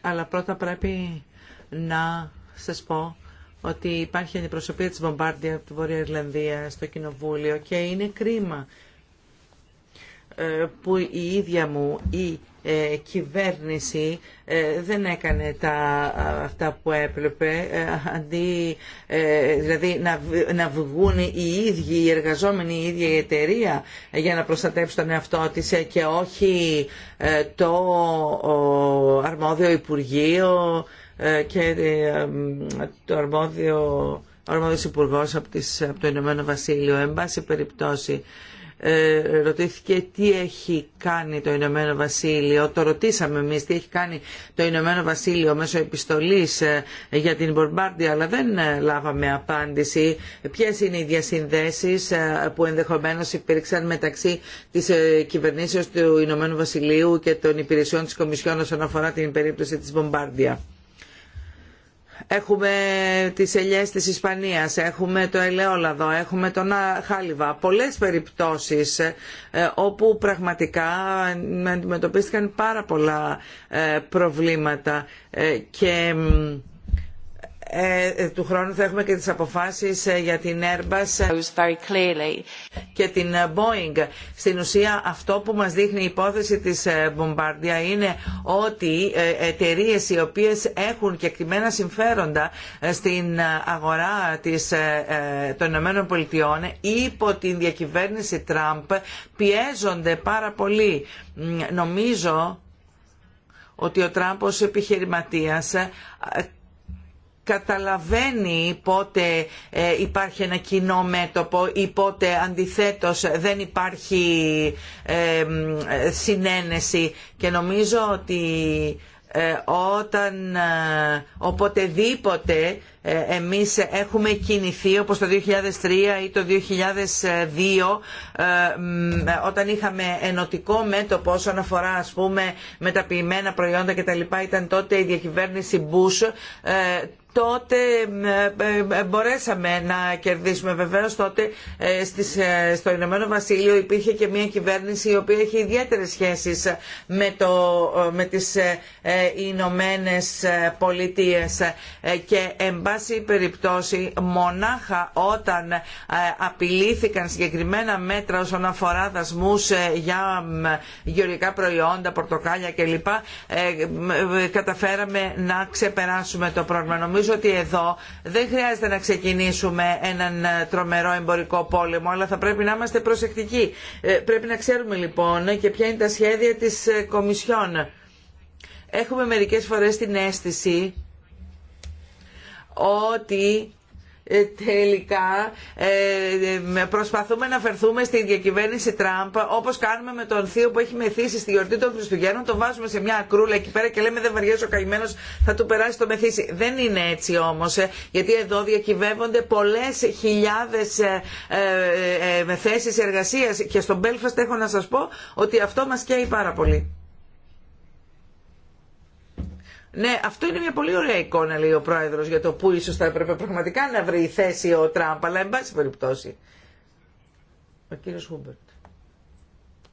αλλά πρώτα πρέπει να σας πω ότι υπάρχει αντιπροσωπεία της Μπομπάρντια από τη Βόρεια Ιρλανδία στο Κοινοβούλιο και είναι κρίμα ε, που η ίδια μου η ε, κυβέρνηση ε, δεν έκανε τα, αυτά που έπρεπε αντί δηλαδή να, να βγουν οι ίδιοι οι εργαζόμενοι η ίδια η εταιρεία για να προστατεύσει τον εαυτό της και όχι το αρμόδιο Υπουργείο ε, και ε, το αρμόδιο αρμόδιος υπουργός από, από το Ηνωμένο Βασίλειο. Εν πάση περιπτώσει, ε, ρωτήθηκε τι έχει κάνει το Ηνωμένο Βασίλειο. Το ρωτήσαμε εμείς τι έχει κάνει το Ηνωμένο Βασίλειο μέσω επιστολής ε, για την Μπορμπάρντια, αλλά δεν ε, λάβαμε απάντηση. Ποιες είναι οι διασυνδέσεις ε, που ενδεχομένως υπήρξαν μεταξύ της κυβερνήσεως του Ηνωμένου Βασιλείου και των υπηρεσιών της Κομισιόν όσον αφορά την περίπτωση τη Μπομπάρντια. Έχουμε τις ελιές της Ισπανίας, έχουμε το ελαιόλαδο, έχουμε τον χάλιβα. Πολλές περιπτώσεις ε, όπου πραγματικά αντιμετωπίστηκαν πάρα πολλά ε, προβλήματα ε, και ε, ε, του χρόνου θα έχουμε και τις αποφάσεις ε, για την Airbus και την Boeing. Στην ουσία αυτό που μας δείχνει η υπόθεση της Bombardier είναι ότι εταιρείε οι οποίες έχουν και εκτιμένα συμφέροντα στην αγορά της, των Ηνωμένων Πολιτειών υπό την διακυβέρνηση Τραμπ πιέζονται πάρα πολύ. Νομίζω ότι ο Τραμπ ως επιχειρηματίας καταλαβαίνει πότε ε, υπάρχει ένα κοινό μέτωπο ή πότε αντιθέτως δεν υπάρχει ε, συνένεση και νομίζω ότι ε, όταν οποτεδήποτε εμείς έχουμε κινηθεί όπως το 2003 ή το 2002 όταν είχαμε ενωτικό μέτωπο όσον αφορά ας πούμε μεταποιημένα προϊόντα λοιπά ήταν τότε η διακυβέρνηση Bush τότε ε, ε, ε, μπορέσαμε να κερδίσουμε. Βεβαίω τότε στο Ηνωμένο Βασίλειο υπήρχε και μια κυβέρνηση η οποία έχει ιδιαίτερε σχέσει με, το, με τι Ηνωμένε Πολιτείε και εν πάση περιπτώσει μονάχα όταν απειλήθηκαν συγκεκριμένα μέτρα όσον αφορά δασμού για γεωργικά προϊόντα, πορτοκάλια κλπ. καταφέραμε να ξεπεράσουμε το πρόβλημα ότι εδώ δεν χρειάζεται να ξεκινήσουμε έναν ε, τρομερό εμπορικό πόλεμο, αλλά θα πρέπει να είμαστε προσεκτικοί. Ε, πρέπει να ξέρουμε λοιπόν και ποια είναι τα σχέδια της ε, Κομισιόν. Έχουμε μερικές φορές την αίσθηση ότι ε, τελικά ε, ε, προσπαθούμε να φερθούμε στη διακυβέρνηση Τραμπ όπως κάνουμε με τον θείο που έχει μεθύσει στη γιορτή των Χριστουγέννων, τον βάζουμε σε μια ακρούλα εκεί πέρα και λέμε δεν βαριέσαι ο καημένος, θα του περάσει το μεθύσι. Δεν είναι έτσι όμως, γιατί εδώ διακυβεύονται πολλές χιλιάδες ε, ε, θέσεις εργασίας και στον Belfast έχω να σας πω ότι αυτό μας καίει πάρα πολύ. Ναι, αυτό είναι μια πολύ ωραία εικόνα, λέει ο Πρόεδρο για το που ίσως θα έπρεπε πραγματικά να βρει θέση ο Τραμπ, αλλά εν πάση περιπτώσει. Ο κύριο Χούμπερτ,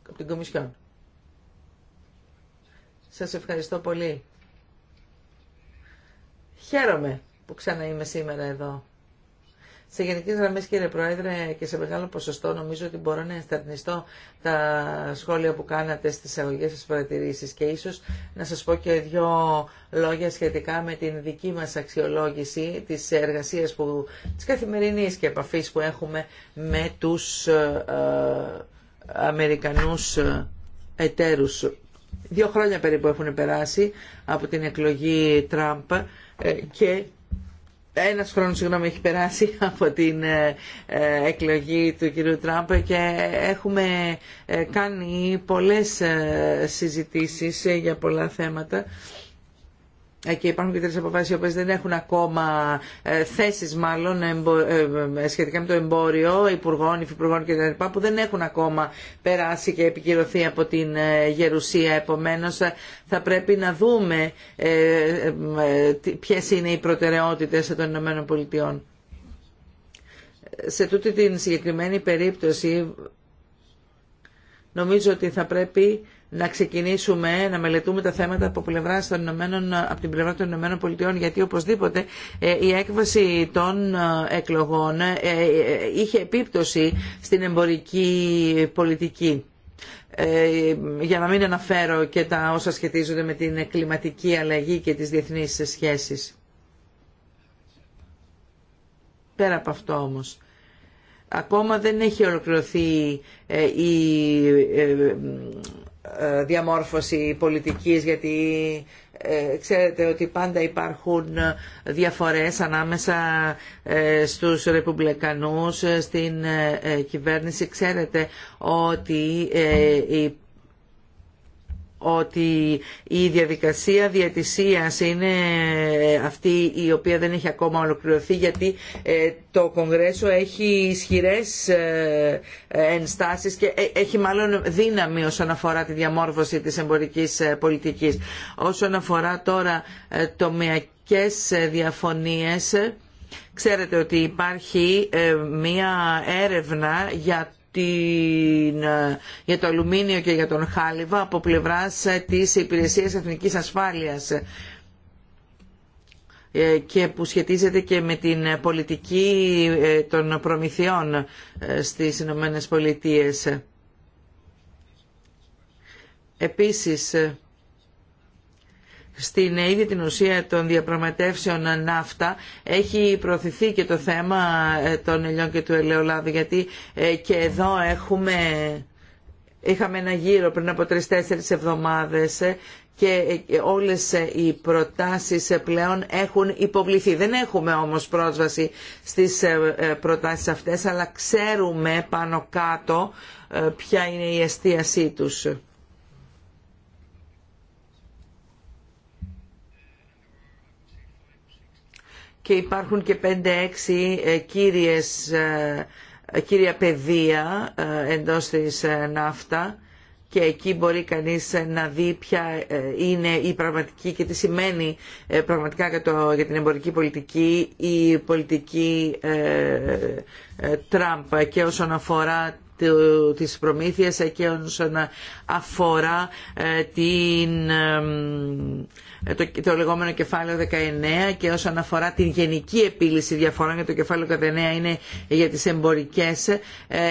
από την Κομισιόν. Σας ευχαριστώ πολύ. Χαίρομαι που ξανά είμαι σήμερα εδώ. Σε γενικέ γραμμέ, κύριε Πρόεδρε, και σε μεγάλο ποσοστό νομίζω ότι μπορώ να ενστερνιστώ τα σχόλια που κάνατε στι αγωγέ σα παρατηρήσει και ίσω να σα πω και δύο λόγια σχετικά με την δική μα αξιολόγηση τη εργασία τη καθημερινή και επαφή που έχουμε με του ε, ε, Αμερικανού ε, εταίρου. Δύο χρόνια περίπου έχουν περάσει από την εκλογή Τραμπ και ένα χρόνο, συγγνώμη, έχει περάσει (laughs) από την ε, ε, εκλογή του κυρίου Τραμπ και έχουμε ε, κάνει πολλές συζητήσεις για πολλά θέματα ε, και υπάρχουν και τέτοιες αποφάσεις οι οποίες δεν έχουν ακόμα ε, θέσεις μάλλον ε, σχετικά με το εμπόριο υπουργών, υφυπουργών κλπ. που δεν έχουν ακόμα περάσει και επικυρωθεί από την Γερουσία. Επομένως θα πρέπει να δούμε ποιες είναι οι προτεραιότητες των Ηνωμένων Πολιτειών. Σε τούτη την συγκεκριμένη περίπτωση νομίζω ότι θα πρέπει να ξεκινήσουμε να μελετούμε τα θέματα από, των Ηνωμένων, από την πλευρά των Ηνωμένων Πολιτειών γιατί οπωσδήποτε ε, η έκβαση των ε, εκλογών ε, είχε επίπτωση στην εμπορική πολιτική. για να μην αναφέρω και τα όσα σχετίζονται με την κλιματική αλλαγή και τις διεθνείς σχέσεις. Πέρα από αυτό όμως, ακόμα δεν έχει ολοκληρωθεί η ε, διαμόρφωση πολιτικής γιατί ε, ξέρετε ότι πάντα υπάρχουν διαφορές ανάμεσα ε, στους ρεπουμπλεκανούς στην κυβέρνηση. Ξέρετε ότι ότι η διαδικασία διατησίας είναι αυτή η οποία δεν έχει ακόμα ολοκληρωθεί γιατί ε, το Κογκρέσο έχει ισχυρές ε, ενστάσεις και ε, έχει μάλλον δύναμη όσον αφορά τη διαμόρφωση της εμπορικής πολιτικής. Όσον αφορά τώρα τομιακέ διαφωνίες Ξέρετε ότι υπάρχει μία έρευνα για ε, για το αλουμίνιο και για τον χάλιβα από πλευράς ε, της Υπηρεσίας Εθνικής Ασφάλειας ε, και που σχετίζεται και με την πολιτική των προμηθειών στις Ηνωμένε Πολιτείες. Επίσης, στην ίδια την ουσία των διαπραγματεύσεων ναύτα έχει προωθηθεί και το θέμα ε, των ελιών και του ελαιολάδου γιατί ε, και εδώ έχουμε είχαμε ένα γύρο πριν από τρεις-τέσσερις εβδομάδες ε, και όλες οι προτάσεις πλέον έχουν υποβληθεί. Δεν έχουμε όμως πρόσβαση στις προτάσεις αυτές, αλλά ξέρουμε πάνω κάτω ποια είναι η εστίασή τους. και υπάρχουν και 5-6 ε, κύριες, ε, ε, κύρια πεδία εντός της ναύτα και εκεί μπορεί κανείς να δει ποια είναι η πραγματική και τι σημαίνει πραγματικά για, το, για την εμπορική πολιτική η πολιτική ε, Τραμπ και όσον αφορά της προμήθειας και όσον αφορά ε, την, ε, το, το λεγόμενο κεφάλαιο 19 και όσον αφορά την γενική επίλυση διαφορών για το κεφάλαιο 19 είναι για τις εμπορικές ε,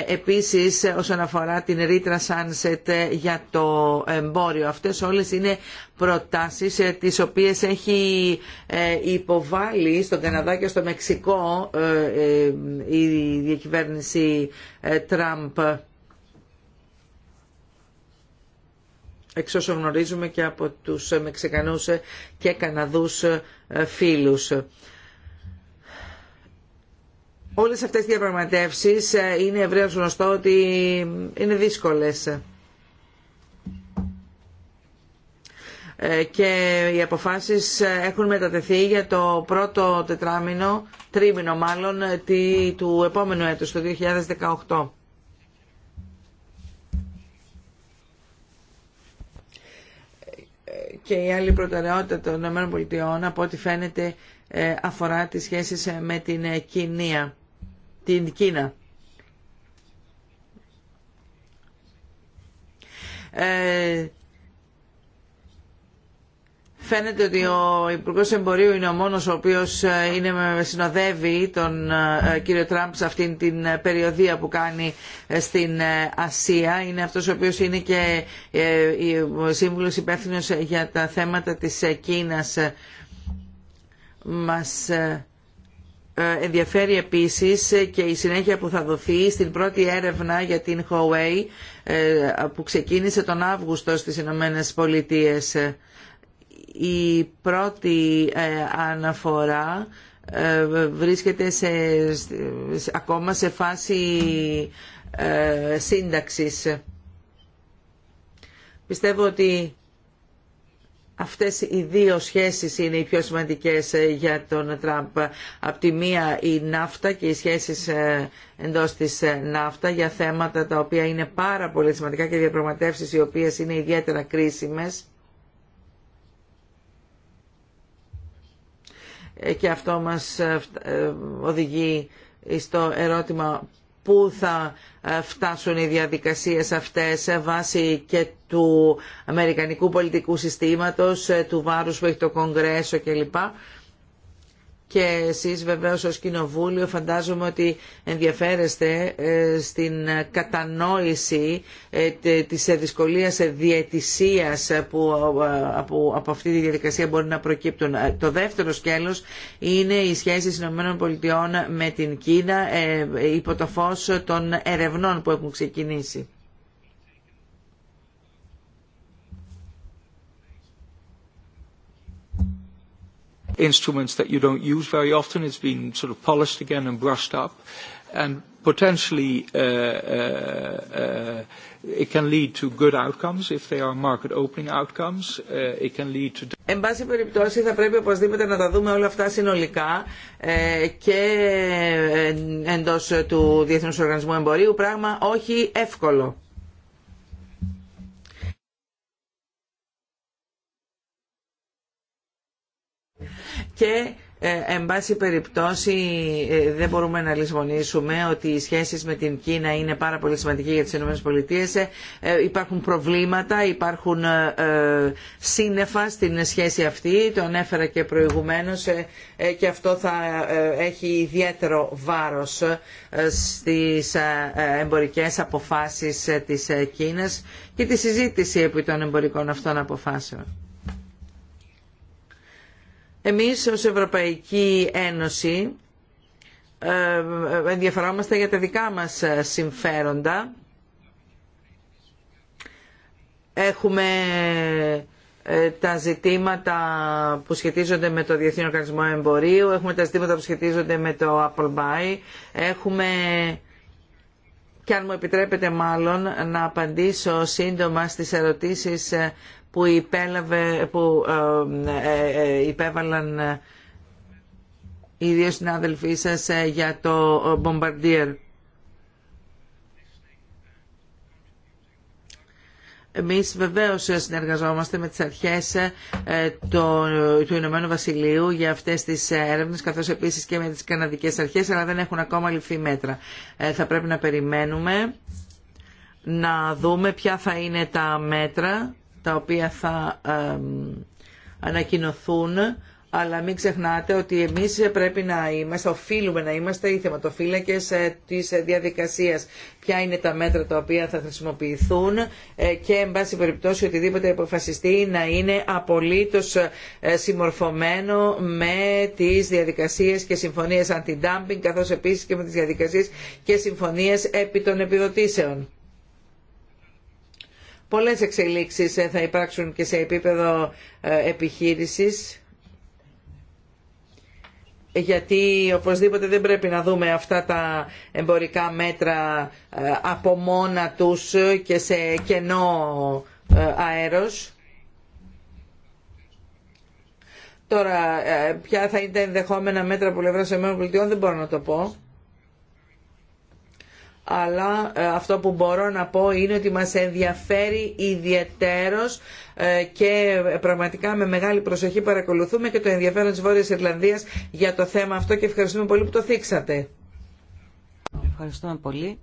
επίσης όσον αφορά την ρήτρα sunset για το εμπόριο. Αυτές όλες είναι προτάσεις ε, τις οποίες έχει ε, υποβάλει στον Καναδά και στο Μεξικό ε, η διακυβέρνηση Τραμπ. εξ όσων γνωρίζουμε και από τους Μεξικανούς και Καναδούς φίλους. Όλες αυτές οι διαπραγματεύσεις είναι ευρέως γνωστό ότι είναι δύσκολες. Ε, και οι αποφάσεις έχουν μετατεθεί για το πρώτο τετράμινο, τρίμηνο μάλλον, του επόμενου έτους, το 2018. Και η άλλη προτεραιότητα των ΗΠΑ, από ό,τι φαίνεται, ε, αφορά τις σχέσεις με την Κινία, την Κίνα. Ε, Φαίνεται ότι ο Υπουργό Εμπορίου είναι ο μόνο ο οποίο ε, συνοδεύει τον ε, κύριο Τραμπ σε αυτήν την ε, περιοδία που κάνει στην Ασία. Είναι αυτό ο οποίο είναι και σύμβουλο υπεύθυνο για τα θέματα τη Κίνα. Μα ενδιαφέρει επίση και η συνέχεια που θα δοθεί στην πρώτη έρευνα για την Huawei που ξεκίνησε τον Αύγουστο στι Ηνωμένε Πολιτείε η πρώτη ε, αναφορά ε, βρίσκεται σε, ακόμα σε φάση ε, σύνταξης. Πιστεύω ότι αυτές οι δύο σχέσεις είναι οι πιο σημαντικές για τον Τραμπ. Απ' τη μία η ναύτα και οι σχέσεις εντός της ναύτα για θέματα τα οποία είναι πάρα πολύ σημαντικά και διαπραγματεύσεις οι οποίες είναι ιδιαίτερα κρίσιμες Ε, και αυτό μας ε, ε, οδηγεί στο ερώτημα πού θα φτάσουν οι διαδικασίες αυτές βάση και του αμερικανικού πολιτικού συστήματος, του βάρους που έχει το Κογκρέσο κλπ και εσείς βεβαίως ως Κοινοβούλιο φαντάζομαι ότι ενδιαφέρεστε ε, στην κατανόηση ε, της δυσκολίας διαιτησίας που ε, από αυτή τη διαδικασία μπορεί να προκύπτουν. Το δεύτερο σκέλος είναι οι σχέσεις ΗΠΑ με την Κίνα υπό το φως των ερευνών που έχουν ξεκινήσει.
instruments that you don't use very often. It's been sort of polished again and brushed up. And potentially it can lead to good outcomes if they are
market opening outcomes. It can lead to... Εν πάση περιπτώσει θα πρέπει οπωσδήποτε να τα δούμε όλα αυτά συνολικά και εντός του Διεθνούς Οργανισμού Εμπορίου πράγμα όχι εύκολο. και ε, εν πάση περιπτώσει ε, δεν μπορούμε να λησμονήσουμε ότι οι σχέσεις με την Κίνα είναι πάρα πολύ σημαντικές για τις ΗΠΑ. Ε, υπάρχουν προβλήματα, υπάρχουν σύννεφα στην σχέση αυτή, το ανέφερα και προηγουμένως και αυτό θα έχει ιδιαίτερο βάρος στις εμπορικές αποφάσεις της Κίνας και τη συζήτηση επί των εμπορικών αυτών αποφάσεων. Εμείς ως Ευρωπαϊκή Ένωση ε, ενδιαφερόμαστε για τα δικά μας συμφέροντα. Έχουμε ε, τα ζητήματα που σχετίζονται με το Διεθνή Οργανισμό Εμπορίου, έχουμε τα ζητήματα που σχετίζονται με το Apple Buy, έχουμε και αν μου επιτρέπετε μάλλον να απαντήσω σύντομα στις ερωτήσεις ε, που, υπέλαβε, ε, ε, ε, υπέβαλαν οι δύο συνάδελφοί σας για το Bombardier. Εμείς βεβαίως συνεργαζόμαστε με τις αρχές του Ηνωμένου Βασιλείου για αυτές τις έρευνες, καθώς επίσης και με τις καναδικές αρχές, αλλά δεν έχουν ακόμα ληφθεί μέτρα. Θα πρέπει να περιμένουμε να δούμε ποια θα είναι τα μέτρα τα οποία θα ανακοινωθούν αλλά μην ξεχνάτε ότι εμείς πρέπει να είμαστε, οφείλουμε να είμαστε οι θεματοφύλακες ε, της διαδικασίας. Ποια είναι τα μέτρα τα οποία θα χρησιμοποιηθούν ε, και εν πάση περιπτώσει οτιδήποτε αποφασιστεί να είναι απολύτως ε, συμμορφωμένο με τις διαδικασίες και συμφωνίες αντι-dumping καθώς επίσης και με τις διαδικασίες και συμφωνίες επί των επιδοτήσεων. Πολλές εξελίξεις ε, θα υπάρξουν και σε επίπεδο ε, επιχείρησης γιατί οπωσδήποτε δεν πρέπει να δούμε αυτά τα εμπορικά μέτρα ε, από μόνα τους και σε κενό αέρος. Τώρα, ποια θα είναι τα ενδεχόμενα μέτρα που σε των ΗΠΑ δεν μπορώ να το πω αλλά ε, αυτό που μπορώ να πω είναι ότι μας ενδιαφέρει ιδιαιτέρως ε, και πραγματικά με μεγάλη προσοχή παρακολουθούμε και το ενδιαφέρον της Βόρειας Ιρλανδίας για το θέμα αυτό και ευχαριστούμε πολύ που το θίξατε.
Ευχαριστούμε πολύ.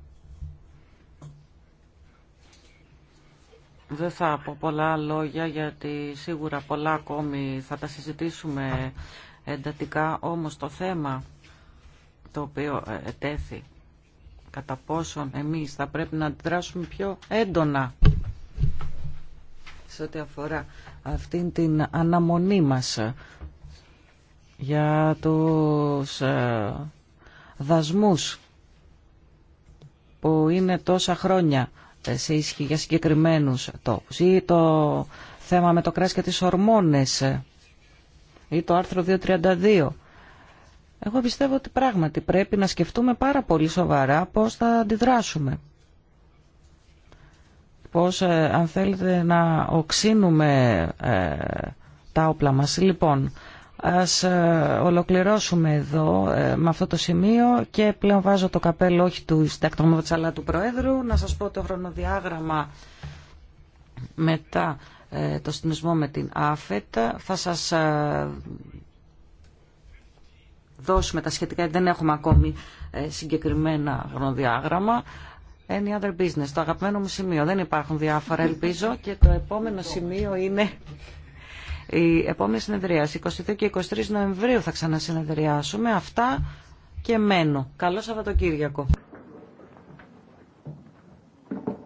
Δεν θα πω πολλά λόγια γιατί σίγουρα πολλά ακόμη θα τα συζητήσουμε εντατικά, όμως το θέμα το οποίο ε, ετέθη κατά πόσον εμείς θα πρέπει να αντιδράσουμε πιο έντονα σε ό,τι αφορά αυτήν την αναμονή μας για τους ε, δασμούς που είναι τόσα χρόνια ε, σε ίσχυ για συγκεκριμένους τόπους ή το θέμα με το κράσι και τις ορμόνες ε, ή το άρθρο 232 εγώ πιστεύω ότι πράγματι πρέπει να σκεφτούμε πάρα πολύ σοβαρά πώς θα αντιδράσουμε. Πώς, ε, αν θέλετε, να οξύνουμε ε, τα όπλα μας. Λοιπόν, ας ε, ολοκληρώσουμε εδώ με αυτό το σημείο και πλέον βάζω το καπέλο όχι του συντακτονόματος αλλά του Προέδρου. Να σας πω το χρονοδιάγραμμα μετά το συνεισμό με την ΑΦΕΤ. Θα σας δώσουμε τα σχετικά, δεν έχουμε ακόμη ε, συγκεκριμένα χρονοδιάγραμμα. Any other business, το αγαπημένο μου σημείο. Δεν υπάρχουν διάφορα, ελπίζω. Και το επόμενο σημείο είναι η επόμενη συνεδρίαση. 22 και 23 Νοεμβρίου θα ξανασυνεδριάσουμε. Αυτά και μένω. Καλό Σαββατοκύριακο.